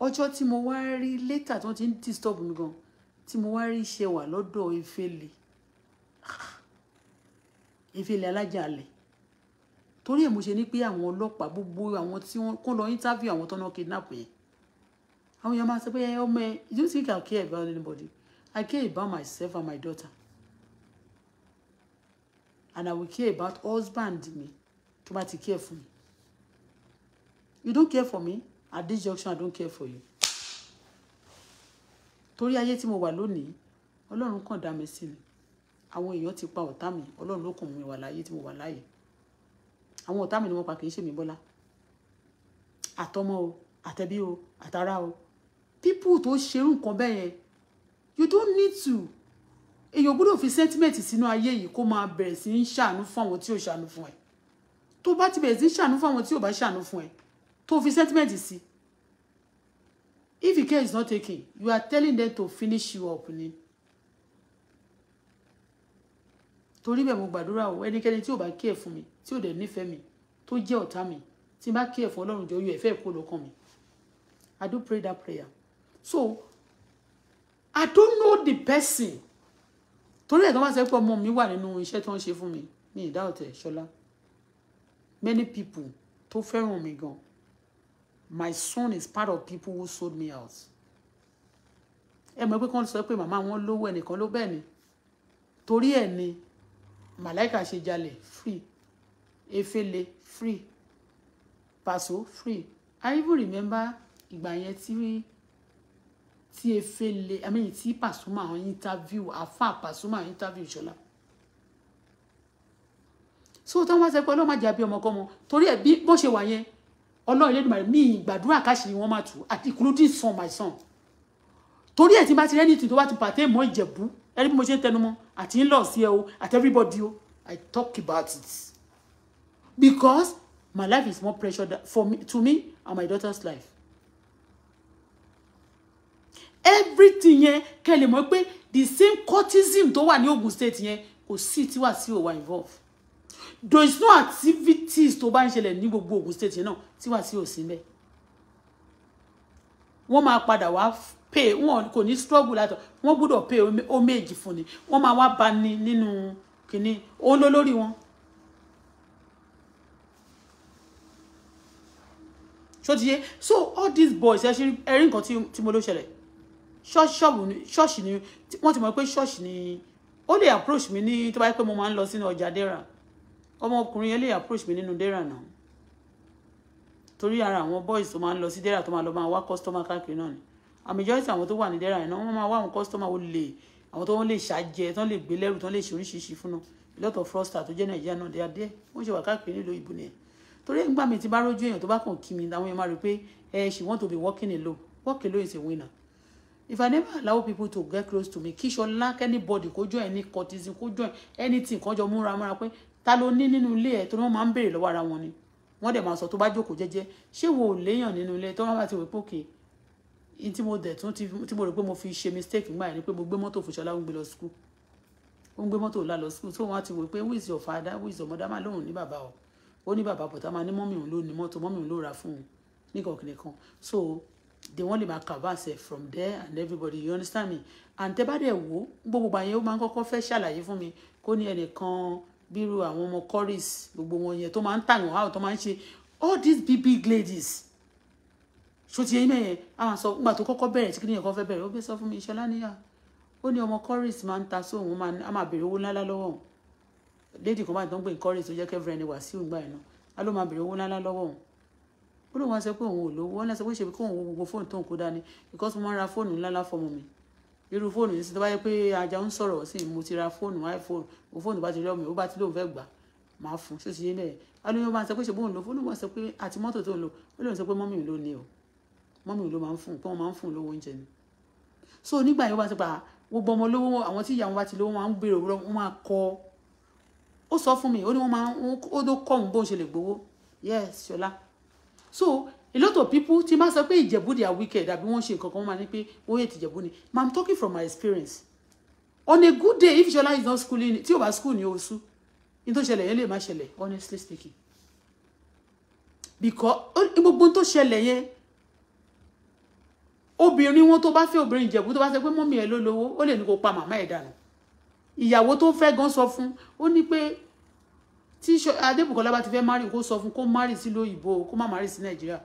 Ọjọ́ tí mo wá rí later tí wọ́n ti ń disturb mi gan tí mo wá rí iṣẹ́ wà lọ́dọ̀ Efele ah, Efele alájàalẹ̀ torí ẹ̀ mo ṣe ní pé àwọn ọlọ́pàá gbogbo àwọn tí wọ́n kó lọ interview àwọn tó náà kidnap yẹn àwọn èèyàn máa sọ pé ọmọ ẹ you think I care about anybody I care about myself and my daughter and I will care about husband me, to bá ti care for me. you don't care for me at this junction I don't care for you Tori ayé tí mo wà lónìí Ọlọ́run kàn dá mi sí ni àwọn èèyàn ti pa ọ̀tá mi Ọlọ́run ló kàn mú mi wà láyé tí mo wà láyé àwọn ọ̀tá mi ni wọ́n pa kì í mi Bọ́lá àtọmọ o àtẹbí o àtàrà o people to ṣerú nǹkan bẹ́ẹ̀ yẹn you don't need to èèyàn gbọ́dọ̀ fi sentiment sínú ayé yìí kó máa bẹ̀rẹ̀ sí í ṣàánú fún àwọn tí ò ṣàánú fún ẹ tó bá ti bẹ̀rẹ̀ sí í ṣàánú fún àwọn tí ò bá ṣàánú fún ẹ tó fi sentiment sí if the care is not taken you are telling them to finish you up ni torí bẹ́ẹ̀ mo gbàdúrà o ẹnikẹ́ni tí ò bá care fún mi tí ò dẹ̀ nífẹ̀ẹ́ mi tó jẹ́ ọ̀tá mi tí n bá care fún ọlọ́run jọ yọ ẹ̀fẹ́ kó lọ́kàn mi i do pray that prayer so i don't know the person torí ẹ̀ tó máa sọ pé ọmọ mi wà nínú iṣẹ́ tó ń ṣe fún mi ní ìdá ọ̀tẹ̀ ṣọlá many people tó fẹ́ràn mi gan my son is part of people who sold me out ẹ mọ̀ pé kán sọ pé màmá wọn lówó ẹnìkan ló bẹ́ẹ̀ ni torí ẹ̀ ni màláìka ṣe jalè free efele free paso free i even remember ìgbà yẹn tí tí efele i mean tí Pasuma on interview afa Pasuma àwọn interview Ṣọlá so tí wọ́n bá sọ pé ọlọ́run má jẹ́ àbí ọmọkọ́mọ torí ẹ̀ bí bó ṣe wà yẹn ọlọ́run Elédùmarè mi ìgbàdúrà káṣírí wọn má tù àti including son my son torí ẹ̀ tí bá ti rẹ́ ní ìtì tó bá ti pàtẹ́ mọ́ ìjẹ̀bú ẹni bí mo ṣe ń tẹnu mọ́ àti ń lọ sí ẹ o àti everybody o I talk about it because my life is more precious for me to me and my daughter's life everything yẹn kẹ́ lè mọ̀ pé the same cultism tó wà ní Ogun State yẹn kò sí tí wà sí òwà involve there is no activities tó bá ń ṣẹlẹ̀ ní gbogbo Ogun State yẹn náà tí wà sí òsín bẹ́ẹ̀ wọ́n máa padà wá pay wọn kò ní struggle látọ̀ wọ́n gbọ́dọ̀ pay homage fún ni wọ́n máa wá bá ní nínú kìíní òun ló lórí wọn. ṣó ti yé so all these boys ẹ ṣe ẹrí nǹkan tí mo ló ṣẹlẹ̀ ṣọ́ọ̀ṣì ni wọ́n ti mọ̀ pé ṣọ́ọ̀ṣì ni ó lè approach mi ní tó bá yẹ pé mo máa ń lọ sínú ọjà dẹ́ra ọmọkùnrin yẹn lè approach mi nínú dẹ́ra náà torí ara àwọn boys tó máa ń lọ sí dẹ́ra tó máa lọ máa wá customer káàkiri náà ni àmìjọ́sí àwọn tó wà ní dẹ́ra yẹn náà wọ́n máa wá àwọn customer ó lè àwọn tó wọ́n lè ṣàjẹ tó lè gbé lẹ́rù tó lè ṣe oríṣiríṣi fún náà lot of fraudster tó jẹ́ nàìjíríà náà díẹ̀ díẹ̀ wọ́n ṣe wà káàkiri nílùú ìbò nìyẹn torí nígbà mi ti bá rójú èèyàn tó bá kàn kí mi àwọn èèyàn máa rí pé ẹ eh, she want to be working alone work alone is a winner if i never allow people to get close to me kí ṣọlá anybody kó join any courtesan kó join anything kan jọ múra múra pé ta ló ní nínú ilé ẹ tó ní wọn máa ń béèrè lọ́wọ́ ara wọn ni wọn dẹ̀ máa sọ tó bá jókòó jẹ́jẹ́ ṣé wo ò léèyàn nínú ilé tó wọn bá ti wò pé òkè tí mo dẹ̀ tún tí mo rò pé mo fi ṣe mistake nígbà yẹn ni pé mo gbé mọ́tò fún ṣọlá ń gbé lọ school ó ń gbé mọ́tò ńlá lọ school tó wọn ti wò pé who is your father who is your mother máa lóhùn ní bàbá o ó ní bàbá pọ̀tá máa ní mọ́mì òun ló ní mọ́tò mọ́mì òun ló ra fún un nìkan kìnìkan so they wọ́n lè máa canvas ẹ̀ from there and everybody you understand me and tẹ́ bá dẹ̀ wò gbogbo gbà yẹn ó máa ń kọ́kọ́ fẹ́ ṣàlàyé fún mi kó ní ẹnìkan bírú àwọn ọmọ chorus gbogbo wọn yẹn tó máa ń tàn wọ́n àwọn tó máa all these big big ladies ṣó ti yẹn mẹ́yẹn so. sọ gbà tó kọ́kọ́ bẹ̀rẹ̀ tí kìnìyàn kan fẹ́ bẹ̀rẹ̀ ó gbé sọ fún mi Ṣọlá níyà ó ní ọmọ chorus máa ń ta sóhun a máa bèrè owó ńláńlá lọ́wọ́ lady kan báyìí tó ń gbé chorus tó jẹ́ kẹ́fẹ́rẹ́ ni Wàsíù gbà yẹn náà a ló máa bèrè owó ńláńlá lọ́wọ́ ó lóun wá sọ pé òun ò lówó wọn lọ́sọ pé ṣe pé kóun wo gbogbo fóònù tóun kó dání because mo máa ń ra fóònù ńlá láfọmọ mi irú fóònù yìí tó bá yẹ pé ajá ń sọ̀rọ̀ sí mo ti ra fóònù iphone mo fóònù bá ti rí ọmọ ó bá ti lóun fẹ́ gbà máa fún ṣé ti yé lẹ̀ alóyún máa sọ pé ṣe bóun lò fóònù máa sọ pé àti mọ́tò tó ń lò ó lóun sọ pé mọ́mì ló ní o mọ́mì ló máa ń fún pé wọ́n máa ń fún lówó oúnjẹ ni so nígbà yẹn wọ́n bá ti pa gbogbo ọmọ lówó àwọn tí ìyá wọn bá ti lówó wọn máa ń béèrè òwúrọ̀ wọn máa kọ ó sọ fún mi ó ní wọ́n máa ó ló kọ́ òun bóun ṣe lè gbowó yes ṣọlá so a lot of people ti máa sọ pé ìjẹ̀bú they are wicked àbí wọ́n ṣe nǹkan kan wọ́n máa ní pé wọ́n yẹ ti ìjẹ̀bú ni ma i'm talking from my experience on a good day if Ṣọlá is not schooling tí o bá school ni o sú ní tó ṣẹlẹ̀ yẹn lè má ṣẹlẹ̀ honestly speaking because gbogbo tó ṣẹlẹ̀ yẹn obìnrin wọn tó bá fẹ́ obìnrin ìjẹ̀bú tó bá sọ pé mọ́mí ẹ̀ ló lówó ó lè ní kó pa màmá ẹ̀ dànù ìyàwó tó fẹ́ gan sọ fún ó ní pé tí adébùkọ́lá bá ti fẹ́ mari kó sọ fún kó mari sí lóyìnbó kó má mari sí nàìjíríà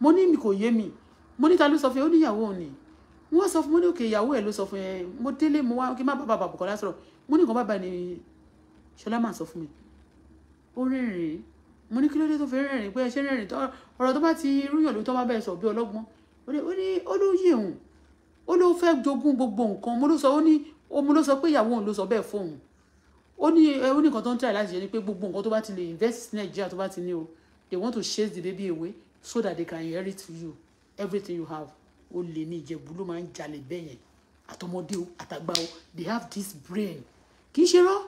mo ní mi kò yé mi mo níta ló sọ fún yẹn ó níyàwó òní wọ́n sọ fún mo ní òkè ìyàwó ẹ̀ ló sọ fún yẹn mo délé mo wá kí má bàbá bàbùkọ́lá sọ̀rọ̀ mo ní nǹkan bàbá ni ṣọlá máa sọ fún mi ó rìnrìn mo ní kí ló dé tó fi rìnrìn pé ẹ ṣe rìnrìn ọ̀rọ̀ tó bá ti rúyàn ló tó bá bẹ̀rẹ̀ sọ bí ọlọ́gbọ́n ó ní ó ló yé òun ó ló fẹ́ jogún gbogbo nǹkan mo ló sọ ó ní ó mo ló sọ pé ìyàwó òun ló sọ bẹ́ẹ̀ fóun ó ní ó ní nǹkan tó ń tẹ̀ láti ṣe ni pé gbogbo nǹkan tó bá ti lè invest Nigeria tó bá ti ní o they want to chase the baby away so that they can inherit you everything you have ó lè ní ìjẹ̀bú ló máa ń jalè bẹ́ẹ̀ yẹn àtọmọdé o àtàgbà o they have this brain kì í ṣe rọ́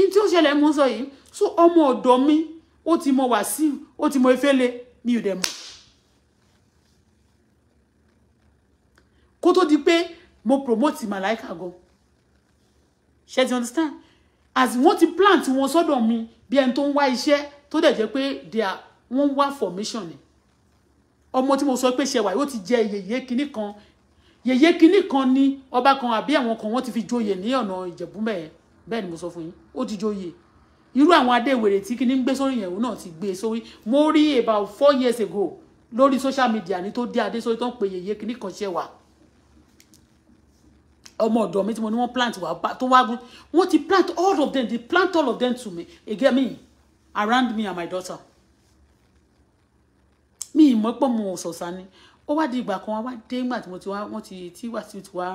in tí ó ṣẹlẹ̀ mú sọ yìí so ọmọ ọ̀dọ́ mi ó ti mọ Wàsíù ó ti mọ Efele mi ò dẹ̀ mọ̀ kó tó di pé mo promote Màláìkà gan ṣe ti understand as wọ́n ti plan tí wọ́n sọ́dọ̀ mi bí ẹni tó ń wá iṣẹ́ tó dẹ̀ jẹ́ pé wọ́n wá formation ni ọmọ tí mo sọ pé ṣẹwà yóò ti jẹ yèyé kinní kan yèyé kinní kan ní ọba kan àbí àwọn kan wọ́n ti fi joyè ní ọ̀nà ìjẹ̀bú mẹ́ẹ̀ bẹ́ẹ̀ ni mo sọ fún yín ó ti joyè irú àwọn adéwèrè tí kinní ń gbé sórí yẹn òun náà ti gbé e sórí mo rí about four years ago lórí social media ní tó dé adé sórí tó ń pe yèyé kinní kan ṣẹwà ọmọ ọ̀dọ̀ mi tí mo ní wọ́n plant wà tó wá gún wọ́n ti plant all of them they plant all of them to me again me around me and my daughter mi ìmọ̀ pọ̀ mo sọ̀sà ni ó wá di ìgbà kan wá dé ìgbà tí mo ti wá wọ́n ti tí wà sí ti wá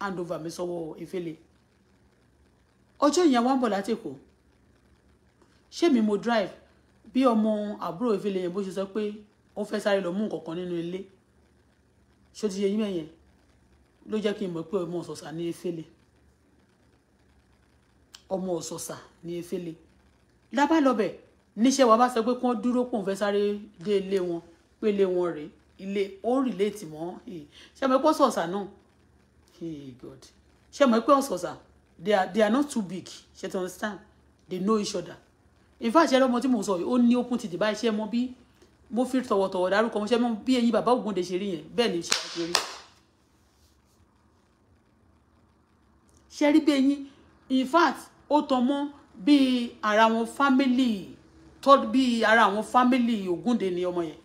hand over mi sọ́wọ́ efele ọjọ́ ìyẹn wá ń bọ̀ láti Èkó ṣé mi mo drive bí ọmọ àbúrò efele yẹn bó ṣe sọ pé ó fẹ́ sáré lọ mú nǹkan kan nínú ilé ṣó ti yẹ yín mẹ́yẹn ló jẹ́ kí n mọ̀ pé ọmọ ọ̀sọ̀sà ní efele ọmọ ọ̀sọ̀sà ní efele lábàlọ́bẹ̀ níṣẹ́ wa bá sọ pé kí wọ́n dúró pòun fẹ́ sáré dé ilé wọn pé ilé wọn rèé ilé ó rìléètì mọ́ ṣe mọ̀ pé ọ̀sọ̀sà náà ṣe mọ̀ pé ọ̀sọ̀sà they are they are not too big ṣe to understand they know each other in fact ṣe ọmọ tí mo sọ yìí ó ní open tìdí báyìí ṣe mọ bí mo fi tọ̀wọ̀tọ̀wọ̀ dárúkọ mo ṣe mọ bí ẹyin bàbá Ògúndé ṣe rí yẹn bẹ́ẹ̀ ni ṣe wá ṣe rí. ṣe rí bí eyín in fact ó tan mọ́ bí ara wọn family tọ́ bí ara àwọn family Ògúndé ni ọmọ yẹn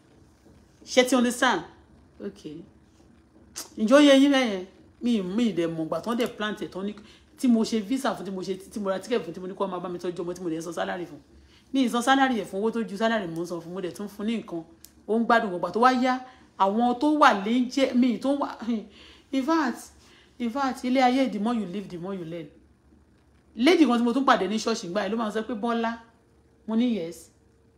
ṣe ti understand okay ǹjọ́ yẹ yín mẹ́yẹn mi mi ìdẹ̀ mọ̀ gbà tán dẹ̀ plant ẹ̀ tán ní tí mo ṣe visa fún tí mo ṣe tí mo ra ticket fún tí mo ní kó máa bá mi tọ́jú ọmọ tí mo dẹ̀ san salary fún ní ìsan salary ẹ̀ fún owó tó ju salary mo ń san fún mo dẹ̀ tún fún ní nǹkan ó ń gbádùn gbogbo àtọwá yá àwọn tó wà lẹ́ńjẹ́ mi tó wà in fact in fact ilé ayé the more you live the more you learn lady kan tí mo tún pàdé ní ṣọ́ọ̀ṣì gbà yẹn ló máa ń sọ pé bọ́lá mo ní yes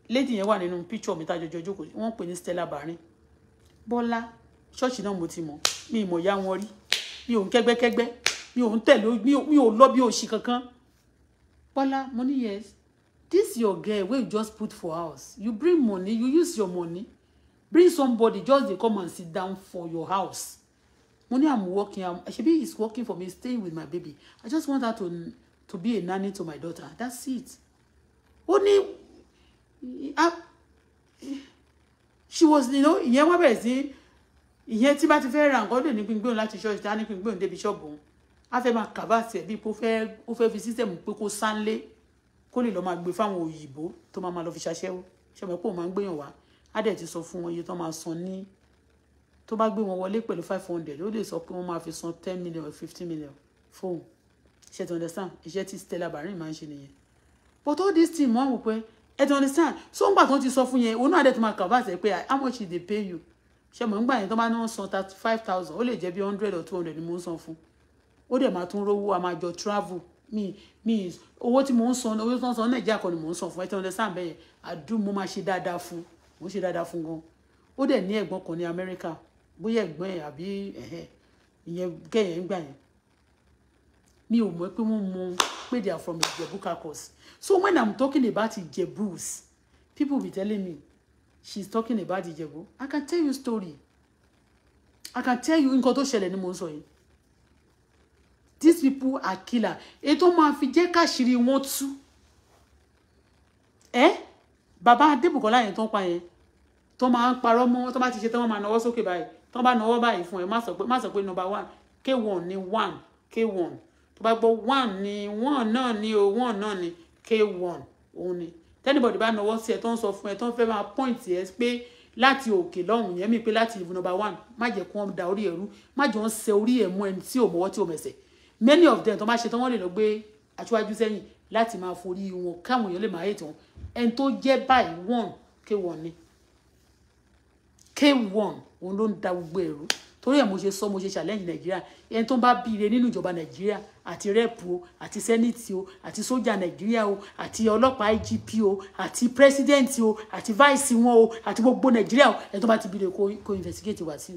lady yẹn wà nínú picture mi tájọjọ jókòó wọ́n pè ní Stella Barin bọ́lá ṣọ́ọ̀ṣì náà mo ti mọ̀ mi ìmọ̀ ya wọn rí mi ò ń kẹ́gbẹ́kẹ́gbẹ́ mi ò ń tẹ̀lé mi ò lọ bí òṣì kankan bọ́lá mo ní yes this your girl wey you just put for house you bring money you use your money bring somebody just dey come and sit down for your house Money, i'm working i'm be is working for me staying with my baby i just want her to to be a nanny to my daughter that's it Only, ní she was you know ìyẹn wọ́n bẹ̀rẹ̀ sí ìyẹn tí bá ti fẹ́ ra nǹkan lè ní gbígbóhùn láti ṣọ́ọ̀ṣì dání gbígbóhùn débi ṣọ́ọ̀bù òun á fẹ́ máa kàbá tiẹ̀ bí ó fẹ́ fi sísẹ̀mù pé kó sánlé kó lè lọ́ọ́ máa gbé fáwọn òyìnbó tó máa máa lọ fi ṣaṣẹ́wó ṣe mọ̀ pé òun máa ń gbéyàn wá á dẹ̀ ti sọ fún wọn iye tó máa san tó bá gbé wọn wọlé pẹ̀lú five hundred ó lè sọ pé wọ́n máa fi san ten million or fifteen million fóun ṣe to understand iṣẹ́ tí Stella Barin máa ń ṣe nìyẹn but all this thing wọ́n wò pé ẹ to understand so ń gbà tó ti sọ fún yẹn òun náà dẹ̀ tó máa kàwá sẹ́ pé how much they pay you ṣe mọ̀ ń gbà yẹn tó bá ní wọ́n san five thousand ó lè jẹ́ bí hundred or two hundred ni mo ń san fún ó dẹ̀ máa tún rówó a máa jọ travel mi mi owó tí mò ń san owó tí wọ́n san nàìjíríà kan ni mò ń san fún ẹtí ọdẹ sáà bẹyẹ àdúm mo máa ṣe dáadáa fún mo ṣe dáadáa fún gan ó dẹ̀ ní ẹ̀gbọ́n kan ní amẹ́ríkà bóyá ẹ̀gbọ́n ẹ̀ àbí ìyẹn kẹ́yìn ń gbà yẹn mi ò mọ̀ pé wọ́n mọ̀ pé they are from Ìjẹ̀bú caucus so when i'm talking about Ìjẹ̀bú's people be telling me she's talking about Ìjẹ̀bú i can tell you story i can tell you nǹkan tó ṣẹlẹ̀ ni mo ń sọ yìí these people are killer ètò máa fi jẹ́ káṣírí wọn tú ẹ bàbá Adébùkọ́lá yẹn tó ń pa yẹn tó máa ń parọ́ mọ́ tó bá ti ṣe tán wọ́n máa náwó sókè báyìí tó bá náwó báyìí fún ẹ má sọ pé má sọ pé number one k one, ni one k one. tó bá gbọ́ one ni one náà ni o one náà ni k one. òun ni tẹ́nibọ̀dì bá náwó sí ẹ tó ń sọ fún ẹ tó ń fẹ́ máa point ẹ pé láti òkè lọ́hùn yẹn mi pé láti ìlú number one má jẹ́ kí wọ́n da orí ẹ̀rú má jẹ́ wọ́n ṣe orí ẹ̀ mọ́ ẹni tí ò mọ́wọ́ tí ò mẹ̀sẹ̀ many of them tó má ṣe tán wọ́n lè lọ gbé aṣíwájú sẹ́yìn láti máa forí wọn káwọn èèyàn lè máa yè tán ẹni tó jẹ́ báyìí one k one ni k one òun ló ń da gbogbo ẹ̀rú torí ẹ̀ mo ṣe sọ mo ṣe challenge nàìjíríà ẹni tó bá bí ire nínú ìjọba nàìjíríà àti rẹ́pù o àti sẹ́nìtì o àti sójà nàìjíríà o àti ọlọ́pàá IGP o àti president o àti vice wọn o àti gbogbo nàìjíríà o ẹni tó bá ti bí ire kó investigate wá sí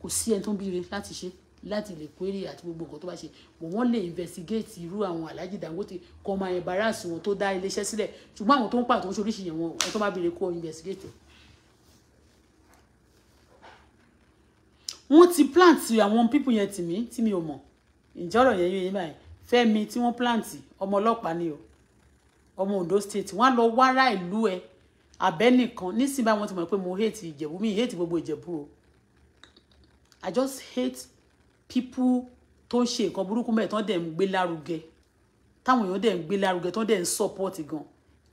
kò sí ẹni tó bí ire láti ṣe láti lè query àti gbogbo nǹkan tó bá ṣe bò wọ́n lè investigate irú àwọn Alhaji Dangote kọ́ máa embarrass wọn tó dá iléeṣẹ́ sílẹ̀ ṣùgbọ́n àwọn tó ń pàtó oríṣiríṣi yẹn wọn ẹni tó bá bí kó investigate wọ́n ti plant àwọn pípù yẹn tì mí tí mi ò mọ̀ ǹjẹ́ ọ̀rọ̀ yẹn yóò yín báyìí fẹ́mi tí wọ́n plant ọmọ ọlọ́pàá ni o ọmọ Ondo state wọ́n á lọ wára ìlú ẹ abẹ́ nìkan nísìnyí báwọn ti mọ̀ pé mo hate ìjẹ̀bú mi hate gbogbo ìjẹ̀bú o i just hate people tó ń ṣe nǹkan burúkú mẹ́ẹ̀ tán dẹ̀ ń gbé lárugẹ táwọn èèyàn dẹ̀ ń gbé lárugẹ tán dẹ̀ ń support gan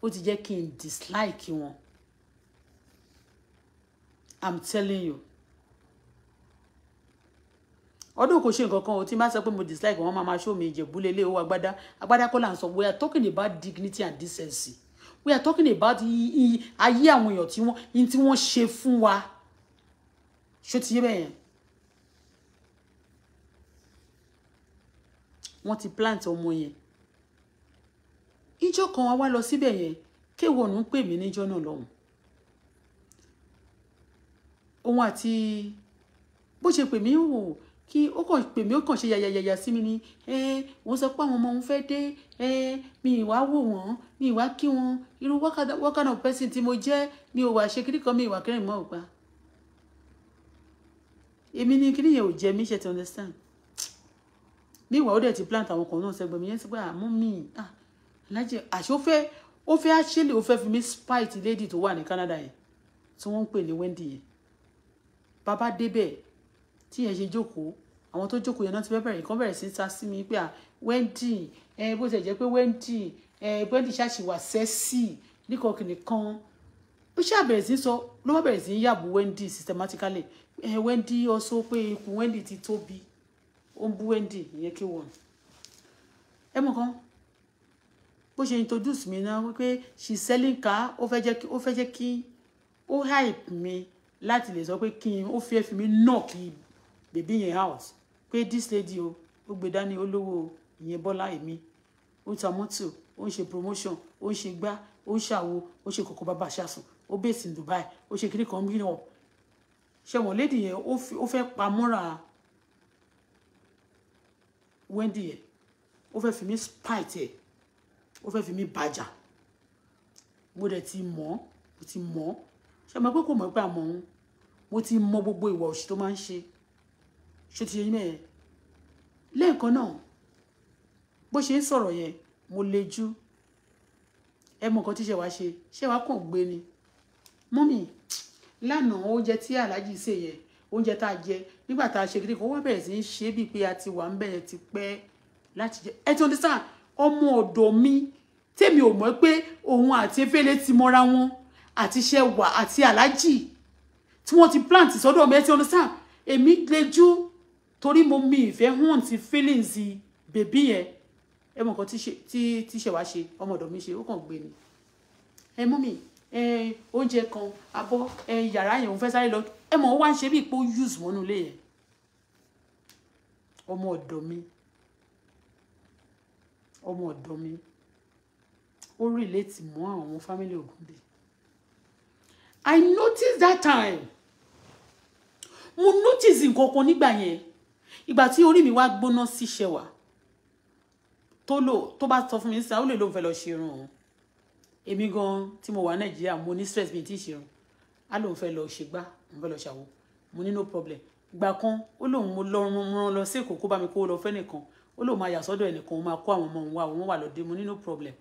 ó ti jẹ́ kí n dislike wọn i'm telling you ọdún kò ṣe nǹkan kan o tí n sọ pé mo dislike wọn máa ma ṣó mi ìjẹ̀búlẹ̀ ilé owó agbádá agbádá kọ́ là ń sọ we are talking about dignity and decency we are talking about ayé àwọn èèyàn tí wọ́n in tí wọ́n ṣe fún wa ṣó ti yé bẹ́ẹ̀ yẹn wọ́n ti plant ọmọ yẹn ìjọ kan wá lọ síbẹ̀ yẹn kéwọ́n ń pè mí níjọ́ náà lọ́hùn òun àti bó ṣe pè mí wò kí ó kàn pè mí ó kàn ṣe yàyàyàyà sí mi ni wọ́n sọ pé àwọn ọmọ òun fẹ́ dé mi ìwà wò wọ́n mi ìwà kí wọ́n irú what kind of person tí mo jẹ́ mi ò wà ṣe kiri kan mi ìwà kẹrin mọ́ ò gbà èmi ni kiri yẹn ò jẹ mi ṣe ti understand mi ìwà ó dẹ̀ ti plant àwọn kan náà sẹ́gbẹ̀ mi yẹn ti pé àmú mi alájẹ àṣọfẹ́ ó fẹ́ àṣẹlẹ̀ ó fẹ́ fi mi spite lady tó wà ní Canada yẹn tí wọ́n ń pè ní Wendy yẹn bàbá débẹ̀ tí ẹ ṣe jókòó àwọn tó jókòó yẹn náà ti fẹ́ bẹ̀rẹ̀ nǹkan bẹ̀rẹ̀ sí ta sí mi pé à Wendy ẹ bó ṣe jẹ́ pé Wendy ẹ Wendy ṣáàṣì wà sẹ́sì níkọkìnìkan ó ṣáà bẹ̀rẹ̀ sí sọ ló má bẹ̀rẹ̀ sí yàbù Wendy systematically ẹ Wendy ọsọ pé ikùn Wendy ti tóbi ó ń bú Wendy ìyẹn kí wọn ẹ mọ̀ kan bó ṣe introduce mi náà wípé she selling car ó fẹ́ jẹ́ kí ó fẹ́ jẹ́ kí ó hype mi láti lè sọ pé kí n ó fi ẹ́ mi náà kí n bèbí yẹn house. pé this lady o ó gbé dání olówó ìyẹn bọ́lá èmi ó ń ta mọ́tò ó ń ṣe promotion ó ń ṣe gbá ó ń ṣàwo ó ń ṣe kòkó bàbá ṣàṣùn ó bèsì ní Dubai ó ṣe kiri kan mìíràn ṣẹ̀wọ̀n lady yẹn ó fẹ́ pa mọ́ra Wendy yẹn ó fẹ́ fi mí spite ẹ̀ ó fẹ́ fi mí bàjà mo dẹ̀ ti mọ̀ mo ti mọ̀ ṣe mọ̀ pé kò mọ̀ pé àmọ̀ òun mo ti mọ̀ gbogbo ìwà òṣì tó máa ń ṣe ṣé ti ṣe yín mẹ́ẹ̀ lẹ́ẹ̀kan náà bó ṣe ń sọ̀rọ̀ yẹn mo lejú ẹ mọ nǹkan tí ṣe wá ṣe ṣé wàá kàn gbé ni mọ́mì lánàá oúnjẹ tí aláàjì ṣe yẹn oúnjẹ tá a jẹ nígbà tá a ṣe kíni kan wọ́n bẹ̀rẹ̀ sí í ṣe bíi pé a ti wà ń bẹ̀rẹ̀ ti pẹ́ láti jẹ ẹ ti understand ọmọ ọ̀dọ̀ mi tèmi ò mọ̀ pé òun àti efele ti mọ́ra wọn àti ṣẹwà àti aláàjì tí wọ́n ti plant sọ́dọ̀ mi ẹ ti understand èmi lejú torí mo mi ìfẹ́ hàn ti feelings bèbí yẹn ẹ mọ nǹkan tí ṣe wá ṣe ọmọ mi ṣe ó kàn gbé ni ẹ mú mi oúnjẹ kan abọ́ yàrá yẹn òun fẹ́ sáré lọ ẹ mọ̀ ó wá ń ṣe bí ipò use wọnú ilé yẹn ọmọ ọ̀dọ̀ mi ọmọ ọ̀dọ̀ mi ó relate mọ́ àwọn family Ògúndé I noticed that time mo notice nǹkan kan nígbà yẹn ìgbà tí orí mi wá gbóná sí ṣẹwà tó lò tó bá sọ fún mi sísan ó lè lóun fẹ́ lọ ṣerun òun èmi gan tí mo wà nàìjíríà mo ní stress mi tí ì ṣerun á lóun fẹ́ lọ ṣègbà òun fẹ́ lọ ṣàwò mo ní no problem ìgbà kan ó lóun mo lọ rán lọ sí èkó kó bá mi kó lọ fẹ́ nìkan ó lóun máa yà sọ́dọ̀ ẹnìkan òun máa kó àwọn ọmọ òun wá òun wà lọ́dẹ mo ní no problem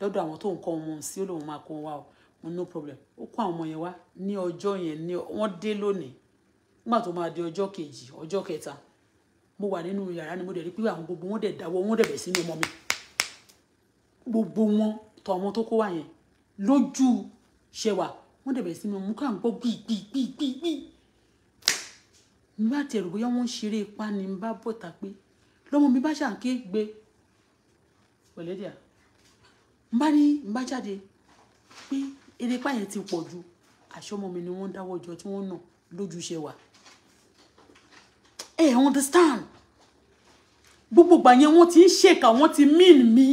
lọ́dọ̀ àwọn tó ń kọ́ ọmọ òun sí ó lóun máa kó wá o mo ní no problem ó kó àwọn ọmọ yẹn wá ní ọjọ́ yẹn ní wọ́n dé lónìí nígbà tó máa di ọjọ́ kejì ọjọ́ kẹta mo wà nínú yàrá ni mo dẹ̀ rí pé àwọn gbogbo wọn dẹ̀ dáwọ́ wọn dẹ̀ bẹ̀ sínú ọmọ mi gbogbo wọn tọ àwọn tó kó wà yẹn lójú ṣẹwà wọn dẹ̀ bẹ̀ sínú ọmọ mo kà ń gbọ́ gbìgbìgbìgbì nígbà tí ẹ̀rù bóyá wọ́n ń ṣeré ipá ni bá bọ̀tà pé lọ́mọ mi bá ṣàǹké gbé pẹ̀lẹ́dẹ̀ n bá ní n bá jáde pé eré yẹn ti pọ̀ ju àṣọmọ mi ni wọ́n dáwọ́ jọ tí wọ́n nà lójú ṣẹwà ẹ hey, understand gbogbo ìgbà yẹn wọ́n ti ń ṣèkà wọ́n ti mean mi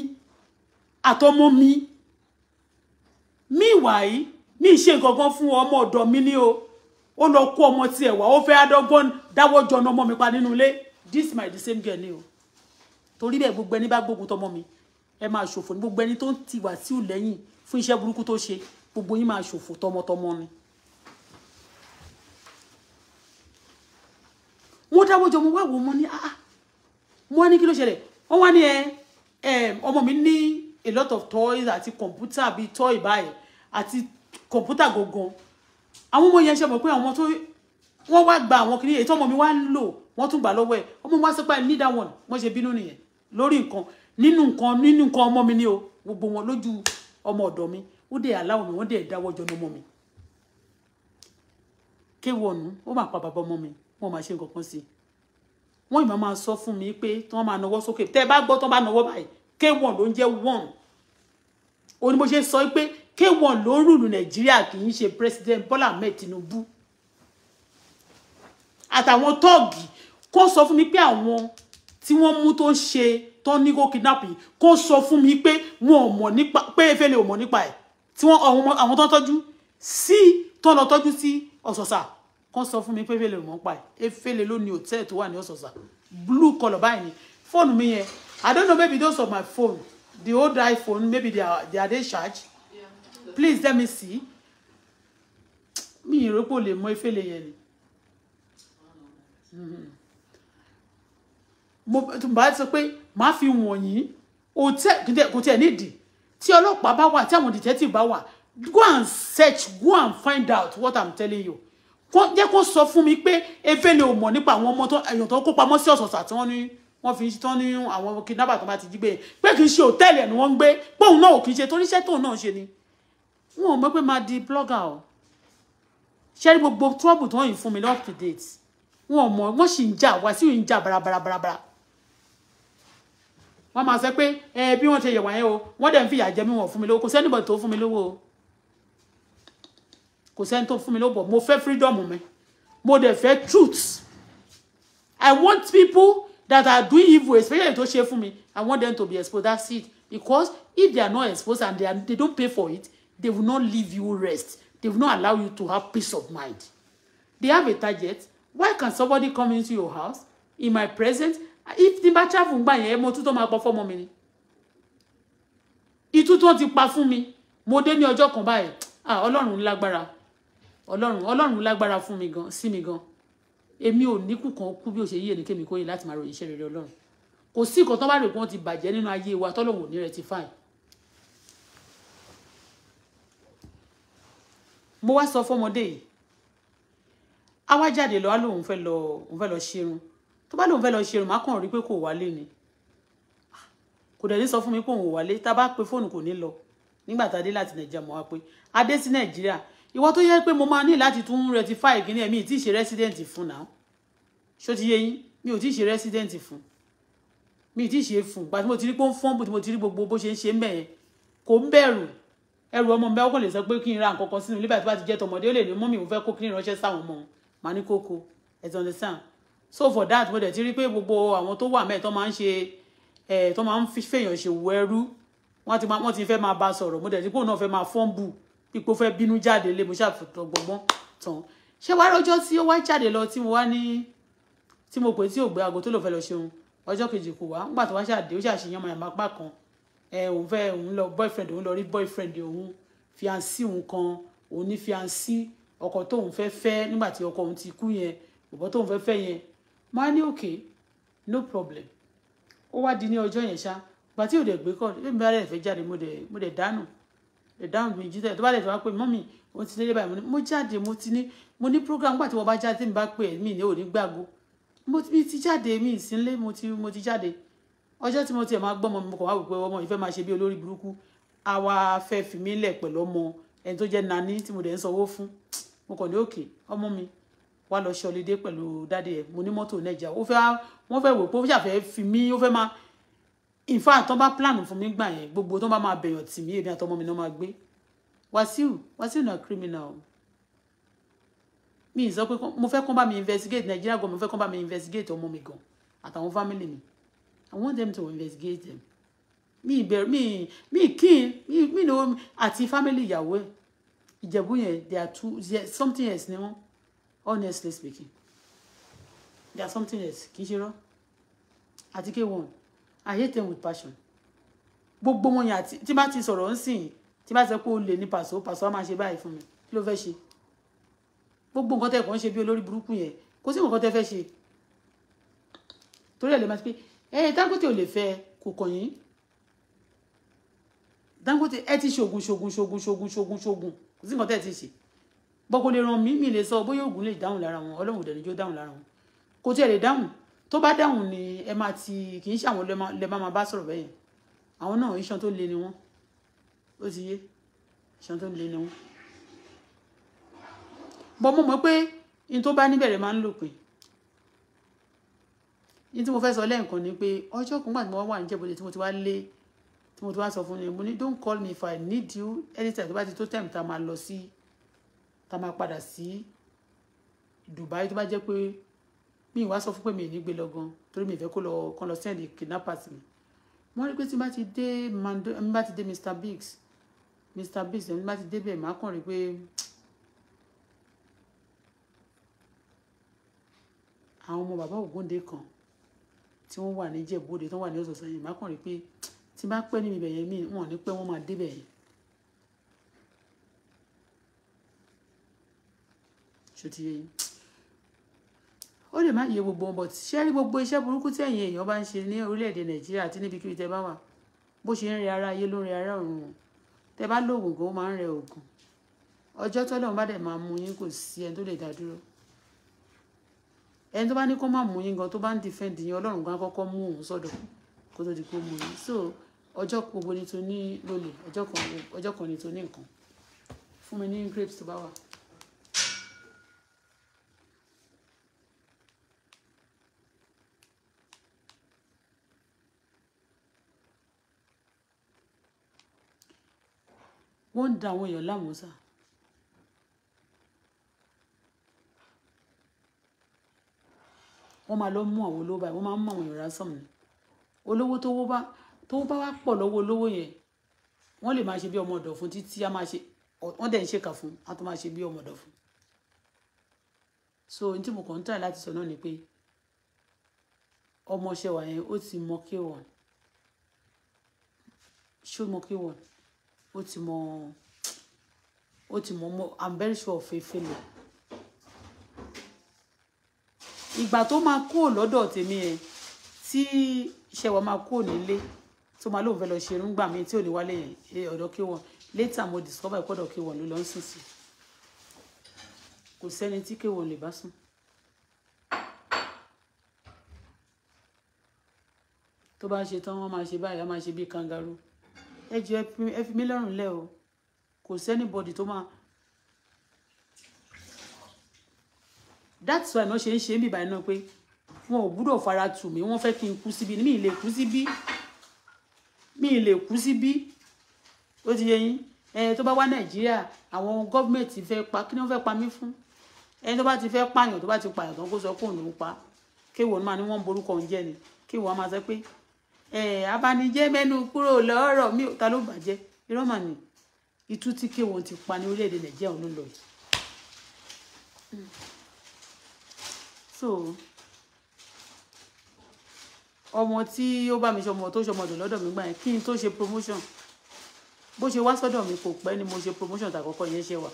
àtọmọ mi mi wàyí mi ṣe gangan fún ọmọ ọ̀dọ̀ mi ni o ó lọ kó ọmọ tiẹ̀ wá ó fẹ́ adọ́gbọ́n dáwọ́ jọna ọmọ mi pa nínú ilé this my the same girl ni o torí bẹ́ẹ̀ gbogbo ẹni bá gbógun tọmọ mi ẹ máa ṣòfò ní gbogbo ẹni tó ń tiwà sí ò lẹ́yìn fún iṣẹ́ burúkú tó ṣe gbogbo yín máa ṣòfò tọmọtọmọ ni. wọ́n dáwọ́ jọ mo wá wò mo ní ah, ah mo wá ní kí ló ṣẹlẹ̀ wọ́n wá ní ẹ eh, eh, ọmọ mi ní a lot of toys àti kọ̀ǹpútà bíi toy báyìí àti kọ̀ǹpútà gangan àwọn ọmọ yẹn ṣe mọ̀ pé àwọn ọmọ tó wọ́n wá gba àwọn kìnìyàn ètò ọmọ mi wá ń lò wọ́n tún gbà lọ́wọ́ ẹ̀ ọmọ wa sọ pé i need that one wọ́n ṣe bínú nìyẹn lórí nǹkan nínú nǹkan nínú nǹkan ọmọ mi ni o gbogbo wọn lójú ọmọ ọ̀dọ̀ mi ó dẹ̀ aláwọ̀ mi wọ́n dẹ̀ dáwọ́ jọ ní ọmọ mi kéwọ̀nù ó mà pa bàbá ọmọ mi wọn máa ṣe nǹkan kan sí i wọn ìmọ̀ máa sọ fún mi pé tí wọ́n máa nọwọ́ sókè tẹ́ ẹ bá gbọ́ tí wọ́n bá nọwọ́ báyìí k1 ló ń jẹ́ one ó mo ṣe sọ pé k1 ló ń rùlù nàìjíríà kì í ṣe president Bọ́lá Ahmed Tinubu àtàwọn tọ́ọ̀gì kó sọ fún mi pé àwọn tí wọ́n mú tó ń ṣe tó ní kó kidnap yìí kó sọ fún mi pé wọn ò mọ̀ nípa pé efele ò mọ̀ nípa ẹ̀ tí wọ́n àwọn tó ń tọ́jú sí tó ń lọ tọ́jú sí ọ̀sọ̀sà kan sọ fún mi pé fèlè mọ̀ ń pa ẹ̀ fèlè ló ni hòtẹ́ẹ̀lì tó wà ní ọ̀sọ̀ọ̀sà blue color báyìí ni fóònù mi yẹn I don't know maybe those of my phone the old iPhone maybe they are they are dey charged please let me see mi ìró pò lè mọ efele yẹn ni mm-hmm. mo bá sọ pé màá fi wọ̀nyí kò tiẹ̀ nídìí tí ọlọ́pàá bá wà tí àwọn detective bá wà go and search go and find out what i'm telling you kó jẹ́ kó sọ fún mi pé efele ò mọ̀ nípa àwọn ọmọ tó èèyàn tó kó pamọ́ sí ọ̀sọ̀ọ̀sà tí wọ́n ní wọ́n fi tán ní àwọn kidnapper tó bá ti jí gbé e. pé kì í ṣe òtẹ́ẹ̀lì ẹ̀ ni wọ́n ń gbé pé òun náà ò kì í ṣe torí iṣẹ́ tóun náà ṣe ni wọn ò mọ̀ pé máa di blogger o ṣé rí gbogbo trouble tó yìn fún mi up to date wọn ò mọ̀ wọ́n sì ń jà wá sí ìjà barabarabara wọ́n máa sọ pé ẹ bí wọ́n ṣe yẹ̀wà yẹn o wọ́n dẹ̀ ń fìyà jẹ mí wọ́n fún mi lówó kò sẹ́nìbọ̀ tó fún mi lówó o kò sẹ́ni tó fún mi lóbọ̀ mo fẹ́ freedom mi mo dẹ̀ fẹ́ truth I want people that are doing evil especially tó ṣe fún mi I want them to be exposed that's it because if they are not exposed and they, are, they don't pay for it they will not leave you rest they will not allow you to have peace of mind they have a target why can somebody come into your house in my presence if the bá travel ń gbà yẹn mo tún tó máa pọ fọmọ mi ni ìtútù ti pa fún mi mo dé ní ọjọ́ kan báyìí ah, ọlọ́run lágbára ọlọ́run ọlọ́run lágbára fún mi gan sí mi gan èmi ò níkù kan kú bí ó ṣe yí ènìkémi kóyè láti máa ròyìn iṣẹ́ rere ọlọ́run kò sí nǹkan tó bá rè pé wọ́n ti bàjẹ́ nínú ayé wa tọ́lọ́run ò ní rectify mo wá sọ fọmọdé yìí a wá jáde lọ á lóun fẹ́ lọ òun fẹ́ lọ ṣerun tó bá lóun fẹ́ lọ ṣerun má kàn rí pé kò wálé ni kò dẹ̀ ní sọ fún mi pé òun ò wálé tá a bá pe fóònù kò ní lọ nígbà tá a dé láti nàìjíríà mọ́ wa pé a dé sí nàìjíríà ìwọ tó yẹ pé mo máa ní láti tún rectify ìkíní ẹ̀mí tí ì ṣe resident fún náà ṣó ti yé yín mi ò tí ì ṣe resident fún mi ì tí ì ṣe fún gbàtí mo ti rí pé ó ń fọ́n bò tí mo ti rí gbogbo bó ṣe ń ṣe ń bẹ̀yẹn kò ń bẹ̀rù ẹrù ọmọ mi ọkọ lè sọ pé kí n ra nǹkan kan sínú ilé bàtí bá ti jẹ́ tọmọdé ó lè ní mọ́mì mo fẹ́ kó kí n ránṣẹ́ sáwọn ọmọ màá ní kókó ẹ̀sìn understand so for that mo dẹ̀ ti rí pé gbogbo àwọn tó wà mẹ́ẹ̀ tó máa ń ṣe ẹ̀ tó máa ń fèèyàn ṣe wọ ẹrú wọ́n ti fẹ́ máa bá sọ̀rọ̀ mo dẹ̀ ti pé òun náà fẹ́ máa fọ́n bù ipò fẹ́ bínú jáde lé mo ṣàfihàn gbọgbọ́n tán ṣé wàá rọjọ́ tí ó wá jáde lọ tí mo wá ní tí mo pè tí ò gbé aago tó lò fẹ́ lọ ṣeun ọjọ́ kejì kò wá ńgbà tó wá ṣàdé ó ṣàṣeyàn màmá apá kan ẹ òun fẹ́ òun lọ boyfriend òun lọ rí boyfriend òun fiancé òun kan òun ní fiancé ọkọ tóun fẹ́ fẹ́ nígbà tí ọkọ òun ti kú yẹn bọ̀bọ̀ tóun fẹ́ fẹ́ yẹn máa ní okay no problem ó wá di ní ọjọ́ yẹn ṣá gbà tí ò dẹ̀ gbé kọ́ ẹ̀ ń bá rẹ̀ fẹ́ jáde mo dẹ̀ dánù ìdáhùn mi jíjẹ tó bá dẹ̀ tó bá pè mọ́ mi mo ti délé báyìí mo jáde mo ti ní mo ní program gbà tí wọ́n bá jáde mi bá pè ẹ́ mi ní òní gbàgbó mo ti jáde mi ìsínlé mo ti mo ti jáde ọjọ́ tí mo tiẹ̀ máa gbọ́mọ mo kàn wá wò pé ọmọ ìfẹ́ máa ṣe bí olórí burúkú àwa fẹ́ fi mí lẹ̀ pẹ̀lú ọmọ ẹni tó jẹ́ nani tí mo dẹ̀ ń sanwó fún mo kàn ní òkè ọmọ mi wá lọ ṣe ọlídé pẹ̀lú dáde ẹ̀ mo ní mọ́tò nàìjíríà ó wọ́n fẹ́ wò pé ó ṣàfẹ́ fi mí ó fẹ́ máa in fact tó bá plan fún mi gbà yẹn gbogbo tó bá máa bẹ̀yàn tì mí èmi àtọmọ mi náà máa gbé Wasiu Wasiu na criminal mi sọ pé mo fẹ́ kán bá mi investigate Nigeria gan mo fẹ́ kán bá mi investigate ọmọ mi gan àtàwọn family mi I want them to investigate them mi ìbẹ̀rù mi mi kín mi mi ní àti family ìyàwó ẹ̀ ìjẹ̀bú yẹn they are two there something else ni wọ́n honestly speaking they are something else kì í ṣe rọ́ àti k one I hate them with passion gbogbo wọn yàn àti tí bá ti sọ̀rọ̀ ń sìn tí bá ti ba pé o lè ní pàṣọ pàṣọ á máa ṣe báyìí fún mi kí ló fẹ́ ṣe gbogbo nǹkan tẹ̀ kàn ń ṣe bí olórí burúkú yẹn kò sí nǹkan tẹ́ fẹ́ ṣe torí ẹ̀ lè máa ti pé Dangote ò lè fẹ́ kò kàn yín Dangote ẹ ti ṣoògùn ṣoògùn ṣoògùn ṣoògùn ṣoògùn ṣoògùn kò sí nǹkan tẹ́ ti ṣe bọ́kọ lè ràn mí mi le sọ bóyá oògùn lè dáhùn lára wọn ọlọ́run de dẹ̀ níjó dáhùn lára wọn kò tiẹ̀ lè dáhùn tó bá dáhùn ni ẹ máa ti kì í ṣe àwọn lẹ máa máa bá sọ̀rọ̀ bẹ́ẹ̀ yẹn àwọn náà iṣan tó le ni wọ́n ó ti yé iṣan tó le ni wọ́n. bọ́ mo mọ̀ pé ní tó bá níbẹ̀rẹ̀ máa ń lò pé ní tí mo fẹ́ sọ lẹ́ẹ̀kan ni pé ọjọ́ kan gbà wà ní jẹ́bọ̀dé tí mo ti wá lé tí mo ti wá sọ fún yẹn mo ní don't call me if I need you anytime tó bá ti tó time tá a máa lọ sí tá máa padà sí Dubai tó bá jẹ́ pé mi wá sọ fún pé mi ní gbé lọ gan torí mi ìfẹ́ kó lọ kán lọ send kidnappers mi wọ́n rí pé tí n bá ti dé mando n bá ti dé Mr Biggs Mr Biggs n bá ti débẹ̀ má kàn rí pé àwọn ọmọ bàbá Ògúndé kan tí wọ́n wà ní Ìjẹ̀bú-Òde tí wọ́n wà ní Ọ̀ṣọ́ṣọ́ yìí má kàn rí pé tí n bá pẹ́ níbi ibẹ̀ yẹn mí wọ́n ní pẹ́ wọ́n máa débẹ̀ yẹn ṣòtìyẹ yìí ó lè má yẹ gbogbo wọn bọ̀ ṣé rí gbogbo iṣẹ́ burúkú tí ẹ̀yin èèyàn bá ń ṣe ní orílẹ̀-èdè nàìjíríà àti níbikíbi tẹ bá wà bó ṣe ń rẹ ara ayé ló ń rẹ ara ọ̀run o tẹ bá lóògùn gan ó máa ń rẹ òògùn ọjọ́ tọ́lọ́run bá dẹ̀ máa mú yín kò sí ẹni tó lè dá dúró ẹni tó bá ní kó má mú yín gan tó bá ń defend yín ọlọ́run gan kọ́kọ́ mú òun sọ́dọ̀ kó tó di kó mú yín so ọjọ́ gbogbo ni tó ní lólè ọjọ́ kan ni tó ní nǹkan fún mi ní grapes tó bá wà. wọ́n ń da àwọn èèyàn láwọn sá. wọ́n máa lọ mú àwọn olówó báyìí wọ́n máa ń mú àwọn èèyàn ransom ni olówó tówó bá tówó bá wá pọ̀ lọ́wọ́ olówó yẹn wọ́n lè máa ṣe bí ọmọ ọ̀dọ̀ fún títí a máa ṣe wọ́n dẹ̀ ń ṣèkà fún a tó máa ṣe bí ọmọ ọ̀dọ̀ fún. so n tí mo kàn ń tà láti sọ náà ni pé ọmọọṣẹ́ wa yẹn ó ti mọ k1 ṣó mọ k o ti mọ ó ti mọ mọ i'm very sure of efele ìgbà tó máa kúrò lọ́dọ̀ tèmi ẹ̀ tí iṣẹ́ wa máa kúrò nílé tó máa lóun fẹ́ lọ ṣe irúgbà mi tí ò ní wálé yẹn ọ̀dọ̀ kí wọn later mo discover ìpọ́dọ̀ kí wọn ló lọ ń sùn sí kò sẹ́ni tí kí wọn lè bá sùn. tó bá ṣe tán wọ́n máa ṣe báyìí wọ́n máa ṣe bíi kangaroo ẹ jọ ẹ fi mí lọ́rùn lẹ́ o kò sẹ́nibọ̀dì tó máa that's why náà ṣe ń ṣe mí báyìí náà pé wọn ò gbúdọ̀ fara tù mí wọ́n fẹ́ kí n kú síbi mi ì lè kú síbi mi ì lè kú síbi ó ti yẹ yín ẹni tó bá wá nàìjíríà àwọn gọ́ọ̀mẹ̀ntì fẹ́ pa kí ni wọ́n fẹ́ pa mí fún ẹni tó bá ti fẹ́ pààyàn tó bá ti pààyàn tó ń kó sọ pé òun ló ń pa kéwòn máa ní wọ́n ń borúkọ oúnjẹ ni kéwòn máa sọ pé abanijẹ́ mẹ́nu kúrò lọ́rọ̀ mi ta ló bàjẹ́ irọ́ mà ní itú tí kéwọn ti pa ní orílẹ̀-èdè nàìjíríà ló lọ yìí. so ọmọ tí ó bá mi ṣọmọ tó ṣọmọ ọdọ lọ́dọ̀ mi gbà yẹn kí n tó ṣe promotion bó ṣe wá sọ́dọ̀ mi kò pẹ́ ni mo ṣe promotion tàkọ́kọ́ yẹn ṣe wà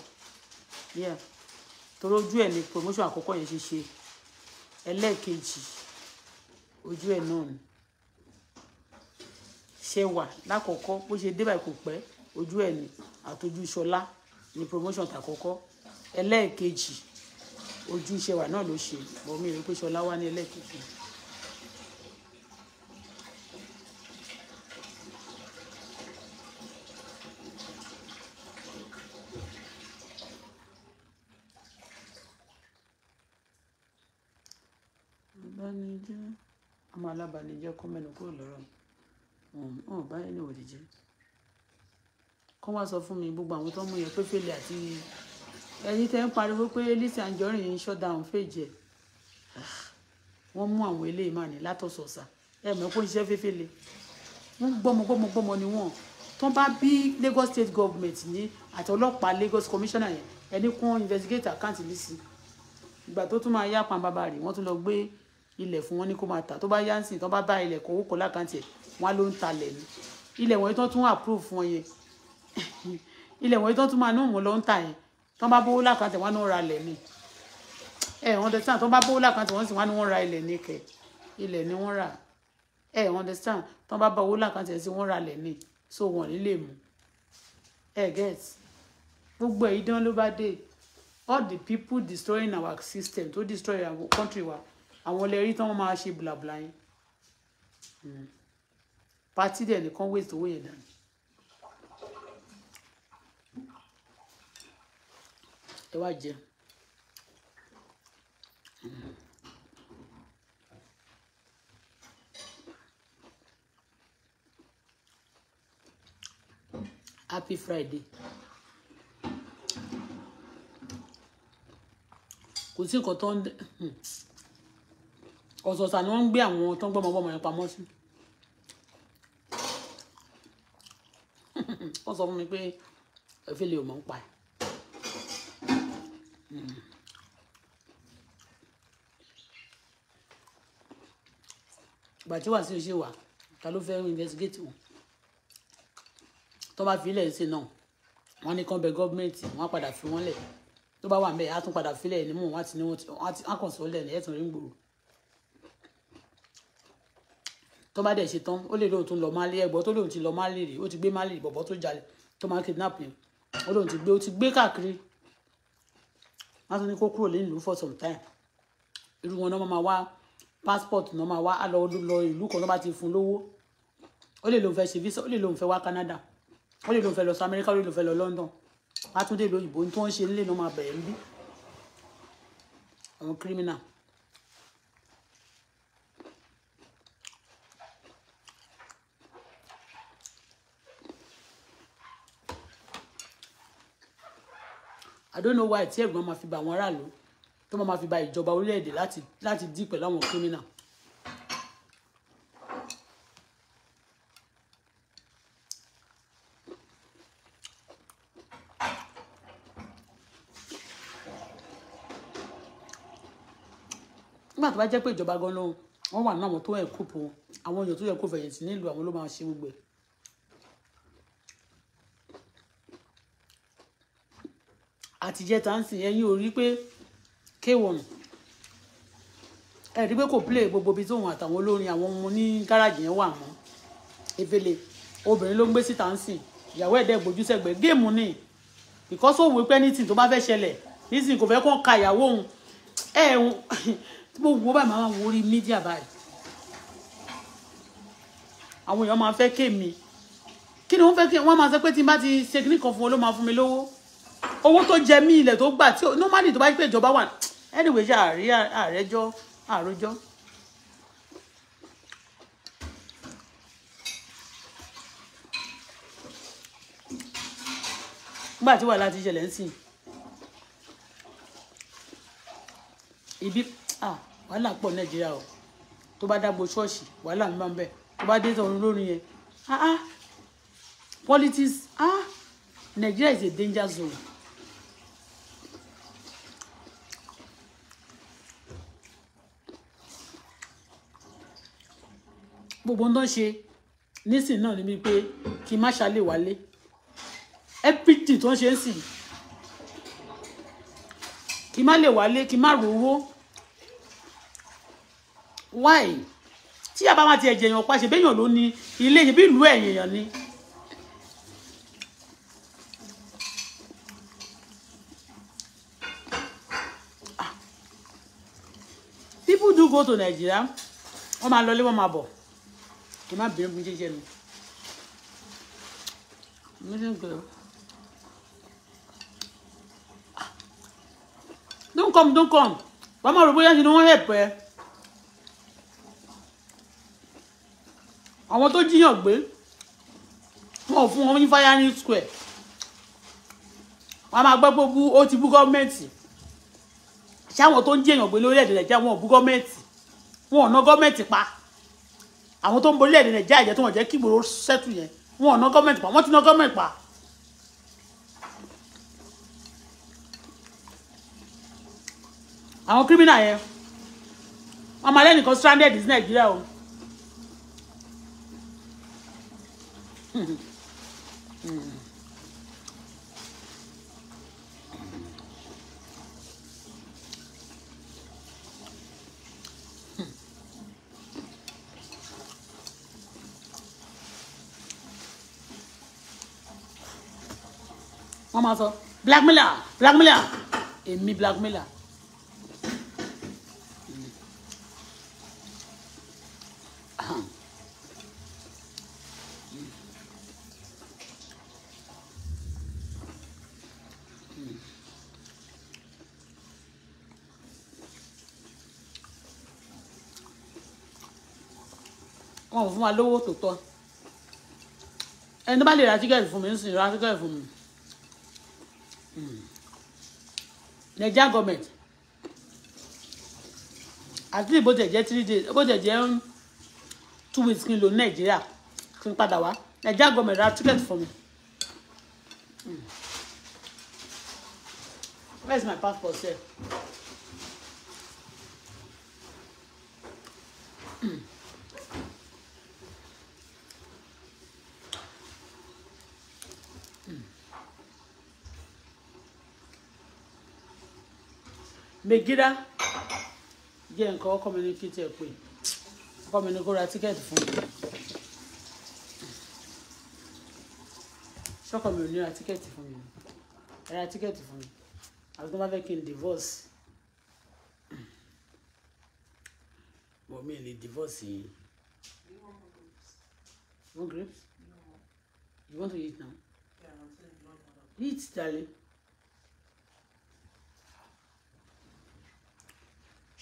torí ojú ẹ̀ ni promotion àkọ́kọ́ yẹn ṣe ṣe ẹlẹ́ẹ̀kejì ojú ẹ̀ náà ni ṣe wà lákọ̀ọ́kọ́ bó ṣe dé báyìí kò pẹ́ ojú ẹ̀ ní àtọ́jú ṣọlá ní promotion tàkọ́kọ́ ẹlẹ́ẹ̀kejì ojú ṣe wà náà ló ṣe bọ̀mí rẹ pé ṣọlá wà ní ẹlẹ́ẹ̀kejì. àmọ́ alábàánijẹ́ kọ́ mẹ́nu kúrò lọ́rọ̀ mi wọn ò bá ẹni wòdì jẹ kọ́ wá sọ fún mi gbogbo àwọn tó ń mú yẹn pé fèlè àti ẹni tẹ́ ń pariwo pé Lizzy Anjorin ń shut down fèjì ẹ̀ wọ́n mú àwọn eléyìí mà ní látọ̀sọ̀sà ẹ mọ̀ kó ń ṣiṣẹ́ fẹ́fẹ́lẹ́ wọ́n gbọ́mọgbọ́mọgbọ́mọ ni wọ́n tó bá bí Lagos state government ní àti ọlọ́pàá Lagos commissioner yẹn ẹni kún investigate account Lizzy ìgbà tó tún máa yá pan bàbá rẹ̀ wọ́n tún lọ gbé ilẹ̀ fún wọn ní kó máa tà tó bá yá ń sìn tó bá bá ilẹ̀ kó owó kọ́ ẹ̀ wọn ló ń talẹ̀ ni ilẹ̀ wọ̀nyí tó tún approve fún yẹn ilẹ̀ wọ̀nyí tó tún máa ní òun ló ń tà yẹn tó bá bówó lákàtà wọn ní wọn ra ilẹ̀ ni ẹ understand tó bá bówó lákàtà wọn sì wọn ní wọn ra ilẹ̀ ni kẹ ilẹ̀ ni wọn rà ẹ understand tó bá bá owó lákàtà sí wọn ra ilẹ̀ ni so wọn ní lè mú ẹ get gbogbo ẹ idán ló bá dé all the people destroying our system tó destroy our country wa àwọn lè rí tí wọn máa ṣe blabla yẹn. Mm pati dẹ̀ nìkan waste owó yẹn dànù. ẹ Happy Friday. kò sí nǹkan tó ń hmm. ọ̀sọ̀ọ̀sà ni wọ́n ń gbé àwọn tó ń gbọ́ ọmọ yẹn pamọ́ sí. wọ́n sọ fún mi pé ẹ̀fẹ́lẹ̀ ò mọ̀ ń pa ẹ̀. ìgbà tí sí ṣe wà ta ló fẹ́ẹ́ investigate wọn tó bá fi ṣe náà wọ́n ní kán bẹ gọ́ọ̀mẹ̀ntì wọ́n padà fi wọ́n lẹ̀ tó bá wà ń bẹ̀ á tún padà fi ilẹ̀ nímú wọn á ti ní wọn á kàn sọ́ọ́lẹ̀ rí ń gbòòrò. tó bá dẹ̀ ṣe tán ó lè lóun tó ń lọ Mali ẹ̀gbọ́n tó lóun ti lọ Mali rè ó ti gbé Mali bọ̀bọ̀ tó jalè tó máa kidnap yẹn ó lóun ti gbé ó ti gbé káàkiri wọ́n tún ní kó kúrò nílùú for some time irú wọn náà máa wá passport náà máa wá á lọ lọ ìlú kan náà bá ti fún lówó ó lè lóun fẹ́ ṣe visa ó lè lóun fẹ́ wá Canada ó lè lóun fẹ́ lọ sí America ó lè lóun fẹ́ lọ London wọ́n á tún dé ìlú òyìnbó tó ń ṣe nílé náà máa bẹ̀rẹ̀ ń bí àwọn criminal I don't know why tí ẹ̀gbọ́n máa fi ba àwọn aráàlú tó máa fi ba ìjọba orílẹ̀-èdè láti láti dí pẹ̀lú àwọn criminal. nígbà tó bá jẹ́ pé ìjọba gan-an wọ́n wà nínú àwọn tó ẹ̀kú po àwọn èèyàn tó yẹ kó fẹ̀yìntì nílùú àwọn ló máa ṣe gbogbo ẹ̀ àtijẹ́ tá ń sìn ẹ̀yin ò rí pé k1 ẹ̀ rí pé kò play gbogbo ibi tóun àtàwọn olórin àwọn ọmọ ní gáràjì yẹn wà mọ́ efele obìnrin ló ń gbé síta ń sìn ìyàwó ẹ̀dẹ́ gbójú sẹ́gbẹ̀ẹ́ géèmù ni because òun pẹ́ ní tì tó bá fẹ́ ṣẹlẹ̀ nísìn kò fẹ́ kàn ka ìyàwó òun ẹ̀ ń mo wo báyìí máa wo orí mídíà báyìí àwọn èèyàn máa fẹ́ kéèmí kí ni wọ́n fẹ́ kí wọ́n máa sọ pé tí n bá ti ṣe kíní kan fún wọn ló máa fún mi lówó owó tó jẹ mí ilẹ̀ tó gbà tí normally tó bá pè ìjọba wà anyway ṣe àárí àrẹjọ àròjọ. nígbà tí wàhálà ti ṣẹlẹ̀ ń sìn ibi wàhálà pọ̀ nàìjíríà o tó bá dágbo ṣọ́ọ̀ṣì wàhálà mi máa ń bẹ̀ tó bá dé tọ̀run lórí yẹn politics ah Nigeria is a danger zone gbogbo ń dán ṣe nísìnyí náà ni pé kí n má ṣàlè wálé everything tó ń ṣe ń sìn kí n má lè wálé kí n má rówó why tí yàrá máa ti ẹ̀jẹ̀ èèyàn pa ṣe béèyàn ló ní ilé ṣe bí ìlú ẹ̀yìn èèyàn ni. Ah. people do go to Nigeria wọ́n máa lọ ilé wọ́n máa bọ̀ kí n má bínú mi mi ní gbèrò don't come don't come wàá má rò bóyá ni wọ́n help ẹ àwọn tó jíyàn gbé wọn ò fún wọn ní firing square wọn a máa gbọ́ pé ti bú gọ́ọ̀mẹ̀ntì ṣé àwọn tó ń jíyàn gbé lórí ẹ̀dẹ̀dẹ̀ jẹ́ wọn ò bú gọ́ọ̀mẹ̀ntì wọn ò ná gọ́ọ̀mẹ̀ntì pa àwọn tó ń borí ẹ̀dẹ̀ nàìjíríà jẹ́ tó wọ́n jẹ́ kí ìgboro sẹ́tù yẹn wọn ò ná gọ́ọ̀mẹ̀ntì pa wọ́n ti ná gọ́ọ̀mẹ̀ntì pa. àwọn kírímìnà yẹn wọ́n máa lẹ́nìkan stranded ní nàìjíríà o. Mm-hmm. Mm-hmm. wọ́n máa sọ blackmailer blackmailer èmi blackmailer. wọn ò fún wa lówó tó tọ́ ẹni tó bá lè ra tíkẹ́ẹ̀tì fún mi ń sìn ra tíkẹ́ẹ̀tì fún mi. Hmm. Nigerian government àti bó tẹ̀ jẹ́ three days bó tẹ̀ jẹ́ two weeks kí n lò Nàìjíríà kí n padà wá Nigerian government ra ticket for me. Mm. Where's my passport sef? megida jẹ́ nǹkan ọkọ mi ní kí tiẹ̀ pé ọkọ mi ní kó ra tíkẹ́ẹ̀tì fún mi ṣọ́kọ mi ò ní ra tíkẹ́ẹ̀tì fún mi ra tíkẹ́ẹ̀tì fún mi àti tó bá fẹ́ kí n divorce mo mi lè divorce yìí. You want grapes? No. You want to eat now? Eat, darling.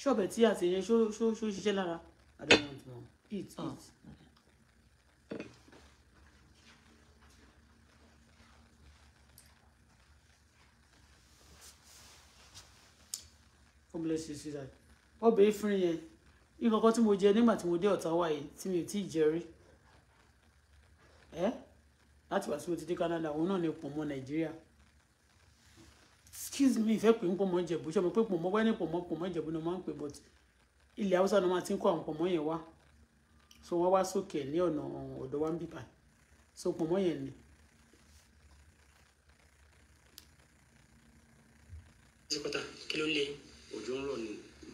ṣọ́ọ̀bù tí àti yẹn ṣó ṣó ṣiṣẹ́ lára I don't eat eat. Oh. God bless you sweetheart ọbẹ̀ efirin yẹn ìkọ̀kọ̀ tí mo jẹ nígbà tí mo dé ọ̀tá wáyé tí mi ò tí ì jẹ rí ẹ́ láti wá sí mo ti dé Canada òun náà ni pọ̀ mọ́ Nàìjíríà excuse me ìfẹ́ pé ń pomo mọ́ ìjẹ̀bú ṣe mọ̀ pé pọ̀ mọ́ wẹ́ni pomo, mọ́ pọ̀ mọ́ ìjẹ̀bú ni wọ́n máa ń pè but ilẹ̀ haúsá ni wọ́n ti ń kó àwọn pọ̀ mọ́ yẹn wá so wọ́n wá sókè ní ọ̀nà ọ̀dọ̀ wa ń bíbà so pọ̀ mọ́ yẹn ni. sípàtà kí ló lè òjò ń rọ̀ ni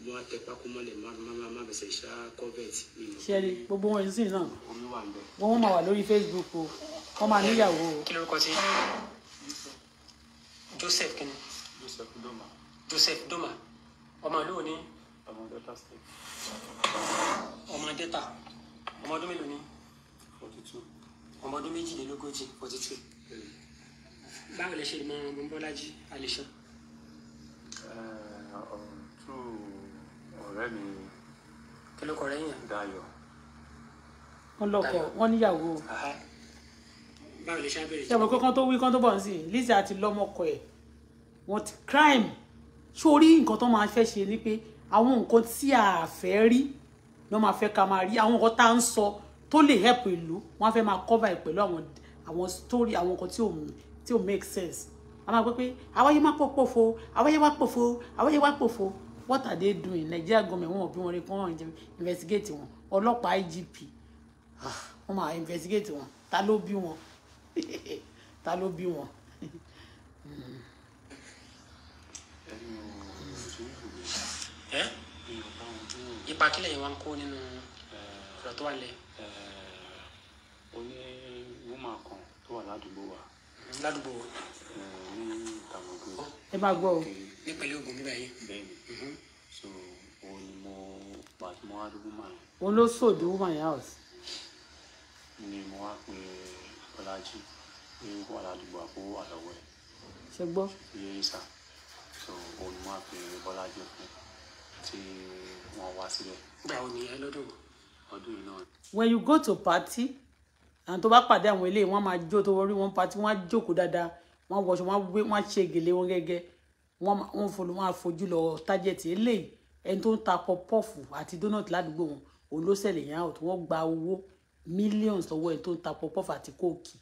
wọn tẹ pákó mọ́lẹ̀ má bẹsẹ ṣá covert. ṣẹ́ni gbogbo wọn yìí sì náà wọn wọn máa wà lórí Facebook o wọn máa níyàwó o. kí lórúkọ ti Joseph kìnnìún. Joseph Doma. Joseph Doma ọmọ ìlú òní. ọmọ Delta State. ọmọ Delta ọmọ ọdún mélòó ni. forty two. ọmọ ọdún méjìlélógójì forty two. báwo lè ṣe mọ ọmọ Bọ́lájí Alison. Eh, ọ̀tún ọ̀rẹ́ mi. kí ló kọ rẹ yàn. Dayọ̀. wọ́n lọ́kọ wọ́n níyàwó. báwo lè ṣe abẹ́rẹ́ jẹ́. ṣàbọ̀ kí wọ́n tó wí kán tó bọ̀ ń sìn Lizzy àti lọ́mọkọ ẹ̀ wọn ti crime sórí nǹkan tó máa fẹ́ ṣe ni pé àwọn nǹkan tí a fẹ́ rí ló máa fẹ́ ká máa rí àwọn nǹkan tá à ń sọ tó lè help ìlú wọn fẹ́ máa cover ẹ̀ pẹ̀lú àwọn àwọn story àwọn nǹkan tí ò tí ò make sense a máa gbé pé àwáyé má pọ̀ pòfo àwáyé wá pòfo àwáyé wá pòfo what are they doing Nigeria government wọn ò bí wọn rí kí wọn investigate wọn ọlọ́pàá IGP ah, wọn máa investigate wọn ta ló bí wọn ta ló bí wọn. Hmm. ipa kílẹ̀ yìí wá ń kó nínú ọ̀rọ̀ tó wà lẹ̀. ó ní wúmà kan tó wà ládùúgbò wa. ládùúgbò wa. ní ìtàmọ̀gbé. ẹ bá gbọ́ o. ní oògùn bíbá yìí. bẹ́ẹ̀ni mhm. so òun ni mo pàtó mo wá dúró mà yẹn. olóṣòdì wúmà yà ọ̀ sí. ni mo wá pe Bọ́lájí pé ó wà ládùúgbò àpò wà ẹ̀. ṣe gbọ́. yéé sà so òun ni mo wá pe Bọ́lájí fún un tí wọ́n wá sílẹ̀. ìgbà wo nìyẹn lọ́dún ọdún yìí náà. when you go to party àwọn tó bá pàdé àwọn eléyìí wọ́n máa jó tó wọrí wọn party wọ́n á jókòó dáadáa wọ́n á wọṣọ wọ́n á wé wọ́n á ṣe gèlè wọn gẹ́gẹ́ wọ́n fọlọ wọ́n á fojú lọ tájẹtì eléyìí ẹni tó ń ta pọpọfù àti donut ládùúgbò wọn olóṣèlè yẹn àwọn tí wọ́n gba owó millions lọ́wọ́ ẹni tó ń ta pọpọfù àti kóòkì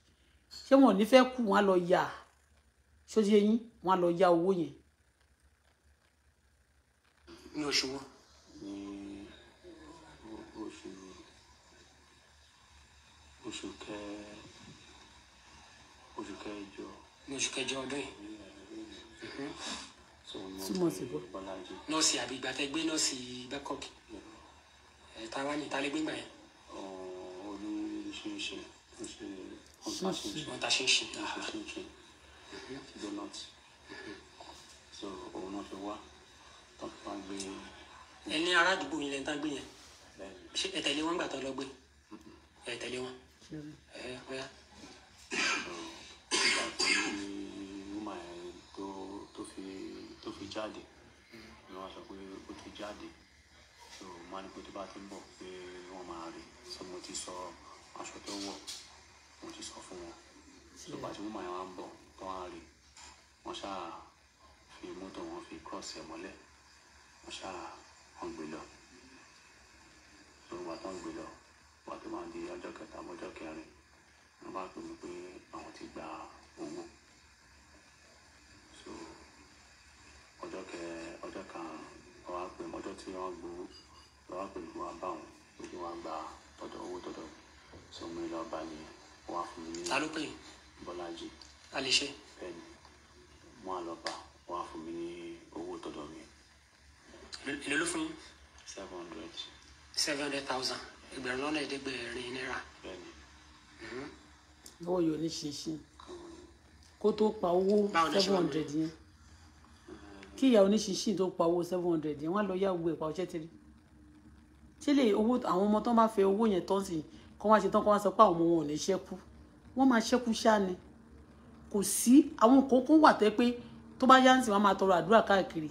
ṣé wọn ò ní fẹ́ kú wọn á lọ yà ṣó ti yẹ yín wọn á lọ yá owó yẹn ní oṣù wo. ní oṣù oṣù kẹ oṣù kẹjọ. ní oṣù kẹjọ ọdún yìí. túmọ̀ mhm. sí bó. nọ́ọ̀sì àbí ìgbà tẹ gbé nọ́ọ̀sì Bangkok ẹ̀ ta wá ní ìtàlẹ́ gbígbà yẹn. olú ṣinṣin wọ́n ta ṣinṣin. ṣinṣin ṣinṣin ṣinṣin donuts so òun náà fi wá ẹ ní ará àdúgbò yín lẹ́ńtà gbé yẹn ṣé ẹ tẹ̀lé wọn gbà tó lọ gbé ẹ tẹ̀lé wọn ẹ ọ̀yá. ìgbà tí fi jáde ni wọ́n sọ pé ó ti jáde so máa ní pé tó bá ti ń bọ̀ pé wọ́n máa rí so mo ti sọ aṣọ tó wọ̀ mo ti sọ fún wọn tó bá ti wúmà yẹn wá ń Masa ṣá wọ́n gbé lọ tó wà tó ń gbé lọ wà tó máa di ọjọ́ kẹta ọjọ́ kẹrin wọ́n bá pè mí pé àwọn ti gba owó so ọjọ́ kẹ ọjọ́ kan wọ́n wá pè mí ọjọ́ bu, wọ́n gbowó wọ́n wá pè mí wọ́n bá wọn pé kí wọ́n so mi lọ bá ní wọ́n á fún mi ní. ta ló pè é. Bọ́lájí. alẹ́ ṣe. bẹ́ẹ̀ni wọ́n á lọ bá wọ́n mi lè ló fún yín. seven hundred. seven hundred thousand ẹgbẹ̀rún lọ́nà ẹ̀ẹ́dẹ́gbẹ̀rin náírà. Hmm. lọ́wọ́ yóò ní ṣinṣin kó tó pa owó seven hundred yẹn kí ìyá oníṣinṣin tó pa owó seven hundred yẹn wọ́n á lọ yá owó ẹ̀pà ọ̀ṣẹ́ tiri ṣé lè owó àwọn ọmọ tó máa fẹ́ owó yẹn tán sí kó wá ṣe tán kó wá sọ pé àwọn ọmọ wọn ò ní ṣẹ́kù wọ́n máa ṣẹ́kù ṣáá kò sí àwọn kókó wà tẹ́ pé tó bá yá ń sìn wọ́n máa tọrọ àdúrà káàkiri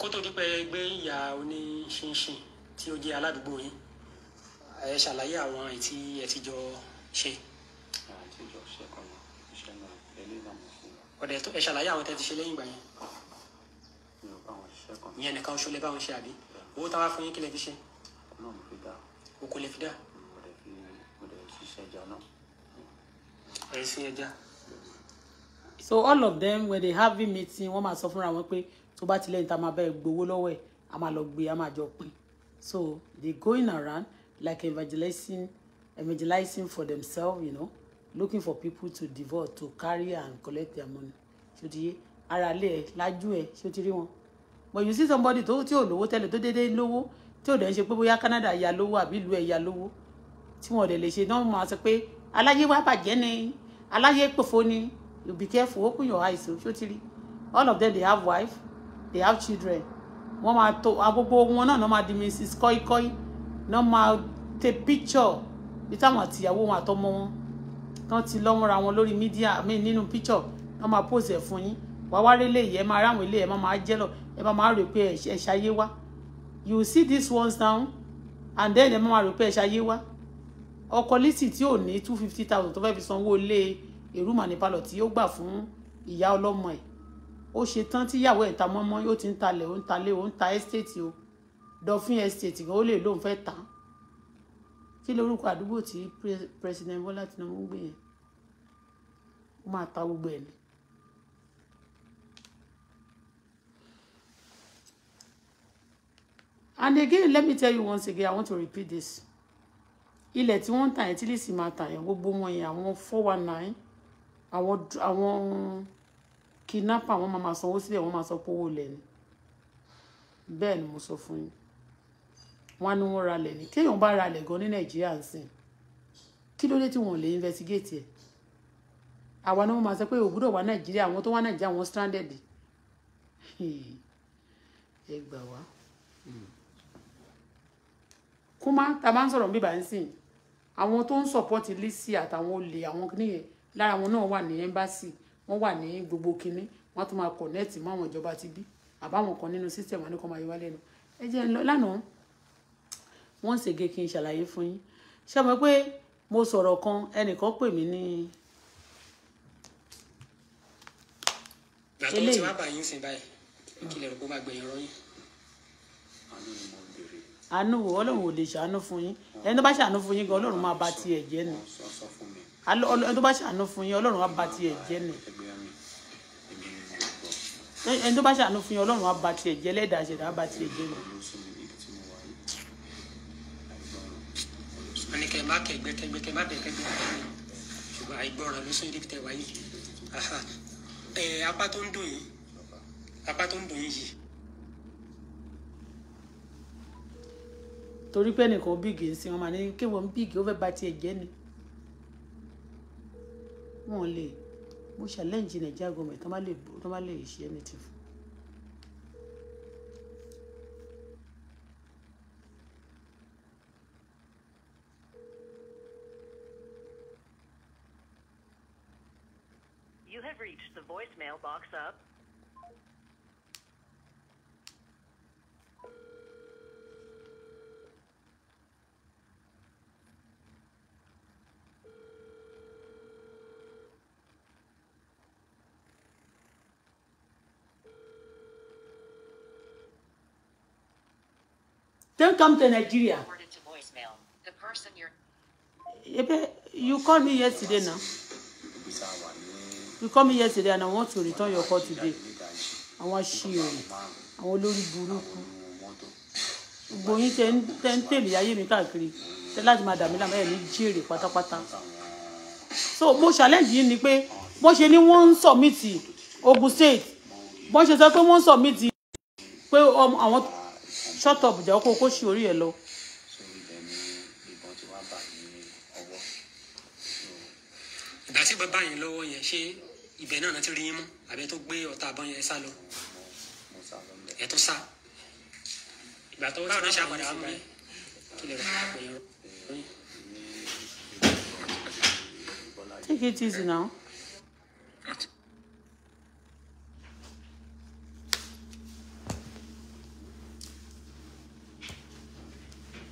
kó tó ìyá oníṣinṣin tí ó jẹ́ aládùúgbò yín ẹ ṣàlàyé àwọn ètí ẹ ti jọ ṣe. ọ̀dẹ̀ tó ẹ ṣàlàyé àwọn tẹ́ ti ṣe lẹ́yìn ìgbà yẹn. ìyẹn nìkan ṣo lẹ bá ṣe àbí owó táwa fún yín kí lẹ fi ṣe. o kò lè fi dá. ẹ sin ẹja. so all of them were they having meeting wọ́n máa sọ fúnra wọn pé tó bá tilẹ̀ níta máa bẹ́ẹ̀ gbowó lọ́wọ́ ẹ̀ a máa lọ gbé a máa jọ pín so they going around like evangelizing evangelizing for themselves you know looking for people to devote to carry and collect their money ṣé o ti yé ara lé ẹ lájú ẹ ṣé o ti rí wọn but you see somebody tó tí ò lówó tẹ́lẹ̀ tó déédéé lówó tí ò dẹ̀ ń ṣe pé bóyá Canada ya lówó àbí ìlú ẹ̀ ya lówó tí wọn ò dẹ̀ lè ṣe náà máa sọ pé aláyé wá bàjẹ́ ni aláyé pòfo ni you be careful open your eyes o ṣé o ti rí all of them dey have wife they have children wọ́n máa tó agbogbo wọn náà máa di mrs kọ́íkọ́í náà máa take picture bí táwọn àtìyàwó wọn àtọmọ wọn tán ti lọ́múra wọn lórí mídíà mi nínú picture náà máa pose ẹ̀ fún yín wàá wá rélé yìí ẹ máa ráwọn ilé ẹ máa máa jẹ́ lọ ẹ máa rò pé ẹ ṣayé wá you see this once now and then ẹ máa máa rò pé ẹ ṣayé wá ọkọ lisi tí ò ní two fifty thousand tó fẹ́ fi sanwó ilé èrúmọ̀ ní palọ̀ tí ó gbà fún ìyá ọlọ́mọ ẹ̀ ó ṣe tán tíyàwó ẹ̀ ta mọ́mọ́ yóò ti ń talẹ̀ ó ń talé ó ń ta estate o dolphin estate ó lè lóun fẹ́ tà á kí lorúkọ àdúgbò tí president Bọ́lá Tinubu ń gbé yẹn ó máa ta gbogbo ẹ̀ ni. and again let me tell you once again i want to repeat this ilẹ̀ tí wọ́n ń tà yẹn tí lè sì máa tà yẹn gbogbo wọn yẹn àwọn four one nine àwọn àwọn kidnapper wọn máa sanwó sílẹ̀ wọn máa sọ pé owó lẹ̀ ni bẹ́ẹ̀ ni mo sọ fún yín wọn á ní wọn ralẹ̀ ni téèyàn bá ralẹ̀ gan ní nàìjíríà ń sìn kí ló dé tí wọn ò lè investigate ẹ̀ àwa ni wọn máa sọ pé ògbúdọ̀ wá nàìjíríà àwọn tó wá nàìjíríà wọn stranded ẹ gbà wá kúmá tá a bá ń sọ̀rọ̀ bíbá ń àwọn tó ń support Lizzy àtàwọn olè àwọn nìyẹn lára wọn náà wà ní embassy wọ́n wà ní gbogbo kinní wọ́n tún máa connect mọ́ àwọn ìjọba ti bí àbáwọn kan nínú system wọn ni kò máa yọ wá lẹ́nu ẹ jẹ́ ń lọ lánàá wọ́n ṣègé kí n ṣàlàyé fún yín ṣé mo pé mo sọ̀rọ̀ kan ẹnìkan pè mí ní. gbàtọ́ tí wàá bá yín sìn báyìí kí lè rò pé ó máa gbẹ̀yìn rọ́yìn. àánú ọlọ́run ò lè ṣàánú fún yín ẹni tó bá ṣàánú fún yín ọlọ́run máa bà tiẹ̀ jẹ́ ni ẹni tó bá ṣàánú fún yín ọlọ́run á bà tiẹ̀ jẹ́ ni ẹni tó bá ṣàánú fún yín ọlọ́run á ba tiẹ̀ jẹ́ lẹ́dàá ṣẹ̀dá á ba tiẹ̀ jẹ́ lọ. wọ́n ní kẹ́ ẹ má kẹ́ gbẹ́kẹ́gbẹ́ kẹ́ má bẹ̀ kẹ́gbẹ́ ṣùgbọ́n àìgbọràn ló sún ibi tẹ̀ wáyé apá tó ń dùn yìí apá tó ń dùn yìí. torí pé ẹnìkan bíìgì ń sin wọn màá ní kí bíìgì ó fẹ́ ba tiẹ̀ jẹ́ ni wọn lè. challenge lè lè ṣe anything fún. You have reached the voicemail box up Don't come to Nigeria. You called me yesterday now. You called me yesterday and I want to return your call today. I want Àwọn I want to burúkú. Gbogbo yín tẹ́ ń tèmi ayé mi káàkiri. Tẹ́ láti máa dàmí láàmú ẹ̀ ní jèrè pátápátá. So mo challenge yín ni pé bọ́n ṣe ní wọ́n ń submit Ogun State. Bọ́n ṣe sọ pé wọ́n ń submit pé àwọn shut up ìjà ọkọ kó ṣì orí ẹ lọ. ìgbà tí bàbá yẹn lọ́wọ́ yẹn ṣé ibẹ̀ náà ti rí yín mú àbẹ tó gbé ọ̀tá àbọ̀n yẹn sá lọ ẹ̀ tó sá ìgbà tó báwo ló ṣe àpàdé àwọn mi kí lè rà pé yẹn. Take it easy now.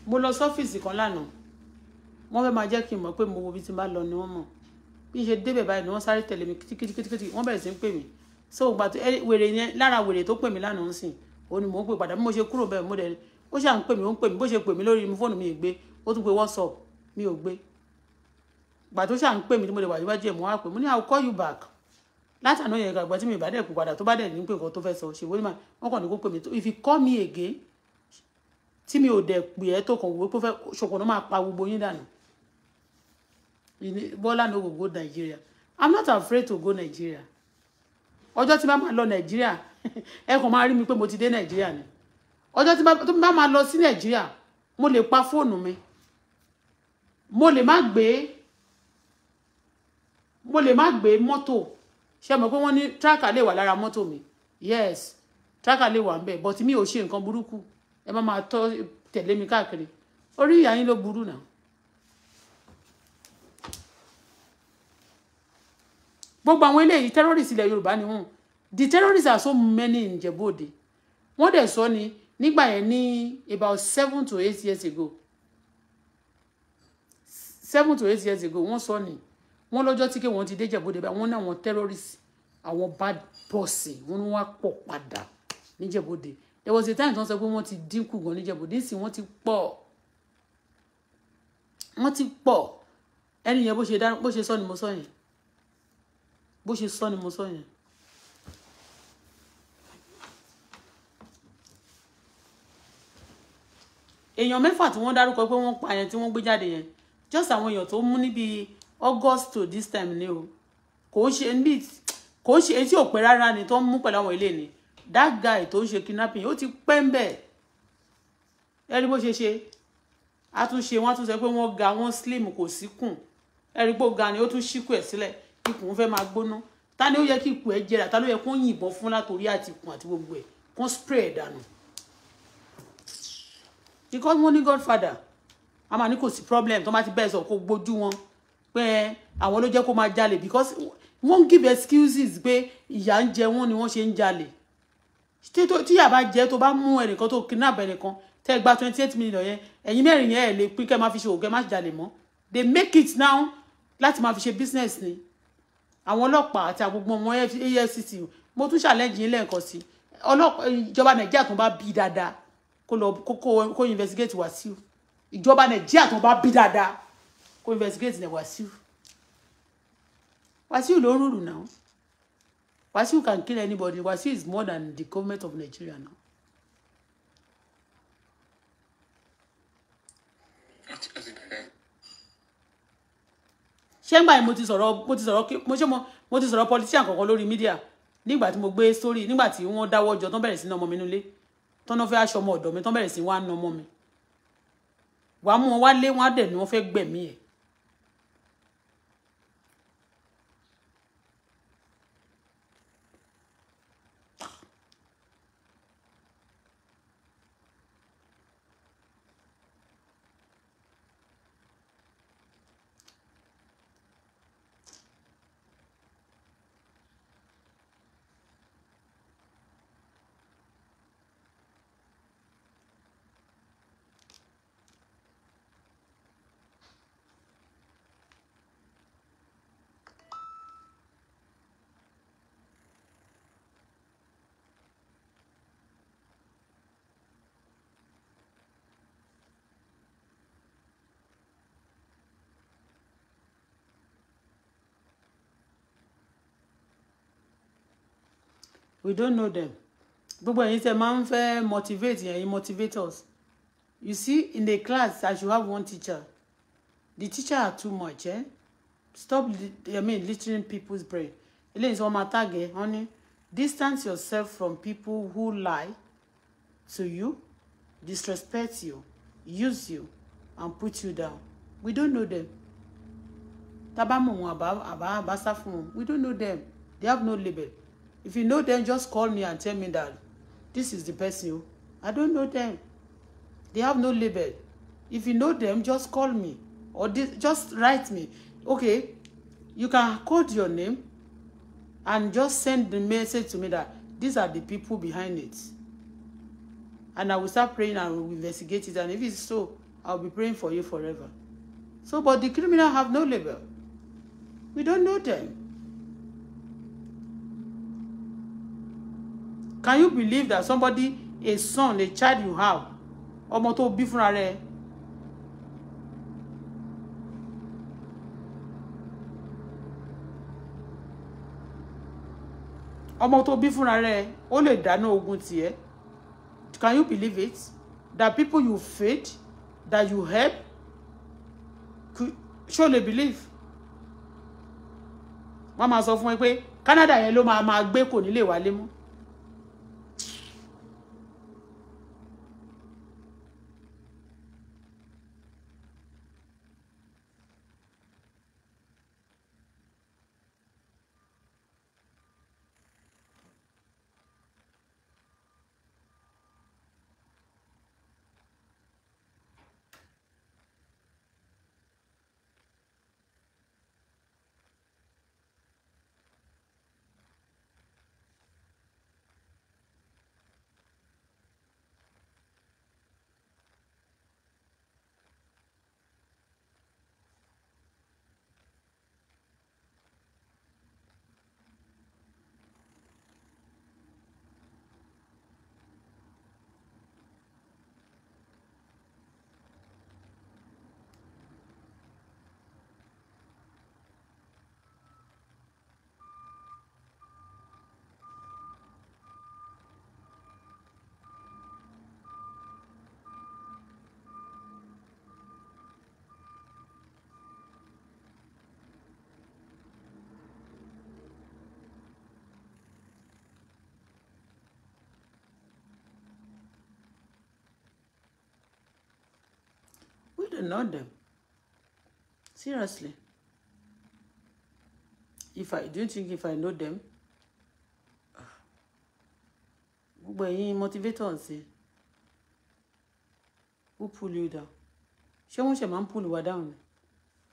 mo lọ sọ́fíìsì kan lánàá wọ́n fẹ́ máa jẹ́ kí n mọ̀ pé mo wo ibi tí n bá lọ ni wọ́n mọ̀ bí n ṣe débẹ̀ báyìí ni wọ́n sáré tẹ̀lé mi kítíkítíkítí wọ́n bẹ̀rẹ̀ sí ń pè mí so ìgbà tó wèrè yẹn lára wèrè tó pè mí lánàá ń sìn òun ni mò ń pè padà bí mo ṣe kúrò bẹ́ẹ̀ mo dẹ̀ ó ṣà ń pè mí ó ń pè mí bó ṣe pè mí lórí fóònù mi ìgbé ó tún pe WhatsApp mi ò gbé ìgbà tó ṣà ń pè mí tí mo lè wà níwájú ẹ̀ mo wá pè mo ní I will call you back látàná yẹn gbàgbọ́ tí mi ìbá dẹ̀ kú padà tó bá dẹ̀ ní pé nǹkan tó fẹ́ sọ ṣèwé ni mà wọ́n kàn ní kó pè mí if you call me again tí mi ò dẹ̀ pè ẹ́ tó kàn wò pé ṣòkòrò máa pa gbogbo yín dànù Bọ́lá no go go Nigeria I'm not afraid to go Nigeria ọjọ́ tí bá máa lọ Nigeria ẹ kàn máa rí mi pé mo ti dé Nigeria ni ọjọ́ tí bá máa lọ sí Nigeria mo lè pa fóònù mi mo lè má gbé mo lè má gbé mọ́tò ṣe mọ̀ pé wọ́n ní tíráàkà lè wà lára mọ́tò mi yes tíráàkà lè wà ń bẹ̀ but mi ò ṣe nǹkan burúkú ẹ má máa tọ́ tẹ̀lé mi káàkiri orí ìyá yín ló burú náà. gbogbo àwọn eléyìí terrorists ilẹ̀ yorùbá ni wọ́n the terrorists are so many in jebode wọ́n dẹ̀ sọ ni nígbà yẹn ní about seven to eight years ago seven to eight years ago wọ́n sọ ni wọ́n lọ́jọ́ tí kí wọ́n ti dé jebode báyìí wọ́n ní àwọn terrorists àwọn bad bọ́ọ̀sì wọ́n wá pọ̀ padà níjẹ̀bọ́dé there was a time tí wọ́n sọ pé wọ́n ti dínkù gan níjẹ̀bú nísìnyí wọ́n ti pọ̀ wọ́n ti pọ̀ ẹni yẹn bó ṣe dáná bó ṣe sọ ni mo sọ yẹn bó ṣe sọ ni mo sọ yẹn. èèyàn mẹ́fà tí wọ́n dárúkọ pé wọ́n pa yẹn tí wọ́n gbé jáde yẹn just àwọn èèyàn tó mú níbi August to this time ni o kò ń ṣe kò ń ṣe etí òpin rárá ni tó ń mú pẹ̀lú àwọn ilé ni that guy tó ń ṣe kidnapping ó ti pẹ́ ń bẹ̀ ẹni bó ṣe ṣe a tún ṣe wọ́n tún sọ pé wọ́n ga wọ́n slim kò sí kùn ẹni pé ó ga ni ó tún ṣíkù ẹ̀ sílẹ̀ ikùn fẹ́ máa gbóná ta ni ó yẹ kí ikùn ẹ̀ jẹrà ta ló yẹ kó yìnbọn fún látòrí àti ikùn àti gbogbo ẹ̀ kó spray ẹ̀ dànù because wọ́n ní godfather a máa ní kò sí problem tó máa ti bẹ́ẹ̀ sọ kó gbójú wọn pé àwọn ló jẹ́ kó máa jalè because wọ́n ń give excuses pé ìyà ń jẹ wọ́n ni wọ́n ṣe ń jalè tí yà bá jẹ́ tó bá mú ẹnìkan tó kidnap ẹnìkan tẹ́ gba twenty eight million yẹn ẹ̀yin mẹ́rin yẹn ẹ̀ lè pín kẹ́ máa fi ṣe òògùn ẹ̀ má jalè mọ́ they make it now láti máa fi ṣe business ni àwọn ọlọ́pàá àti àgbogbo ọmọ efcc mo tún challenge yín lẹ́ẹ̀kan sí ìjọba nàìjíríà tó bá bí dáadáa kó lọ kó investigate Wàsíù ìjọba nàìjíríà tó bá bí dáadáa kó investigate Wàsíù Wàsíù ló rúrù náà. Wasiu can kill anybody. Wasiu is more than the government of Nigeria now. ṣé ń gbà mo ti sọ̀rọ̀ mo ti sọ̀rọ̀ mo ṣe mo ti sọ̀rọ̀ politician kankan lórí mídíà nígbà tí mo gbé sórí nígbà tí wọ́n dáwọ́ jọ tán bẹ̀rẹ̀ sí ní ọmọ mi nulẹ̀ tán fẹ́ aṣọ ọmọ ọ̀dọ̀ mi tán bẹ̀rẹ̀ sí wá na mi wàá mú wọn wá lé wọn á dẹ̀ ni wọ́n fẹ́ gbẹ̀mí ẹ̀ we don't know them gbogbo ẹ̀yin tẹ́ máa ń fẹ́ motivate ẹ̀yin motivators you see in the class I should have one teacher the teacher are too much eh? stop I mean littering people's brain eléyìí sọ ọmọ àtàgẹ wọn ni distance yourself from people who lie to you disrespect you use you and put you down we don't know them tábàmù wọn àbá àbá àbá sá fún wọn we don't know them they have no label if you know them just call me and tell me that this is the person i don't know them they have no label if you know them just call me or this, just write me okay you can code your name and just send the message to me that these are the people behind it and i will start praying and will investigate it and if it's so i'll be praying for you forever so but the criminal have no label we don't know them can you believe that somebody a son a child you have ọmọ tó bí fúnra rẹ̀ ọmọ tó bí fúnra rẹ̀ ó lè dáná ogun tiẹ̀ can you believe it that people you feed that you help ṣó lè believe wọ́n máa sọ fún ẹ pé Canada yẹn ló máa máa gbé kò nílé wálé mọ́. and not them. Seriously. If I do you think if I know them? Gbogbo ẹ̀yin motivator ń ṣe. Who pull you down? Ṣé wọ́n ṣe máa ń pull you down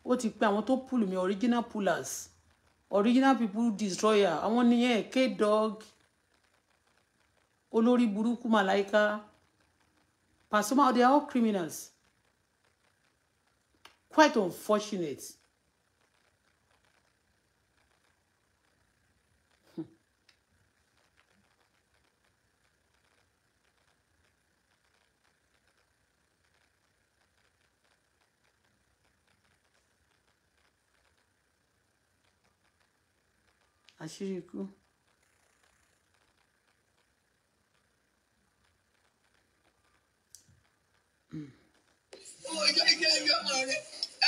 What if I want to pull mi original pullers original people destroyer I àwọn nìyẹn K-Dog Olori Buruku màláìka Pasuma they are all criminals quite unfortunate. I hmm. àṣírí ikú. Mm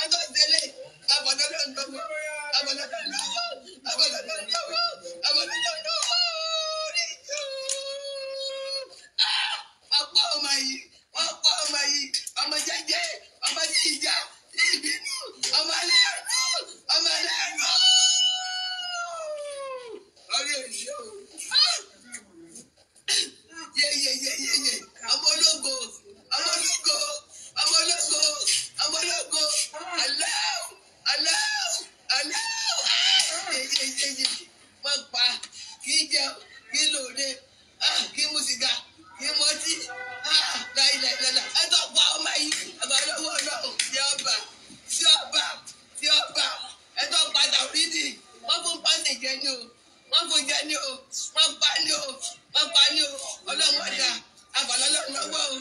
ẹgbẹ́ ìdílé àbọ̀dọ́dọ́ ìdógún àbọ̀dọ́dọ́ ìdógún àbọ̀dọ́dọ́ ìdógún àbọ̀dọ́dọ́ ìdógún ní a wọ́n pa ọmọ yìí wọ́n pa ọmọ yìí ọmọ jẹ́jẹ́ ọmọ tí ìjà ní ìbínú ọmọ aláàánú ọmọ aláàánú. lórí èyí o yeyeyeyeye ah! ọmọ ológo ọmọ ológo ọmọ ológo ọmọlọ́gọ aláwọ̀ aláwọ̀ aláwọ̀ ẹyẹ ẹyẹ wọ́n pa kí jẹun kí lòde ah, kí mu sìgá kí mọtí ah, láìláìláìlá ẹ tó pa ọmọ yìí ọmọlọ́wọ́ ọlọ́run tí ọba tí ọba tí ọba ẹ tó padà rídì wọ́n fún pàṣẹ jẹ ní o wọ́n fún jẹ ní o wọ́n pa ní o wọ́n pa ní o ọlọ́run ọ̀dà àbàlọ́lọ́run lọ́wọ́ o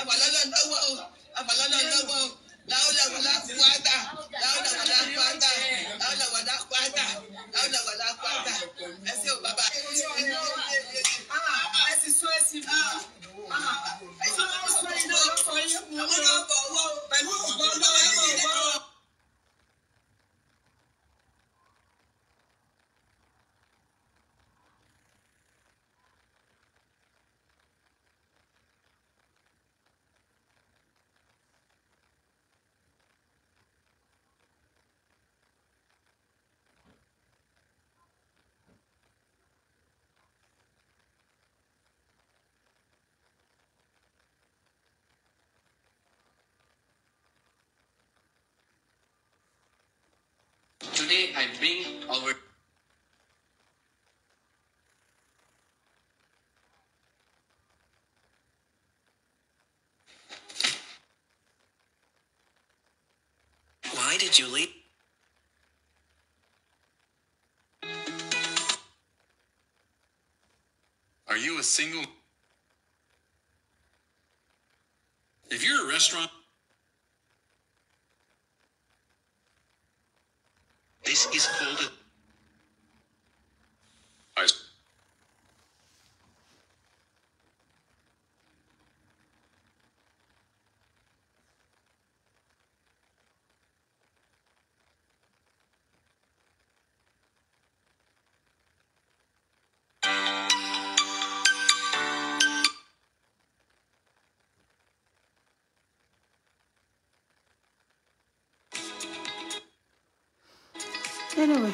àbàlọ́lọ́run lọ́wọ́ o àbàlọ́lọ́run lọ́wọ́ o. Dauda wala kwata. Dauda wala kwata. Dauda wala kwata. Dauda wala kwata. Ah, ṣé o bàbá. Ẹ sì Ah, ẹ sì bí. Ẹ sì sún ẹ sì bí. Àwọn ọkọ̀ owó pẹ̀lú ọgbọ́n lọ́wọ́ ọgbọ́n. today I bring our Why did you leave? Are you a single? If you're a restaurant Anyway.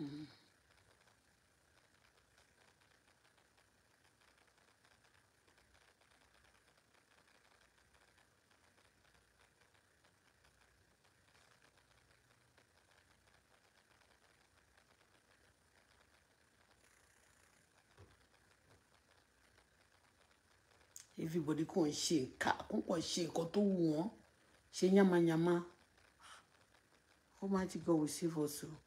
Mm-hmm. everybody kàn ṣe ìka kàn kàn ṣe nǹkan tó wù wọ́n ṣe yamayama Almighty God will save us o.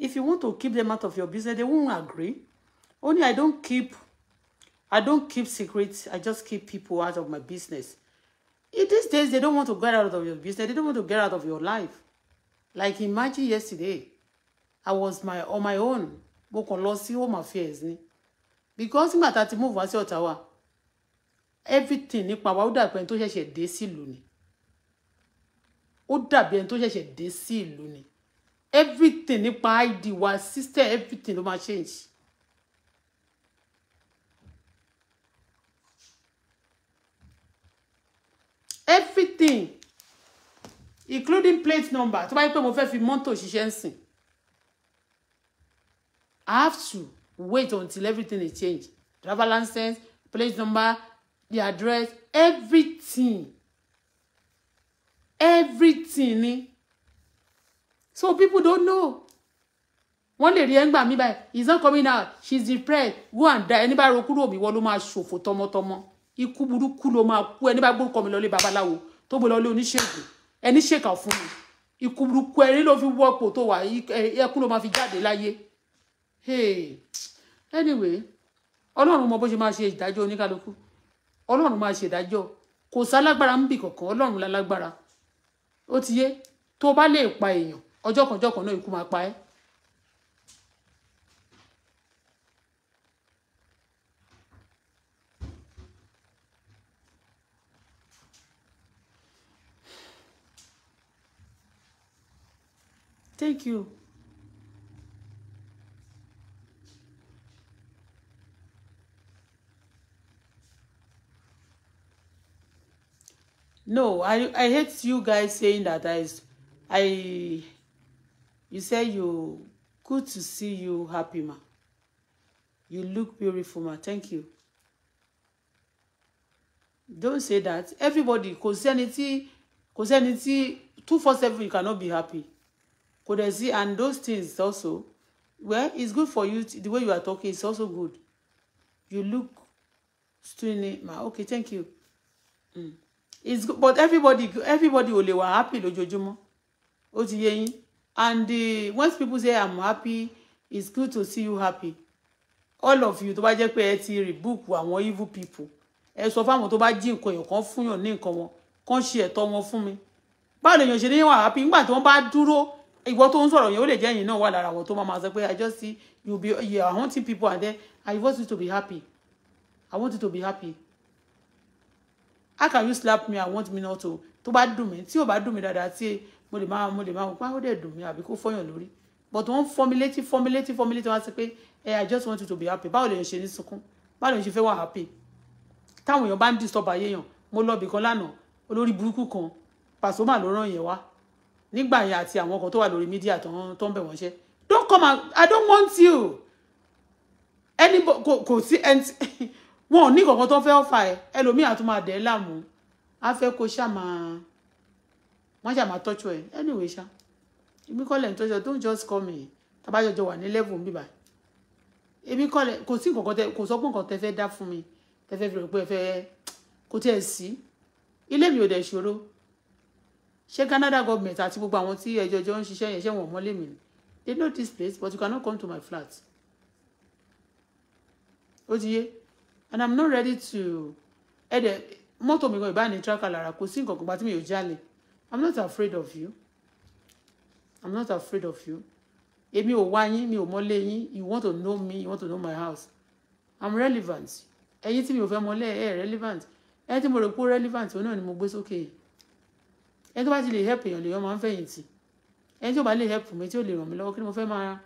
if you want to keep them out of your business they won't agree only i don't keep i don't keep secrets i just keep people out of my business in these days they don't want to get out of your business they don't want to get out of your life like imagine yesterday i was my on my own mo kàn lọ sí home affairs ni because nígbà tá a ti move wá sí wa everything nípa wa ó dàbí ẹni tó ṣẹ̀ṣẹ̀ dé sílùú ni ó dàbí ẹni tó everything nípa id wa system everything ló máa change. everything including plate number tó bá yẹ pé mo fẹ́ fi mọ́tò ṣiṣẹ́ ń sìn I have to wait until everything is changed driver license plate number the address everything everything ni. Eh? so people don't know One lè rí ẹ ń gbà mí he's not coming out she's depressed go and die ẹni bá ro kúrò mi wọ́n ló máa ṣòfò do ikú burúkú ló máa kú ẹni bá gbórúkọ mi lọlé babaláwo shake. Any shake oníṣègùn food. He could do ikú of you work fi wọ́pọ̀ He wà ẹkún ló máa fi jáde láyé anyway ọlọ́run mọ bó ṣe máa ṣe ìdájọ́ oníkálukú ọlọ́run máa ṣe ìdájọ́ kò sálágbára ń bì kọ̀ọ̀kan ọlọ́run lálágbára ó ti yé tó bá lè pa èèyàn ọjọ́ kan ọjọ́ kan náà ikú máa pa ẹ́. Thank you. No, I I hate you guys saying that I I You say you good to see you happy ma. You look beautiful ma. Thank you. Don't say that. Everybody kò sẹ́ni tí kò two four seven you cannot be happy. Kò dẹ̀ sí and those things also well it's good for you the way you are talking is also good. You look stunning ma. Okay thank you. Mm. It's good but everybody everybody will be happy lójoojúmọ́. Ó ti and the, once people say i'm happy it's good to see you happy all of you tó bá jẹ́ pé ẹ ti rebuke àwọn evil people ẹ sọ fáwọn tó bá jí nǹkan èèyàn kan fún yàn ní nǹkan wọn kàn ṣe ẹ̀tọ́ wọn fún mi báwo lèèyàn ṣe ní wà happy nígbà tí wọ́n bá dúró ìwọ to ń sọ̀rọ̀ yẹn ó lè jẹ́ ẹ̀yìn náà wà lára àwọn tó máa máa sọ i just see you be you are hunting people and then i want you to be happy i want you to be happy how can you slap me i want me not to tó bá dùn mí tí ò bá dùn mí dáadáa tí mo lè máa mo lè máa pa ó dẹ̀ dùn mí àbí kó fọyàn lórí but wọ́n fọmilétí fọmilétí fọmilétí wá sí pé ẹ eh, i just want you to be happy báwo lèyàn ṣe ní sunkún báwo lèyàn ṣe fẹ́ wà happy táwọn èèyàn bá ń disturb ayé yàn mo lọ bìkan lánàá olórí burúkú kan pàṣọmà ló ràn yẹn wá nígbà yẹn àti àwọn kan tó wà lórí mídíà tó ń bẹ̀ wọ́n ṣẹ́ don't come out i don't want you anybody kò kò sí ẹntì wọn ò ní kankan tó fẹ́ ọ̀fà ẹ ẹlòmíì àtúmọ̀ àdẹ́ láàmú á fẹ́ kó ṣàmà wọ́n ṣàmà tọ́jú ẹ̀ anyway ṣá èmi kọ́lẹ̀ ń tọ́jú ẹ don't just call me tabajọjọ wà ní level ń bíbà èmi kọ́lẹ̀ kò sí nǹkan tẹ kò sọ pé nǹkan tẹ fẹ́ dá fún mi tẹ fẹ́ fi rò pé ẹ fẹ́ kò tiẹ̀ sí ilé mi ò dẹ̀ ṣòro ṣé Canada government àti gbogbo àwọn tí ẹjọ́ jọ ń ṣiṣẹ́ yẹn ṣé wọ́n mọ́lé mi they know this place but you cannot come to my flat ó ti yé and i'm not ready to ẹ̀dẹ̀ mọ́tò mi gan ìbáni tracker lára kò sí nǹkan kan gbà tí mi ò jálè i'm not afraid of you i'm not afraid of you èmi ò wá yín mi ò mọ́lé yín you want to know me you want to know my house i'm relevant ẹ̀yin tí mi ò fẹ́ mọ́lẹ̀ ẹ̀ relevant ẹni tí mo rò pé relevant òun náà ni mo gbé sókè yìí ẹni tó bá ti lè help èèyàn lèèyàn máa ń fẹ̀yìntì ẹni tí ò bá lè help mi tí ò lè ràn mí lọ́wọ́ kí mo fẹ́ máa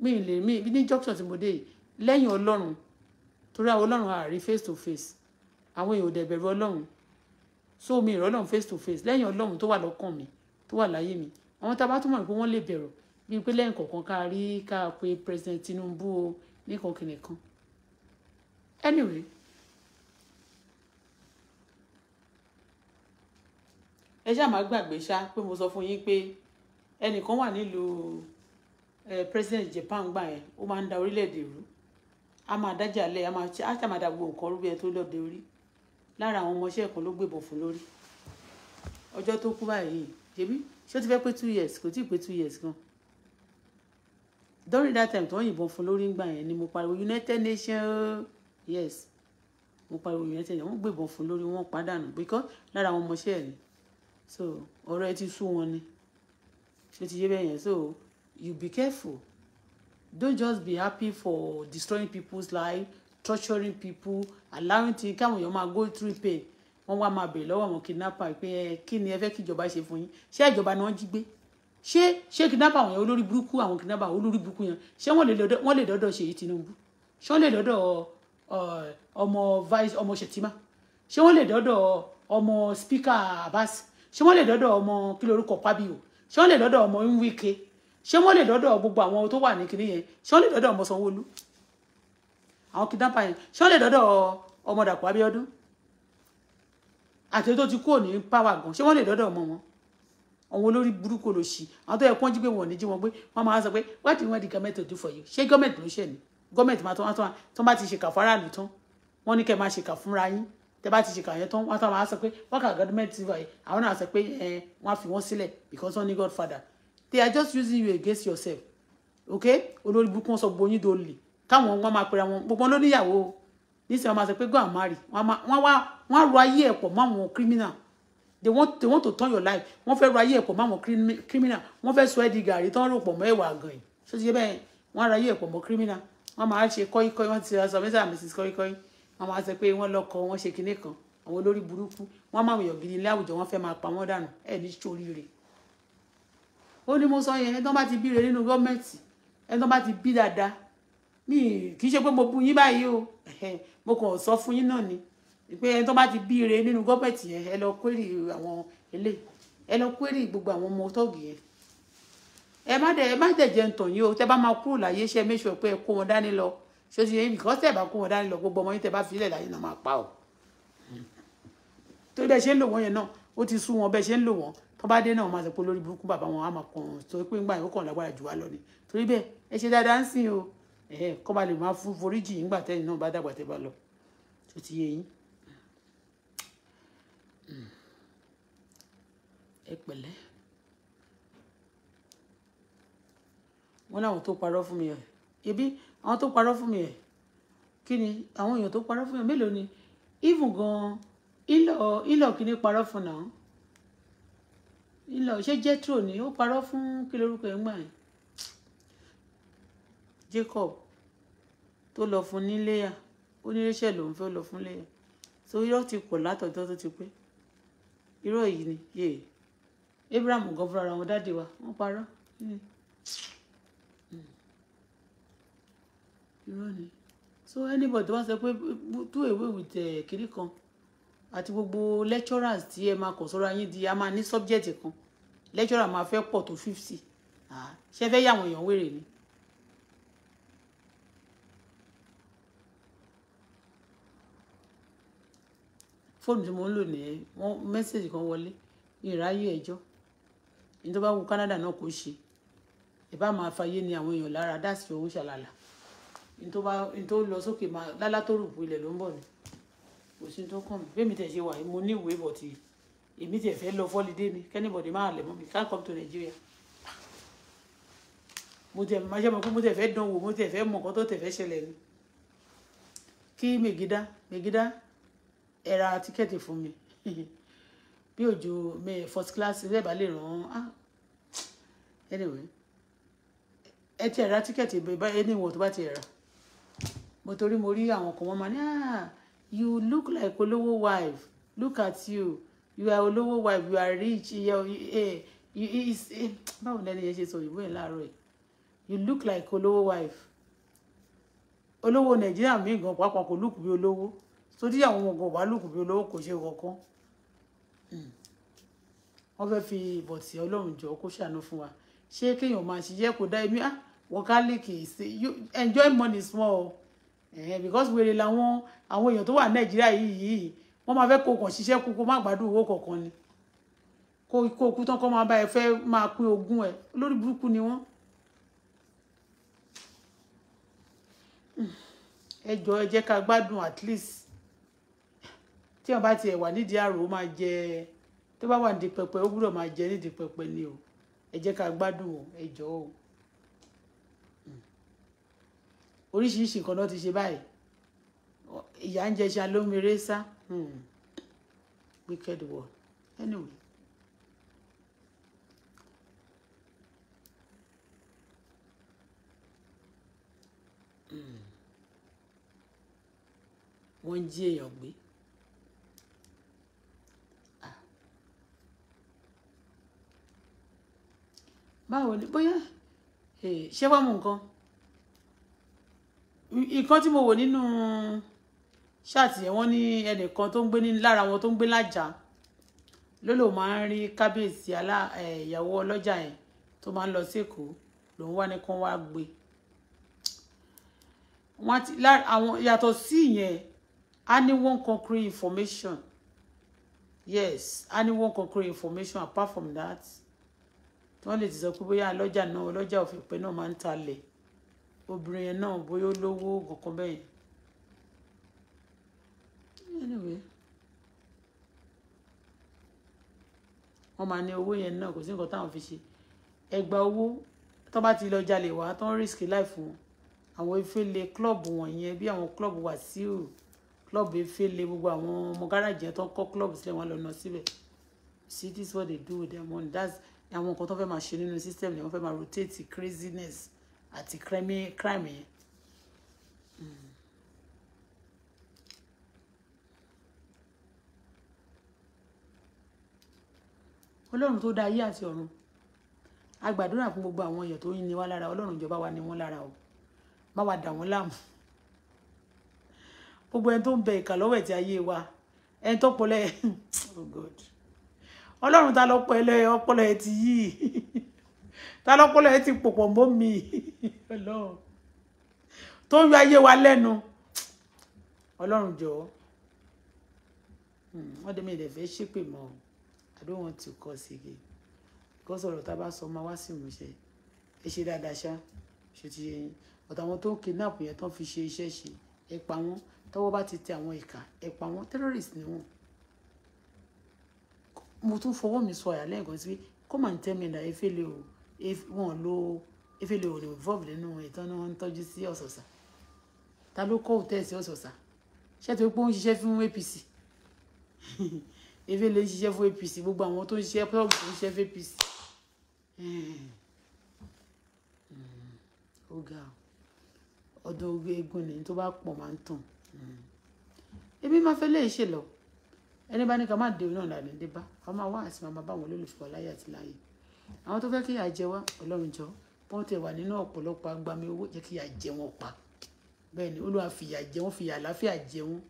mi lè mi ní junction tí mo dé yìí lẹ́yìn ọlọ́run torí àwọn ọlọ́run àárí face to face àwọn èèyàn ò dẹ̀ bẹ̀rù ọlọ́run so mi ìrọ́lọ́run face to face lẹ́yìn ọlọ́run tó wà lọ́kàn mi tó wà láyé mi àwọn tá a bá tún mọ̀ pé wọ́n lè bẹ̀rọ̀ bíi pé lẹ́yìn kọ̀ọ̀kan ká rí ká pe president Tinubu o nìkan kìnìkan anyway ẹ ṣáà má gbàgbé ṣá pé mo sọ fún yín pé ẹnìkan wà nílùú president Japan gbà yẹn ó máa ń da orílẹ̀-èdè rú a máa dájà lẹ̀ a máa ṣe àṣà máa nǹkan rú ẹ tó lọ́ọ́ de orí lára àwọn ọmọọṣẹ́ kan ló gbébọn fún lórí ọjọ́ tó kú báyìí ṣebí ṣé ó ti fẹ́ pé two years kò tí ì pé two years gan during that time tí wọ́n yìnbọn fún lórí ńgbà yẹn ni mo pariwo United Nations yes mo pariwo United Nations wọ́n gbébọn fún lórí wọ́n pàdánù because lára àwọn ọmọọṣẹ́ ẹ̀ ni so ọ̀rọ̀ ẹ ti sú wọn ni ṣé ti yé bẹ́ẹ̀ yẹn so you be careful don't just be happy for destroying people's life torturing people allowing ti káwọn èèyàn máa go through pay wọ́n wá máa bèrè lọ́wọ́ àwọn kidnapper pé ẹ kí ni ẹ fẹ́ kí ìjọba ṣe fún yín ṣé ìjọba ni wọ́n jí gbé ṣé ṣé kidnapper àwọn yẹn olórí burúkú àwọn kidnapper olórí burúkú yẹn ṣé wọ́n lè dọ́dọ̀ ṣèyí Tinubu ṣé wọ́n lè dọ́dọ̀ ọmọ vice ọmọ Shettima ṣé wọ́n lè dọ́dọ̀ ọmọ speaker Abbas ṣé wọ́n lè dọ́dọ̀ ọmọ kí lorúkọ Pabio ṣé wọ́n lè dọ́dọ̀ ọmọ Nwike ṣé wọ́n lè dọ́dọ̀ gbogbo àwọn tó wà ní kinní yẹn ṣé wọ́n lè dọ́dọ̀ ọmọ Sanwó-Olú àwọn kidnapper yẹn ṣé ó lè dọ́dọ̀ ọmọ Dàpọ̀ Abíọ́dún àti tó ti kúrò ní power gan ṣé wọ́n lè dọ́dọ̀ ọmọ wọn àwọn olórí burúkú ló ṣì àwọn tó yẹ kó ń jí pé wọn ò ní jí wọn pé wọn máa sọ pé what do you want the government to do for you ṣé gọ́ọ̀mẹ̀ntì ló ṣẹ̀ ní gọ́ọ̀mẹ̀ntì máa tán wá tán wá tán bá ti ṣèkà fáráàlú tán wọ́n ní kẹ́ máa ṣèkà fúnra yín tẹ́ bá ti ṣèkà yẹn tán wá tán máa sọ pé wọ́n kà gọ́ọ̀mẹ̀ntì ti wà yìí àwọn náà sọ pé ẹ wọ́n á fi wọ́n sílẹ̀ because wọ́n ní godfather they are just using you against yourself okay olórí burúkú wọn sọ gbogbo yín dolè káwọn wọn máa pera wọn gbogbo wọn ló níyàwó o nísìnyí wọn máa sọ pé go and marry wọn wá wọn á ro ayé ẹ̀ pọ̀ mọ́ àwọn criminal they want they want to turn your life wọ́n fẹ́ ro ayé ẹ̀ pọ̀ mọ́ àwọn criminal wọ́n fẹ́ sọ ẹ́ di gàrí tán rò pọ̀ mọ́ ẹ̀wà gan yìí ṣé ti yẹ bẹ́ẹ̀ wọ́n á ro ayé ẹ̀ pọ̀ mọ́ criminal wọ́n máa ṣe kọ́íkọ́í wọ́n ti sọ mr and mrs kọ́íkọ́í wọ́n máa sọ pé wọ́n lọ́kọ wọ́n ṣe kinní kan àwọn olórí burúkú wọ́n máa wọ̀yọ̀ gidi ilé àwùjọ wọ́n fẹ́ máa pa wọ́n dànù ẹ̀ ní sóríire ó ní mo sọ yẹn ẹni tó bá ti bí rere nínú gọ́ọ̀mẹ̀ntì ẹni tó bá ti bí dáadáa mi kì í ṣe pé mo bú yín báyìí o mo kàn sọ fún yín náà ni pé ẹni tó bá ti bí ire nínú gọ́ọ̀mẹ̀ntì yẹn ẹ lọ query àwọn ilé ẹ lọ query gbogbo àwọn ọmọ tọ́ọ̀gì yẹn ẹ má dẹ ẹ má dẹ jẹun tàn yín o tẹ bá máa kúrò láyé ṣe make sure pé ẹ kó wọn dání lọ ṣé ti yẹn nìkan tẹ bá kó wọn dání lọ gbogbo ọmọ yín tẹ bá fi ilẹ̀ láyé náà máa pa o torí bẹ́ẹ̀ ṣe ń lò wọ́n yẹn náà ó ti sú wọn bẹ́ẹ̀ ṣe ń lò wọ́n tó bá dé náà máa sọ pé olórí burúkú bàbá wọn á máa kàn án tó pé ńgbà yẹn ó kàn lágbára jù wá lọ ni torí bẹ́ẹ̀ ẹ ṣe dáadáa ń sìn o kọ́ ba lè máa fún foríjì nígbà tẹ́yìn náà bá dàgbà tẹ́ bá lọ tó ti yé yín. ẹ pẹ̀lẹ́ wọ́n láwọn tó parọ́ fún mi ẹ̀ ebi àwọn tó parọ́ fún mi ẹ̀ kí ni àwọn èèyàn tó parọ́ fún mi mélòó ni even gan ilọ̀ ilọ̀ kí ni parọ́ fún náà ilọ̀ ṣé jẹ́trò ni ó parọ́ fún kí lorúkọ ẹ̀ ń gbà yẹn Jacob tó lọ fún ní Léyà ó ní Rachel lòun fẹ́ lọ fún Léyà so irọ́ ti pọ̀ látọjọ́ tó ti pé irọ́ yìí ni yéè Abraham gan fúnra ara wọn dáde wa wọ́n parọ́ hmm. irọ́ ni so anybody tó bá sọ pé do away with eh, kiri kan àti gbogbo lecturers tí ẹ máa kọ̀ sọ́ra yín di a máa ní subject kan lecturer máa fẹ́ pọ̀ tó fifty ah, ṣe fẹ́ yà àwọn èèyàn wèrè ni fóònù tí mo ń lò nìyẹn wọ́n mẹ́sẹ̀jì kan wọlé ìráyè ẹjọ́ ní tó bá wù Canada náà kò ṣe ìbá máa fayé ni àwọn èèyàn lára dáàsì owó ṣàlàlà ní tó lọ sókè máa lálá tó rùpù ilẹ̀ ló ń bọ̀ ni kò sí tó kàn mí bẹ́ẹ̀mi tẹ̀ ṣe wà mo ní ìwé bọ̀ tí èmi tẹ̀ fẹ́ lọ fọ́lidé mi kẹ́nìbọ̀dì máa lẹ̀ mọ́ mi can't come to Nigeria mo tẹ̀ máa ṣe mọ̀ pé mo tẹ̀ fẹ́ dánwò mo tẹ̀ fẹ́ mọ̀ nǹkan tó tẹ̀ fẹ́ ṣẹlẹ̀ ni kí megida megida ẹ ra tíkẹ́ẹ̀tì fún mi bí òjò mi first class lẹ́ẹ̀bà lè ràn án ah. anyway ẹ ti ra tíkẹ́ẹ̀tì anyone tó bá ti ra mo torí mo rí àwọn kan wọ́n máa ní ah you look like olówó wife look at you you are olówó wife you are rich iye eh, eh, iye eh. báwo lẹ́nu yẹn ṣe sọ òyìnbó yẹn láàárọ̀ yìí you look like olówó wife olówó nàìjíríà mi gan pàápàá kò lùkù bí olówó tó tí àwọn ọmọ ọgbọ̀n wà lùkùn bí olówó kò ṣe kankan hmm. wọ́n fẹ́ fi ìbọ̀tì ọlọ́run jọ kó ṣàánú fún wa ṣé kéèyàn máa ṣiṣẹ́ kó dá èmi ah wọ́kálíkì ṣe enjoy money small o eh, because wèrè làwọn àwọn èèyàn tó wà nàìjíríà yìí yìí wọ́n máa fẹ́ kó kàn ṣiṣẹ́ kú kó má gbádùn owó kọ̀ọ̀kan ni kó kó kú tán kó máa bá ẹ fẹ́ máa pín ogún ẹ lórí burúkú ni wọ́n. Hmm. ẹ jọ ẹ jẹ́ ká gbádùn at least tí wọn bá tiẹ̀ wà nídìí àrò ó máa jẹ tó bá wà nídìí pẹpẹ ó gbúdọ̀ máa jẹ nídìí pẹpẹ ni o ẹ jẹ́ ká gbádùn o o hmm. oríṣiríṣi nǹkan náà ti ṣe báyìí ìyá ń jẹṣà lómire sá hmm. wicked world anyway. Hmm. wọ́n ń jí èèyàn gbé báwo ni bóyá eh, ṣé wàá mú nǹkan nǹkan tí mo wò nínú ṣáàtì yẹn wọ́n ní ẹnìkan tó ń gbé ní lára wọn tó ń gbé lájà ló lò máa ń rí kábíyèsí eh, ìyàwó ọlọ́jà yẹn tó máa ń lọ sí èkó lòun wá ní kán wá gbé wọn ti àwọn yàtọ̀ sí ìyẹn a ní one concrete information yes a ní one concrete information apart from that tí wọ́n lè ti sọ pé bóyá ọlọ́jà náà ọlọ́jà òfìpẹ́ náà máa ń talẹ̀ obìnrin yẹn náà bóyá ó lówó kankan bẹ́ẹ̀ yẹn anyway wọ́n máa ní owó yẹn náà kò sí nǹkan táwọn fi ṣe ẹgbà owó tó bá ti lọ jalè wá tó ń risk life wọn àwọn efele club wọ̀nyẹn bí àwọn club Wàsíù club efele gbogbo àwọn ọmọ gáràjì yẹn tó ń kọ́ club sílẹ̀ wọn lọ nà síbẹ̀ see this is what they do with their money that's àwọn nǹkan tó fẹ́ máa ṣe nínú system yẹn wọ́n fẹ́ máa rotate craziness àti crime yẹn. Hmm. ọlọ́run tó dá ayé àti ọ̀run a gbàdúrà fún gbogbo àwọn èèyàn tó ń ni wá lára ọlọ́run ìjọba wa ni wọ́n lára o má wa dà wọ́n láàmú gbogbo ẹni tó ń bẹ ìkà lọ́wọ́ ẹ̀ tí ayé wa ẹni tó pọ̀ oh God ọlọ́run ta lọ́pọ̀lọ́ ẹ ọpọlọ ẹ ti yí ta lọ́pọlọ ẹ ti pòpọ̀ mọ́ mi ọlọ́run tó ń yọ ayé wa lẹ́nu ọlọ́run jọ hmm, wọ́n dé mi ìdẹ̀ fẹ́ ṣépè mọ́ I don't want to cause again because ọ̀rọ̀ tá a bá sọ ọmọ wá sí ìmúṣẹ ẹ ṣe dáadáa ṣá ṣe ti ṣe yín ọ̀tọ̀ àwọn tó ń kidnap yẹn tán fi ṣe iṣẹ́ ṣe ẹ pa wọ́n tọ́wọ́ bá ti tẹ àwọn ìkà ẹ pa wọ́n terrorist ni wọ́n mo tún fọwọ́ mi sọ àyà lẹ́ẹ̀kan sí come and tell me that efele o wọn lo efele o revolve nínú ìtọ́nú wọn ń tọ́jú sí ọ̀sọ̀ọ̀sà ta ló kọ́ òtẹ́ sí ọ̀sọ̀ọ̀sà ṣé tó pé ó ń ṣiṣẹ́ fún APC efele ń ṣiṣẹ́ fún APC gbogbo àwọn tó ń ṣiṣẹ́ plọ́ọ̀gù tó ń ṣiṣẹ́ fún APC ó ga ọdún ogún eégún ni tó bá pọ̀ máa ń tàn ebi máa fẹ́ lè ṣe lọ ẹni bá ní ká má dé náà lànà dé bá a máa wá àti máa bá àwọn olólùfẹ́ wa láyé àti láyé àwọn tó fẹ́ kí ìyà jẹ wá ọlọ́run jọ wọ́n ti wà nínú ọ̀pọ̀lọpọ̀ agbami owó jẹ́ kí ìyà jẹ wọn pa bẹ́ẹ̀ ni olúwa fìyà jẹ wọn fìyà àláfíà jẹ wọn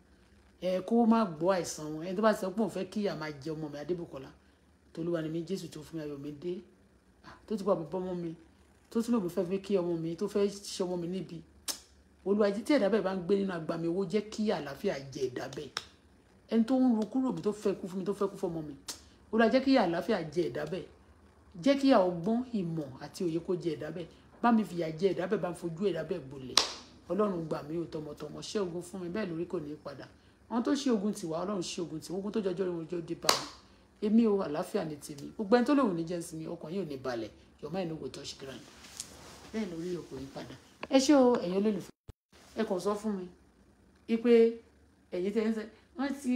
ẹ kó má gbọ́ àìsàn wọn ẹni tó bá sọ pé òun fẹ́ kí ìyà máa jẹ ọmọ mi adébùkọ́lá tolúwa ni mi jésù tó fún mi ayọ̀ mi dé tó ti pa bàbá ọmọ mi tó tún lòun ẹni tó ń ru kúrò mi tó fẹ́ kú fún mi tó fẹ́ kú fọmọ mi olúwa jẹ́ kí àlàáfíà jẹ ẹ̀dá bẹ́ẹ̀ jẹ́ kí ọgbọ́n ìmọ̀ àti òye kó jẹ ẹ̀dá bẹ́ẹ̀ bá mi fìyà jẹ ẹ̀dá bẹ́ẹ̀ bá mi fojú ẹ̀dá bẹ́ẹ̀ gbolẹ̀ ọlọ́run gbà mí ò tọmọtọmọ ṣé ogun fún mi bẹ́ẹ̀ lórí kò ní padà àwọn tó ṣe ogun tiwa ọlọ́run ṣe ogun tiwa ogun tó jọjọ́ rí wọn jọ dé bá mi èmi o àlàáfíà ní tèmi gbogbo ẹni tó lòun ní jẹ́sìn mi ọkàn yóò ní balẹ̀ your mind no go touch ground bẹ́ẹ̀ lórí òkò yìí padà ẹ ṣé o ẹ̀yin olólùfẹ́ ẹ kàn sọ fún mi ipe ẹ̀yin tẹ́ ń sẹ́ wọ́n ti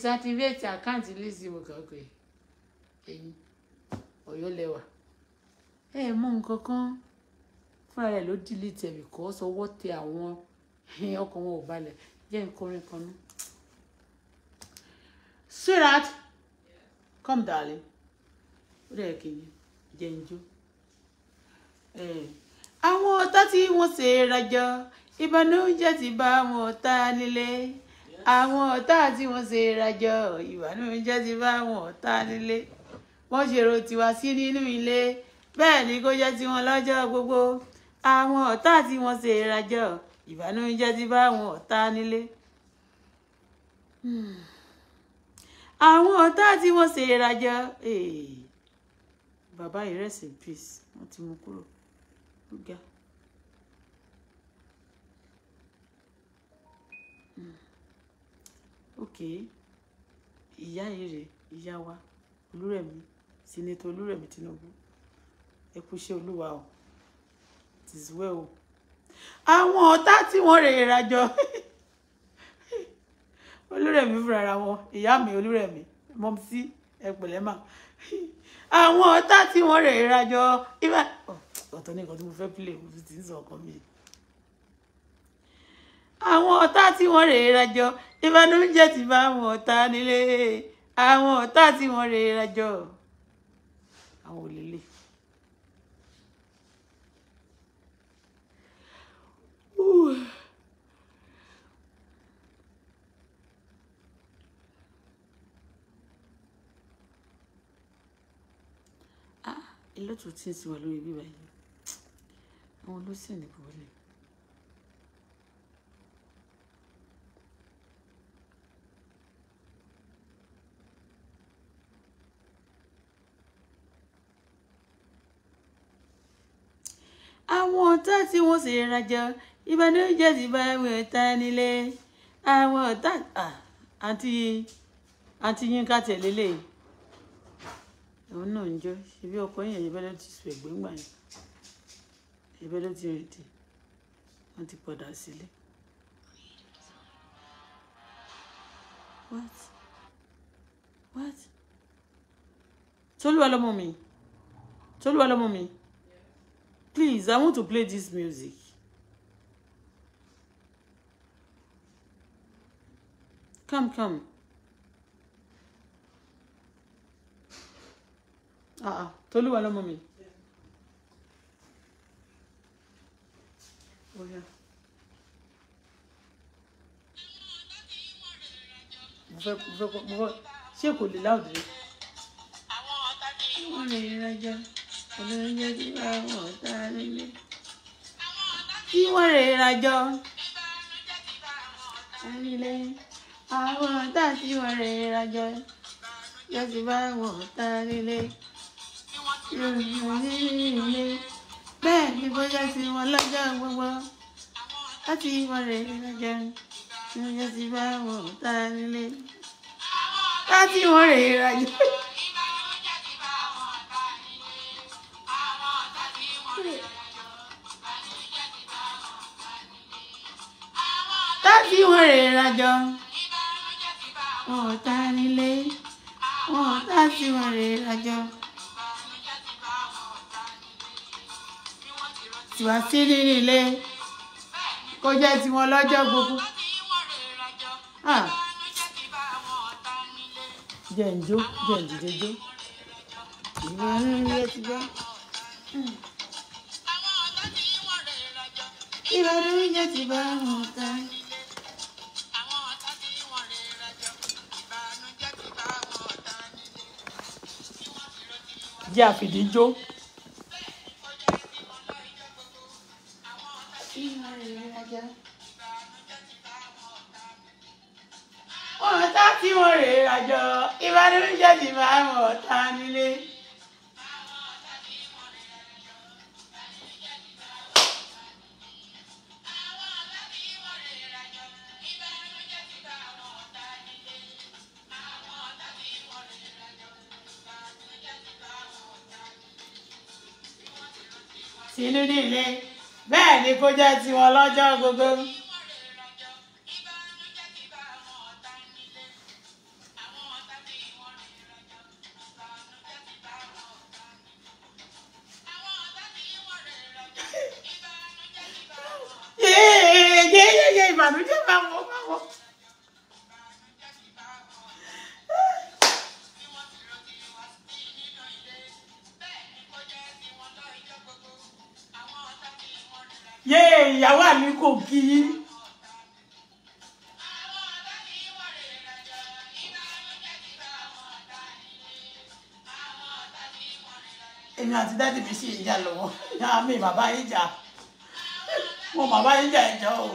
deactivate àkáǹtì Lizzy mo kàn pé ẹ̀yin ọ̀yọ́ lẹ́wà ẹ mú nǹkan kan fúnra rẹ̀ ló delete ẹ̀ because ọwọ́ tẹ àwọn ọkàn wọn ò balẹ̀ jẹ́ nkọrin kan náà. sweetheart come darling ó dẹ̀ kí n jẹ́ njó àwọn ọ̀tá tí wọ́n ṣe rajọ ìbànújẹ́ ti bá wọn ta nílé àwọn ọ̀tá tí wọ́n ṣe rajọ ìbànújẹ́ ti bá àwọn ọ̀tá nílé wọ́n ṣe ro tiwa sí nínú ilé bẹ́ẹ̀ ni kó jẹ́ tiwọn lọ́jọ́ gbogbo àwọn ọ̀tá tí wọ́n ṣe rajọ ìbànújẹ́ ti bá àwọn ọ̀tá nílé. Hmm. àwọn ọ̀tá tí wọ́n ṣe rajọ eh, bàbá ìrẹsì peace wọ́n ti mú kúrò ó ga. Mm ok ìyá ire ìyá wa olúrẹ̀mí sinetọ olúrẹ̀mí tinubu ẹ kú iṣẹ́ olúwa o it is well o àwọn ọ̀tá tí wọ́n rèrè rajọ olúrẹ̀mí fúnra wọn ìyá mi olúrẹ̀mí mọ́mísí ẹ pẹ̀lẹ́ mà àwọn ọ̀tá tí wọ́n rèrè rajọ ìbá ọ̀tọ̀ ní nǹkan tí mo fẹ́ pílẹ̀ mo ti ń sọ ọkàn mi yìí àwọn ọ̀tá tí wọ́n rèé rajọ ìbànújẹ́ ti bá àwọn ọ̀tá nílé àwọn ọ̀tá tí wọ́n rèé rajọ àwọn òlélẹ̀. Ooh. ah elétò tí ń sìn wà lórí bíbá yìí àwọn olóṣèlú kò wọlé. àwọn ọ̀tá tí wọ́n sì rẹra jọ ìbànújẹ́ ti bá àwọn ọ̀tá nílé àwọn ọ̀tá àti àti Yínká tẹ̀lé lè òun náà ń jọ ṣebí ọkọ yẹn ìbẹ́ ló ti sùn ẹ̀gbẹ́ ńgbà yẹn ìbẹ́ ló ti rètí wọ́n ti padà sílé. What? What? Tolúwa lọmọ mi Tolúwa lọmọ mi. Please, I want to play this music. Come, come. Ah, ah. Tolúwa lọ́mọ mi. Oh, yeah. Mo fẹ́ mo fẹ́ mo fẹ́ ṣé kò lè láwùjọ? Àwọn ọ̀tá ni wọ́n lè rájà olóyè kí wọ́n rè rajọ nílé àwọn ọ̀tá tí wọ́n rè rajọ yóò ti bá wọ̀ tá nílé yorùbá nílé bẹ́ẹ̀ ni bóyá ti wọn lọ́jọ́ gbogbo láti wọ́n rè rajọ yóò ti bá wọ̀ tá nílé láti wọ́n rè rajọ. rè rajọ wọn ò ta nílé wọn ò ta sí wọn rè rajọ. tiwa sí nínú ilé kó jẹ́ tiwọn lọ́jọ́ gbogbo. jẹ́ ǹjó jẹ́ ǹdíje jó ti gbọ́. ìbàdàn oúnjẹ ti bá wọn ta. jẹ́ àfìdíjó. ọ̀tá tí mo rè é àjọ ìbánújẹ́ ti máa ń mọ̀ ọ́ta nílé. tìlú nílé bẹ́ẹ̀ ni kó jẹ́ tiwọn lọ́jọ́ gbogbo. dádì mi sì ń lọ́wọ́ yàrá mi bàbá yín mo bàbá yín jà o.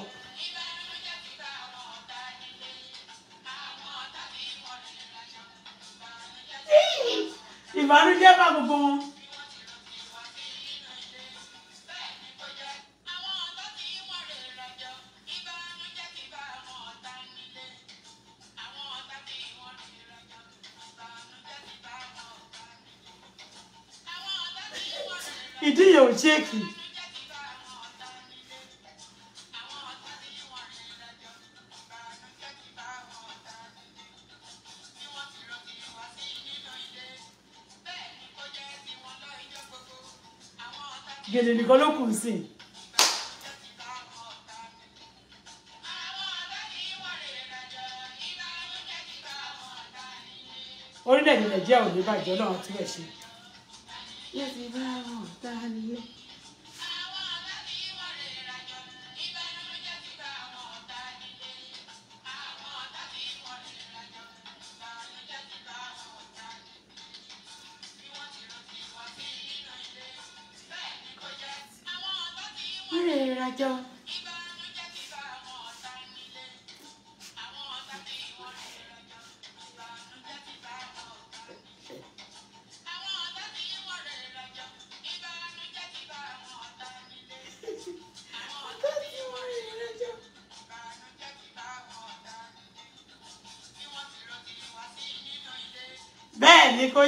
ìbànújẹ́ bá gbogbo wọn. gèdè nìkan ló kù sí i. orílẹ̀-èdè nàìjíríà ò ní bàjẹ́ ọlọ́run tí wẹ̀ ṣe. yẹ́sì bá wọn ta nílé.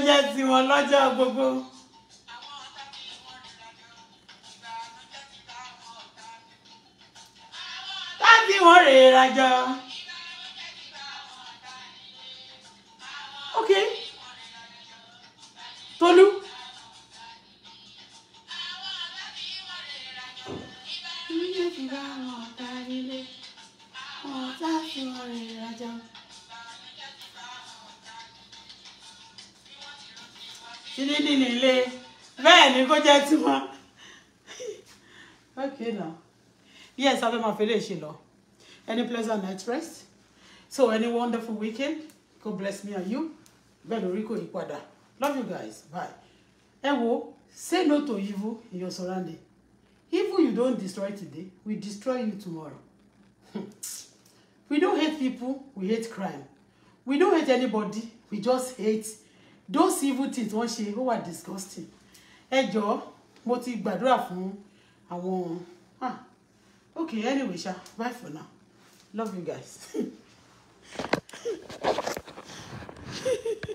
jẹ́ tiwọn lọ́jọ́ gbogbo. tábí wọn rèé rajọ. yes abẹ́ máa fẹ́lẹ́ ṣe lọ any pleasant night rest so any wonderful weekend God bless me and you bẹ́ẹ̀ lórí love you guys bye ẹ wo say no to evil in your surrounding evil you don't destroy today we destroy you tomorrow we don't hate people we hate crime we don't hate anybody we just hate those evil things wọ́n ṣe ó wà disgusting ẹ jọ̀ọ́ mo ti gbàdúrà fún àwọn ah okay anyway sha bye for now love you guys